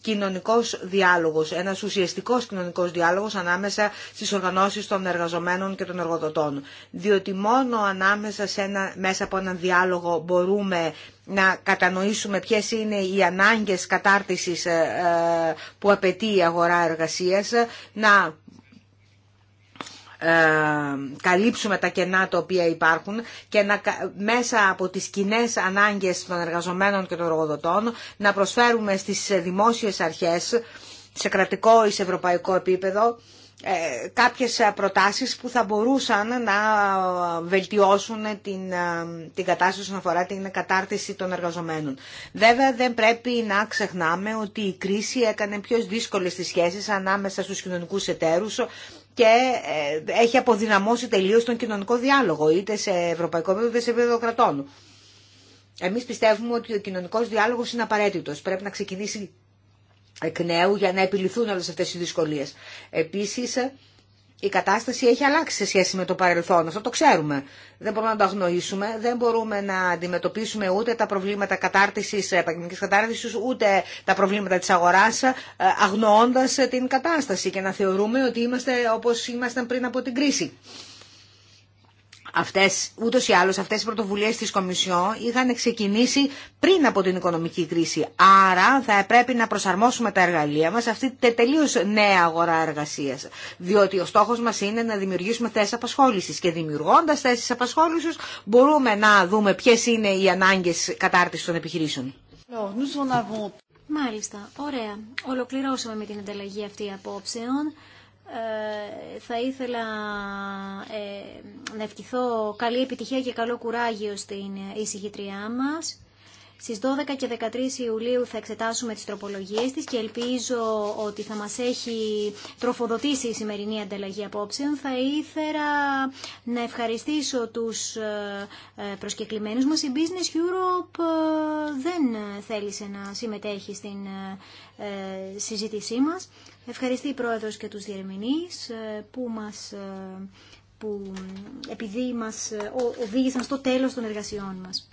κοινωνικός διάλογος, ένας ουσιαστικός κοινωνικός διάλογος ανάμεσα στις οργανώσεις των εργαζομένων και των εργοδοτών. Διότι μόνο ανάμεσα σε ένα, μέσα από έναν διάλογο μπορούμε να κατανοήσουμε ποιες είναι οι ανάγκες κατάρτισης που απαιτεί η αγορά εργασίας, να ε, καλύψουμε τα κενά τα οποία υπάρχουν και να, μέσα από τις κοινέ ανάγκες των εργαζομένων και των εργοδοτών να προσφέρουμε στις δημόσιες αρχές σε κρατικό ή σε ευρωπαϊκό επίπεδο ε, κάποιες προτάσεις που θα μπορούσαν να βελτιώσουν την, ε, την κατάσταση όσον αφορά την κατάρτιση των εργαζομένων. Βέβαια δεν πρέπει να ξεχνάμε ότι η κρίση έκανε πιο δύσκολες τις σχέσεις ανάμεσα στους κοινωνικούς εταίρους και ε, έχει αποδυναμώσει τελείως τον κοινωνικό διάλογο, είτε σε ευρωπαϊκό επίπεδο είτε σε επίπεδο κρατών. Εμείς πιστεύουμε ότι ο κοινωνικός διάλογος είναι απαραίτητος. Πρέπει να ξεκινήσει εκ νέου για να επιληθούν όλε αυτές οι δυσκολίες. Επίσης, η κατάσταση έχει αλλάξει σε σχέση με το παρελθόν, αυτό το ξέρουμε. Δεν μπορούμε να το αγνοήσουμε, δεν μπορούμε να αντιμετωπίσουμε ούτε τα προβλήματα κατάρτισης, ε, επαγγελματική κατάρτισης, ούτε τα προβλήματα της αγοράς, ε, αγνοώντας ε, την κατάσταση και να θεωρούμε ότι είμαστε όπως ήμασταν πριν από την κρίση. Αυτές, ούτως ή άλλως αυτές οι πρωτοβουλίες της Κομισιόν είχαν ξεκινήσει πριν από την οικονομική κρίση. Άρα θα πρέπει να προσαρμόσουμε τα εργαλεία μας σε αυτή τη τελείως νέα αγορά εργασίας. Διότι ο στόχος μας είναι να δημιουργήσουμε θέσεις απασχόλησης και δημιουργώντας θέσεις απασχόλησης μπορούμε να δούμε ποιες είναι οι ανάγκες κατάρτισης των επιχειρήσεων. Μάλιστα, ωραία. Ολοκληρώσαμε με την ανταλλαγή αυτή απόψεων. Ε, θα ήθελα ε, να ευχηθώ καλή επιτυχία και καλό κουράγιο στην εισηγητριά μας. Στις 12 και 13 Ιουλίου θα εξετάσουμε τις τροπολογίες της και ελπίζω ότι θα μας έχει τροφοδοτήσει η σημερινή ανταλλαγή απόψεων. Θα ήθελα να ευχαριστήσω τους ε, προσκεκλημένους μας. Η Business Europe δεν θέλησε να συμμετέχει στην συζήτησή μας. Ευχαριστεί η Πρόεδρος και τους διερμηνείς ε, που μας ε, που επειδή μας ε, οδήγησαν στο τέλος των εργασιών μας.